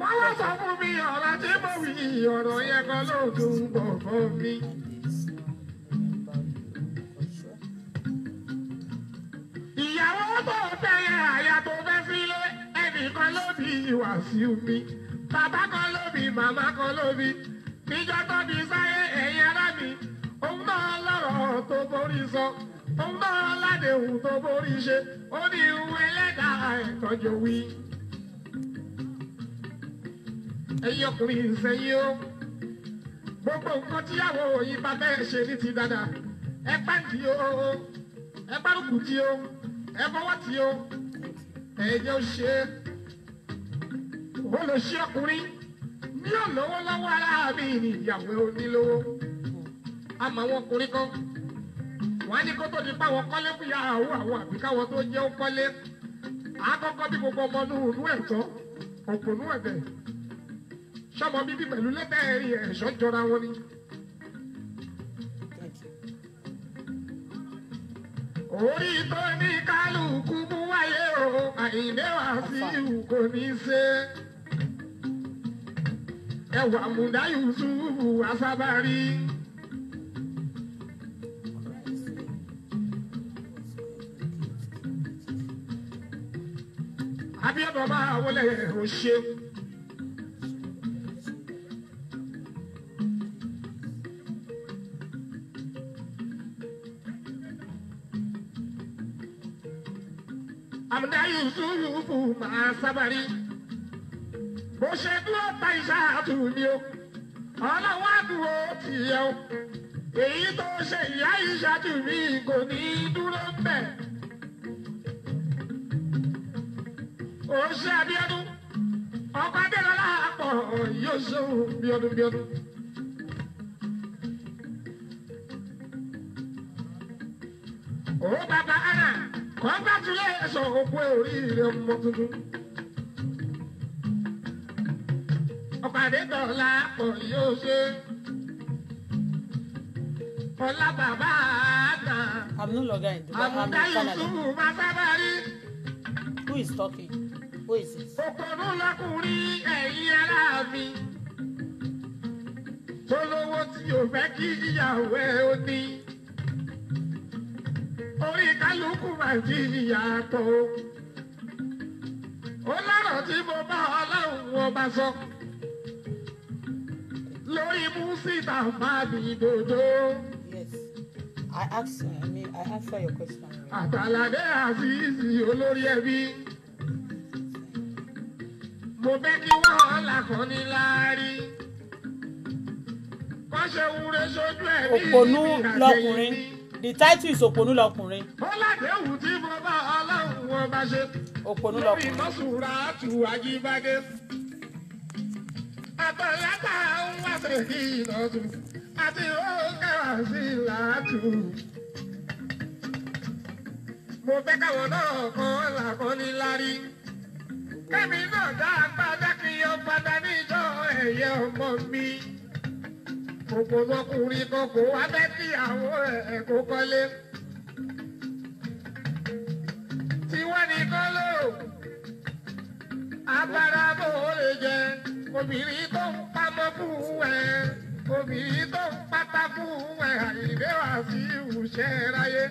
Bọ́lá sọ fún mi ọ̀la tí mo wí ọ̀rọ̀ yẹn kan ló tún bọ̀ fún mi. Ìyàwó tó tẹ̀yẹ àyà tó fẹ́ sílé ẹnìkan ló bí ìwà sí mi. Bàbá kan ló bí màmá kan ló bí. Níjọ́ tó di sáyé ẹ̀yin ará mi, òun náà lọ́rọ̀ tó borí sọ. Òun náà ládéhùn tó borí ṣe. Ó ní ìwé ẹlẹ́dàá ẹ̀tọ́jú wí ẹ̀yin ọkùnrin ìsẹ̀yìn o gbogbo nǹkan tíyàwó òyìn bá bẹ́ẹ̀ ṣe ní ti dáadáa ẹ pàǹtí o ẹ pàrùkù tí o ẹ fọwọ́ tí o ẹ̀jẹ̀ ó ṣe olùṣí ọkùnrin ní òlówó lọ́wọ́ aláàbí ni ìyàwó onílówó àmọ́ àwọn ọkùnrin kan wọ́n á ní kó tó di páwọn kọ́lé fún yàrá àwọn àbí káwọn tó jẹ́ ó kọ́lé àkọ́kọ́ bí gbogbo ọmọ nínú ìlú ẹ̀tọ́ òpònú ẹ̀bẹ̀ sọmọ bíbí pẹ̀lú lẹ́tẹ̀ẹ̀rì ẹ̀ṣọ́ jọra wọn ni. orí tó ní kálukú mú wáyé o àyìnlé wá sí ìwúkọ ní ṣe. ẹwà múdá yusufu wá sábà rí. abíọ́dọ̀ o ṣeun. àmìnà yusufu máa sábàrí bó ṣe dúró ta iṣẹ́ àtúnyẹ o ọlọ́wọ́ àdúró tìyẹ o èyí tó ṣe ìyá ìṣáájú mi kò ní í dúró mbẹ̀. ó congratulations òkú oríire ọmọ tuntun. ọ̀pàdé dọ̀la pọ̀ bàbá àgbà. I'm no longer Who is talking? Who is this? òpònú lọkùnrin ẹ̀yìn ara tó lówó tí yóò fẹ́ kí ìyàwó ẹ̀ ó ní orí kálukú máa ìyàtọ̀ ó lọ́rọ̀ tí mo bá ọlọ́run ọba sọ lórí músítà máa dòdò. Yes, I ask I mean I answer your question. àtàlàdé àfíìsì olórí ẹbí mo bẹ́ kí wọ́n làkàn ní láàárín kọ́ṣẹ́ wúre sójú ẹ̀mí ìrìnàjò yìí. òpònú lọkùnrin the title is òpònú lọkùnrin. bọ́ládéhùn tí mo bá ọlọ́run wọn bá ṣe. òpònú lọkùnrin. lórí mọ́sùn ra àtù ajíbágé. àtọ̀yátà ń wá sí ìlọ́tù àti òkèwà sí làátù. mo fẹ́ káwọn náà kan làkọ́ni lárí. kẹ́mi náà dá padà kí n padà níjọ́ ẹ̀yẹ ọmọ mi gbogbo lọkùnrin kan kò wá fẹ́ kí àwọn ẹ̀kọ́ kọ́lé. tiwọn nìkan lò agbára bò ó lè jẹ obìnrin tó ń pamọ́ fún ẹ obìnrin tó ń pátá fún ẹ àyìnbé wá sí ìwúṣẹ́ ráyé.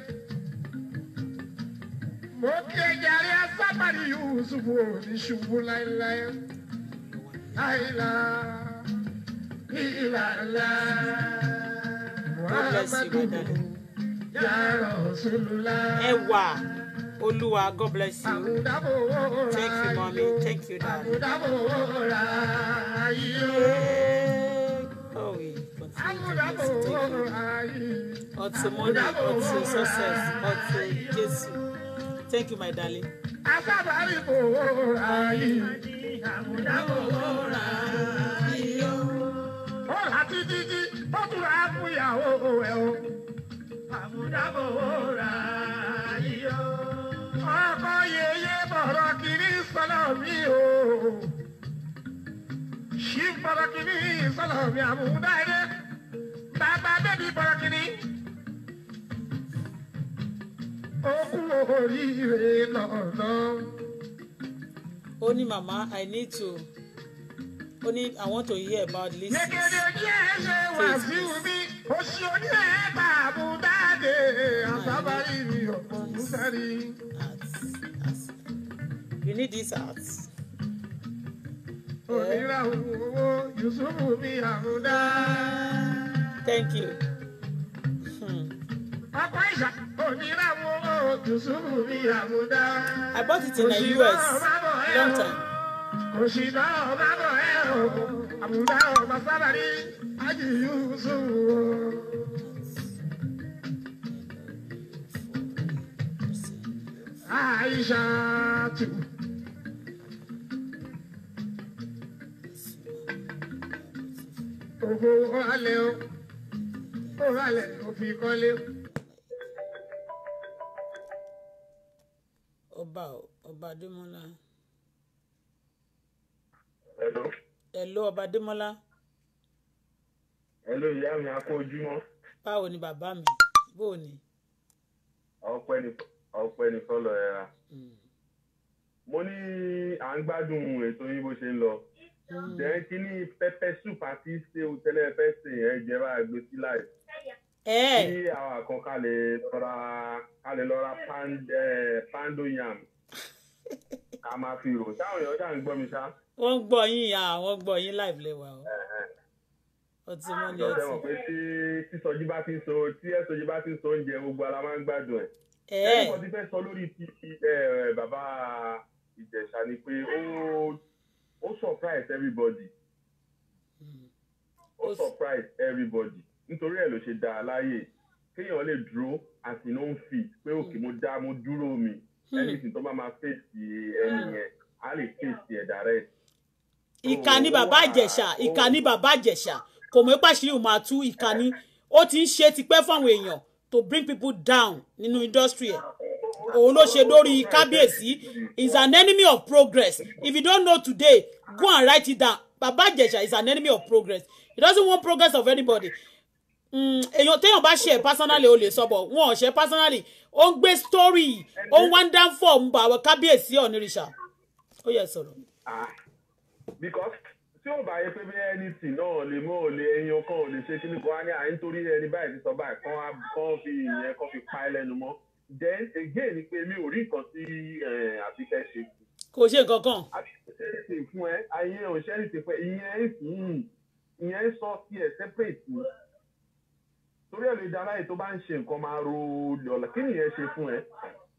mo kí ẹ jàre asábàdì Yusuf ò ní ṣubú láéláé láéláé ìlàlá muhammadu ya rasulullah. ẹwà olúwa god bless you thank you mommy thank you dad. Ọtún money, ọtún success, ọtún Jésù. Thank you, my darling. Agbábọ̀ àríkò owó ra yìí, àmúdàbọ̀ owó ra yìí bọ́ọ̀lù àti títí ó tún ra fún ìyàwó ẹ̀ o. àmúdábò ra yíyó. ọkọ yeye bọ̀rọ̀ kiri sọ́lá mi o. ṣí bọ̀rọ̀ kiri sọ́lá mi àmúdáyé. bàbá bẹ́bí bọ̀rọ̀ kiri. okú oríire lọ́lọ́. ó ní màmá i need to ó ní I want to hear about this. Yẹ́kẹ́dẹ́ ojú ẹ̀ ṣe sí omi, oṣù ojú ẹ̀ gbà mú dáadé, àbábárí mi ọ̀pọ̀ mú You need this art. Eh? Oníràwọ̀ owó Yusufu mi àmúdá. Thank you. Hmm. Ọkọ̀ ìṣà oníràwọ̀ owó Yusufu mi àmúdá. I bought it in the US long time òṣìṣẹ́ ọba bọ̀ ẹ́ o àbúdá ọba sábàrí ájì yúùsù o. Aisha tù hello. hello ọba Adémọ́lá. hello ìyá mi a kú ojúmọ́. báwo ni bàbá mi bó o ní. ọpẹ́ ni ọpẹ́ ni fọlọ ẹ ra. mo ní à ń gbádùn ètò yín bó ṣe ń lọ. Hmm. jẹ́ kí ní pẹ́pẹ́ soup àti ṣéwù tẹ́lẹ̀ fẹ́ sè é jẹ́ bá a gbé sí láì kí àwọn kan ká lè lọ́ra ká lọ́ra pando yam ká máa fi rò táwọn èèyàn ṣáà ń gbọ́ mi ṣá wọ́n gbọ́ yín àwọn gbọ́ yín live lẹ́wà o. ọtí mọ́ ni ọtí. ọ̀sẹ̀ mọ̀ pé tí sísọjí bá ti so tí ẹ̀sọjí bá ti so oúnjẹ gbogbo ara máa ń gbádùn ẹ̀. ẹ̀ẹ́n ẹ̀ẹ́n mo ti fẹ́ sọ lórí ti bàbá Ìjẹ̀ṣà ni pé ó surprise everybody hmm. ó surprise everybody nítorí ẹ̀ ló ṣe dá a láyè kéèyàn lè dúró àti ló ń fi pé òkè mo dá mo dúró mi ẹni hmm. tí tó bá máa fèsì ẹni yẹn á lè fèsì ẹ̀dá rẹ̀ ìkà ni bàbá àjẹ̀ṣà ìkà ni bàbá àjẹ̀ṣà kò mọ̀ ipá ṣírí òun àtú ìkà ó ti ń ṣe tipẹ́ fáwọn èèyàn to bring people down nínú industry ẹ̀ òun ló ṣe lórí kábíyèsí is an enemy of progress if you don't know today go and write it down bàbá àjẹ̀ṣà is an enemy of progress he doesn't want progress of anybody hmm, èèyàn téèyàn bá ṣe ẹ personally o lè sọ bọ wọn ò ṣe personally ó ń gbé story ó ń wá ń dá fọ́ọ̀mù bàwọ̀ kábíyèsí ọ̀nìrìṣà ó yẹ sọ̀rọ̀. Ah because tí ò bá yẹ pé bí anything náà lè mọ òlè ẹyin ọkọ ò lè ṣe kí ni kò wá ní à ń torí ẹni báyìí ti sọ báyìí kán kán fi ìyẹn kán fi pa ẹlẹ́nu mọ́ then again ni pé mi ò rí nǹkan tí àbíkẹ́ ṣe. kò ṣe nǹkan kan. àbíkẹ́ ṣe é ṣe fún ẹ ayé ò ṣe é ṣe fún ẹ ìyẹn ìsìn hmm, ìyẹn sọ sí ẹ separate ni torí ẹ lè da láyè tó bá ń ṣe nǹkan máa ro ọ̀la kí nìyẹn ṣe fún ẹ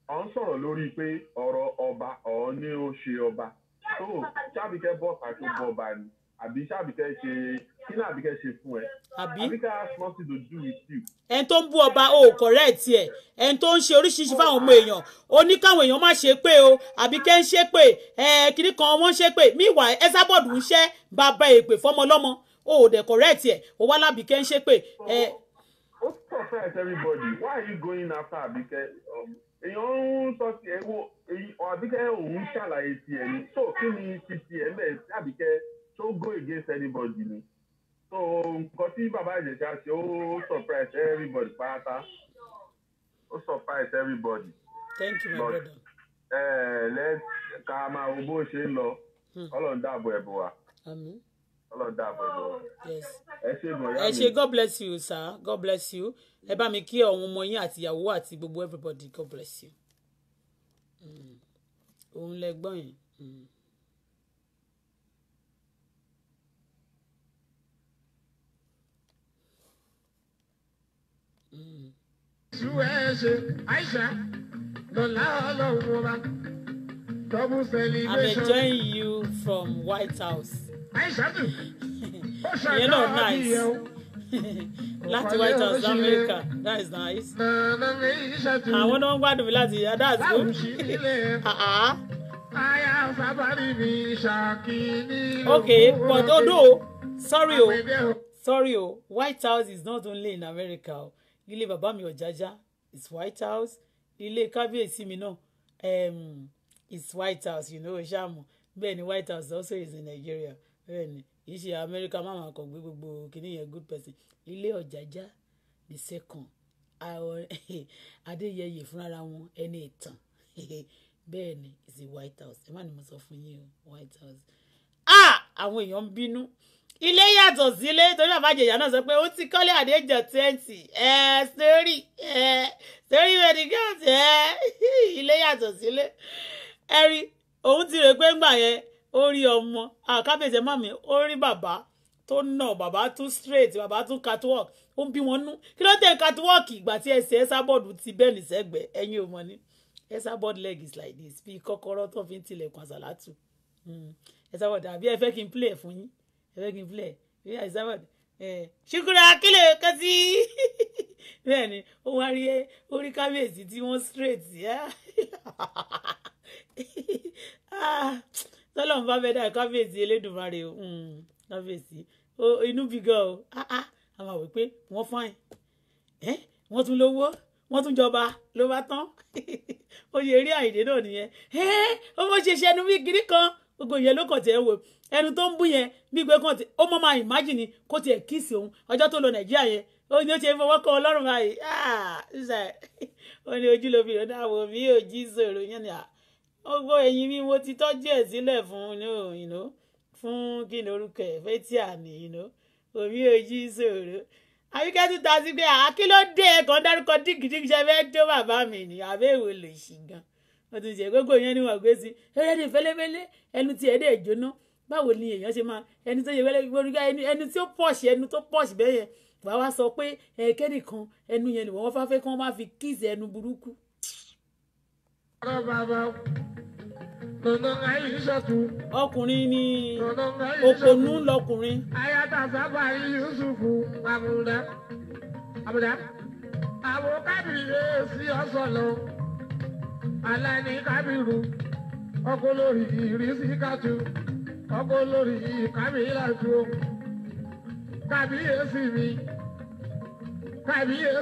ọ̀ ń sọ̀rọ̀ lórí pé ọ̀rọ̀ ọba ọ̀ ní ó ṣe ọba tó ṣàbíkẹ́ bọ́ pàṣẹ bọ́ bá ní àbí ṣàbíkẹ́ ṣe kí náà àbíkẹ́ ṣe fún ẹ. àbí àbíkẹ́ has nothing to do with you. ẹni tó ń bú ọba o correct ẹ ẹni tó ń ṣe oríṣiríṣi fáwọn ọmọ èèyàn ó ní káwọn èèyàn má ṣe pé o àbíkẹ́ ń ṣe pé ẹ kiri kan wọ́n ṣe pé míwà Esabod ń ṣe bàbá èpè fọmọlọ́mọ o ò dẹ̀ correct ẹ o wá lábìkẹ́ ń ṣe pé. ó sọ fẹ́ẹ̀ everybody why are you going after àbíkẹ́ um, èèyàn ń sọ tiẹ̀ wo àbíkẹ́ òun ṣàlàyé tiẹ̀ ni so kí ni ti tiẹ̀ mẹ́ àbíkẹ́ tó go against anybody ni so nǹkan tí bàbá ìjẹ̀ṣà ṣe ó surprise everybody pátá ó surprise everybody. thank you my But, brother. ẹ ẹ lẹ́ka máa wo bó ṣe ń lọ hmm. ọlọ́run dáàbò ẹ̀bùn wa. àmín ẹ ṣe god bless you sir god bless you ẹ bá mi kí àwọn ọmọ yín everybody god bless you mm. òun lẹgbọn yìí. Mm. Mm. Ṣùgbọ́n ẹ ṣe Aisha lọ́la ọlọ́run ọba double celebration. I'm enjoying you from White House àìsàtù ó nice. láti White House America that is nice. àwọn náà ń gbádùn mi láti ah, That is good. Ah, ah. aya sábàrì okay but although sorry o sorry o White House is not only in America o ilé bàbá mi Ọ̀jájá is White House ilé kábíyèsí mi náà um, is White House you know ṣáàmù bẹ́ẹ̀ ni White House also is in Nigeria bẹ́ẹ̀ni kì í ṣe Amẹ́ríkà má máa kàn gbé gbogbo kíní yẹn good person ilé ọ̀jájá the second adéyẹyẹ fúnra wọn ẹni ìtàn bẹ́ẹ̀ ni is the White House ẹ má ní mo sọ fún yín o White House ah àwọn èèyàn ń bínú ilé yàtọ̀ sílé torí àbájẹyà náà sọ pé ó ti kọ́lé àdéjọ twenty ẹ sórí ẹ sórí medigat ẹ ilé yàtọ̀ sílé ẹ rí òun ti rè pé ńgbà yẹn ó rí ọmọ àkábíyèsí ẹ̀ mọ́mí ó rí bàbá tó nà bàbá tún straight bàbá tún catwalk ó ń bí wọn nú kí ló tẹ̀ catwalk ìgbà tí ẹsẹ̀ ẹ̀ sábọ̀dù ti bẹ́ẹ̀ ní sẹ́gbẹ̀ẹ́ ẹ̀yìn ò mọ̀ ni ẹ̀ sábọ̀dù leg is like this bí kọ́kọ́rọ́ tó fi ń tilẹ̀kùn àsàlátù ẹ̀ hmm. sábọ̀dù àbí ẹ fẹ́ kí n play fún yín ẹ fẹ́ kí n play bí ẹ̀ sábọ̀dù ṣùkúrà kílè kẹsí bẹ́ẹ̀ ni ó wá rí orí kábíyèsí tí wọ́n straight ah, tọ́lọ́run bá fẹ́ dá kábíyèsí elédùnmarè o hmm, kábíyèsí o inú bí gan o ah, ah. a máa wí pé wọ́n fáìn ẹ́ wọ́n tún lówó wọ́n tún jọba ló bá tán oyè eré àìdè náà nìyẹn ẹ́ ó mọ̀ ṣe ṣẹnu bí kiri kan gbogbo ìyẹn ló kàn tiẹ̀ wò ẹnu tó ń bú yẹn bí gbé kàn tí ó mọ̀ máa ìmájìnì kó tiẹ̀ kíìsì òun ọjọ́ tó lọ nàìjíríà yẹn ó ní ó ti fọwọ́ kọ ọlọ́run báyìí ah, ó ní ojúlóbi rẹ̀ náà wò ò jí ìṣòro yẹn ni à gbogbo ẹ̀yin mi mo ti tọ́jú ẹ̀ sílẹ̀ fún yìnyín fún kí ni orúkọ ẹ̀ fẹ́tíà ni omi ojú ìṣòro àbíkẹ́ tún ta sí pé àkí ló dé ẹ̀kan dárúkọ dígídígí ṣe fẹ́ tó bàbá mi ni àbẹ́wò lè ṣì gan wọ́n ti ṣe gbogbo yẹn ni wọ́n gbé sí ẹlẹ́dẹ̀ fẹ́lẹ́fẹ́lẹ́ ẹnu tí ẹ̀dẹ̀ jóná báwo ni èèyàn ṣe máa ẹni tó ṣe wẹ́lẹ́ gbóríga ẹni tí ó pọ̀ṣì ẹnu tó pọ̀ṣì bẹ́ẹ̀ yẹn wàá wá sọ pé ẹ̀kẹ́nì kan ẹnu yẹn ni wọ́n fáfẹ́ kí wọ́n má fi kíìsì ẹnu burúkú ọkùnrin ni òpònú lọkùnrin. ayata sábà yusufu abuda abuda abu kabiye si ọsọlọ alani kábìrù ọkọ lórí ìrísí kàtó ọkọ lórí kábìlà tó kábíyèsí mi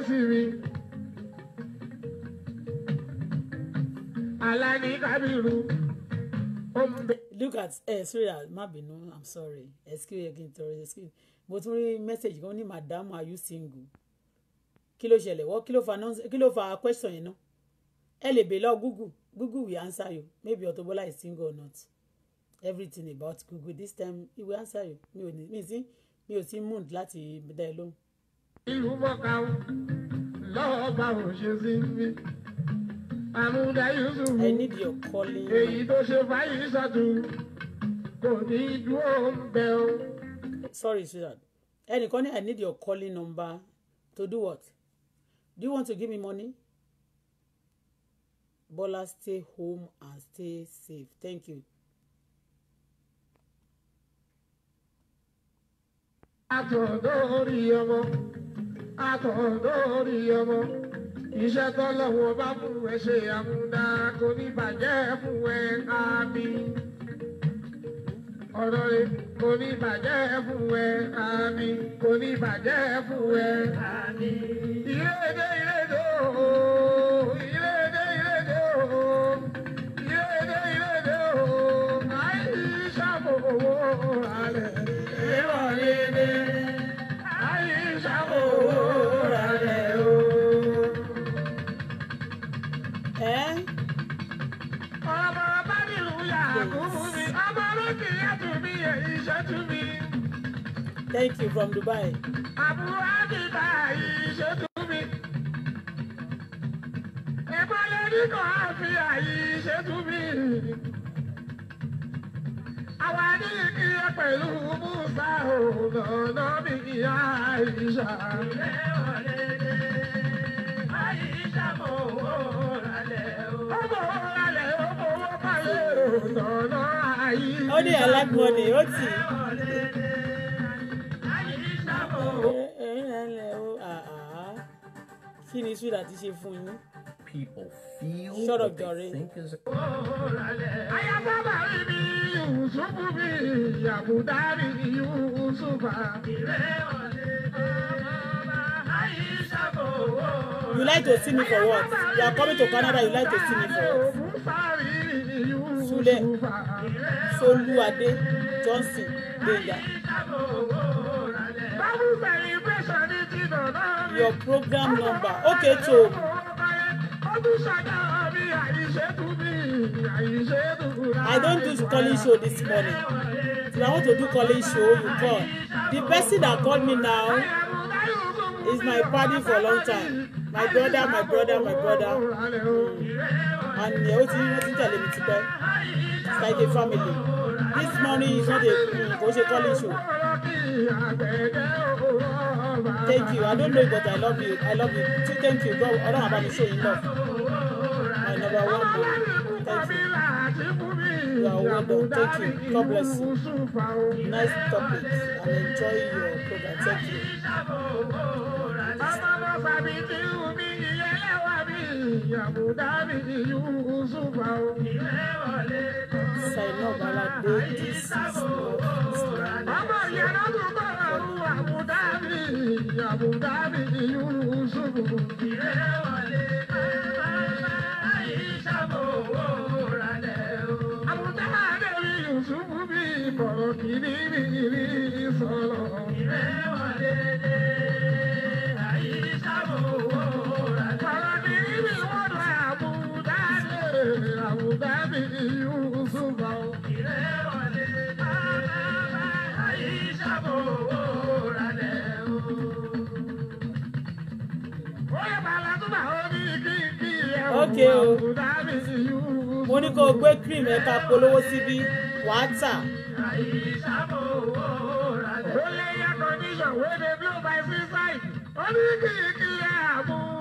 si mi. Alani Kabiru. Mm. look at ẹ eh, sorry ah, má bínú i'm sorry excuse me again sorry excuse me But only message only madam are you single kí ló ṣẹlẹ̀ wọ́n kí ló fa kí ló question you know? ẹ lè google google will answer you maybe Otobola is single or not everything about google this time he will answer you Me ò me see sí mi ò sí mood láti dá àmúdá yusufu èyí tó ṣe fáyì sàtú kò ní í dúró bẹ́ o. sorry sweetheart ẹnìkan ní i need your calling number to do what do you want to give me money Bola stay home and stay safe thank you. àtọ̀dọ́ orí ọmọ àtọ̀dọ́ orí ọmọ iṣẹ́ tọ́lọ́wọ́ bá fún ẹ ṣe àmúdá kò ní bàjẹ́ fún ẹ àmì ọ̀rọ̀ rẹ kò ní bàjẹ́ fún ẹ àmì kò ní bàjẹ́ fún ẹ àmì ìrèdè ìrèdè ooo. Thank you from Dubai. Àbúrò Dubai ṣe tún mi. Ìpàdé nìkan àfi àyè ṣe tún mi. Àwọn àdìyí kí pẹ̀lú Musa ònà mi ìyá Àyíṣà. Ó ní alágbọ́n ni ó tì í. ẹlẹ́ o àá kí ni sùúrù àti ṣe fún yín. people feel what they Dory. think is. ayababa ibi yusufu bi yabudari yusufa You like to see me for what? You are coming to Canada, you like to see me for what? Sule, Soluade, Johnson, Deya. Your program number. Okay, so. I don't do calling show this morning. So I want to do calling show, you call. The person that called me now is my party for a long time. My brother, my brother, my brother. And ó ti telling me to tipẹ́. It's like a family. This money is not a Oshekol issue. Thank you. I don't know but I love you. I love you. So thank you. God, I don't have any show in love. My number one boy. Thank you. You are well Thank you. God bless you. Nice topic. And enjoy your program. Thank you ìyàwó dábìlì Yusufa o. Zainab Aládé dísìsì ọmọ ìyàrá tó bọ̀rọ̀ ru àbúdábì ìyàwó dábìlì Yusufa o. Àbúdábì Yusufu bí bọ̀rọ̀ kìíní kìíní sọ̀rọ̀. Ìrẹ́wọ̀n dédé àyíṣàbò wò. bàbí Yusufa o. ìrẹ́wọ̀lẹ́ bàbá ayé ìṣàbò owó ralẹ̀ o. mo ní kó o gbé cream ẹ̀ka polówó síbí wàá tà. ayé ìṣàbò owó ralẹ̀. ó lé yẹ condition wey dey blow by free side. omi kíkì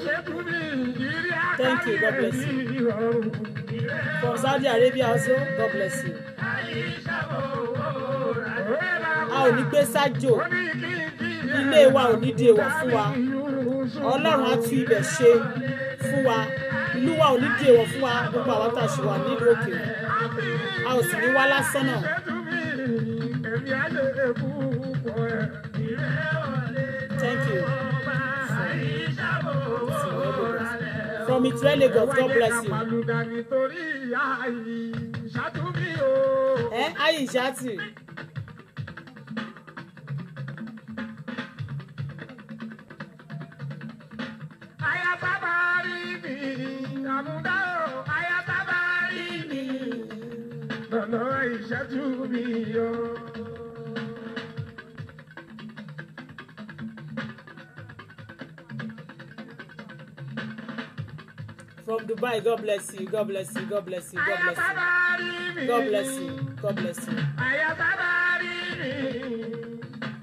Thank you. God bless you. From Saudi Arabia also, God bless you. A ò ní gbé sájò. Ilé wa ò ní di èèwọ̀ fún wa. Ọlọ́run á tú ibẹ̀ ṣe fún wa. Ìlú wa ò ní di èèwọ̀ fún wa. Gbogbo àwọn tá a ṣe wà nílùú òkè. A ò sì ní wá lásán náà. Thank you. from Mitre Lagos. God bless you. Eh, Aishatu. Ayababari mi, lọ́lọ́ ìṣẹ́jú mi yọ. from Dubai. God bless you. God bless you. God bless you. God bless you. God bless you. God bless you.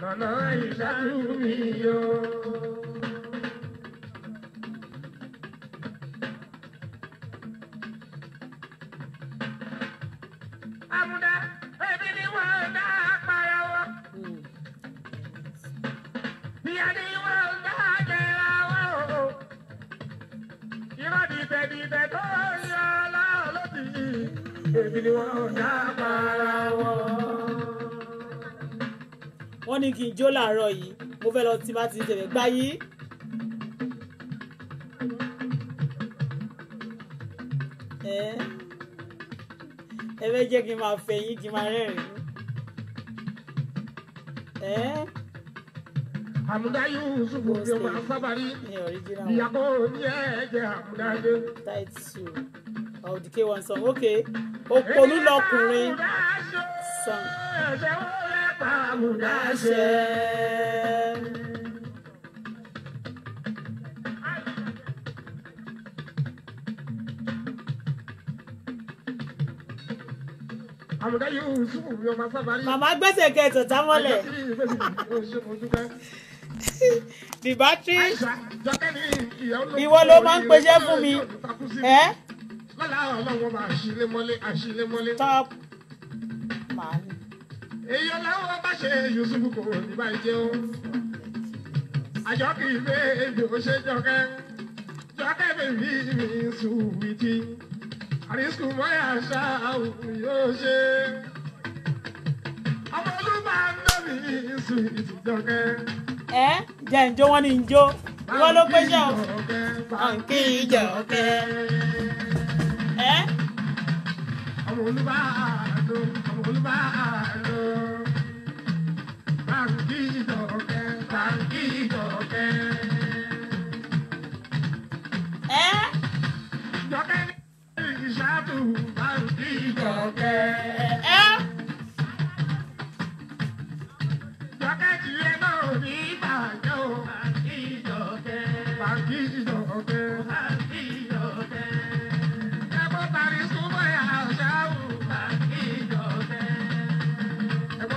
Nana ìlànà mi yọ. Amúdá. tẹ̀dídẹ̀ tó yọ aláwọ̀ lódì èmi ni wọ́n dá para wọn. wọ́n ní kí n jó láàárọ̀ yìí mo fẹ́ lọ tí bá ti ṣẹlẹ̀ gbá yìí. ẹ fẹ́ jẹ́ kí n máa fẹ̀yìn kí n máa rẹ́rìn-ín àmúdá yusuf yorùbá sábàrí ìyàbọ̀ ní ẹ̀jẹ̀ àmúdá dé. ọ̀dìkẹ́ wọn sàn ókè òpòlú lọkùnrin sàn. ẹ̀jẹ̀ wọ́n lè pa àmúdá ṣe. Màmá gbèsè kẹ̀tọ̀ támọ́lẹ̀ the battery ìwọ ló máa ń pèsè fún mi ẹ. lọ́la top man. èyí ọlọ́wọ́ bá ṣe yusuf kò ní báyìí jẹ́ o. àjọ kì í fẹ́ èmi ò ṣe jọkẹ́ jọkẹ́ bèbí mi sùn àrísùkù mọ́yà ṣáà yóò ṣe ọmọ olúmọ àná mi sùn ìtìjọkẹ́ ẹ jẹ́ ǹjó wọ́n ní ǹjó wọ́n ló pé jọ ọ̀nkí ìjọ ọ̀kẹ́ ẹ. ọmọ olúbà àdó ọmọ olúbà àdó bàǹkì ìjọ ọ̀kẹ́ bàǹkì ìjọ ọ̀kẹ́. ẹ. jọkẹ́ ní ìṣàtù bàǹkì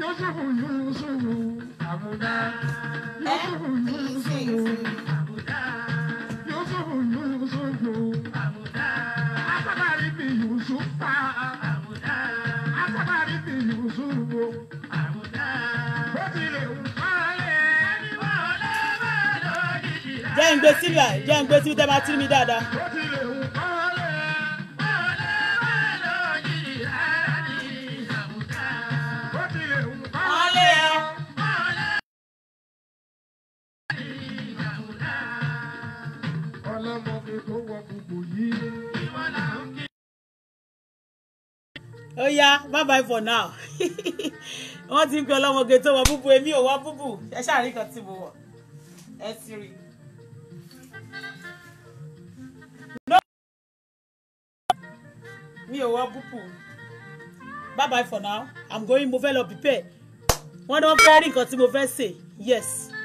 Yusufu Yusufu àbúdá. Yusufu Yusufu àbúdá. Yusufu Yusufu àbúdá. Asabari bi Yusufa àbúdá. Asabari bi Yusufu àbúdá. Bó tilẹ̀ wù fọ́lẹ̀. Jẹ́ ń gbé síbẹ̀, jẹ́ ń gbé síbi tẹ́ bá tì mí dáadáa. ó yá bye bye for now wọ́n ti ń pe ọlọ́mọge tó wọ búbu èmi ò wọ búbu ẹ ṣàrí kan tí mo wọ̀ ẹ ti rí. mi ò wọ búbu bye bye for now i'm going mo fẹ́ lọ prepare wọ́n ní wọ́n fẹ́ rí nǹkan tí mo fẹ́ ṣe yes.